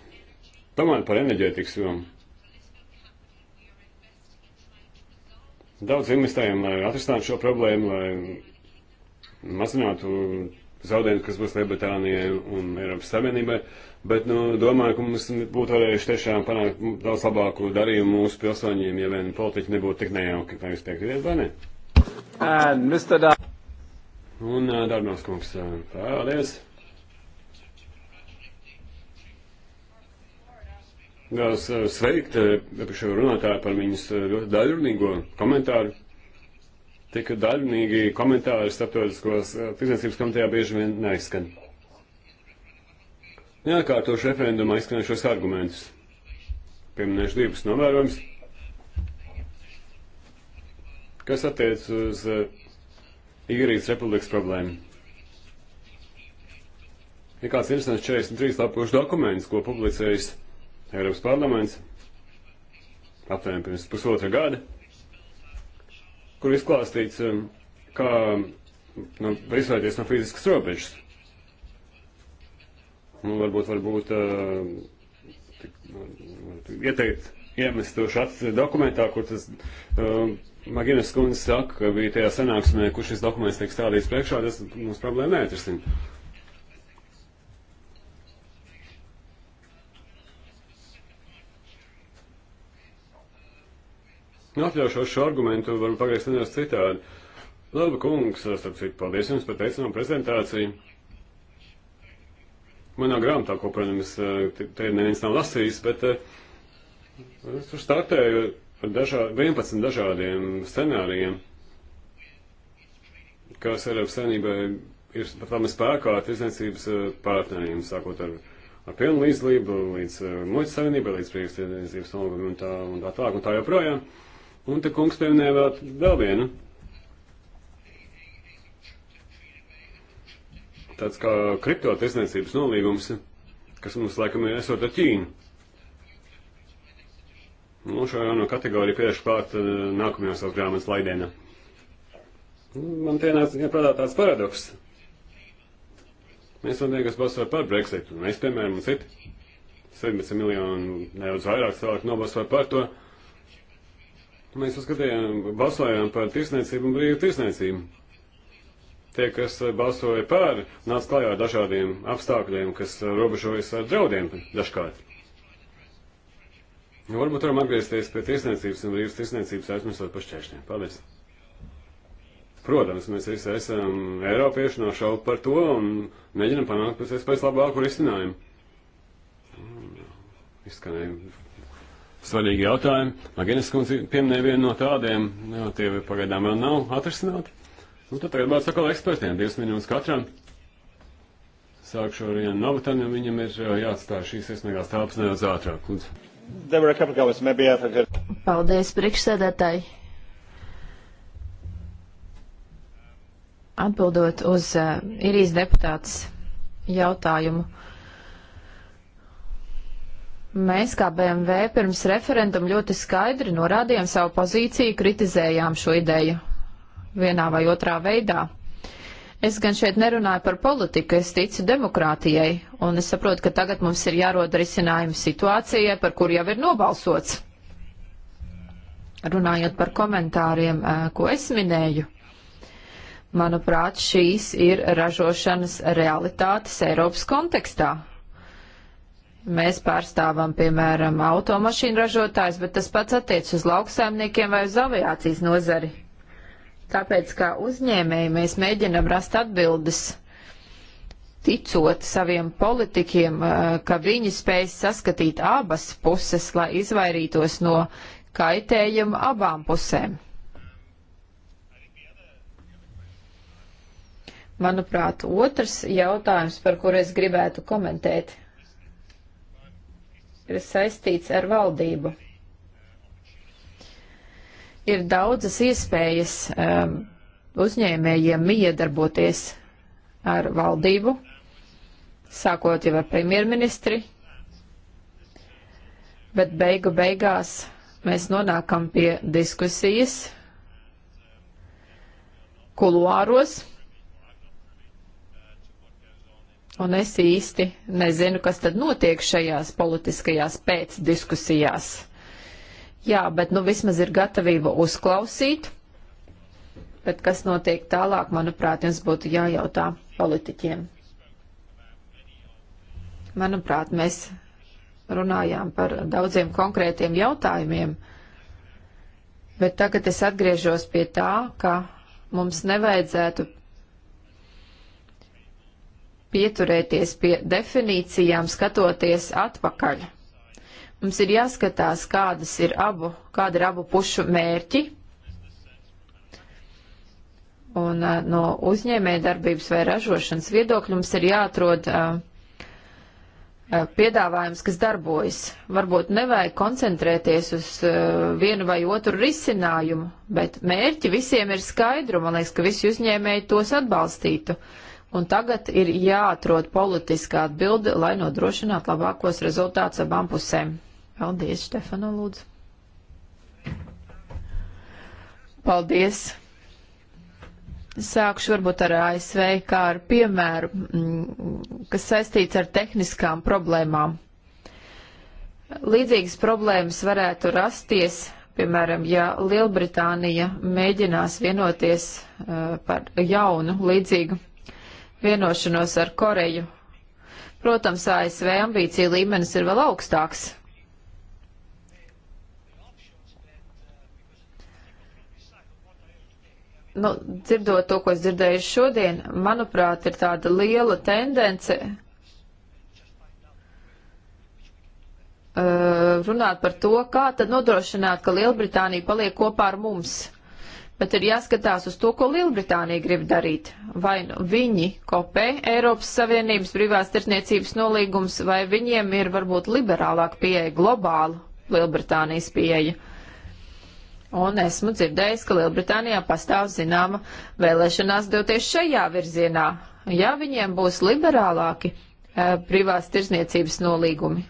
Tomēr par enerģētikas jomu. Daudz investējam, lai atrisinātu šo problēmu, lai mazinātu zaudējumus, kas būs Lielbritānijai un Eiropas Savienībai, bet nu, domāju, ka mums būtu varējuši tiešām panākt daudz labāku darījumu mūsu pilsoņiem, ja vien politiķi nebūtu tik nejauki, kā jūs piekritat, vai ne? And Mr. Da Un Dārnās kungs, paldies! Vēlos sveikt iepriekšējo runātāju par viņas ļoti daļrunīgo komentāru. Tik daļrunīgi komentāri starptautiskos tirdzniecības komitejā bieži vien neizskan. Neatkārtošu referendumā izskanējušos argumentus. Pieminēšu divus novērojumus, kas attiec uz uh, īrijas republikas problēma. Ir kāds interesants 43 lapušu dokuments, ko publicējis Eiropas parlaments aptuveni pirms pusotra gada, kur izklāstīts, um, kā nu, izvairīties no fiziskas robežas. Nu, varbūt, varbūt uh, tik, nu, ieteikt iemest to šāds dokumentā, kur tas uh, Maginas kundze saka, ka bija tajā sanāksmē, kur šis dokuments tiek stādīts priekšā, tas mums problēma neatrisina. Atļaušos šo argumentu, varu pagriezt nedaudz citādi. Labi, kungs, starp citu, paldies jums par teicamo prezentāciju. Manā grāmatā, ko, protams, te neviens nav lasījis, bet uh, es tur startēju par dažā, 11 dažādiem scenārijiem, kas Eiropas saimnībai ir pat labi spēkā tirsniecības eh, partneriem, sākot ar, ar pienu līdzlību, līdz uh, muitas savienībai, līdz priekšsēdniecības nolūgumiem un tā, un tā tālāk un tā joprojām. Un te kungs pieminēja vēl, vēl vienu. Tāds kā kripto tirsniecības nolīgums, kas mums laikam ir esot ar Ķīnu. Nu, šo jauno kategoriju pievērš klāt eh, nākamajā savas grāmatas laidienā. Man pienāca, ja prātā tāds paradoks. Mēs varam teikt, kas balsoja par Brexitu, un es, piemēram, un citi 17 miljonu, nedaudz vairāk cilvēku nobalsoja par to. Mēs uzskatījām, balsojām par tirsniecību un brīvu tirsniecību tie, kas eh, balsoja par, nāca klajā ar dažādiem apstākļiem, kas eh, robežojas ar draudiem dažkārt. Nu, varbūt varam atgriezties pie tirsniecības un brīvas tirsniecības aizmirstot par šķēršļiem. Paldies! Protams, mēs visi esam Eiropieši no šaubu par to un mēģinam panākt pēc iespējas labāku risinājumu. Mm, izskanēja svarīgi jautājumi. Magenes kundze pieminēja vienu no tādiem, jo nu, tie pagaidām vēl nav atrisināti. Nu, tad tagad vārds atkal ekspertiem, divas minūtes katram. Sākšu ar vienu novatanu, viņam ir jāatstāj šīs iesmēgās tāpas nedaudz ātrāk. Lūdzu. Paldies, priekšsēdētāji. Atbildot uz uh, Irijas deputātas jautājumu, mēs kā BMW pirms referendum ļoti skaidri norādījām savu pozīciju, kritizējām šo ideju vienā vai otrā veidā. Es gan šeit nerunāju par politiku, es ticu demokrātijai, un es saprotu, ka tagad mums ir jārod risinājumi situācijai, par kur jau ir nobalsots. Runājot par komentāriem, eh, ko es minēju, manuprāt, šīs ir ražošanas realitātes Eiropas kontekstā. Mēs pārstāvam, piemēram, automašīnu ražotājs, bet tas pats attiec uz lauksaimniekiem vai uz aviācijas nozari. Tāpēc, kā uzņēmēji, mēs mēģinam rast atbildes, ticot saviem politikiem, eh, ka viņi spēj saskatīt abas puses, lai izvairītos no kaitējuma abām pusēm. Manuprāt, otrs jautājums, par kuru es gribētu komentēt, ir saistīts ar valdību ir daudzas iespējas um, uzņēmējiem iedarboties ar valdību, sākot jau ar premjerministri, bet beigu beigās mēs nonākam pie diskusijas kuluāros, un es īsti nezinu, kas tad notiek šajās politiskajās pēcdiskusijās. Jā, bet nu vismaz ir gatavība uzklausīt, bet kas notiek tālāk, manuprāt, jums būtu jājautā politiķiem. Manuprāt, mēs runājām par daudziem konkrētiem jautājumiem, bet tagad es atgriežos pie tā, ka mums nevajadzētu pieturēties pie definīcijām, skatoties atpakaļ. Mums ir jāskatās, kādas ir abu, kāda ir abu pušu mērķi. Un no uzņēmēja darbības vai ražošanas viedokļa mums ir jāatrod piedāvājums, kas darbojas. Varbūt nevajag koncentrēties uz vienu vai otru risinājumu, bet mērķi visiem ir skaidru. Man liekas, ka visi uzņēmēji tos atbalstītu un tagad ir jāatrod politiskā atbilde, lai nodrošinātu labākos rezultātus abām pusēm. Paldies, Štefano, lūdzu. Paldies. Sākšu varbūt ar ASV kā ar piemēru, mm, kas saistīts ar tehniskām problēmām. Līdzīgas problēmas varētu rasties, piemēram, ja Lielbritānija mēģinās vienoties uh, par jaunu līdzīgu vienošanos ar Koreju. Protams, ASV ambīcija līmenis ir vēl augstāks, nu, dzirdot to, ko es dzirdēju šodien, manuprāt, ir tāda liela tendence uh, runāt par to, kā tad nodrošināt, ka Lielbritānija paliek kopā ar mums. Bet ir jāskatās uz to, ko Lielbritānija grib darīt. Vai nu viņi kopē Eiropas Savienības brīvās tirtniecības nolīgums, vai viņiem ir varbūt liberālāk pieeja globāla Lielbritānijas pieeja. Uh, Un esmu dzirdējis, ka Lielbritānijā pastāv zināma vēlēšanās doties šajā virzienā, ja viņiem būs liberālāki e, privās tirzniecības nolīgumi.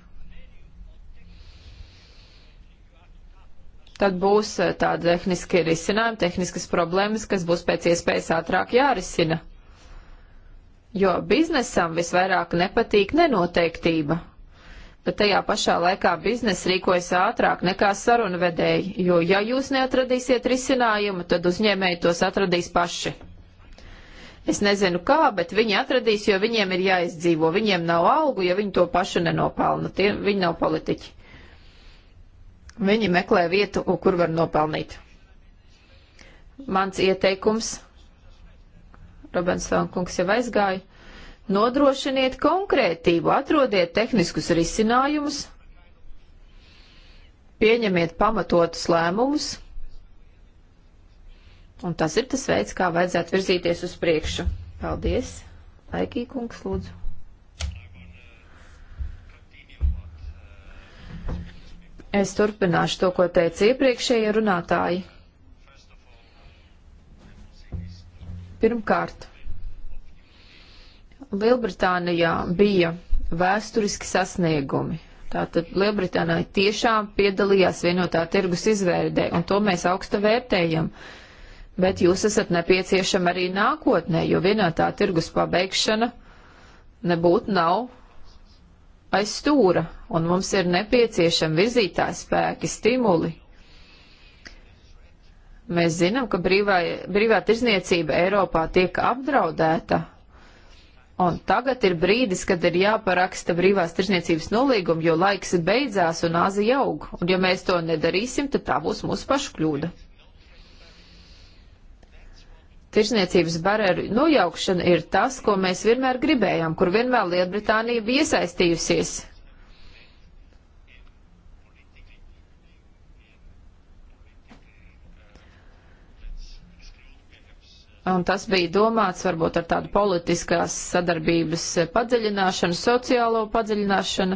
Tad būs eh, tādi tehniski risinājumi, tehniskas problēmas, kas būs pēc iespējas ātrāk jārisina. Jo biznesam visvairāk nepatīk nenoteiktība bet tajā pašā laikā biznesa rīkojas ātrāk nekā sarunu vedēji, jo ja jūs neatradīsiet risinājumu, tad uzņēmēji tos atradīs paši. Es nezinu kā, bet viņi atradīs, jo viņiem ir jāizdzīvo. Viņiem nav algu, ja viņi to paši nenopelna. Tie, viņi nav politiķi. Viņi meklē vietu, kur var nopelnīt. Mans ieteikums, Robinson kungs jau aizgāja, Nodrošiniet konkrētību, atrodiet tehniskus risinājumus, pieņemiet pamatotus lēmumus, un tas ir tas veids, kā vajadzētu virzīties uz priekšu. Paldies! Laikī kungs, lūdzu! Es turpināšu to, ko teica iepriekšējie runātāji. Pirmkārt, Lielbritānijā bija vēsturiski sasniegumi. Tātad Lielbritānija tiešām piedalījās vienotā tirgus izvērdē, un to mēs augsta vērtējam. Bet jūs esat nepieciešami arī nākotnē, jo vienotā tirgus pabeigšana nebūtu nav aiz stūra, un mums ir nepieciešami virzītāji spēki, stimuli. Mēs zinām, ka brīvā, brīvā tirzniecība Eiropā tiek apdraudēta Un tagad ir brīdis, kad ir jāparaksta brīvās tirzniecības nolīguma, jo laiks beidzās un Āzija aug. Un ja mēs to nedarīsim, tad tā būs mūsu pašu kļūda. Tirzniecības barjeru nojaukšana ir tas, ko mēs vienmēr gribējām, kur vienmēr Lielbritānija bija iesaistījusies. Un tas bija domāts varbūt ar tādu politiskās sadarbības padziļināšanu, sociālo padziļināšanu,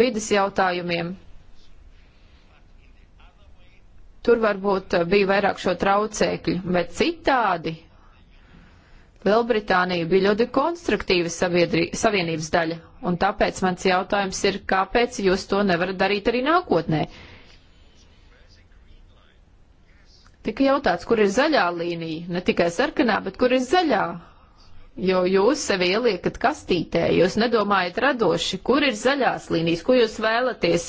vidas jautājumiem. Tur varbūt bija vairāk šo traucēkļu, bet citādi Lielbritānija bija ļoti konstruktīva savienības daļa, un tāpēc mans jautājums ir, kāpēc jūs to nevarat darīt arī nākotnē? Uh, Tika jautāts, kur ir zaļā līnija, ne tikai sarkanā, bet kur ir zaļā. Jo jūs sevi ieliekat kastītē, jūs nedomājat radoši, kur ir zaļās līnijas, ko jūs vēlaties.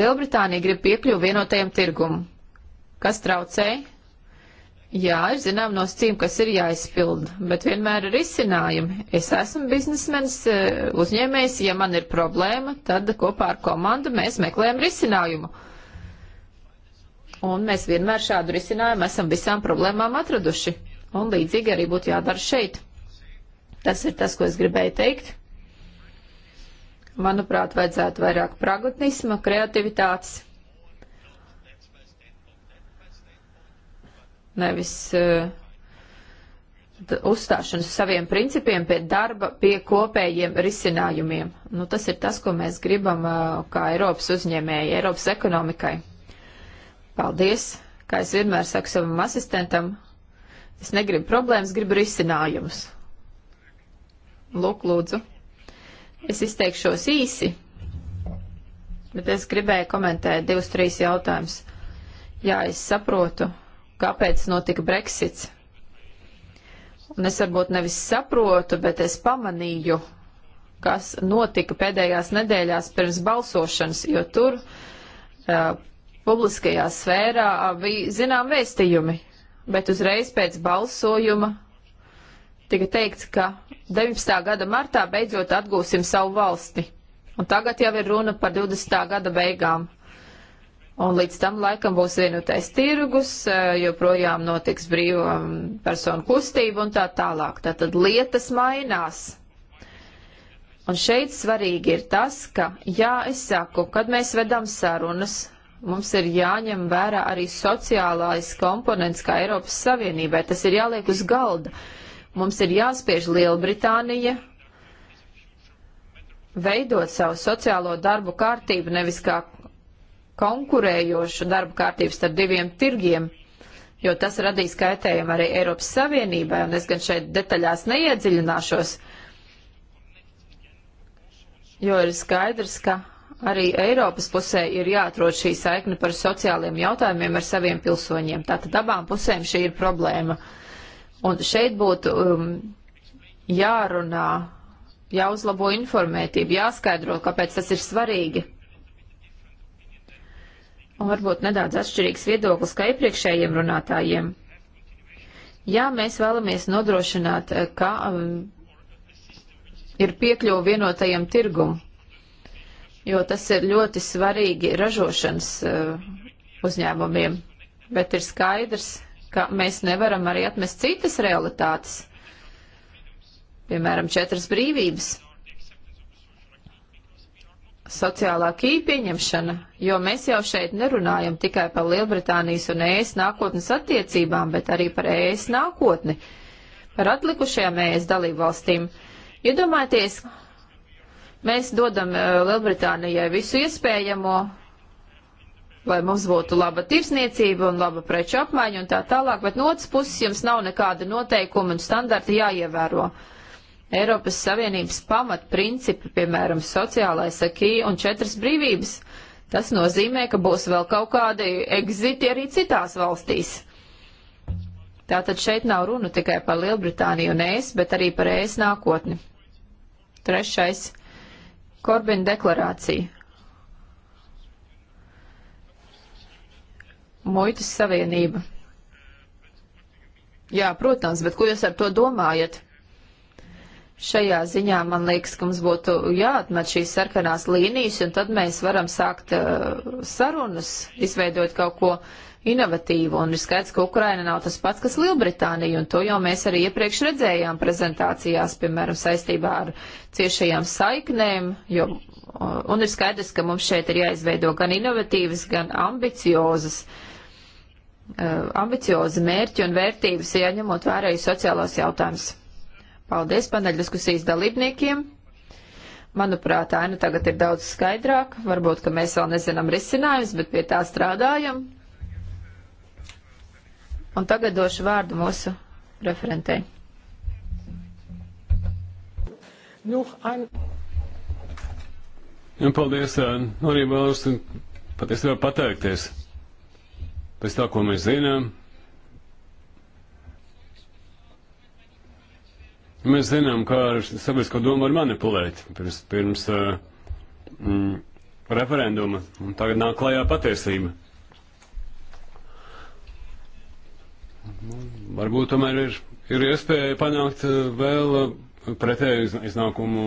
Lielbritānija grib piekļuvu vienotajam tirgumam. Kas traucē? Jā, ir zinām nosacījumi, kas ir jāizpild, bet vienmēr ir izcinājumi. Es esmu biznesmenis, e, uzņēmējs, ja man ir problēma, tad kopā ar komandu mēs meklējam risinājumu. Un mēs vienmēr šādu risinājumu esam visām problēmām atraduši. Un līdzīgi arī būtu jādara šeit. Tas ir tas, ko es gribēju teikt. Manuprāt, vajadzētu vairāk pragmatisma, kreativitātes. Nevis uh, uzstāšanas saviem principiem pie darba, pie kopējiem risinājumiem. Nu, tas ir tas, ko mēs gribam uh, kā Eiropas uzņēmēji, Eiropas ekonomikai. Paldies, kā es vienmēr saku savam asistentam, es negribu problēmas, gribu risinājumus. Lūk, lūdzu. Es izteikšos īsi, bet es gribēju komentēt divus, trīs jautājumus. Jā, es saprotu, kāpēc notika Brexits. Un es varbūt nevis saprotu, bet es pamanīju, kas notika pēdējās nedēļās pirms balsošanas, jo tur uh, publiskajā sfērā bija zinām vēstījumi, bet uzreiz pēc balsojuma tika teikts, ka 19. gada martā beidzot atgūsim savu valsti. Un tagad jau ir runa par 20. gada beigām. Un līdz tam laikam būs vienotais tirgus, eh, joprojām notiks brīva mm, personu kustība un tā tālāk. Tātad lietas mainās. Un šeit svarīgi ir tas, ka, jā, es saku, kad mēs vedam sarunas, mums ir jāņem vērā arī sociālais komponents kā Eiropas Savienībai. Tas ir jāliek uz galda. Mums ir jāspiež Lielbritānija veidot savu sociālo darbu kārtību nevis kā konkurējošu darbu kārtību starp diviem tirgiem, jo tas radīs kaitējumu arī Eiropas Savienībai, un es gan šeit detaļās neiedziļināšos, jo ir skaidrs, ka arī Eiropas pusē ir jāatrod šī saikne par sociāliem jautājumiem ar saviem pilsoņiem. Tātad abām pusēm šī ir problēma. Un šeit būtu um, jārunā, jāuzlabo informētība, jāskaidro, kāpēc tas ir svarīgi. Un varbūt nedaudz atšķirīgs viedoklis kā iepriekšējiem runātājiem. Jā, mēs vēlamies nodrošināt, ka um, ir piekļuva vienotajam tirgumam jo tas ir ļoti svarīgi ražošanas eh, uzņēmumiem. Bet ir skaidrs, ka mēs nevaram arī atmest citas realitātes, piemēram, četras brīvības sociālā kīja pieņemšana, jo mēs jau šeit nerunājam tikai par Lielbritānijas un ES nākotnes attiecībām, bet arī par ES nākotni, par atlikušajām ES dalību valstīm. Iedomājieties, ja Mēs dodam eh, Lielbritānijai visu iespējamo, lai mums būtu laba tirsniecība un laba preču apmaiņa un tā tālāk, bet no otras puses jums nav nekāda noteikuma un standarta jāievēro. Eiropas Savienības pamatprincipi, piemēram, sociālais akī un četras brīvības, tas nozīmē, ka būs vēl kaut kādi egziti arī citās valstīs. Tātad šeit nav runa tikai par Lielbritāniju un ES, bet arī par ES nākotni. Trešais Korbina deklarācija. Muitas savienība. Jā, protams, bet ko jūs ar to domājat? Šajā ziņā man liekas, ka mums būtu jāatmet šīs sarkanās līnijas, un tad mēs varam sākt uh, sarunas, izveidot kaut ko uh, inovatīva, un ir skaidrs, ka Ukraina nav tas pats, kas Lielbritānija, un to jau mēs arī iepriekš redzējām prezentācijās, piemēram, saistībā ar ciešajām saiknēm, jo, un ir skaidrs, ka mums šeit ir jāizveido gan inovatīvas, gan ambiciozas, uh, ambiciozi mērķi un vērtības, ja ņemot vērā sociālos jautājumus. Paldies paneļdiskusijas dalībniekiem! manuprāt, aina tagad ir daudz skaidrāk. Varbūt, ka mēs vēl nezinām risinājums, bet pie tā strādājam. Un tagad došu vārdu mūsu referentei. Nu, ein... Un nu, paldies, nu, arī vēlos patiesībā pateikties. Pēc tā, ko mēs zinām, mēs zinām, kā ar sabiedrisko domu var manipulēt pirms, pirms uh, mm, referenduma, un tagad nāk klajā patiesība. Varbūt tomēr ir, ir iespēja panākt eh, vēl eh, pretēju iznākumu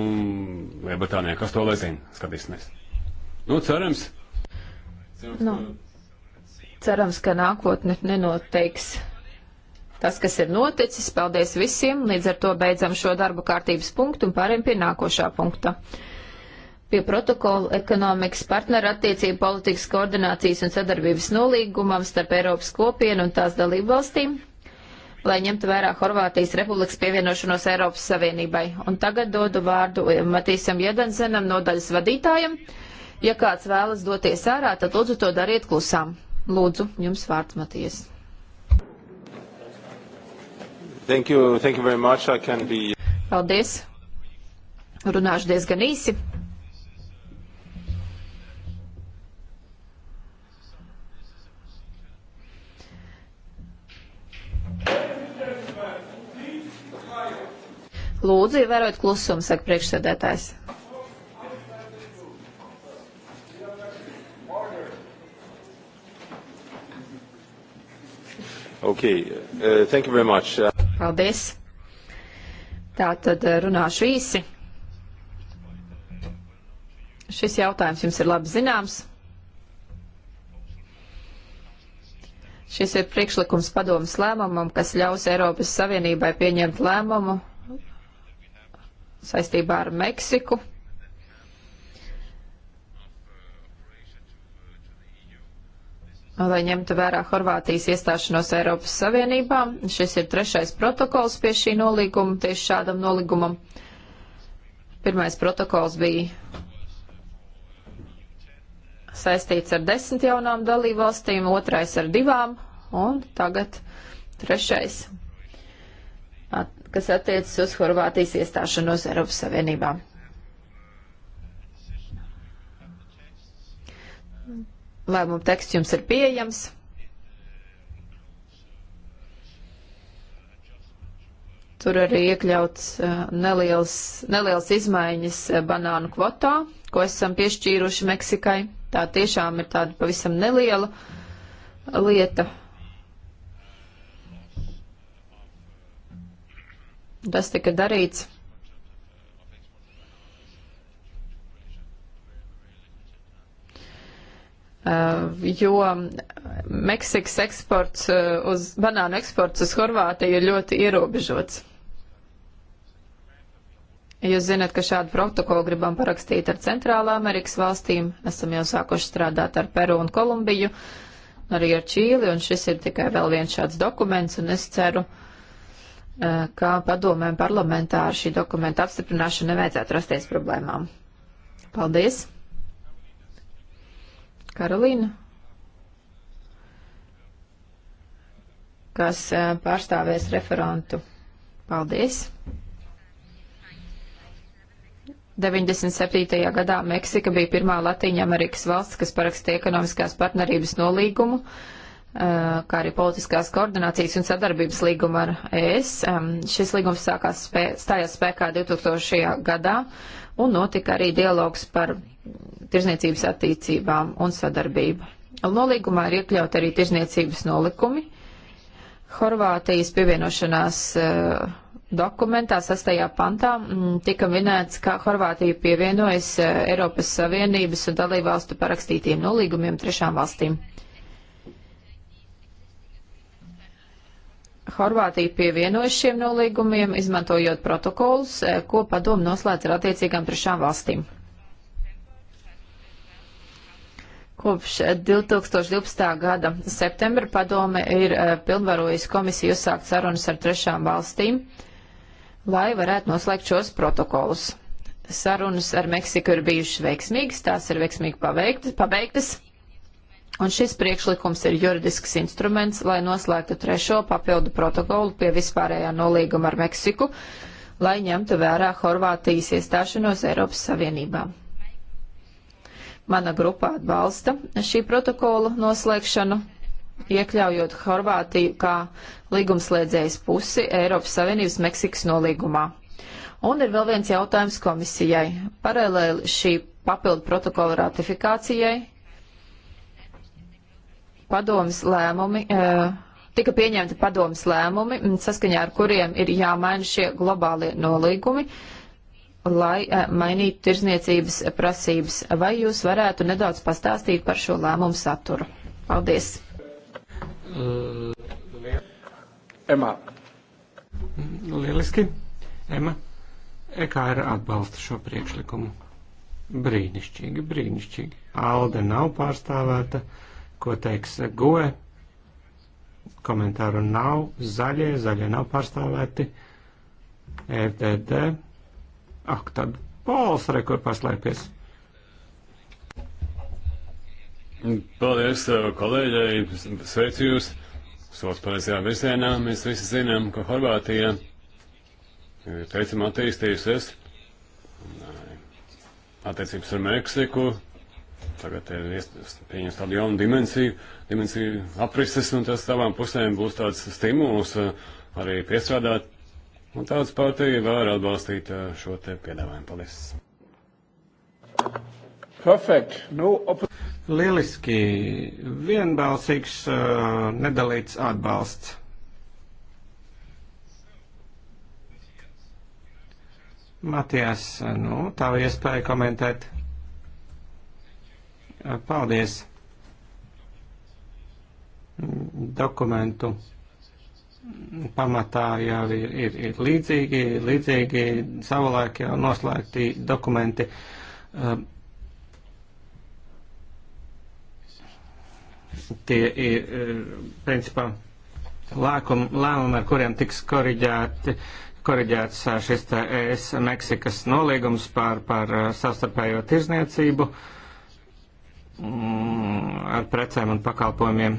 Lielbritānijā. Kas to lai zina? Skatīsimies. Nu, cerams. Cerams, nu, ka... cerams ka nākotne nenoteiks tas, kas ir noticis. Paldies visiem. Līdz ar to beidzam šo darbu kārtības punktu un pāriem pie nākošā punkta pie protokola ekonomikas partneru attiecību politikas koordinācijas un sadarbības nolīgumam starp Eiropas kopienu un tās dalību valstīm, lai ņemtu vērā Horvātijas republikas pievienošanos Eiropas Savienībai. Un tagad dodu vārdu eh, Matīsam Jedansenam, nodaļas vadītājam. Ja kāds vēlas doties ārā, tad lūdzu to dariet klusām. Lūdzu, jums vārds, Matīs. Thank you, thank you very much. I can be... Paldies. Runāšu diezgan īsi. Lūdzu, ievērot klusumu, saka priekšsēdētājs. Okay. Uh, thank you very much. Uh, Paldies. Tā tad uh, runāšu īsi. Šis jautājums jums ir labi zināms. Šis ir priekšlikums padomas lēmumam, kas ļaus Eiropas Savienībai pieņemt lēmumu saistībā ar Meksiku. Lai ņemtu vērā Horvātijas iestāšanos Eiropas Savienībā, šis ir trešais protokols pie šī nolīguma, tieši šādam nolīgumam. Pirmais protokols bija saistīts ar desmit jaunām dalībvalstīm, otrais ar divām, un tagad trešais kas attiecas uz Horvātijas iestāšanos Eiropas Savienībā. Lēmuma teksts jums ir pieejams. Tur arī iekļauts eh, neliels, neliels izmaiņas eh, banānu kvotā, ko esam piešķīruši Meksikai. Tā tiešām ir tāda pavisam neliela lieta, Tas tika darīts. Uh, jo Meksikas eksports uh, uz banānu eksports uz Horvātiju ir ļoti ierobežots. Jūs zināt, ka šādu protokolu gribam parakstīt ar Centrālā Amerikas valstīm. Esam jau sākuši strādāt ar Peru un Kolumbiju, arī ar Čīli, un šis ir tikai vēl viens šāds dokuments, un es ceru, uh, Eh, ka padomēm parlamentā ar šī dokumenta apstiprināšanu nevajadzētu rasties problēmām. Paldies! Karolīna, kas eh, pārstāvēs referentu. Paldies! 97. gadā Meksika bija pirmā Latīņa Amerikas valsts, kas parakstīja ekonomiskās partnerības nolīgumu. Uh, Eh, kā arī politiskās koordinācijas un sadarbības līguma ar ES. Šis līgums sākās spē, stājās spēkā 2000. gadā un notika arī dialogs par tirzniecības attīcībām un sadarbību. Nolīgumā ir iekļaut arī tirzniecības nolikumi. Horvātijas pievienošanās eh, dokumentā, 6. pantā, mm, tika minēts, ka Horvātija pievienojas eh, Eiropas Savienības un dalībvalstu parakstītiem nolīgumiem trešām valstīm. Horvātija pievienojas šiem nolīgumiem, izmantojot protokolus, eh, ko padomu noslēdz ar attiecīgām trešām valstīm. Kopš 2012. Eh, gada septembra padome ir eh, pilnvarojusi komisiju uzsākt sarunas ar trešām valstīm, lai varētu noslēgt šos protokolus. Sarunas ar Meksiku ir bijušas veiksmīgas, tās ir veiksmīgi paveiktas, pabeigtas. Un šis priekšlikums ir juridisks instruments, lai noslēgtu trešo papildu protokolu pie vispārējā nolīguma ar Meksiku, lai ņemtu vērā Horvātijas iestāšanos Eiropas Savienībā. Mana grupa atbalsta šī protokola noslēgšanu, iekļaujot Horvātiju kā līgumslēdzējas pusi Eiropas Savienības Meksikas nolīgumā. Un ir vēl viens jautājums komisijai. Paralēli šī papildu protokola ratifikācijai padomas lēmumi, eh, tika pieņemti padomas lēmumi, saskaņā ar kuriem ir jāmaina šie globālie nolīgumi, lai eh, mainītu tirzniecības prasības. Vai jūs varētu nedaudz pastāstīt par šo lēmumu saturu? Paldies! Uh, Emā. Lieliski. Emma. EKR atbalsta šo priekšlikumu. Brīnišķīgi, brīnišķīgi. Alde nav pārstāvēta. Uh, ko teiks goe. Komentāru nav. Zaļie, zaļie nav pārstāvēti. FDD. Ak, tad pols arī, kur paslēpies. Paldies eh, kolēģei, sveicu jūs. Sots pareizajā virzienā. Mēs visi zinām, ka Horvātija ir teicam attīstījusies. Eh, attiecības ar Meksiku, tagad ir pieņems tādu jaunu dimensiju, dimensiju aprises, un tas tavām pusēm būs tāds stimuls eh, arī piestrādāt. Un tāds partija var atbalstīt eh, šo te piedāvājumu. Paldies! Perfekt! Nu, op... Lieliski! Vienbalsīgs, uh, nedalīts atbalsts. Matijas, nu, tā iespēja komentēt. Paldies! Dokumentu pamatā jau ir, ir, ir līdzīgi, līdzīgi savulaik jau noslēgti dokumenti. Tie ir, e, principā, lēkumi, lēmumi, ar kuriem tiks koriģēti koriģēts e, šis ES e Meksikas nolīgums par, par savstarpējo tirzniecību. Uh, Mm, ar precēm un pakalpojumiem.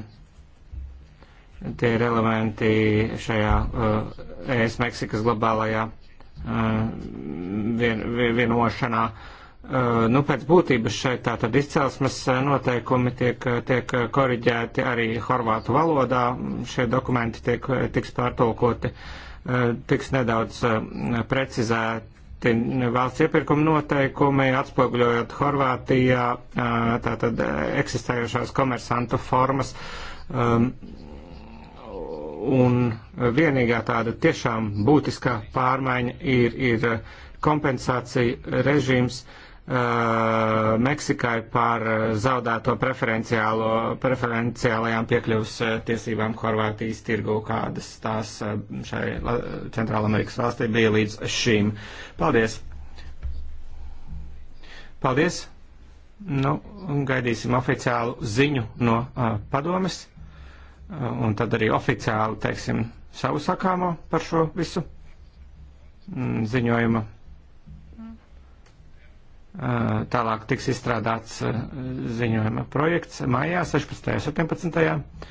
Tie ir elementi šajā uh, ES Meksikas globālajā uh, vien, vienošanā. Uh, nu, pēc būtības šeit tātad izcelsmes noteikumi tiek, tiek koriģēti arī horvātu valodā. Šie dokumenti tiek, tiks pārtulkoti, uh, tiks nedaudz uh, precizēt valsts iepirkuma noteikumi, atspoguļojot Horvātijā tātad eksistējošās komersantu formas. Um, un vienīgā tāda tiešām būtiskā pārmaiņa ir, ir kompensācija režīms. Uh, Uh, Meksikai par zaudēto preferenciālajām piekļuvas uh, tiesībām Horvātijas tirgu, kādas tās uh, šai Centrālamerikas valstī bija līdz šīm. Paldies! Paldies! Nu, gaidīsim oficiālu ziņu no uh, padomes, uh, un tad arī oficiāli teiksim savu sakāmo par šo visu mm, ziņojumu Tālāk tiks izstrādāts ziņojuma projekts maijā, 16. un 17.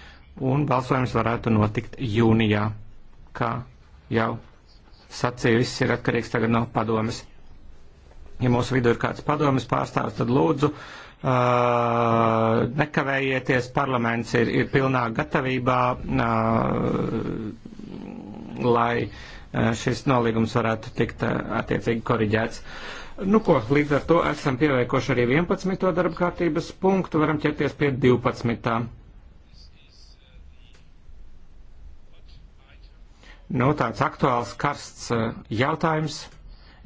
un balsojums varētu notikt jūnijā, kā jau sacīju, viss ir atkarīgs tagad no padomes. Ja mūsu vidū ir kāds padomes pārstāvs, tad lūdzu nekavējieties, parlaments ir, ir pilnā gatavībā, lai šis nolīgums varētu tikt attiecīgi koriģēts. Uh, Nu ko, līdz ar to esam pieveikuši arī 11. darba kārtības punktu, varam ķerties pie 12. Nu, tāds aktuāls karsts eh, jautājums,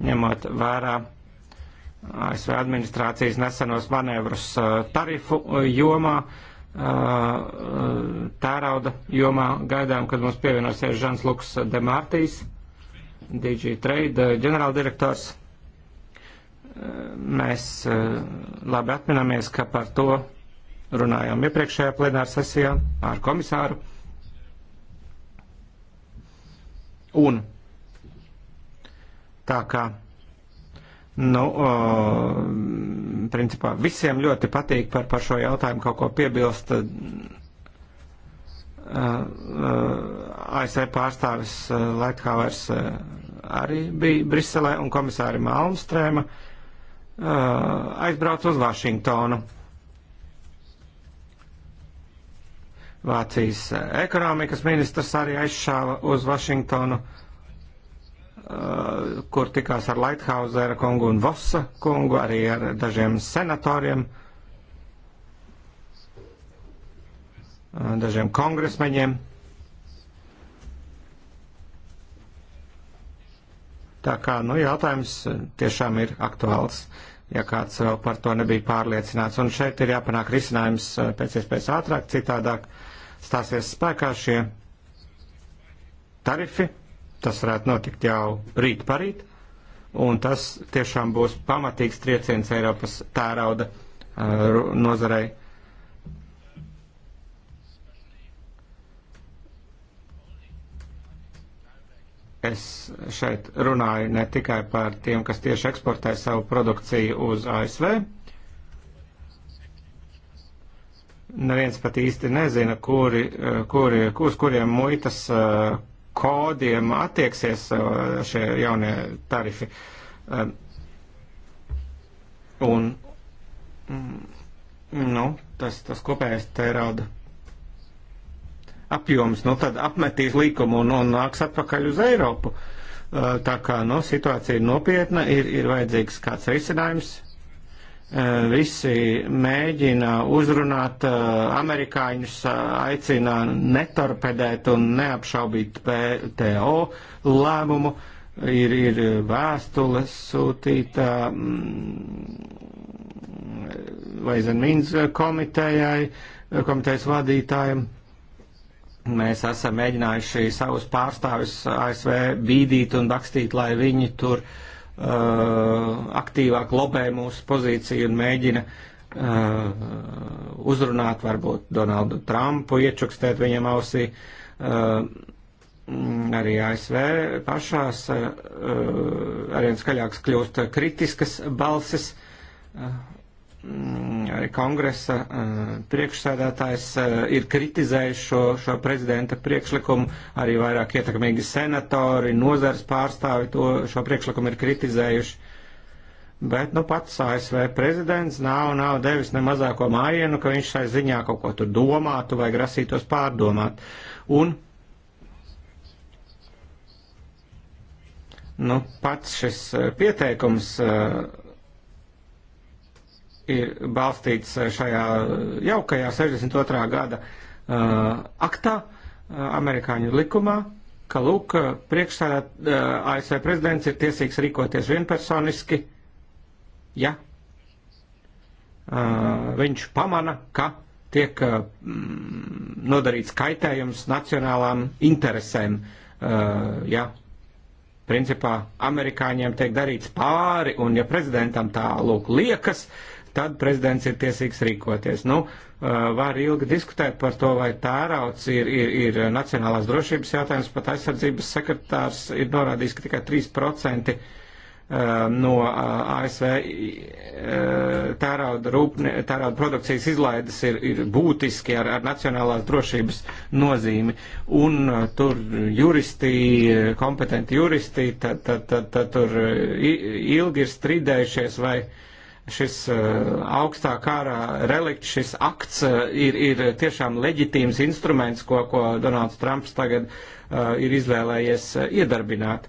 ņemot vērā eh, ASV administrācijas nesenos manevrus eh, tarifu jomā, tērauda jomā. Gaidām, kad mums pievienosies Žans Luks Demārtijs, DG Trade ģenerāldirektors. Mēs eh, labi atminamies, ka par to runājām iepriekšējā plenāra sesijā ar komisāru. Un tā kā Nu, o, principā visiem ļoti patīk par, par šo jautājumu kaut ko piebilst. Uh, eh, uh, eh, ASV e pārstāvis uh, Laithauers uh, arī bija Briselē un komisāri Malmstrēma. Uh, Eh, aizbrauca uz Vašingtonu. Vācijas eh, ekonomikas ministrs arī aizšāva uz Vašingtonu, eh, kur tikās ar Laithauzera kungu un Vossa kungu, arī ar dažiem senatoriem, dažiem kongresmeņiem. Tā kā nu, jautājums eh, tiešām ir aktuāls, ja kāds vēl par to nebija pārliecināts. Un šeit ir jāpanāk risinājums eh, pēc iespējas ātrāk, citādāk stāsies spēkā šie tarifi. Tas varētu notikt jau rīt parīt. Un tas tiešām būs pamatīgs trieciens Eiropas tērauda eh, nozarei Es šeit runāju ne tikai par tiem, kas tieši eksportē savu produkciju uz ASV. Neviens pat īsti nezina, kuri, kuri, uz kuriem muitas eh, kodiem attieksies eh, šie jaunie tarifi. Eh, un, mm, nu, tas, tas kopējais te rauda apjoms, nu tad apmetīs likumu un, un nāks atpakaļ uz Eiropu. Uh, tā kā nu, situācija ir nopietna, ir, ir vajadzīgs kāds risinājums. Uh, visi mēģina uzrunāt uh, amerikāņus, aicina netorpedēt un neapšaubīt PTO lēmumu. Ir, ir vēstules sūtīta vai mm, Zemīnas komitejai, komitejas vadītājiem. Mēs esam mēģinājuši savus pārstāvis ASV bīdīt un rakstīt, lai viņi tur uh, aktīvāk lobē mūsu pozīciju un mēģina uh, uzrunāt varbūt Donaldu Trumpu, iečukstēt viņam ausī. Uh, arī ASV pašās uh, arvien skaļākas kļūst kritiskas balsis. Uh, arī mm, kongresa eh, priekšsēdētājs eh, ir kritizējis šo, šo prezidenta priekšlikumu, arī vairāk ietekmīgi senatori, nozars pārstāvi to, šo priekšlikumu ir kritizējuši. Bet nu pats ASV prezidents nav, nav devis ne mazāko mājienu, ka viņš šai ziņā kaut ko tur domātu vai grasītos pārdomāt. Un nu, pats šis eh, pieteikums uh, ir balstīts šajā jaukajā 62. gada uh, aktā, uh, amerikāņu likumā, ka lūk, priekšstādā uh, uh ASV prezidents ir tiesīgs rīkoties vienpersoniski, ja uh, viņš pamana, ka tiek uh, mm, nodarīts kaitējums nacionālām interesēm, uh, ja principā amerikāņiem tiek darīts pāri, un ja prezidentam tā lūk liekas, uh, tad prezidents ir tiesīgs rīkoties. Nu, uh, var ilgi diskutēt par to, vai tērauts ir, ir, ir nacionālās drošības jautājums, pat aizsardzības sekretārs ir norādījis, ka tikai 3% uh, no uh, ASV tērauda, rūpne, tērauda produkcijas izlaides ir, ir būtiski ar, ar nacionālās drošības nozīmi. Un tur juristi, kompetenti juristi, tad, tad, tad, tad tur ilgi ir strīdējušies vai. Uh, šis eh, augstā kārā relikts, šis akts eh, ir, ir tiešām leģitīms instruments, ko, ko Donalds Trumps tagad eh, ir izvēlējies iedarbināt.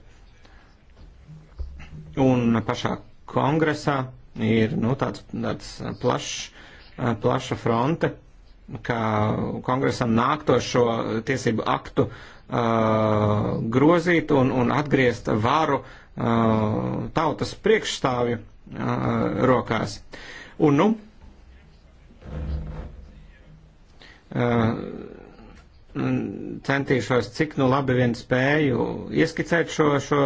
Un pašā kongresā ir nu, tāds, tāds plašs, plaša fronte, ka kongresam nākto šo tiesību aktu uh, grozīt un, un atgriezt varu uh, tautas priekšstāvju rokās. Un nu, centīšos, cik nu labi vien spēju ieskicēt šo, šo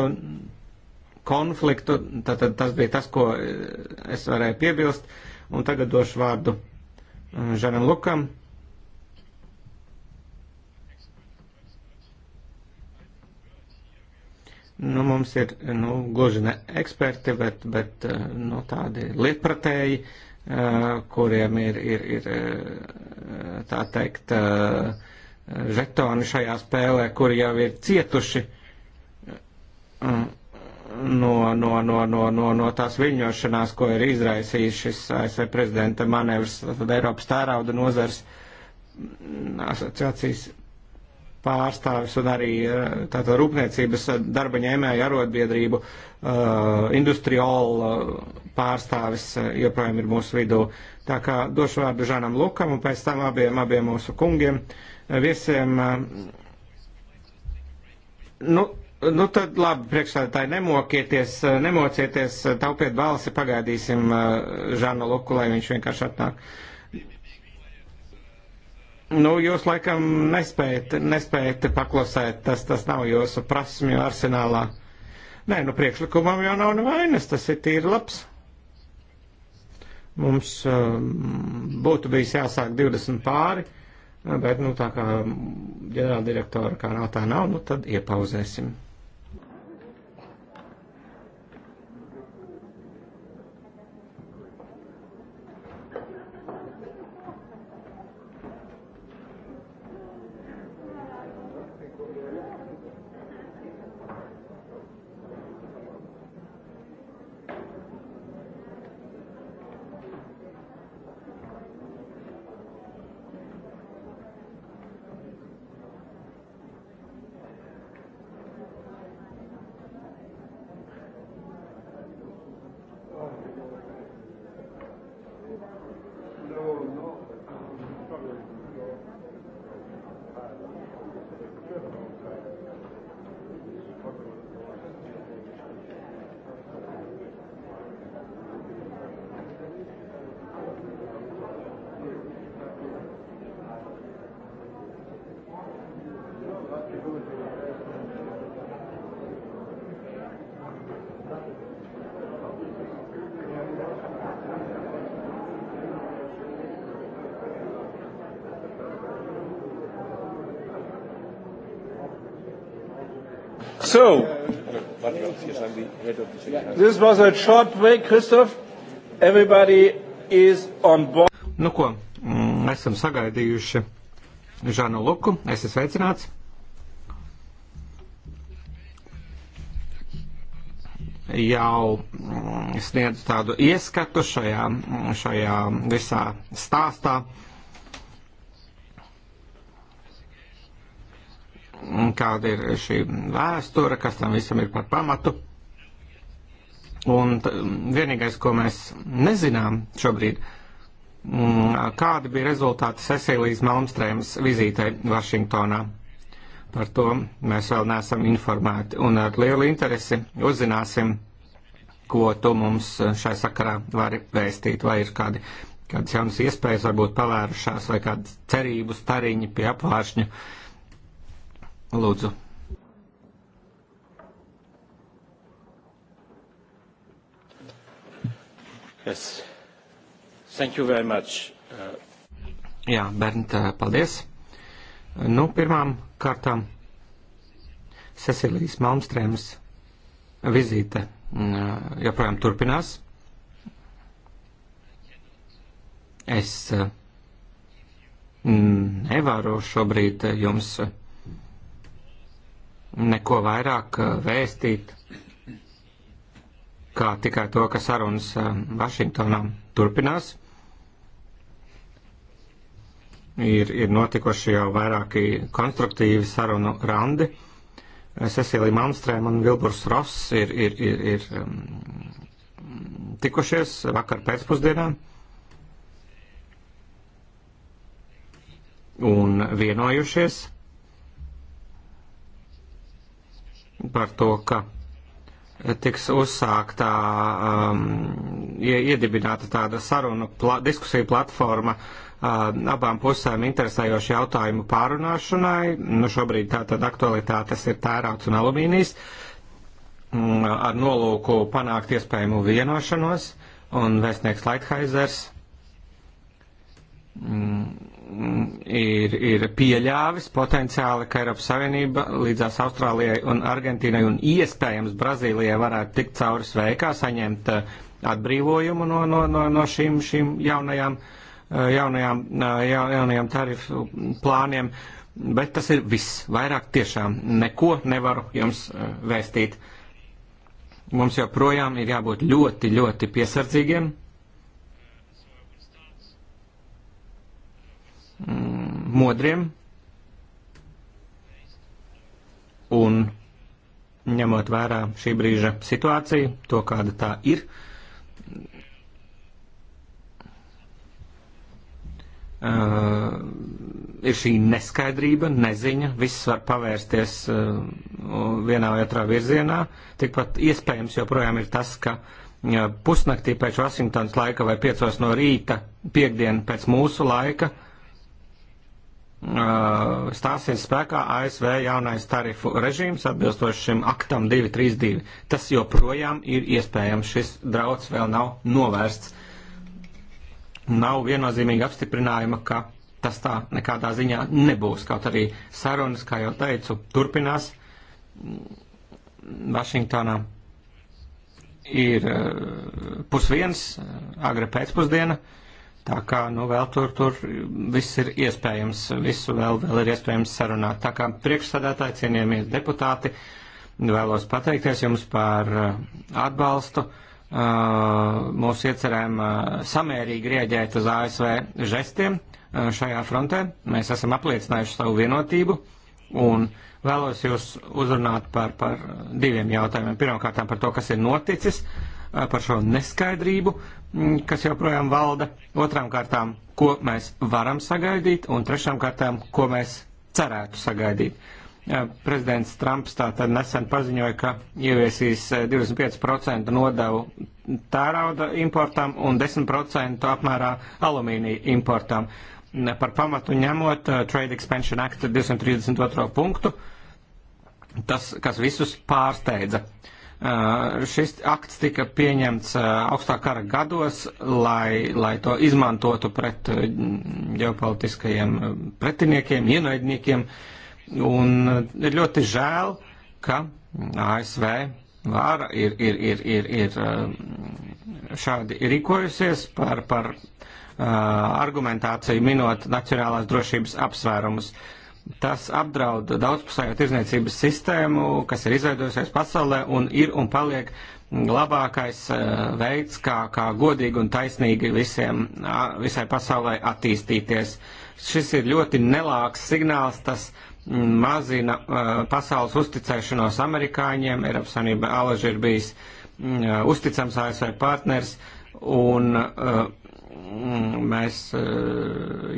konfliktu, tad, tad tas bija tas, ko es varēju piebilst, un tagad došu vārdu Žanam Lukam, Nu, mums ir nu, gluži ne eksperti, bet, bet eh, nu, tādi lietpratēji, eh, kuriem ir, ir, ir eh, tā teikt, žetoni šajā spēlē, kuri jau ir cietuši no, no, no, no, no, no tās viļņošanās, ko ir izraisījis šis ASV prezidenta manevrs, tad Eiropas tērauda nozars asociācijas pārstāvis un arī eh, tātad rūpniecības darba ņēmēju arotbiedrību eh, industriola pārstāvis eh, joprojām ir mūsu vidū. Tā kā došu vārdu Žanam Lukam un pēc tam abiem, abiem mūsu kungiem viesiem. Nu, nu tad labi, priekšstādātāji, nemokieties, nemocieties, taupiet balsi, pagaidīsim Žanu Luku, lai viņš vienkārši atnāk. Uh, Nu, jūs laikam nespējat, nespējat paklusēt, tas, tas nav jūsu prasmju arsenālā. Nē, nu priekšlikumam jau nav nevainas, tas ir tīri labs. Mums um, būtu bijis jāsāk 20 pāri, bet, nu, tā kā ģenerāldirektora kā nav tā nav, nu, tad iepauzēsim. So, this was a short way, Christoph. Everybody is on board. Nu ko, mm, esam sagaidījuši Žānu Luku. Es esmu sveicināts. Jau mm, sniedzu tādu ieskatu šajā, šajā visā stāstā. Uh, kāda ir šī vēsture, kas tam visam ir par pamatu. Un vienīgais, ko mēs nezinām šobrīd, mm, kādi bija rezultāti Cecilijas Malmstrēmas vizītei Vašingtonā. Par to mēs vēl neesam informēti un ar lielu interesi uzzināsim, ko tu mums šai sakarā vari vēstīt, vai ir kādi, kādas jaunas iespējas varbūt pavērušās, vai kādas cerības tariņi pie apvāršņu. Uh, Lūdzu. Yes. Thank you very much. Uh... Jā, Bernt, uh, paldies. Nu, pirmām kārtām Cecilijas Malmstrēmas vizīte mm, uh, joprojām turpinās. Es uh, mm, nevaru šobrīd jums neko vairāk eh, vēstīt, kā tikai to, ka sarunas eh, Vašingtonā turpinās. Ir, ir notikuši jau vairāki konstruktīvi sarunu randi. Cecilija Malmstrēma un Vilburs Ross ir, ir, ir, ir mm, tikušies vakar pēcpusdienā un vienojušies par to, ka tiks uzsāktā, um, iedibināta tāda sarunu pla diskusija platforma um, abām pusēm interesējošu jautājumu pārunāšanai. Nu, šobrīd tātad aktualitātes ir tērauts un alumīnijas um, ar nolūku panākt iespējamu vienošanos un vēstnieks Laithaizers. Um, mm, ir, ir pieļāvis potenciāli, ka Eiropas Savienība līdzās Austrālijai un Argentīnai un iespējams Brazīlijai varētu tikt cauri sveikā, saņemt eh, atbrīvojumu no, no, no, no šīm, šīm jaunajām, eh, jaunajām, eh, ja, jaunajām tarifu plāniem. Bet tas ir viss. Vairāk tiešām neko nevaru jums vēstīt. Mums joprojām ir jābūt ļoti, ļoti piesardzīgiem Mm, modriem un ņemot vērā šī brīža situāciju, to kāda tā ir, uh, ir šī neskaidrība, neziņa, viss var pavērsties uh, vienā vai otrā virzienā. Tikpat iespējams joprojām ir tas, ka uh, pusnaktī pēc Vašingtonas laika vai piecos no rīta, piekdien pēc mūsu laika, uh, Uh, stāsies spēkā ASV jaunais tarifu režīms atbilstoši šim aktam 232. Tas joprojām ir iespējams, šis drauds vēl nav novērsts. Nav viennozīmīga apstiprinājuma, ka tas tā nekādā ziņā nebūs. Kaut arī sarunas, kā jau teicu, turpinās Vašingtonā. Ir uh, pusviens, uh, agri pēcpusdiena. Uh, Tā kā nu, vēl tur, tur viss ir iespējams, visu vēl, vēl ir iespējams sarunāt. Tā kā priekšsādātāji, cienījamie deputāti, vēlos pateikties jums par uh, atbalstu. Uh, Mūs iecerēm uh, samērīgi rieģēt uz ASV žestiem šajā frontē. Mēs esam apliecinājuši savu vienotību un vēlos jūs uzrunāt par, par diviem jautājumiem. Pirmkārt, par to, kas ir noticis par šo neskaidrību, Mm, kas joprojām valda, otrām kārtām, ko mēs varam sagaidīt, un trešām kārtām, ko mēs cerētu sagaidīt. Prezidents Trumps tātad nesen paziņoja, ka ieviesīs 25% eh, nodevu tērauda importam un 10% apmērā alumīnija importam. Par pamatu ņemot eh, Trade Expansion Act 232. punktu, tas, kas visus pārsteidza. Uh, Eh, šis akts tika pieņemts eh, augstā kara gados, lai, lai to izmantotu pret eh, ģeopolitiskajiem pretiniekiem, ienaidniekiem. Un ir ļoti žēl, ka ASV vāra ir, ir, ir, ir, ir šādi rīkojusies par, par argumentāciju minot nacionālās drošības apsvērumus. Uh, Tas apdraud daudzpusējo tirzniecības sistēmu, kas ir izveidojusies pasaulē un ir un paliek labākais eh, veids, kā, kā godīgi un taisnīgi visiem, visai pasaulē attīstīties. Šis ir ļoti nelāks signāls, tas mazina eh, pasaules uzticēšanos amerikāņiem, Eiropas Savienība alaži ir bijis mm, uzticams ASV partners, un uh, Mm, mēs eh,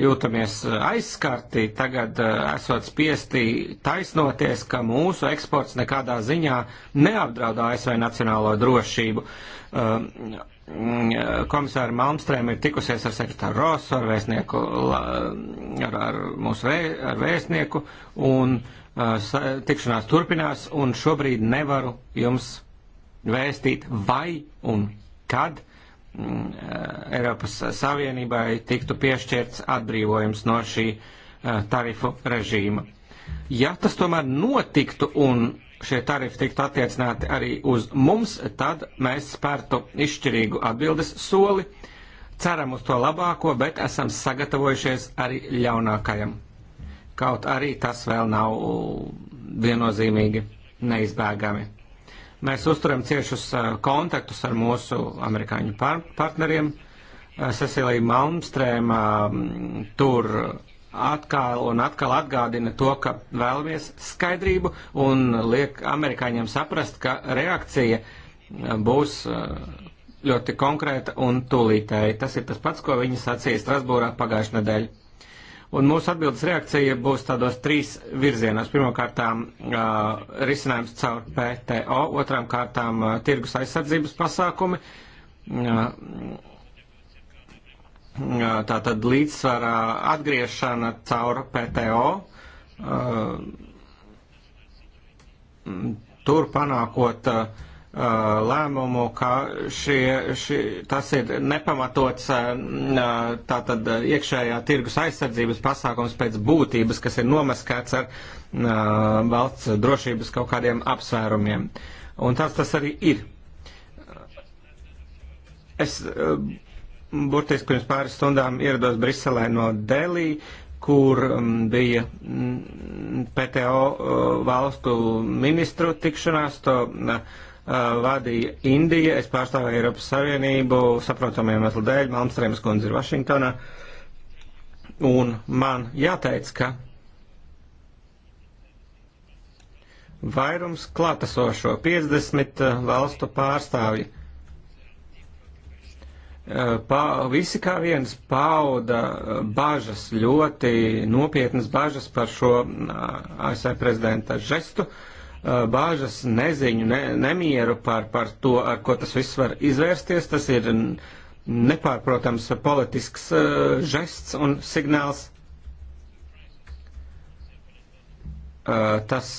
jūtamies eh, aizskarti, tagad eh, esot spiesti taisnoties, ka mūsu eksports nekādā ziņā neapdraud ASV nacionālo drošību. Um, mm, komisāra Malmstrēma ir tikusies ar sekretāru Rosu, ar vēstnieku, ar, ar mūsu vē, ar vēstnieku, un tikšanās turpinās, un šobrīd nevaru jums vēstīt vai un kad Mm, Eiropas Savienībai tiktu piešķirts atbrīvojums no šī eh, tarifu režīma. Ja tas tomēr notiktu un šie tarifi tiktu attiecināti arī uz mums, tad mēs spērtu izšķirīgu atbildes soli, ceram uz to labāko, bet esam sagatavojušies arī ļaunākajam. Kaut arī tas vēl nav viennozīmīgi neizbēgami. Mēs uzturam ciešus kontaktus ar mūsu amerikāņu par partneriem. Cecilija Malmstrēma tur atkal un atkal atgādina to, ka vēlamies skaidrību un liek amerikāņiem saprast, ka reakcija būs ļoti konkrēta un tūlītēji. Tas ir tas pats, ko viņi sacīja Strasbūrā pagājušajā nedēļā. Un mūsu atbildes reakcija būs tādos trīs virzienos. Pirmkārtām uh, risinājums caur PTO, otrām kārtām uh, tirgus aizsardzības pasākumi. Uh, tātad līdzsvarā atgriešana caur PTO, tur panākot uh, Uh, lēmumu, ka šie, šie, tas ir nepamatots uh, uh, tātad iekšējā tirgus aizsardzības pasākums pēc būtības, kas ir nomaskēts ar valsts drošības kaut kādiem apsvērumiem. Un tas tas arī ir. Es burtiski pirms pāris stundām ierados Briselē no Delī, kur um, bija mm, PTO valstu ministru tikšanās. To, Uh, vadīja Indija, es pārstāvēju Eiropas Savienību, saprotamiem iemeslu dēļ, Malmstrēmas kundze ir Vašingtonā, un man jāteic, ka vairums klātesošo 50 uh, valstu pārstāvji uh, pa, visi kā viens pauda bažas, ļoti nopietnas bažas par šo ASV prezidenta žestu. Uh, Eh, bāžas, neziņu, ne, nemieru par, par to, ar ko tas viss var izvērsties. Tas ir nepārprotams politisks eh, žests un signāls. Eh, tas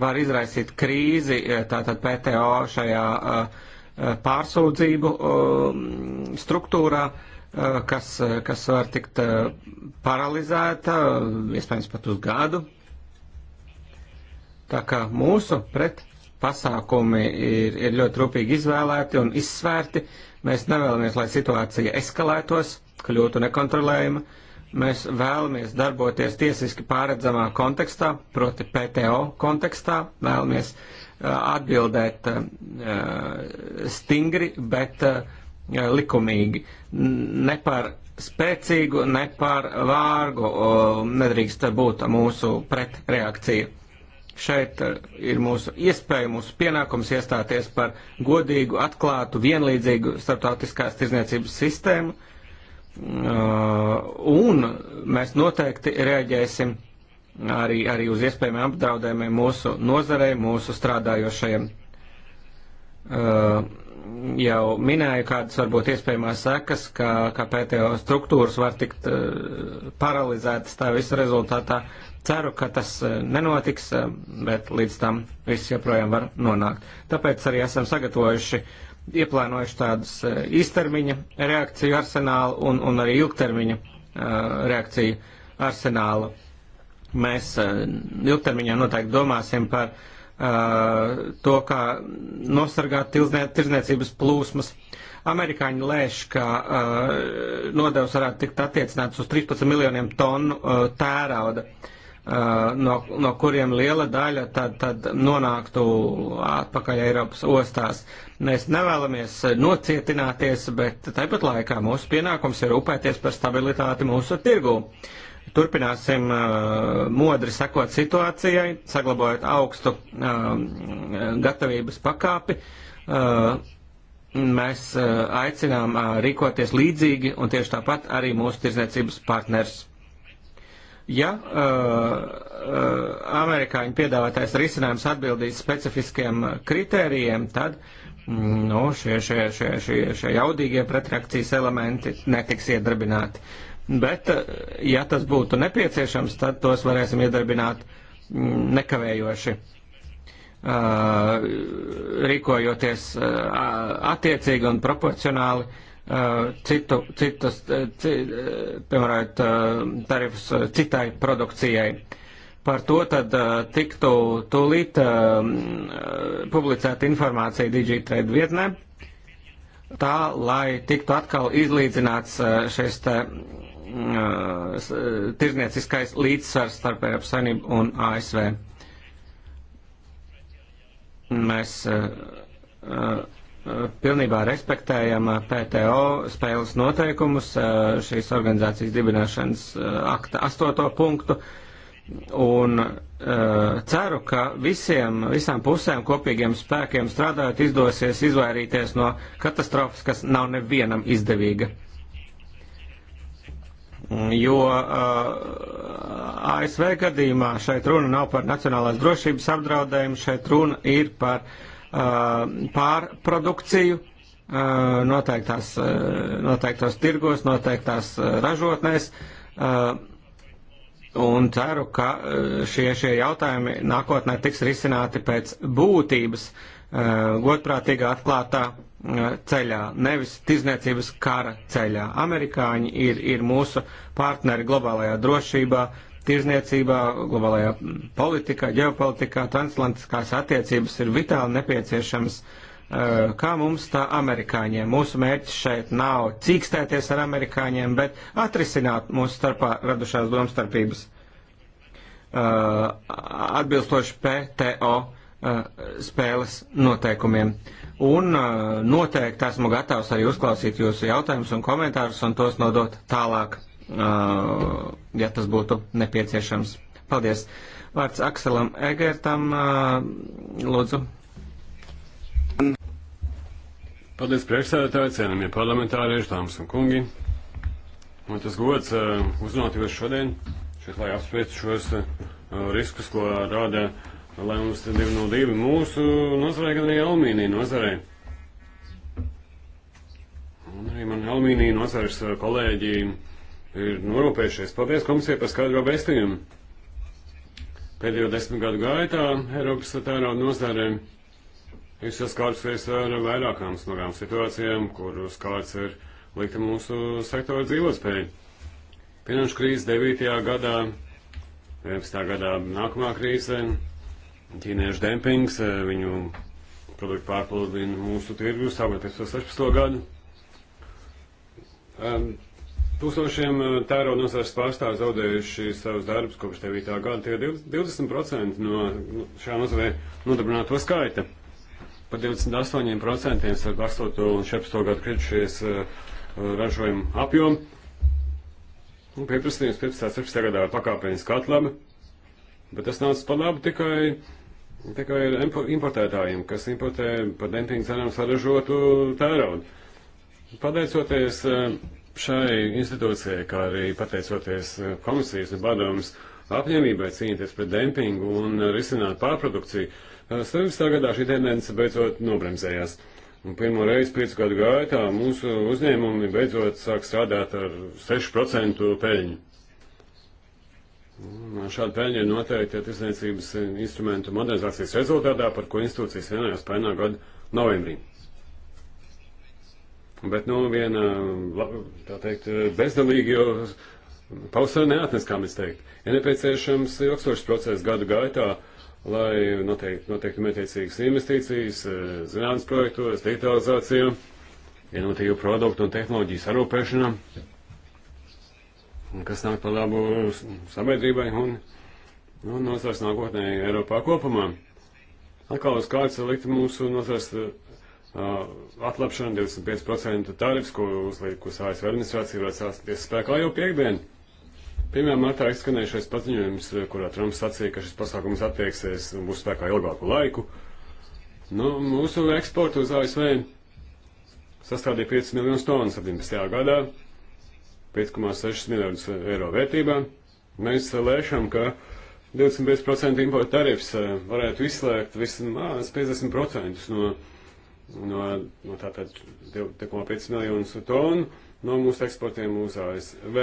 var izraisīt krīzi, tātad PTO šajā pārsūdzību struktūrā, kas, kas var tikt paralizēta, iespējams pat uz gadu. Tā kā mūsu pret pasākumi ir, ir ļoti rūpīgi izvēlēti un izsvērti, mēs nevēlamies, lai situācija eskalētos, kļūtu nekontrolējama. Mēs vēlamies darboties tiesiski pāredzamā kontekstā, proti PTO kontekstā, vēlamies atbildēt stingri, bet likumīgi. Ne par spēcīgu, ne par vārgu nedrīkst būt mūsu pretreakcija. Šeit eh, ir mūsu iespēja, mūsu pienākums iestāties par godīgu, atklātu, vienlīdzīgu starptautiskās tirzniecības sistēmu, eh, un mēs noteikti reaģēsim arī, arī uz iespējamiem apdraudējumiem mūsu nozarei, mūsu strādājošajiem. Eh, jau minēju, kādas varbūt iespējamās sekas, ka, ka PTO struktūras var tikt paralizētas tā visa rezultātā, Ceru, ka tas eh, nenotiks, eh, bet līdz tam viss joprojām var nonākt. Tāpēc arī esam sagatavojuši, ieplānojuši tādus eh, īstermiņa reakciju arsenālu un, un arī ilgtermiņa reakciju arsenālu. Mēs ilgtermiņā noteikti domāsim par to, kā nosargāt tirzniecības plūsmas. Amerikāņi lēš, ka uh, nodevs varētu tikt attiecināts uz 13 miljoniem tonu uh, tērauda. Uh, Eh, no, no kuriem liela daļa tad, tad nonāktu atpakaļ Eiropas ostās. Mēs nevēlamies nocietināties, bet tāpat laikā mūsu pienākums ir rūpēties par stabilitāti mūsu tirgū. Turpināsim uh, modri sekot situācijai, saglabājot augstu uh, gatavības pakāpi. Uh, mēs aicinām rīkoties līdzīgi un tieši tāpat arī mūsu tirzniecības partners. Ja uh, uh, amerikāņu piedāvātais risinājums atbildīs specifiskiem kritērijiem, tad mm, nu, šie, šie, šie, šie, šie jaudīgie pretreakcijas elementi netiks iedarbināti. Bet, uh, ja tas būtu nepieciešams, tad tos varēsim iedarbināt mm, nekavējoši, rīkojoties attiecīgi un proporcionāli Eh, citu, citus, eh, eh, piemēram, tarifus citai produkcijai. Par to tad tiktu tūlīt publicēta informācija Digitrade vietnē, tā lai tiktu atkal izlīdzināts šis te tirzniecīskais līdzsvars starp Eiropas Savienību un ASV. Mēs uh, uh, Eh, pilnībā respektējam eh, PTO spēles noteikumus, eh, šīs organizācijas dibināšanas akta astoto punktu. Un ceru, ka visiem, visām pusēm kopīgiem spēkiem strādājot izdosies izvairīties no katastrofas, kas nav nevienam izdevīga. Jo ASV gadījumā šeit runa nav par nacionālās drošības apdraudējumu, šeit runa ir par uh, pārprodukciju noteiktās, noteiktos tirgos, noteiktās ražotnēs. Un ceru, ka šie, šie jautājumi nākotnē tiks risināti pēc būtības godprātīgā atklātā ceļā, nevis tirzniecības kara ceļā. Amerikāņi ir, ir mūsu partneri globālajā drošībā, uh, tirzniecībā, globālajā politikā, ģeopolitikā, transatlantiskās attiecības ir vitāli nepieciešams eh, kā mums tā amerikāņiem. Mūsu mērķis šeit nav cīkstēties ar amerikāņiem, bet atrisināt mūsu starpā radušās domstarpības eh, atbilstoši PTO eh, spēles noteikumiem. Un noteikti esmu gatavs arī uzklausīt jūsu jautājumus un komentārus un tos nodot tālāk. Uh, ja tas būtu nepieciešams. Paldies. Vārds Akselam Egertam, uh, lūdzu. Paldies priekšsēdētāji, cienījamie parlamentārieši, dāmas un kungi. Man tas gods uh, uzrunāt jūs šodien, šeit, lai apspriestu šos uh, riskus, ko rāda lēmums 202 mūsu nozarē, gan arī alumīnija nozarē. Un arī man alumīnija nozares uh, kolēģi ir norūpējušies. Paldies komisijai par skaidro vēstījumu. Pēdējo desmit gadu gaitā Eiropas tērauda nozarē ir saskārusies ar vairākām smagām situācijām, kur uzkārts ir likta mūsu sektora dzīvotspēja. Finanšu krīze 9. gadā, 11. gadā nākamā krīze, ķīniešu dempings, viņu produktu pārplūdina mūsu tirgus, sākot 15. gadu. Um, Tūkstošiem eh, tēro nozars pārstāvju zaudējuši savus darbus kopš 9. gada. Tie ir 20% no šā nozarē nodarbināto skaita. Par 28% starp 8. un 14. gadu kritušies eh, ražojuma apjomu. Un pieprasījums 15. 16. gadā ir pakāpeniski atlabi. Bet tas nāca par labu tikai, tikai importētājiem, kas importē par dempingu cenām saražotu tēraudu. Pateicoties uh, šai institūcijai, kā arī pateicoties komisijas un padomus apņēmībai cīnīties pret dempingu un risināt pārprodukciju, 17. gadā šī tendence beidzot nobremzējās. Un pirmo reizi piecu gadu gaitā mūsu uzņēmumi beidzot sāk strādāt ar 6% peļņu. Un šāda peļņa ir noteikti ja tirsniecības instrumentu modernizācijas rezultātā, par ko institūcijas vienojās pērnā gada novembrī. Bet, nu, viena, tā teikt, bezdalīgi jau pausā neatnes, kā mēs teikt. Ja nepieciešams ilgstošs process gadu gaitā, lai noteikti, noteikti mētiecīgas investīcijas, eh, zinātnes projektos, digitalizācija, inovatīvu produktu un tehnoloģiju sarūpēšanā, kas nāk par labu sabiedrībai un, un nozars nākotnē Eiropā kopumā. Atkal uz kārtas likt mūsu nozars Uh, atlepšana, 25% tarifs, ko uzlīkus ASV administrācija varētu sāsties spēkā jau piekdien. 1. martā izskanējušais paziņojums, uh, kurā Trumps sacīja, ka šis pasākums attieksies un būs spēkā ilgāku laiku. Nu, mūsu eksporta uz ASV sastādīja 5 miljonus tonu 17. gadā, 5,6 miljardus eiro vērtībā. Mēs uh, lēšam, ka 25% importa tarifs varētu izslēgt vismaz 50% no no, no tātad 2,5 miljonus tonu no mūsu eksportiem uz ASV.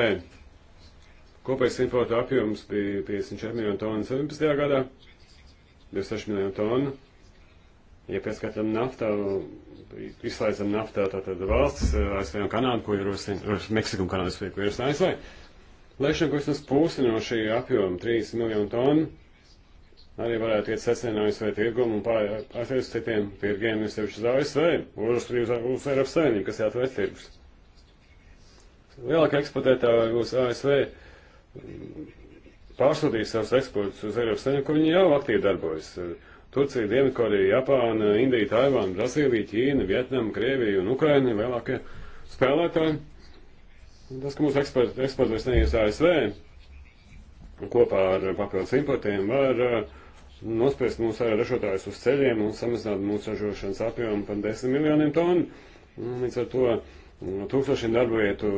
Kopējais importa apjoms bija 54 miljoni tonu 17. gadā, 26 miljoni tonu. Ja pieskatām naftā, izslēdzam naftā tātad valsts, ASV un Kanādu, ko ierosina, Meksika un Kanādas, ko ierosina ASV. Lēšana, ko es pusi no šī apjoma 3 miljonu tonu arī varētu iet secinājums vai tirgumu un pārēties uz citiem tirgiem, jo sevišķi uz ASV, uz, uz, uz Eiropas Savienību, kas jāatvērt tirgus. Lielākā eksportētāja uz ASV pārsūtīja savus eksportus uz Eiropas Savienību, kur viņi jau aktīvi darbojas. Turcija, Dienvidkoreja, Japāna, Indija, Taivāna, Brazīlija, Ķīna, Vietnama, Krievija un Ukraina ir lielākie spēlētāji. Tas, ka mūsu eksports vairs neies ASV, kopā ar papildus importiem var nospiest mūsu ražotājus uz ceļiem un samazināt mūsu ražošanas apjomu par 10 miljoniem tonu. Līdz ar to mm, tūkstošiem darba vietu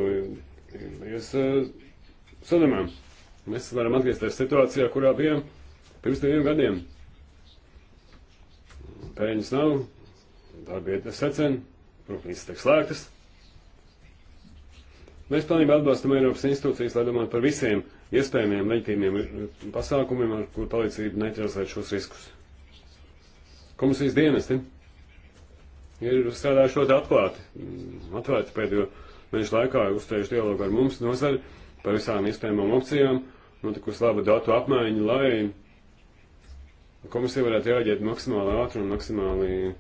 jūs eh, sadamām. Mēs varam atgriezties situācijā, kurā bijām pirms diviem gadiem. Pēļņas nav, darba vietas secen, rūpnīcas tiek slēgtas. Mēs pilnībā atbalstam Eiropas institūcijas, lai domātu par visiem iespējamiem leģitīmiem eh, pasākumiem, ar kur palīdzību neitralizēt šos riskus. Komisijas dienesti ir strādājuši ļoti atklāti, mm, atvērti pēdējo mēnešu laikā, uzturējuši dialogu ar mums nozari par visām iespējamām opcijām, notikusi laba datu apmaiņa, lai komisija varētu reaģēt maksimāli ātri un maksimāli eh,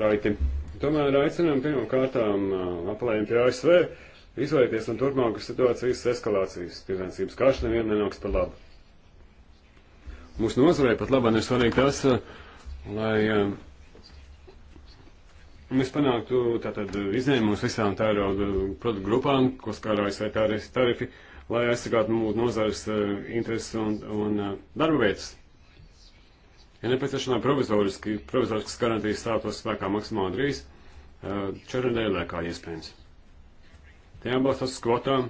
raiti. Tomēr aicinām pirmām kārtām eh, apelējiem pie ASV izvairīties no turpmākas situācijas eskalācijas. Tirdzniecības karš nevienam nenāks par labu. Mūsu nozarei pat labāk ir svarīgi tas, eh, lai eh, mēs panāktu tātad izņēmumus visām tērauda produktu grupām, ko skārājas vai tarifi, lai aizsargātu mūsu nozares eh, intereses un, un darba vietas. Ja nepieciešamā provizoriski, provizoriskas garantijas stātos spēkā maksimāli drīz, četru nedēļu laikā iespējams. Tie jābalstās uz kvotām,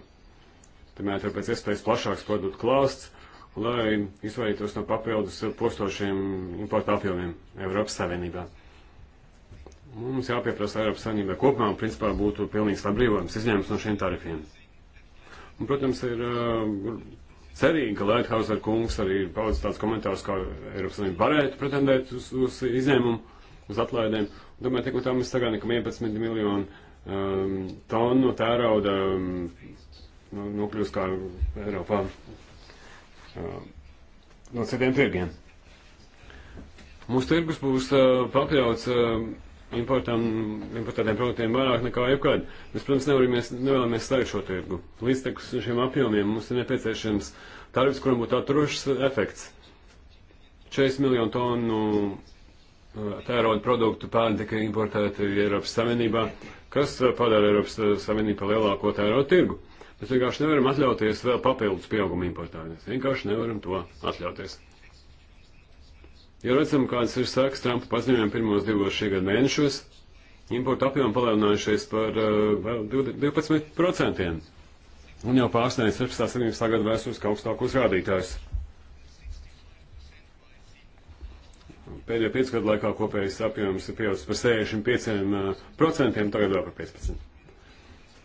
piemēram, ir pēc iespējas plašāks produktu klāsts, lai izvairītos no papildus postošiem importa apjomiem Eiropas Savienībā. Mums jāpieprasa Eiropas Savienībā kopumā, un principā būtu pilnīgs atbrīvojums izņēmums no šiem tarifiem. Un, protams, ir uh, cerīgi, ka Leithauser kungs arī ir paudzis tāds komentārs, kā Eiropas Savienība varētu pretendēt uz, uz izņēmumu, uz atlaidēm. Domāju, tik un tā mēs sagaidām, ka 11 miljonu um, tonu tērauda um, nu, nokļūst kā Eiropā um, no citiem tirgiem. Mūsu tirgus būs uh, pakļauts uh, importam, importētiem produktiem vairāk nekā jebkad. Mēs, protams, nevēlamies, nevēlamies slēgt šo tirgu. Līdz tekus šiem apjomiem mums ir nepieciešams tarifs, kuram būtu atturošs efekts. 40 miljonu tonu uh, tērauda produktu pērn tika importēti Eiropas Savienībā kas eh, padara Eiropas eh, Savienību par lielāko tēro tirgu. Mēs vienkārši nevaram atļauties vēl papildus pieaugumu importā. Mēs vienkārši nevaram to atļauties. Ja redzam, kādas ir sākas Trumpa paziņojumiem pirmos divos šī gada mēnešos, importu apjomu palielinājušies par uh, eh, 12%. Un jau pārsniedz 16. 17. gada vēstures kā augstākos rādītājus. Pēdējo piecu gadu laikā kopējais apjoms ir pieaudzis par 65%, eh, tagad vēl par 15%.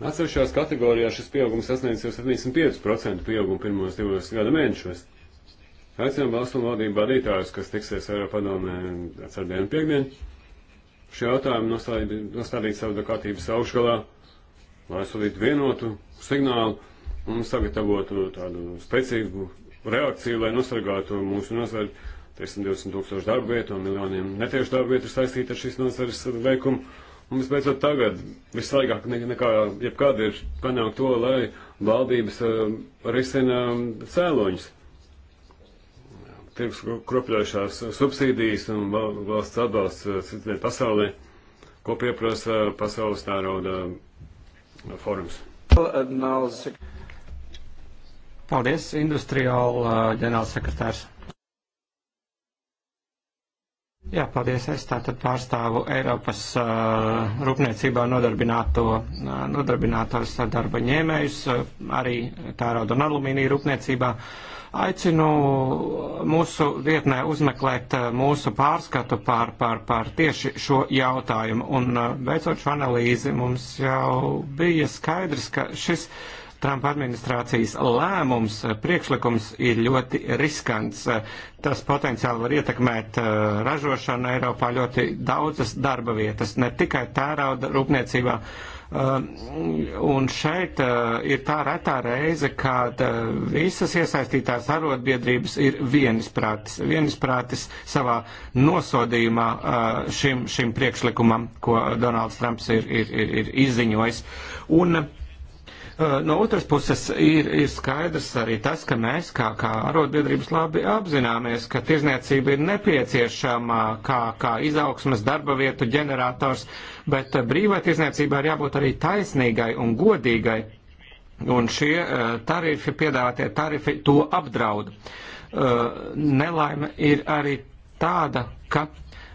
Atsevišķās kategorijās šis pieaugums sasniedz jau 75% pieaugumu pirmos divos gada mēnešos. Aicinām valstu un valdību vadītājus, kas tiksies Eiropā padomē ceturtdienu piekdien, šie jautājumi nostādīt, nostādīt savu kārtības augšgalā, lai sūtītu vienotu signālu un sagatavotu tādu spēcīgu reakciju, lai nosargātu mūsu nozari 320 tūkstoši darba vietu un miljoniem netiešu darba vietu ir saistīta ar šīs nozares veikumu. Un visbeidzot tagad vislaigāk ne, nekā jebkad ir panākt to, lai valdības uh, risina mm, cēloņus. Tirgus kropļojušās subsīdijas un valsts atbalsts eh, citiem pasaulē, ko pieprasa pasaules tārauda eh, forums. Paldies, industriāla ģenerālsekretārs. Jā, paldies. Es tātad pārstāvu Eiropas uh, rūpniecībā nodarbināto, uh, nodarbinātos darba ņēmējus, uh, arī tērauda un alumīnija rūpniecībā. Aicinu mūsu vietnē uzmeklēt uh, mūsu pārskatu par, par, par tieši šo jautājumu. Un uh, veicot šo analīzi, mums jau bija skaidrs, ka šis. Uh, Trumpa administrācijas lēmums, eh, priekšlikums ir ļoti riskants. Eh, Tas potenciāli var ietekmēt eh, ražošanu Eiropā ļoti daudzas darba vietas, ne tikai tērauda rūpniecībā. Un šeit ir tā retā reize, kad visas iesaistītās arotbiedrības ir vienisprātis, vienisprātis savā nosodījumā šim, šim priekšlikumam, ko Donalds Trumps ir, ir, ir, ir izziņojis. Un, uh, Uh, no otras puses ir, ir skaidrs arī tas, ka mēs kā, kā arotbiedrības labi apzināmies, ka tirzniecība ir nepieciešama kā, kā izaugsmas darba vietu ģenerators, bet uh, brīvai tirzniecībai ir jābūt arī taisnīgai un godīgai. Un šie uh, tarifi, piedāvātie tarifi, to apdraud. Nelaime ir arī tāda, ka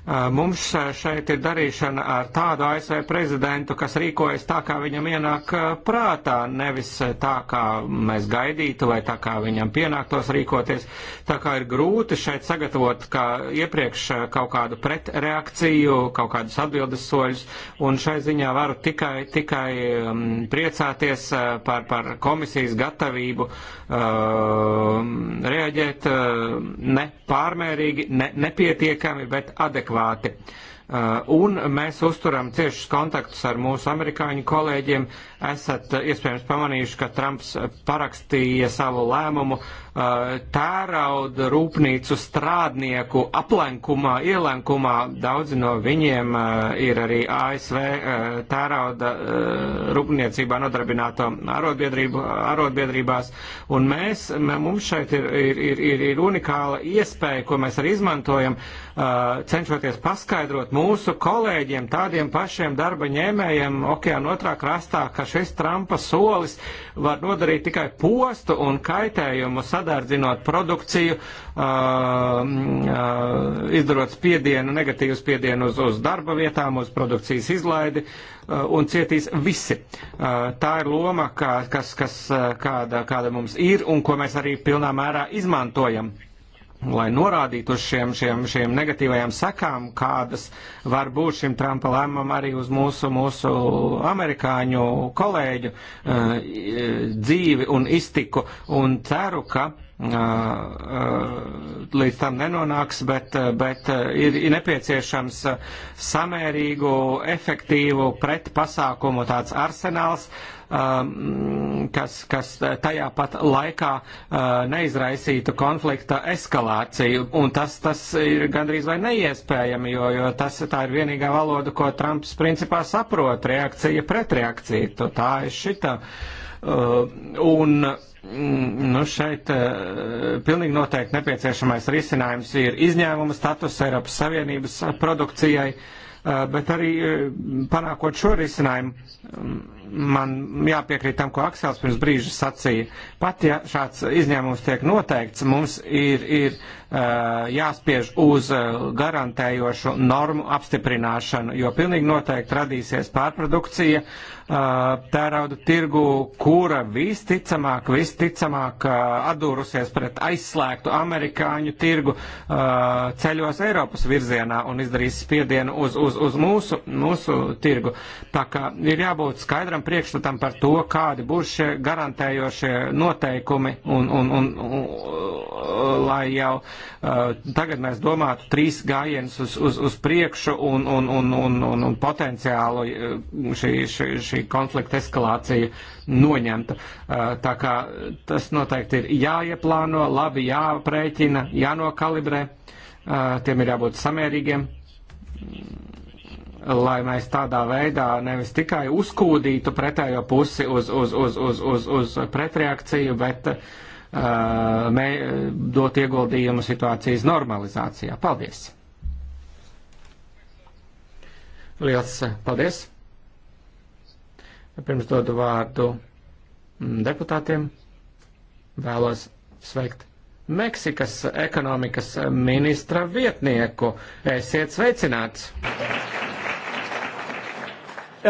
Mums šeit ir darīšana ar tādu ASV prezidentu, kas rīkojas tā, kā viņam ienāk prātā, nevis tā, kā mēs gaidītu vai tā, kā viņam pienāktos rīkoties. Tā kā ir grūti šeit sagatavot kā iepriekš kaut kādu pretreakciju, kaut kādus atbildes soļus, un šai ziņā varu tikai, tikai um, priecāties par, par komisijas gatavību uh, reaģēt uh, ne pārmērīgi, ne, nepietiekami, bet adekvāti adekvāti. Uh, un mēs uzturam ciešus kontaktus ar mūsu amerikāņu kolēģiem, esat eh, iespējams pamanījuši, ka Trumps eh, parakstīja savu lēmumu eh, tērauda rūpnīcu strādnieku aplenkumā, ielenkumā. Daudzi no viņiem ir arī ASV tērauda rūpniecībā nodarbināto arotbiedrībās. Un mēs, mums šeit ir, ir, ir, ir unikāla iespēja, ko mēs arī izmantojam, cenšoties paskaidrot mūsu kolēģiem, tādiem pašiem darba ņēmējiem okeāna otrā krastā, ka šis Trumpa solis var nodarīt tikai postu un kaitējumu, sadārdzinot produkciju, uh, uh, izdarot spiedienu, negatīvu spiedienu uz, uz darba vietām, uz produkcijas izlaidi uh, un cietīs visi. Uh, tā ir loma, kā, kas, kas, uh, kāda, kāda mums ir un ko mēs arī pilnā mērā izmantojam lai norādītu uz šiem, šiem, šiem negatīvajām sekām, kādas var būt šim Trumpa lēmumam arī uz mūsu, mūsu amerikāņu kolēģu uh, dzīvi un iztiku. Un ceru, ka uh, uh, līdz tam nenonāks, bet, bet ir, ir nepieciešams samērīgu, efektīvu pretpasākumu tāds arsenāls, Um, kas, kas tajā pat laikā uh, neizraisītu konflikta eskalāciju. Un tas, tas ir gandrīz vai neiespējami, jo, jo tas, tā ir vienīgā valoda, ko Trumps principā saprot - reakcija pret reakciju. To tā ir šita. Uh, un, mm, Nu, šeit uh, pilnīgi noteikti nepieciešamais risinājums ir izņēmuma status Eiropas Savienības produkcijai, uh, bet arī uh, panākot šo risinājumu. Um, man jāpiekrīt tam, ko Aksels pirms brīža sacīja. Pat ja šāds izņēmums tiek noteikts, mums ir, ir uh, jāspiež uz uh, garantējošu normu apstiprināšanu, jo pilnīgi noteikti radīsies pārprodukcija. Uh, tērauda tirgu, kura visticamāk, visticamāk atdūrusies pret aizslēgtu amerikāņu tirgu ceļos Eiropas virzienā un izdarīs spiedienu uz, uz, uz mūsu, mūsu tirgu. Tā kā ir jābūt skaidram priekšstatam par to, kādi būs šie garantējošie noteikumi un, un, un, un, un lai jau tagad mēs domātu trīs gājienus uz, uz, uz priekšu un, un, un, un, un, un potenciālu šī, šī, šī konflikta eskalācija noņemta. Tā kā tas noteikti ir jāieplāno, labi jāprēķina, jānokalibrē, tiem ir jābūt samērīgiem, lai mēs tādā veidā nevis tikai uzkūdītu pretējo pusi uz, uz, uz, uz, uz, uz pretreakciju, bet mē, dot ieguldījumu situācijas normalizācijā. Paldies! Liels paldies! Pirms dodu vārdu mm, deputātiem, vēlos sveikt Meksikas ekonomikas ministra vietnieku. Esiet sveicināts!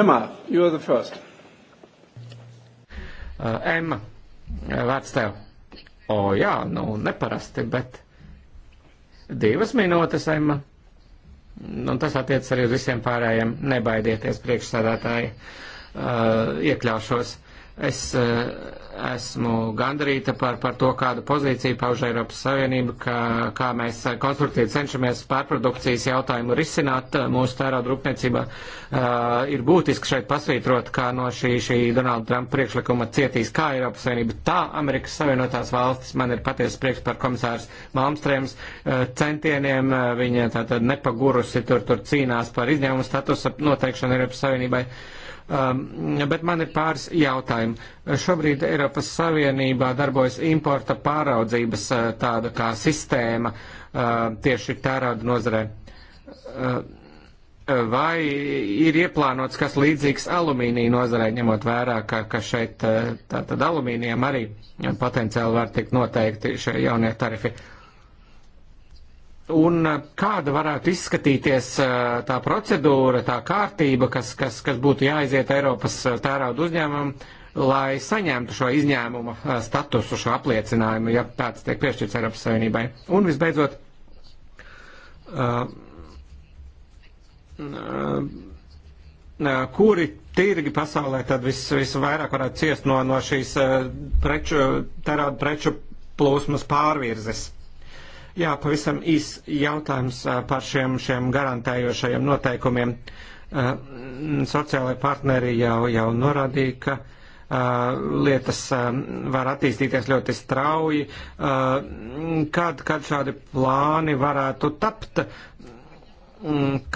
Emma, you are the first. Uh, Emma, vārds tev. O oh, jā, nu neparasti, bet divas minūtes, Emma. Un nu, tas attiec arī uz visiem pārējiem. Nebaidieties, priekšsādātāji. Uh, Uh, iekļaušos. Es uh, esmu gandarīta par, par to, kādu pozīciju pauž Eiropas Savienība, ka, kā mēs uh, konstruktīvi cenšamies pārprodukcijas jautājumu risināt mūsu tērauda rūpniecībā. Ir būtiski šeit pasvītrot, kā no šī, šī Donalda Trumpa priekšlikuma cietīs kā Eiropas Savienība, tā Amerikas Savienotās valstis. Man ir patiesa prieks par komisārs Malmstrēms centieniem. Viņa tātad nepagurusi tur, tur cīnās par izņēmumu statusa noteikšanu Eiropas Savienībai. Uh, Um, bet man ir pāris jautājumi. Šobrīd Eiropas Savienībā darbojas importa pāraudzības uh, tāda kā sistēma uh, tieši tērauda nozarē. Uh, vai ir ieplānots kas līdzīgs alumīnija nozarē, ņemot vērā, ka, ka šeit tātad alumīnijam arī potenciāli var tikt noteikti šie jaunie tarifi? Uh, Un eh, kāda varētu izskatīties eh, tā procedūra, tā kārtība, kas, kas, kas būtu jāaiziet Eiropas eh, tērauda uzņēmumam, lai saņemtu šo izņēmuma statusu, šo apliecinājumu, ja tāds tiek piešķirts Eiropas Savienībai? Un visbeidzot, kuri tirgi pasaulē tad vis, visvairāk varētu ciest no, no šīs preču, tērauda preču plūsmas pārvirzes? Jā, pavisam īs jautājums par šiem, šiem garantējošajiem noteikumiem. Sociālai partneri jau, jau norādīja, ka lietas var attīstīties ļoti strauji. Kad, kad šādi plāni varētu tapt,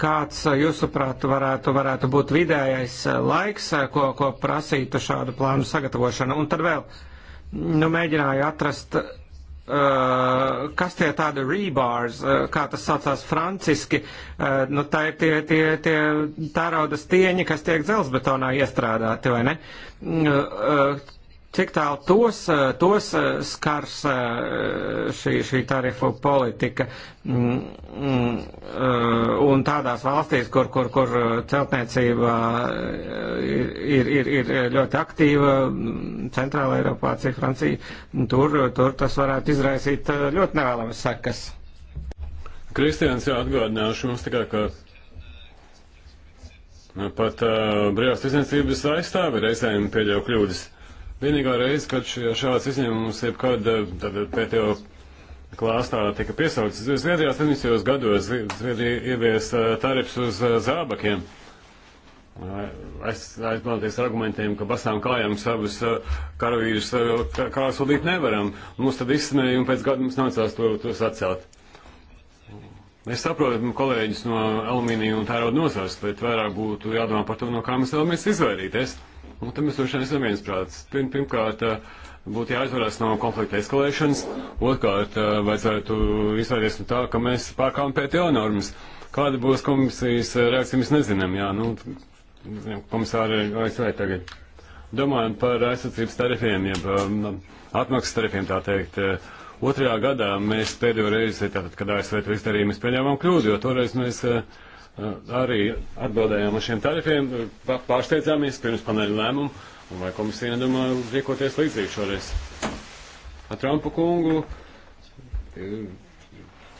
kāds, jūsuprāt, varētu, varētu būt vidējais laiks, ko, ko prasītu šādu plānu sagatavošana? Un tad vēl, nu, mēģināju atrast Uh, kas tie tādi rebars, uh, kā tas saucās franciski, uh, nu tā ir tie, tie, tie tāraudas tieņi, kas tiek dzelzbetonā iestrādāti, vai ne? Mm, Cik tālu tos, eh, tos eh, skars eh, šī, šī tarifu politika mm, mm, un tādās valstīs, kur, kur, kur celtniecība ir, ir, ir ļoti aktīva, mm, Centrāla Eiropā, cik Francija, tur, tur tas varētu izraisīt ļoti nevēlamas sekas. Kristians jau atgādināšu mums tikai, ka nu, pat uh, brīvās tiesniecības aizstāvi reizēm pieļauj kļūdas. Vienīgā reize, kad šāds izņēmums jebkad eh, eh, pēdējo klāstā tika piesaucis, Zviedrijā 70. gados Zviedrija ievies eh, tarifs uz zābakiem. Es aizbalties argumentiem, ka basām kājām savus karavīrus kā sodīt nevaram. Mums tad izsmēja un pēc gada mums nācās to, tos atcelt. Es saprotu kolēģis no alumīnija un tērauda nozars, bet vairāk būtu jādomā par to, no kā mēs vēlamies izvairīties. Ja Un tam mēs droši vien esam viensprāts. Pirm, pirmkārt, eh, būtu jāizvarās no konflikta eskalēšanas, otrkārt, eh, vajadzētu izvairīties no tā, ka mēs pārkāpam PTO normas. Kāda būs komisijas reakcija, mēs nezinām, jā, nu, zinām, komisāri ASV tagad. Domājam par aizsardzības tarifiem, jeb um, atmaksas tarifiem, tā teikt. Otrajā gadā mēs pēdējo reizi, tātad, kad ASV to izdarījām, mēs pieņēmām kļūdu, jo toreiz mēs uh, arī atbildējām uz šiem tarifiem, pārsteidzāmies pirms paneļa lēmumu, un vai komisija nedomā rīkoties līdzīgi šoreiz. Ar Trumpu kungu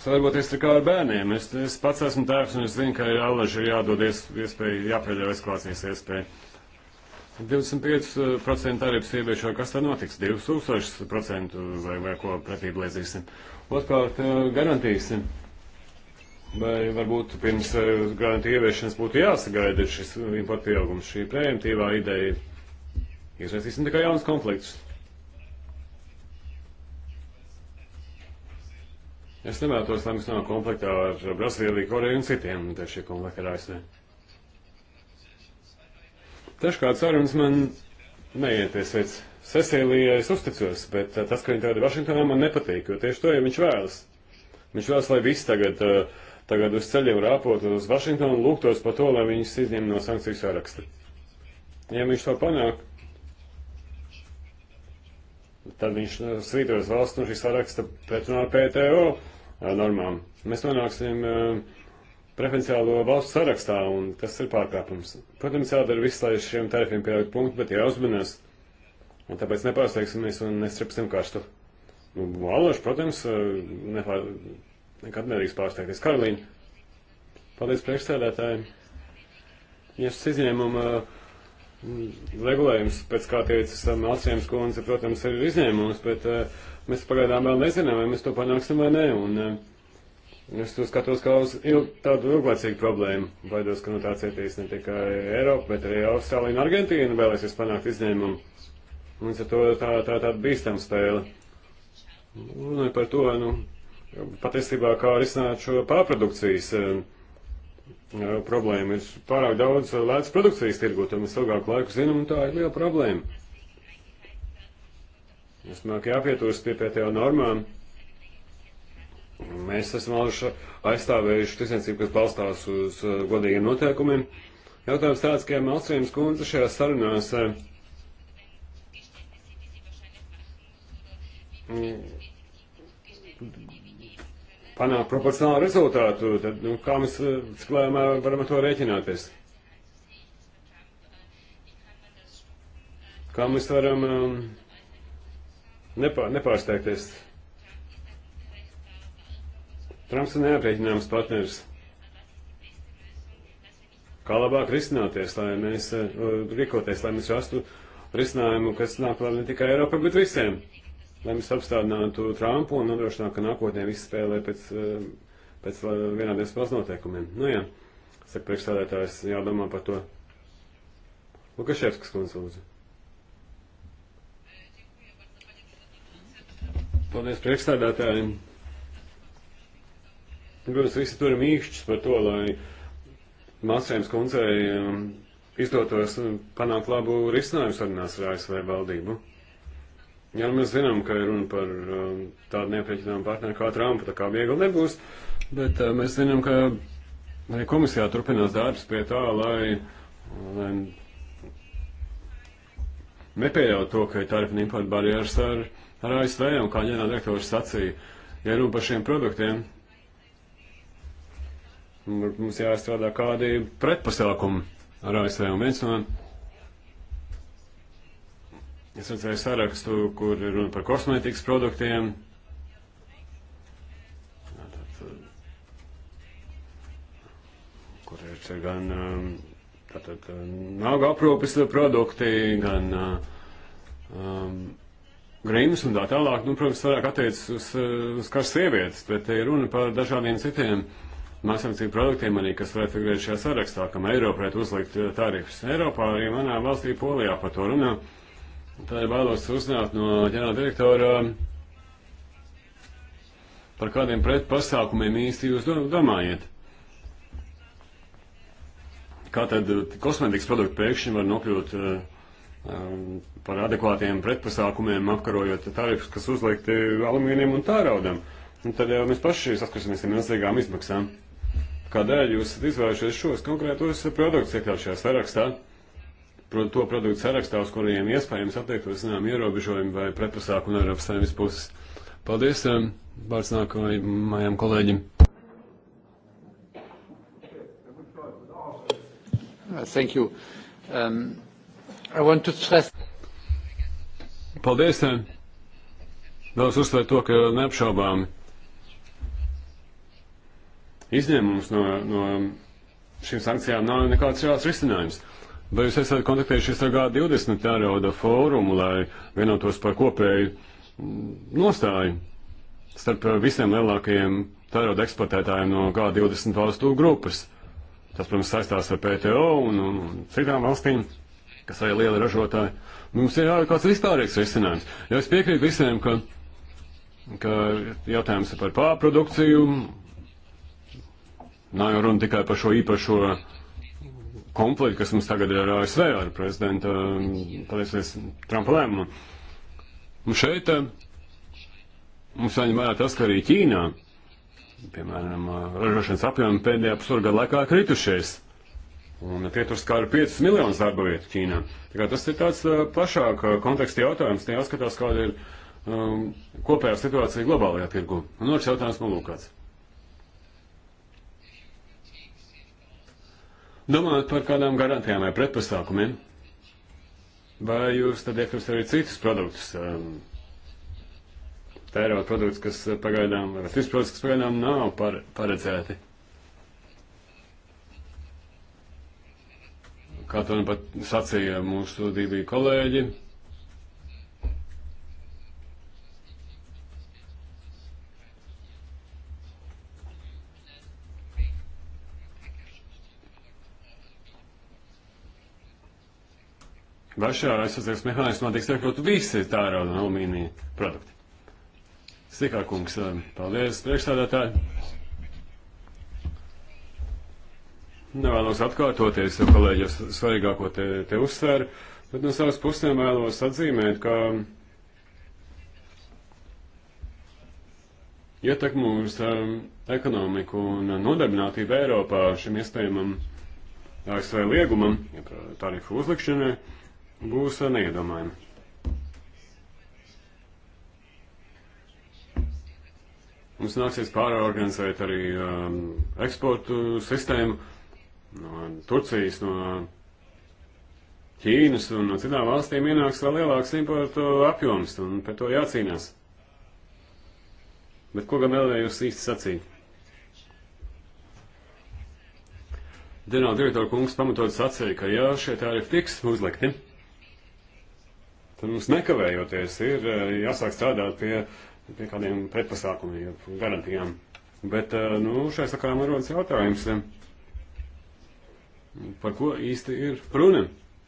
sadarboties ir kā ar bērniem. Es, es pats esmu tēvs, un es zinu, ka allaži ir jādodies iespēju, jāpēļauj eskalācijas iespēju. 25% tarifs ieviešo, kas tad notiks? 2000% vai, vai ko pretī blēzīsim. Otkārt, garantīsim. Vai varbūt pirms eh, grāmatu ieviešanas būtu jāsagaida šis importa pieaugums, šī preemptīvā ideja? Iesaistīsim tikai jaunas konfliktus. Es nemētos, lai mums nav konfliktā ar Brazīliju, Koreju un citiem, un tieši konflikta ar ASV. Dažkārt sarunas man neietiesēc. Veids. Cecīlijai es uzticos, bet eh, tas, ka viņa tagad ir Vašingtonā, man nepatīk, jo tieši to jau viņš vēlas. Viņš vēlas, lai viss tagad uh, tagad uz ceļiem rāpot uz Vašingtonu un lūgtos par to, lai viņus izņem no sankciju saraksta. Ja viņš to panāk, tad viņš uh, svītros valsts no šī saraksta pretrunā PTO uh, normām. Mēs nonāksim uh, preferenciālo valstu sarakstā, un tas ir pārkāpums. Protams, jādara viss, lai šiem tarifiem pielikt punktu, bet jāuzmanās. Un tāpēc nepārsteigsimies un nestrepsim karstu. Nu, valoši, protepēc, nepār... protams, Nekad nedrīkst pārsteigties. Karolīna, paldies priekšsēdētājiem. Ja šis izņēmuma mm, regulējums, pēc kā teica um, Mācījums kundze, protams, ir izņēmums, bet uh, mēs pagaidām vēl nezinām, vai mēs to panāksim vai nē. Un, uh, es to skatos kā uz ilg, tādu ilglaicīgu problēmu. Baidos, ka no tā cietīs ne tikai Eiropa, bet arī Austrālija un Argentīna vēlēsies panākt izņēmumu. Un ar to tā, tā tāda bīstama spēle. Un par to, nu, patiesībā kā risināt šo pārprodukcijas eh, eh, problēmu. Ir pārāk daudz eh, lētas produkcijas tirgu, to mēs ilgāku laiku zinām, un tā ir liela problēma. Es domāju, ka jāpieturas pie pēdējā normām. Mēs esam aizstāvējuši tiesniecību, kas balstās uz godīgiem noteikumiem. Jautājums tāds, ka Malstrīmas kundze šajās sarunās mm, panākt proporcionālu rezultātu, tad nu, kā mēs cik eh, lēmā varam ar to rēķināties? Kā mēs varam um, nepār, nepārsteigties? Trumps ir neaprēķināms partners. Kā labāk risināties, lai mēs uh, rīkoties, lai mēs rastu risinājumu, kas nāk labi ne tikai Eiropai, bet visiem lai mēs apstādinātu Trumpu un nodrošinātu, ka nākotnē viss spēlē pēc, eh, pēc eh, vienādiem spēles noteikumiem. Nu jā, saka priekšstādētājs, jādomā par to. Lukaševskas kundze lūdzu. Paldies priekšstādātājiem. Nu, protams, visi turim īkšķus par to, lai Māsrēms kundzei eh, izdotos panākt labu risinājumu sarunās ar ASV valdību. Jā, mēs zinām, ka ir runa par um, tādu neaprēķināmu partneri kā Trumpa, tā kā viegli nebūs, bet uh, mēs zinām, ka arī komisijā turpinās darbs pie tā, lai, lai nepieļaut to, ka ir tarifu un importu barjeras ar, ar ASV, un kā ģenerāla direktors sacīja, ja runa par šiem produktiem, mums jāizstrādā kādi pretpasākumi ar ASV, un viens no Es redzēju sarakstu, kur ir runa par kosmētikas produktiem. Kur ir gan um, tātad, um, nāga aprūpes produkti, gan uh, um, grimas un tā tālāk. Nu, protams, vairāk attiecas uz, uh, uz karas sievietes, bet ir runa par dažādiem citiem māksliniecību produktiem arī, kas varētu figurēt šajā sarakstā, kam Eiropa varētu uzlikt uh, tarifus. Eiropā arī manā valstī Polijā par to runā. Nu, Tā ir vēlos uzzināt no ģenerāla direktora, um, par kādiem pretpasākumiem īsti jūs domājat. Kā tad uh, kosmetikas produktu pēkšņi var nokļūt uh, um, par adekvātiem pretpasākumiem, apkarojot tarifus, kas uzlikti alumīniem un tāraudam? Un tad jau mēs paši saskarsimies ar milzīgām izmaksām. Kādēļ jūs esat izvēlējušies šos konkrētos produktus iekļaut šajā sarakstā? to produktu sarakstā, uz kuriem iespējams attiektos zinām ierobežojumi vai pretpasāku no Eiropas saimnes puses. Paldies, um, vārds nākamajam kolēģim. Thank you. Um, I want to stress. Paldies. Um, vēlos uzsvērt to, ka neapšaubāmi izņēmums no, no šīm sankcijām nav nekāds reāls risinājums. Vai jūs esat kontaktējušies ar G20 tērauda fórumu, lai vienotos par kopēju nostāju starp visiem lielākajiem tērauda eksportētājiem no G20 valstu grupas? Tas, protams, saistās ar PTO un, un, un citām valstīm, kas arī liela ražotāja. Mums ir jābūt kāds vispārīgs risinājums. Jo es piekrītu visiem, ka, ka jautājums ir par pārprodukciju. Nav jau runa tikai par šo īpašo konflikti, kas mums tagad ir ar ASV, ar prezidenta um, pateicoties Trumpa lēmumu. Un šeit um, mums jāņem vērā tas, ka arī Ķīnā, piemēram, uh, ražošanas apjomi pēdējā pusotra gada laikā kritušies. Un tie tur skāra 5 miljonus darba vietu Ķīnā. Tā kā tas ir tāds uh, plašāk uh, konteksta jautājums, tie jāskatās, kāda ir um, kopējā situācija globālajā tirgu. Un otrs jautājums man lūkāts. Domājot par kādām garantijām vai pretpasākumiem, vai jūs tad iekļūst arī citus produktus? Um, tērot produktus, kas pagaidām, vai citus produktus, kas pagaidām nav paredzēti. Kā to nu pat sacīja mūsu divi kolēģi, Vai šajā aizsardzības mehānismā tiks iekļaut visi tērauda un alumīnija produkti? Sikā kungs, um, paldies priekšstādātāji. Nevēlos atkārtoties, jo kolēģi jau svarīgāko te, te uzsver, bet no savas pusēm vēlos atzīmēt, ka ietekmu uz um, ekonomiku un nodarbinātību Eiropā šim iespējamam ASV liegumam, tarifu uzlikšanai, būs neiedomājami. Mums nāksies pārorganizēt arī um, eksportu sistēmu no Turcijas, no Ķīnas un no citām valstīm ienāks vēl lielāks importu apjoms, un par to jācīnās. Bet ko gan vēlējos īsti sacīt? Ģenerāla direktora kungs pamatot sacīja, ka jā, šie tārifi tiks uzlikti. Tad mums nekavējoties ir eh, jāsāk strādāt pie, pie kādiem pretpasākumiem, garantijām. Bet eh, nu, šai sakām rodas jautājums, eh, par ko īsti ir runa?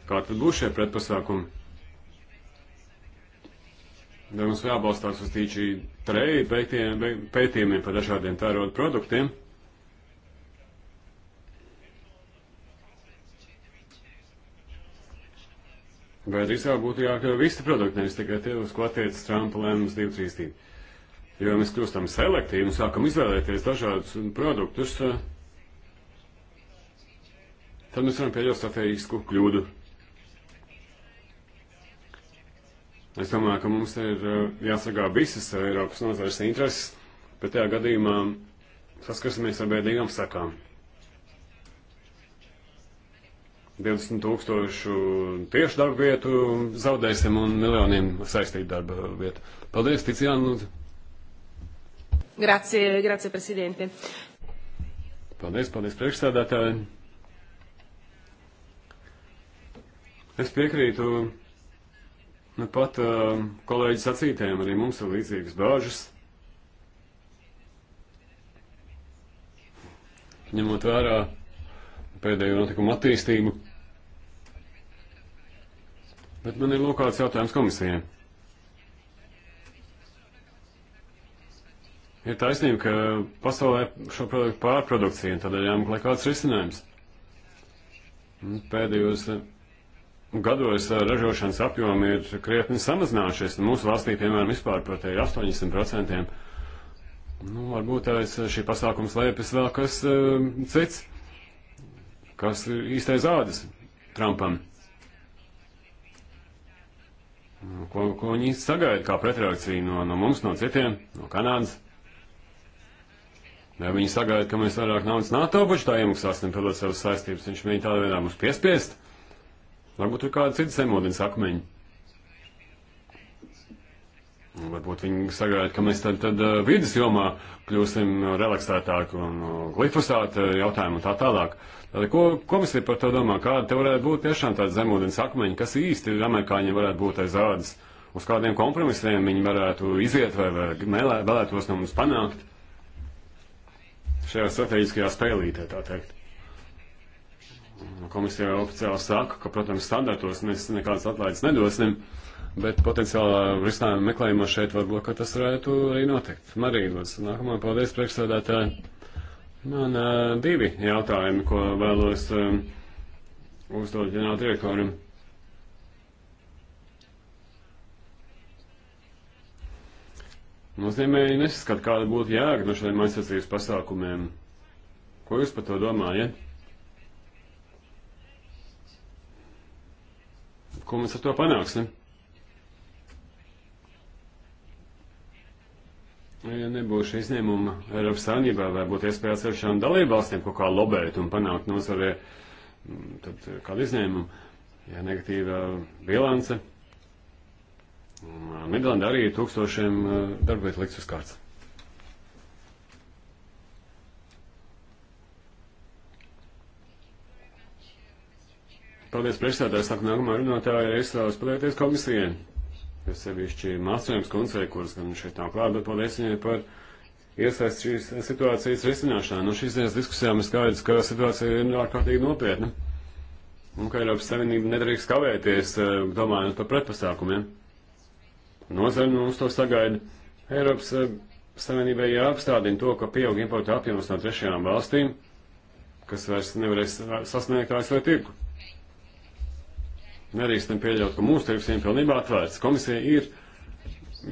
Kā tad būs šie pretpasākumi? Vai mums jābalstās uz tīčī treju pētījumiem par dažādiem tērodu produktiem? Vai drīzāk būtu jākļauj visi produkti, nevis tikai tie, uz ko attiecas Trumpa lēmums 232. Jo mēs kļūstam selektīvi un sākam izvēlēties dažādus produktus, eh, tad mēs varam pieļaut strateģisku kļūdu. Es domāju, ka mums ir eh, jāsagā visas eh, Eiropas nozares intereses, bet tajā gadījumā saskarsimies ar bēdīgām sakām. 20 tūkstošu tiešu darba vietu zaudēsim un miljoniem saistītu darba vietu. Paldies, Ticijāna, lūdzu. Grazie, grazie, prezidente. Paldies, paldies priekšsēdētāji. Es piekrītu nu, pat uh, kolēģi sacītēm, arī mums ir līdzīgas bāžas. Ņemot vērā pēdējo notikumu attīstību. Bet man ir lokāls jautājums komisijai. Ir taisnība, ka pasaulē šo produktu pārprodukcija, tādēļ jāmeklē kāds risinājums. Pēdējos eh, gados eh, ražošanas apjomi ir krietni samazinājušies. Mūsu valstī, piemēram, vispār pretēji 80%. Nu, varbūt aiz šī pasākuma slēpjas vēl kas uh, cits, kas īstais ādas Trumpam. Ko, ko viņi sagaida kā pretreakciju no, no mums, no citiem, no Kanādas? Vai viņi sagaida, ka mēs vairāk naudas NATO budžetā iemaksāsim, pildot savas saistības, viņš mēģina tādā veidā mums piespiest? Varbūt ir kādi citi zemūdens akmeņi. Varbūt viņi sagaida, ka mēs tad, tad eh, vidas jomā kļūsim eh, relaksētāki un eh, glifosāta jautājumu un tā tālāk. Tātad, ko komisija par to domā? Kāda te varētu būt tiešām tāda zemūdens akmeņa, kas īsti amerikāņiem varētu būt aiz ādas? Uz kādiem kompromisiem viņi varētu iziet vai, vai mēlē, vēlētos no mums panākt šajā strateģiskajā spēlītē, tā teikt? Komisija oficiāli saka, ka, protams, standartos mēs nekādas atlaides nedosim. Uh, bet potenciālā risinājuma meklējumā šeit varbūt, ka tas varētu arī notikt. Marija, lūdzu, nākamā paldies priekšsēdētāji. Man uh, divi jautājumi, ko vēlos um, uzdot ģenerāla direktoram. Nozīmēji nesaskat, kāda būtu jēga no šādiem aizsardzības pasākumiem. Ko jūs par to domājat? Ja? Ko mēs ar to panāksim? Nu, ja nebūs šī izņēmuma Eiropas Savienībā, vai būtu iespēja atsevišķām dalībvalstīm kaut kā lobēt un panākt nozarē mm, tad eh, kādu izņēmumu, ja negatīva bilance. Eh, Nīderlanda arī tūkstošiem eh, darbvietu liks uz kārts. Paldies priekšstādājai, saka nākamā runātāja, es vēlos pateikties komisijai jo sevišķi māsojums koncei, kuras gan šeit nav klāt, bet paldies viņai par iesaist šīs situācijas risināšanā. Nu, šīs dienas diskusijām ir skaidrs, ka situācija ir ārkārtīgi nopietna. Un ka Eiropas Savienība nedrīkst kavēties, eh, domājot par pretpasākumiem. Nozara nu, mums to sagaida. Eiropas eh, Savienībai jāapstādina to, ka pieaug importa apjoms no trešajām valstīm, kas vairs nevarēs sasniegt ASV tirgu. Nerīkstam pieļaut, ka mūsu tirgus ir pilnībā atvērts. Komisija ir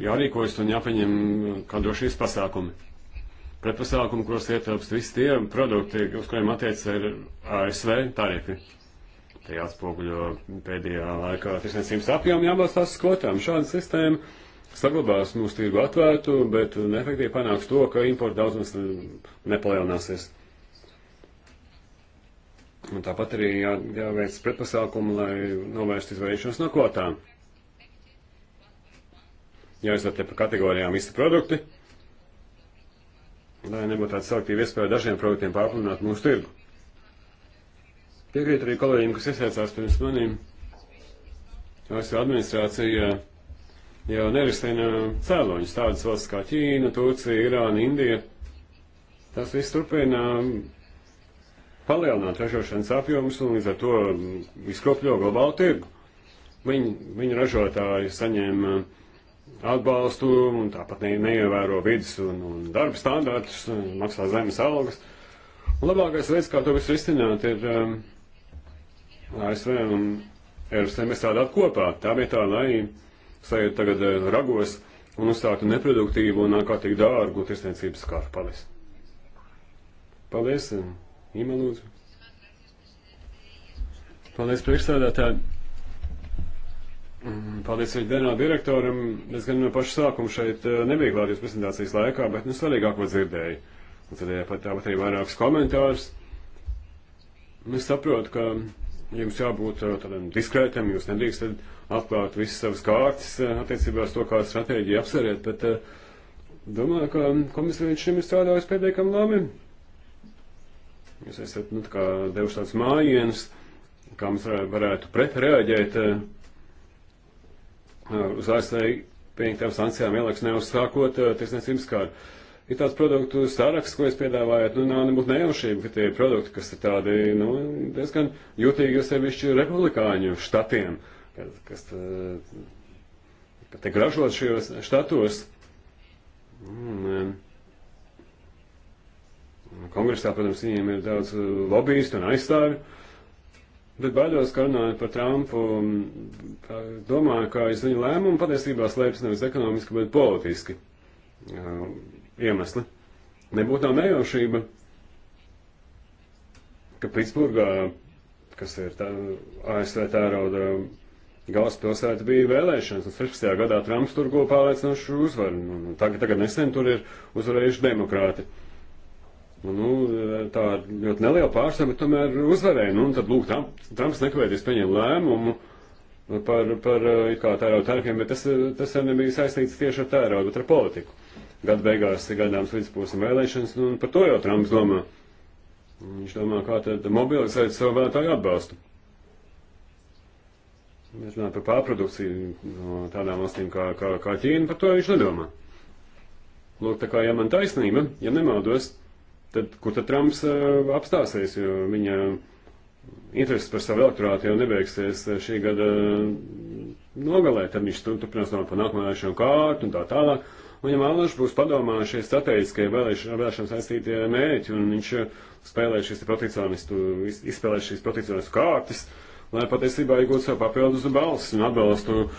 jārīkojas un jāpieņem kādošīs pasākumi. Pretpasākumi, kuros ietilpst visi tie produkti, uz kuriem attiec ir ASV tarifi. Tie atspoguļo pēdējā laikā tirsniecības apjomu jābalstās skotām. Šāda sistēma saglabās mūsu tirgu atvērtu, bet efektīvi panāks to, ka importa daudzums nepalielināsies. Un tāpat arī jā, jāveic pretpasākumi, lai novērstu izvairīšanos no kvotām. Jāizvērtē pa kategorijām visi produkti, lai nebūtu tāda selektīva iespēja dažiem produktiem pārplanāt mūsu tirgu. Piekrītu arī kolēģiem, kas iesaistās pirms manīm. ASV administrācija jau nerisina cēloņus tādas valsts kā Ķīna, Turcija, Irāna, Indija. Tas viss turpina palielināt ražošanas apjomus un līdz ar to mm, izkropļo globālu tirgu. Viņu, viņu ražotāji saņem mm, atbalstu un tāpat ne, neievēro vidas un, un darba standārtus, mm, maksā zemes algas. Un labākais veids, kā to visu risināt, ir um, ASV un Eiropas zemes strādāt kopā. Tā vietā, lai sajūtu tagad ragos un uzstātu neproduktīvu un ārkārtīgi dārgu tirsniecības karu. Paldies! Paldies! Nīma lūdzu. Paldies priekšstādātāji. Mm, paldies arī ģenerāla direktoram. Es gan no paša sākuma šeit eh, nebija klāt jūs prezentācijas laikā, bet nu svarīgāko dzirdēju. Un tad eh, pat tāpat arī vairākus komentārus. Nu, es saprotu, ka jums jābūt eh, tādam diskrētam, jūs nedrīkstat atklāt visas savas kārtas attiecībā uz to, kādu stratēģiju apsveriet, bet domāju, ka komisija līdz šim ir strādājusi pietiekami labi. Jūs esat nu, tā devuši tādas mājienas, kā mēs varētu pretreaģēt eh, eh, uz ASV pieņemtām sankcijām ielaiks neuzsākot eh, tiesniecības kāru. Ir tāds produktu saraksts, ko jūs piedāvājat, nu nav nebūtu nejaušība, ka tie produkti, kas ir tādi, nu, diezgan jūtīgi, jo sevišķi republikāņu štatiem, kas tiek ražot šajos štatos. Mm, Nu, Kongresā, protams, viņiem ir daudz uh, lobbyistu un aizstāvi. Bet baidos, ka runājot par Trumpu, mm, domāju, ka aiz viņa lēmumu patiesībā slēpjas nevis ekonomiski, bet politiski uh, iemesli. Nebūtu tā nejaušība, ka Pitsburgā, kas ir tā, ASV tērauda galvaspilsēta, bija vēlēšanas, un 16. gadā Trumps tur guva pārliecinošu uzvaru. Un nu, nu, tagad, tagad nesen tur ir uzvarējuši demokrāti. Uh, Nu, nu, tā ir ļoti neliela pārstāvja, bet tomēr uzvarēja. Nu, tad, lūk, Trumps nekavēties pieņēma lēmumu par, par eh, kā tērauda tarifiem, bet tas, eh, tas jau nebija saistīts tieši ar tērauda, bet ar politiku. Gada beigās gaidāms līdzpūsim vēlēšanas, nu, un par to jau Trumps domā. Viņš domā, kā tad mobilizēt savu vēlētāju atbalstu. Mēs runājam par pārprodukciju no tādām valstīm kā, kā, kā Ķīna, par to viņš nedomā. Lūk, tā kā, ja man taisnība, ja nemaldos, tad kur tad Trumps uh, apstāsies, jo viņa interesi par savu elektorātu jau nebeigsies šī gada nogalē, tad viņš turpinās domāt par nākamo vēlēšanu kārtu un tā tālāk. Viņam allaž būs padomā šie strateģiskie vēlēšana saistītie mērķi, un viņš spēlē šīs protekcionistu, izspēlē šīs protekcionistu kārtas, lai patiesībā iegūtu sev papildus balsis un atbalstu uh,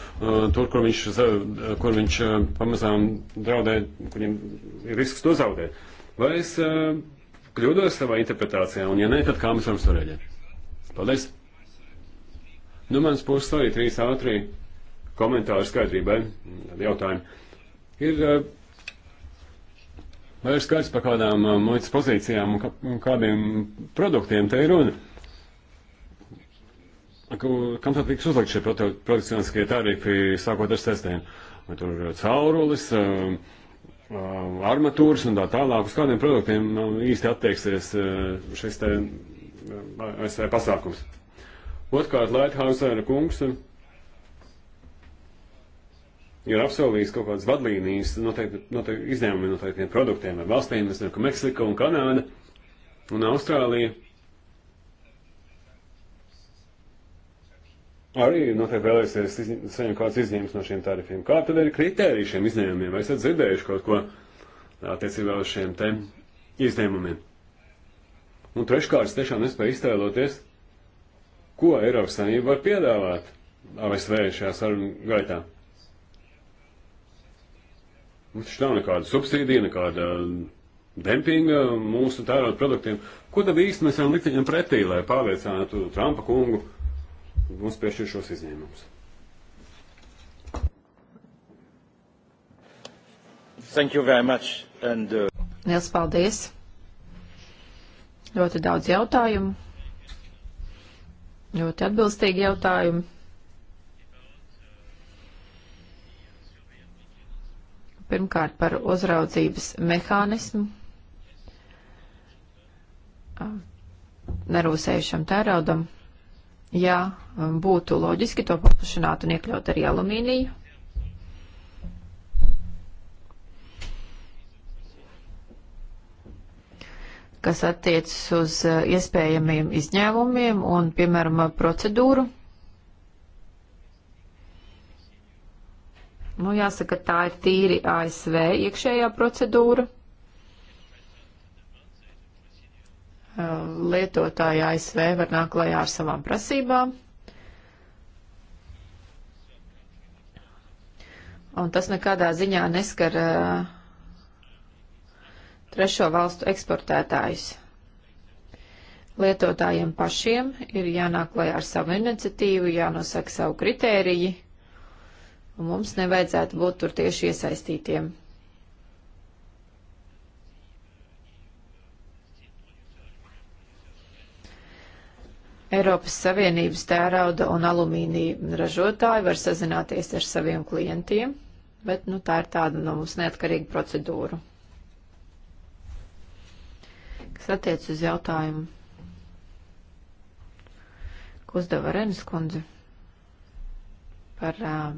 tur, kur viņš, kur viņš uh, pamazām draudē, kur viņam ir risks to zaudēt. Vai es uh, kļūdos savā interpretācijā, un ja nē, tad kā mēs varam sarēģēt? Paldies! Nu, mans puses arī trīs ātri komentāri skaidrībai, mm, jautājumi. Ir uh, vai ir skaidrs par kādām uh, muitas pozīcijām un, kā, un kādiem produktiem te ir runa? Kam tad tiks uzlikt šie protekcioniskie tarifi, sākot ar sestdienu? Vai tur caurulis, uh, Uh, armatūras un tā tālāk, uz kādiem produktiem nu, īsti attieksies uh, šis te ASV uh, pasākums. Otkārt, Leithausera kungs ir apsolījis kaut kādas vadlīnijas noteikti, noteikti izņēmumi noteiktiem produktiem vai valstīm, es nezinu, ka Meksika un Kanāda un Austrālija arī noteikti nu, vēlēsies saņemt kāds izņēmums no šiem tarifiem. Kā tad ir kritērija šiem izņēmumiem? Vai esat dzirdējuši kaut ko attiecībā uz šiem te izņēmumiem? Un nu, treškārt, es tiešām nespēju iztēloties, ko Eiropas Savienība var piedāvāt ASV šajā sarunu gaitā. Mums nu, taču nav nekāda subsīdija, nekāda dempinga mūsu tērauda produktiem. Ko tad īsti mēs varam likt viņam pretī, lai pārliecinātu Trumpa kungu? mums piešķir šos izņēmumus. Thank you very much. And, uh... Liels paldies. Ļoti daudz jautājumu. Ļoti atbilstīgi jautājumi. Pirmkārt par uzraudzības mehānismu. Nerūsējušam tēraudam. Jā, būtu loģiski to paplašināt un iekļaut arī alumīniju. kas attiecas uz eh, iespējamiem izņēmumiem un, piemēram, procedūru. Nu, jāsaka, tā ir tīri ASV iekšējā procedūra. Eh, lietotāji ASV var nākt klajā ar savām prasībām. un tas nekādā ziņā neskar uh, trešo valstu eksportētājus. Lietotājiem pašiem ir jānāk lai ar savu iniciatīvu, jānosaka savu kritēriju, un mums nevajadzētu būt tur tieši iesaistītiem. Eiropas Savienības tērauda un alumīnija ražotāji var sazināties ar saviem klientiem bet nu, tā ir tāda no nu, mums neatkarīga procedūra. Kas attiec uz jautājumu, ko uzdeva Renes kundze par uh,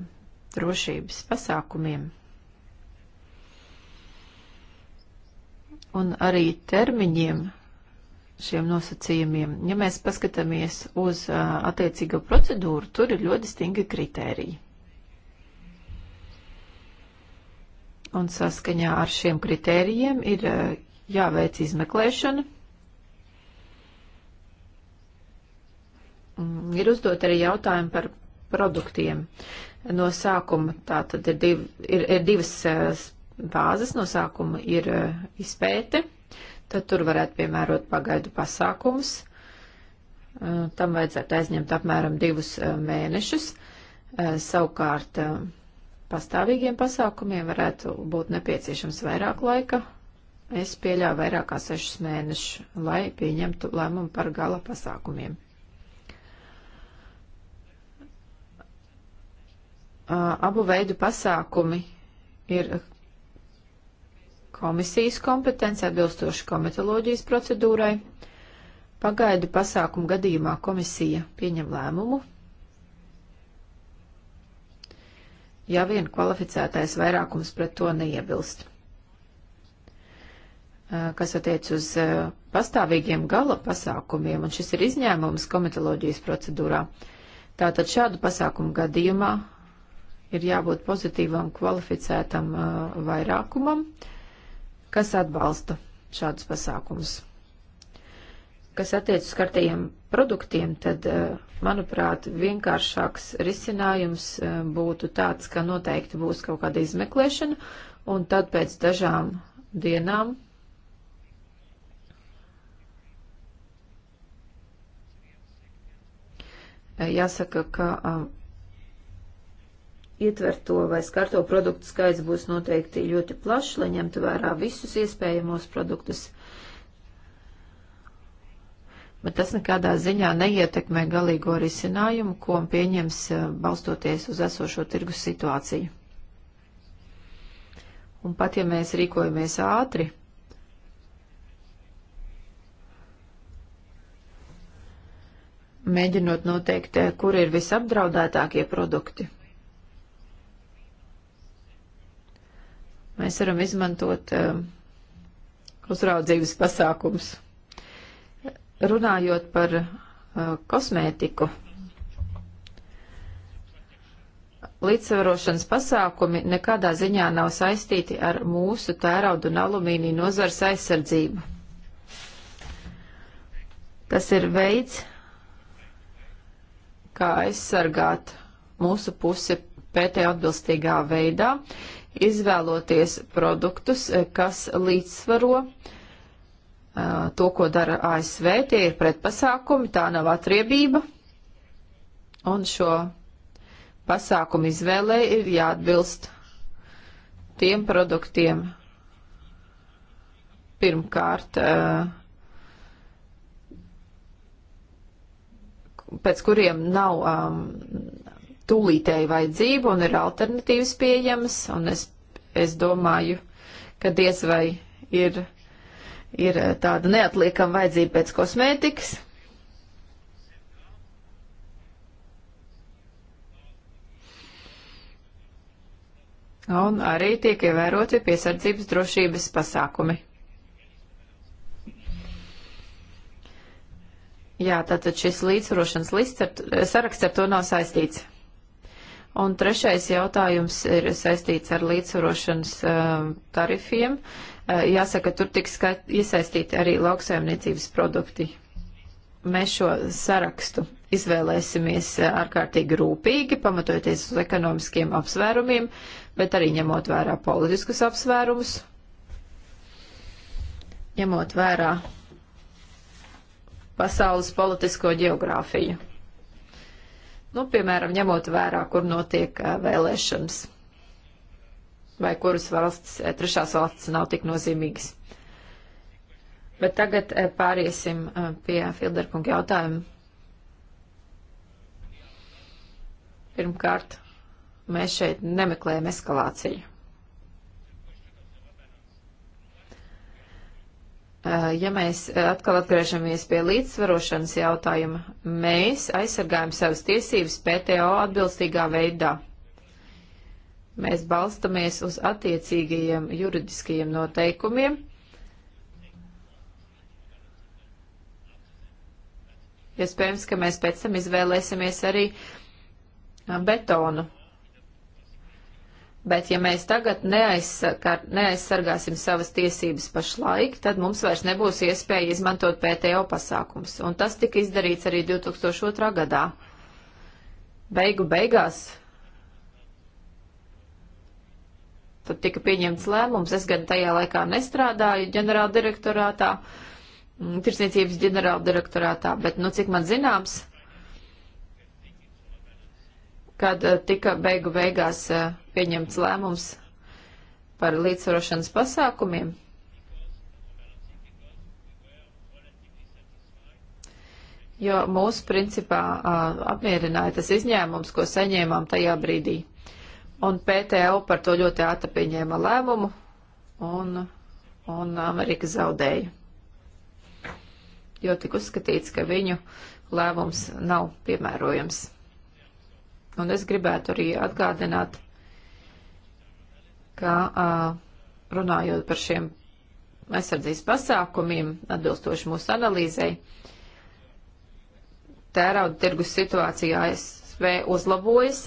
drošības pasākumiem. Un arī termiņiem šiem nosacījumiem. Ja mēs paskatāmies uz uh, attiecīgo procedūru, tur ir ļoti stingri kritēriji. Un saskaņā ar šiem kritērijiem ir eh, jāveic izmeklēšana. Ir uzdot arī jautājumi par produktiem. No sākuma tā tad ir, div, ir, ir divas eh, bāzes. No sākuma ir eh, izpēte, tad tur varētu piemērot pagaidu pasākumus. Tam vajadzētu aizņemt apmēram divus mēnešus. Savukārt pastāvīgiem pasākumiem varētu būt nepieciešams vairāk laika. Es pieļāvu vairāk kā sešus mēnešus, lai pieņemtu lēmumu par gala pasākumiem. Abu veidu pasākumi ir komisijas kompetence atbilstoši komitoloģijas procedūrai. Pagaidu pasākumu gadījumā komisija pieņem lēmumu ja vien kvalificētais vairākums pret to neiebilst. Kas attiec uz pastāvīgiem gala pasākumiem, un šis ir izņēmums komitoloģijas procedūrā. Tātad šādu pasākumu gadījumā ir jābūt pozitīvam kvalificētam vairākumam, kas atbalsta šādus pasākumus. Kas attiec uz kartajiem produktiem, tad, eh, manuprāt, vienkāršāks risinājums eh, būtu tāds, ka noteikti būs kaut kāda izmeklēšana, un tad pēc dažām dienām eh, jāsaka, ka ietverto vai skarto produktu skaits būs noteikti ļoti plašs, lai ņemtu vērā visus iespējamos produktus bet tas nekādā ziņā neietekmē galīgo risinājumu, ko pieņems eh, balstoties uz esošo tirgus situāciju. Un pat ja mēs rīkojamies ātri, mēģinot noteikt, eh, kur ir visapdraudētākie produkti, mēs varam izmantot eh, uzraudzības pasākums. Runājot par uh, kosmētiku, līdzsvarošanas pasākumi nekādā ziņā nav saistīti ar mūsu tērauda un alumīnija nozars aizsardzību. Tas ir veids, kā aizsargāt mūsu pusi pētē atbilstīgā veidā, izvēloties produktus, eh, kas līdzsvaro uh, to, ko dara ASV, tie ir pretpasākumi, tā nav atriebība. Un šo pasākumu izvēlē ir jāatbilst tiem produktiem pirmkārt, pēc kuriem nav tūlītēji vajadzība un ir alternatīvas pieejamas, un es, es domāju, ka diez vai ir ir eh, tāda neatliekama vajadzība pēc kosmētikas. Un arī tiek ievēroti piesardzības drošības pasākumi. Jā, tātad šis līdzsvarošanas lists ar, saraksts ar to nav saistīts. Un trešais jautājums ir saistīts ar līdzsvarošanas um, tarifiem. Uh, jāsaka, tur tiks iesaistīti arī lauksaimniecības produkti. Mēs šo sarakstu izvēlēsimies uh, ārkārtīgi rūpīgi, pamatojoties uz ekonomiskiem apsvērumiem, bet arī ņemot vērā politiskus apsvērumus, ņemot vērā pasaules politisko geogrāfiju nu, piemēram, ņemot vērā, kur notiek vēlēšanas vai kuras valstis, trešās valstis nav tik nozīmīgas. Bet tagad pāriesim pie Filderkunga jautājumu. Pirmkārt, mēs šeit nemeklējam eskalāciju. Uh, ja mēs uh, atkal atgriežamies pie līdzsvarošanas jautājuma, mēs aizsargājam savas tiesības PTO atbilstīgā veidā. Mēs balstamies uz attiecīgajiem juridiskajiem noteikumiem. Iespējams, ja ka mēs pēc tam izvēlēsimies arī uh, betonu Bet ja mēs tagad neaizsargā, neaizsargāsim savas tiesības pašlaik, tad mums vairs nebūs iespēja izmantot PTO pasākums. Un tas tika izdarīts arī 2002. gadā. Beigu beigās tad tika pieņemts lēmums. Es gan tajā laikā nestrādāju ģenerāldirektorātā, mm, tirsniecības ģenerāldirektorātā, bet, nu, cik man zināms, kad eh, tika beigu beigās eh, pieņemts lēmums par līdzsvarošanas pasākumiem. Jo mūsu principā eh, apmierināja tas izņēmums, ko saņēmām tajā brīdī. Un PTO par to ļoti ātri pieņēma lēmumu, un, un Amerika zaudēja. Jo tik uzskatīts, ka viņu lēmums nav piemērojams. Un es gribētu arī atgādināt, ka runājot par šiem aizsardzības pasākumiem, atbilstoši mūsu analīzei, tērauda tirgus situācijā ASV uzlabojas,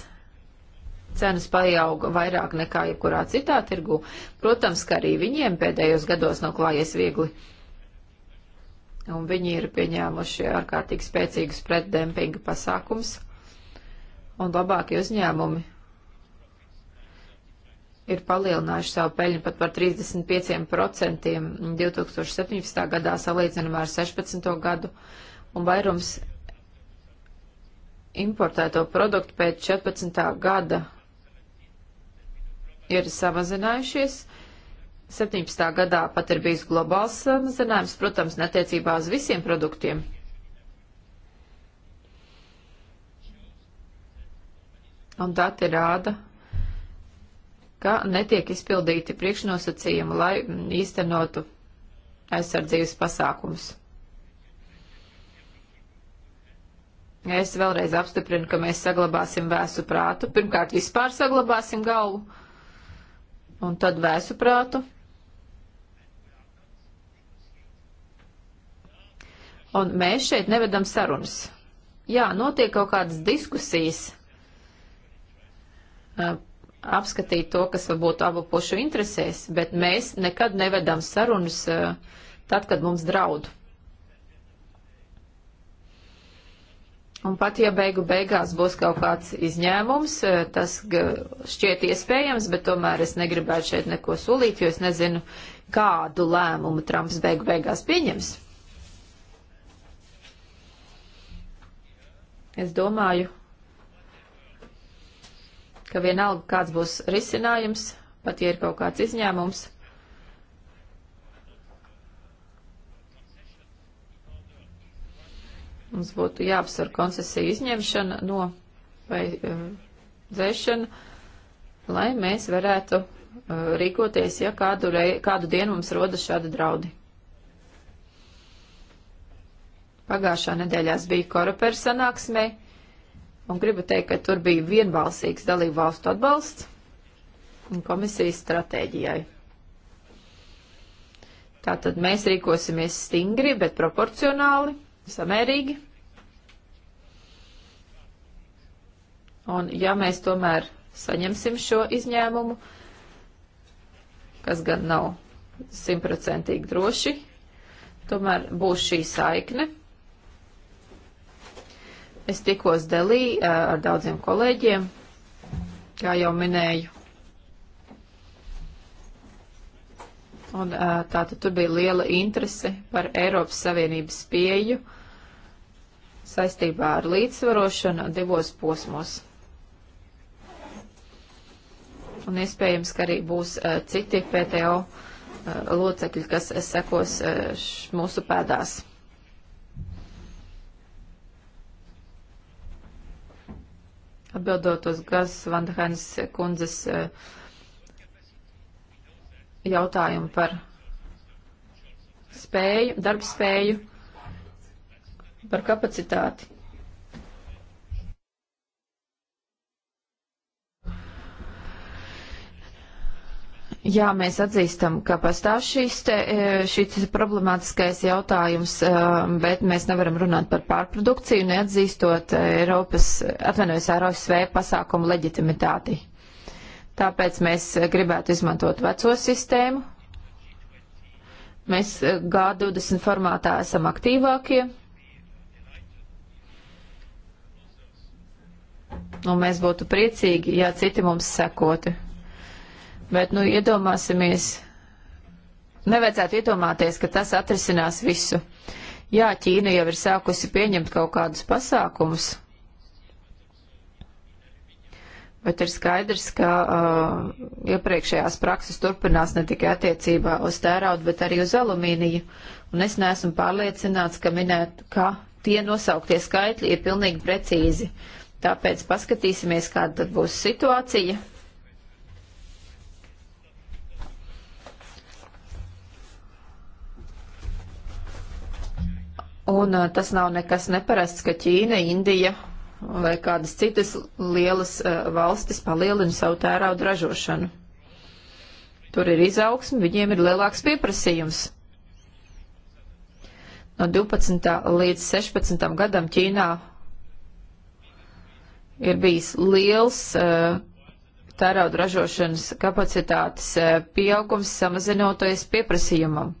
cenas pieauga vairāk nekā jebkurā citā tirgu. Protams, ka arī viņiem pēdējos gados nav klājies viegli. Un viņi ir pieņēmuši ārkārtīgi spēcīgus pretdempinga pasākums un labākie uzņēmumi ir palielinājuši savu peļņu pat par 35% 2017. gadā salīdzinājumā ar 16. gadu, un vairums importēto produktu pēc 14. gada ir samazinājušies. 17. gadā pat ir bijis globāls samazinājums, protams, netiecībā uz visiem produktiem. un dati rāda, ka netiek izpildīti priekšnosacījumi, lai īstenotu aizsardzības pasākumus. Es vēlreiz apstiprinu, ka mēs saglabāsim vēsu prātu. Pirmkārt, vispār saglabāsim galvu, un tad vēsu prātu. Un mēs šeit nevedam sarunas. Jā, notiek kaut kādas diskusijas Uh, apskatīt to, kas varbūt abu pušu interesēs, bet mēs nekad nevedam sarunas uh, tad, kad mums draud. Un pat ja beigu beigās būs kaut kāds izņēmums, uh, tas šķiet iespējams, bet tomēr es negribētu šeit neko sulīt, jo es nezinu, kādu lēmumu Trumps beigu beigās pieņems. Es domāju, ka vienalga kāds būs risinājums, pat ja ir kaut kāds izņēmums, mums būtu jāapsver koncesiju izņemšana no vai uh, dzēšana, lai mēs varētu uh, rīkoties, ja kādu, rei, kādu dienu mums rodas šādi draudi. Pagājušā nedēļās bija korupēra sanāksmē, Un gribu teikt, ka tur bija vienbalsīgs dalību valstu atbalsts komisijas stratēģijai. Tātad mēs rīkosimies stingri, bet proporcionāli, samērīgi. Un ja mēs tomēr saņemsim šo izņēmumu, kas gan nav simtprocentīgi droši, tomēr būs šī saikne Es tikos Delī ar daudziem kolēģiem, kā jau minēju. Un tātad tur bija liela interese par Eiropas Savienības pieju saistībā ar līdzsvarošanu divos posmos. Un iespējams, ka arī būs citi PTO locekļi, kas sekos mūsu pēdās. Atbildot uz Gazas Vandahens kundzes eh, jautājumu par spēju, darbspēju, par kapacitāti. Jā, mēs atzīstam, ka pastāv šīs te, e, šis problemātiskais jautājums, e, bet mēs nevaram runāt par pārprodukciju, neatzīstot e, Eiropas, atvainojas ASV pasākumu leģitimitāti. Tāpēc mēs gribētu izmantot veco sistēmu. Mēs G20 formātā esam aktīvākie. Un mēs būtu priecīgi, ja citi mums sekotu. Bet, nu, iedomāsimies, nevajadzētu iedomāties, ka tas atrisinās visu. Jā, Ķīna jau ir sākusi pieņemt kaut kādus pasākumus, bet ir skaidrs, ka uh, iepriekšējās prakses turpinās ne tikai attiecībā uz tēraudu, bet arī uz alumīniju. Un es neesmu pārliecināts, ka minēt, ka tie nosauktie skaitļi ir pilnīgi precīzi. Tāpēc paskatīsimies, kāda tad būs situācija Un tas nav nekas neparasts, ka Ķīna, Indija vai kādas citas lielas valstis palielina savu tērauda ražošanu. Tur ir izaugsme, viņiem ir lielāks pieprasījums. No 12. līdz 16. gadam Ķīnā ir bijis liels tērauda ražošanas kapacitātes pieaugums samazinoties pieprasījumam.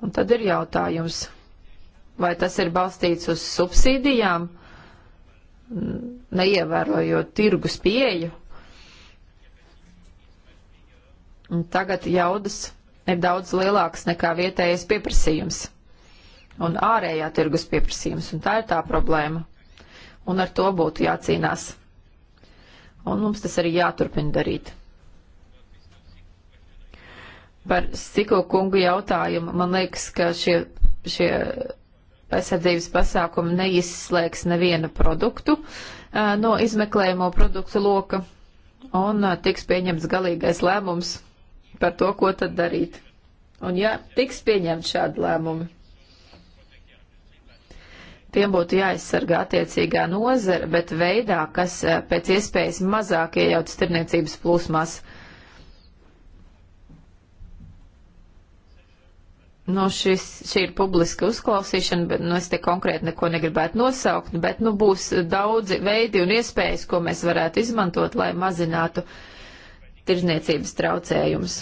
Un tad ir jautājums, vai tas ir balstīts uz subsīdijām, neievērojot tirgus pieeju. Un tagad jaudas ir daudz lielāks nekā vietējais pieprasījums un ārējā tirgus pieprasījums, un tā ir tā problēma. Un ar to būtu jācīnās. Un mums tas arī jāturpina darīt. Par Siko kungu jautājumu man liekas, ka šie, šie aizsardzības pasākumi neizslēgs nevienu produktu no izmeklējamo produktu loka un tiks pieņemts galīgais lēmums par to, ko tad darīt. Un ja tiks pieņemts šādi lēmumi, tiem būtu jāaizsargā attiecīgā nozara, bet veidā, kas pēc iespējas mazāk iejauc tirniecības plūsmās. Uh, Nu, šis, šī ir publiska uzklausīšana, bet nu, es te konkrēti neko negribētu nosaukt, bet nu, būs daudzi veidi un iespējas, ko mēs varētu izmantot, lai mazinātu tirzniecības traucējumus.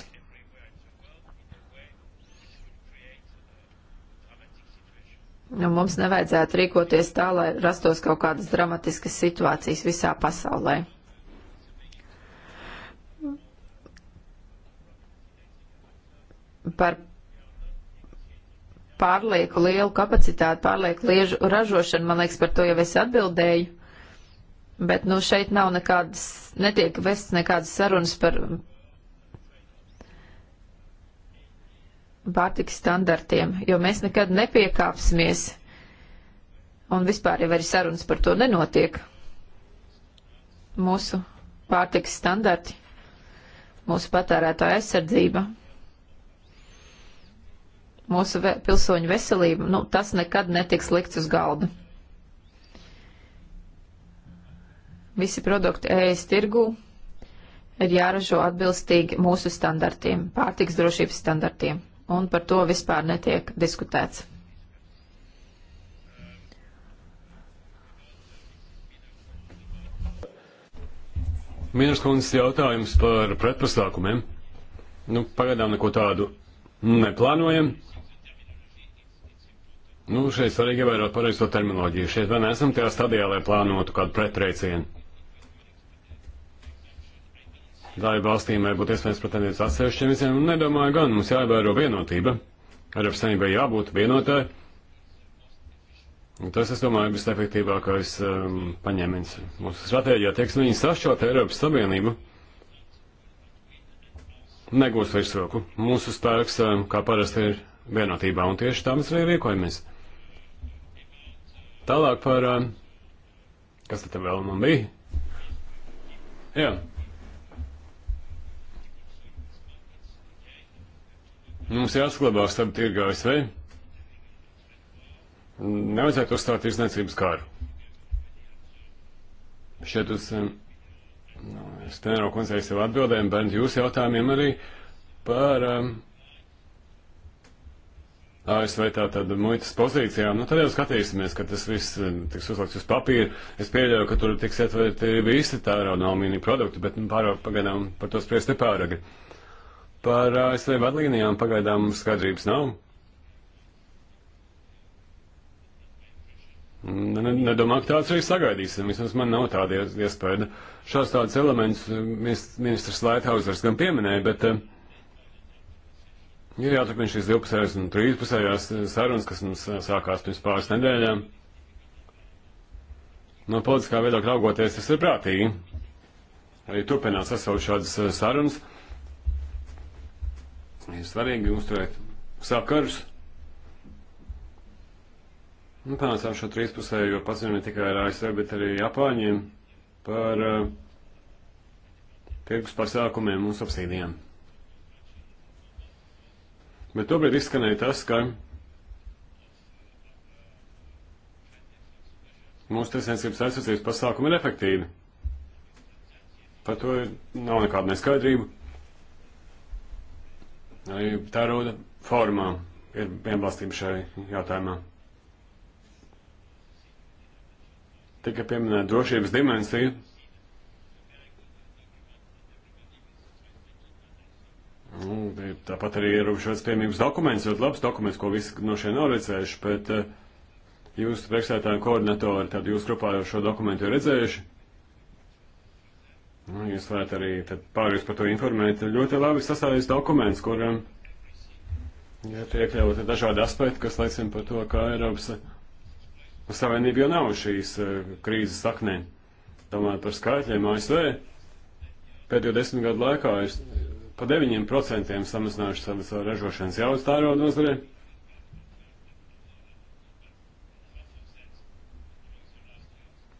Nu, mums nevajadzētu rīkoties tā, lai rastos kaut kādas dramatiskas situācijas visā pasaulē. Par pārlieku lielu kapacitāti, pārlieku liežu ražošanu, man liekas, par to jau es atbildēju. Bet, nu, šeit nav nekādas, netiek vests nekādas sarunas par pārtiks standartiem, jo mēs nekad nepiekāpsimies. Un vispār jau arī sarunas par to nenotiek. Mūsu pārtiks standarti, mūsu patērētāja aizsardzība mūsu pilsoņu veselību, nu, tas nekad netiks likts uz galda. Visi produkti ēst tirgū ir jāražo atbilstīgi mūsu standartiem, pārtiks drošības standartiem, un par to vispār netiek diskutēts. Mīnus kundzes jautājums par pretpasākumiem. Nu, pagaidām neko tādu neplānojam. Nu, šeit svarīgi ievērot pareizo terminoloģiju. Šeit vēl neesam tajā stadijā, lai plānotu kādu pretreicienu. Dalību valstīm vai būtu iespējams pretendēt uz atsevišķiem visiem, un nedomāju gan, mums jāievēro vienotība. Eiropas Savienībai jābūt vienotai. Un tas, es domāju, būs efektīvākais um, paņēmiens. Mūsu stratēģijā tieks viņi sašķot Eiropas Savienību. Negūs virsroku. Mūsu spēks, um, kā parasti, ir vienotībā, un tieši tā mēs arī rīkojamies. Tālāk par. Eh, kas tad vēl man bija? Jā. Mums jāsaglabā starp tirgu ASV. Nevajadzētu uzstāt izniecības kāru. Šeit uz eh, nu, Stenero koncēju sev atbildēm, bērnu jūsu jautājumiem arī par um, ASV tātad muitas pozīcijām, nu tad jau skatīsimies, ka tas viss eh, tiks uzlikts uz papīra. Es pieļauju, ka tur tiks ietverti visi tērauda alumīnija produkti, bet nu, pārāk pagaidām par to spriest nepāragri. Par ASV vadlīnijām pagaidām skaidrības nav. Nedomāju, ka tāds arī sagaidīsim. Vismaz man nav tāda iespēja. Šāds tāds elements eh, ministrs Laithausers gan pieminēja, bet uh, Ir jāturpina šīs 12. un 13. Eh, sarunas, kas mums eh, sākās pirms pāris nedēļām. No politiskā viedokļa raugoties, tas ir prātīgi. Arī turpināt sasaukt šādas eh, sarunas. Ir svarīgi uzturēt sakarus. Nu, panācām šo trīspusējo paziņu ne tikai ar ASV, bet arī Japāņiem par uh, tirgus pasākumiem un subsīdijām. Bet tobrīd izskanēja tas, ka mūsu tiesniecības aizsardzības pasākumi ir efektīvi. Par to nav nekāda neskaidrība. Arī tērauda formā ir vienbalstība šai jautājumā. Tika pieminēta drošības dimensija. Nu, tāpat arī ierobežots piemības dokuments, ļoti labs dokuments, ko visi no šiem nav redzējuši, bet uh, jūs priekšsētāju koordinatori, tad jūs grupā jau šo dokumentu ir redzējuši. Nu, jūs varat arī pārējus par to informēt. Ļoti labi sastādījis dokuments, kuram eh, ja ir iekļauti dažādi aspekti, kas liecina par to, ka Eiropas eh, Savienība jau nav šīs uh, krīzes saknē. Domājot par skaitļiem ASV, pēdējo desmit gadu laikā ir pa 9% samazinājuši savas ražošanas jaudas tērauda nozarē.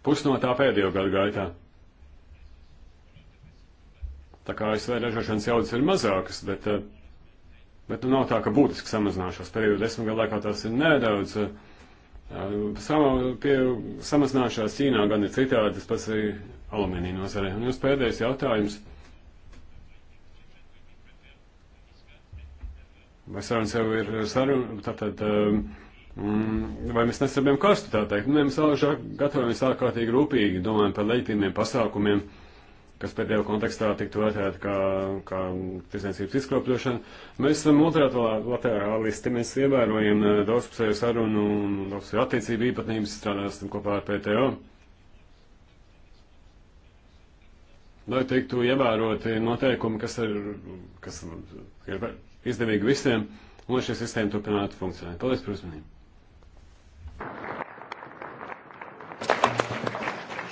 Pus no tā pēdējo gadu gaitā. Tā kā ASV ražošanas jaudas ir mazākas, bet, eh, bet nu nav tā, ka būtiski samazināšos. Pēdējo desmit gadu laikā tās ir nedaudz. Eh, sama, pie, samazināšās Ķīnā gan ir citādi, tas pats ir alumīnija nozarē. Un jūs pēdējais jautājums. Vai sarunas jau ir eh, saruna, tātad, eh, mm, vai mēs nesabiem karstu, tā teikt. Nē, nu, mēs alažāk gatavojamies ārkārtīgi rūpīgi, domājam par leģitīmiem pasākumiem, kas pēdējo kontekstā tiktu vērtēti kā, kā tirsniecības izkropļošana. Mēs esam multilaterālisti, mēs ievērojam eh, daudzpusēju sarunu un daudzpusēju attiecību īpatnības, strādāsim kopā ar PTO. Lai tiktu ievēroti noteikumi, kas ir, kas ir izdevīga visiem, un lai šī sistēma turpinātu funkcionēt. Paldies par uzmanību!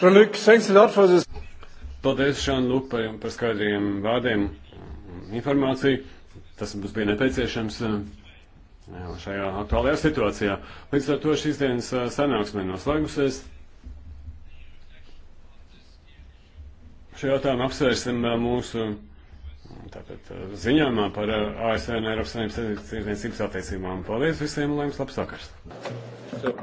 Jean-Luc, thanks a lot for this. Paldies, Jean-Luc, par, par skaidriem vārdiem un informāciju. Tas mums bija nepieciešams jā, eh, šajā aktuālajā situācijā. Līdz ar to šīs dienas eh, sanāksme noslēgusies. Šo jautājumu apsvērsim eh, mūsu tātad eh, ziņām par eh, ASV un Eiropas Savienības tirdzniecības attiecībām. Paldies visiem un lai jums labs vakars! So.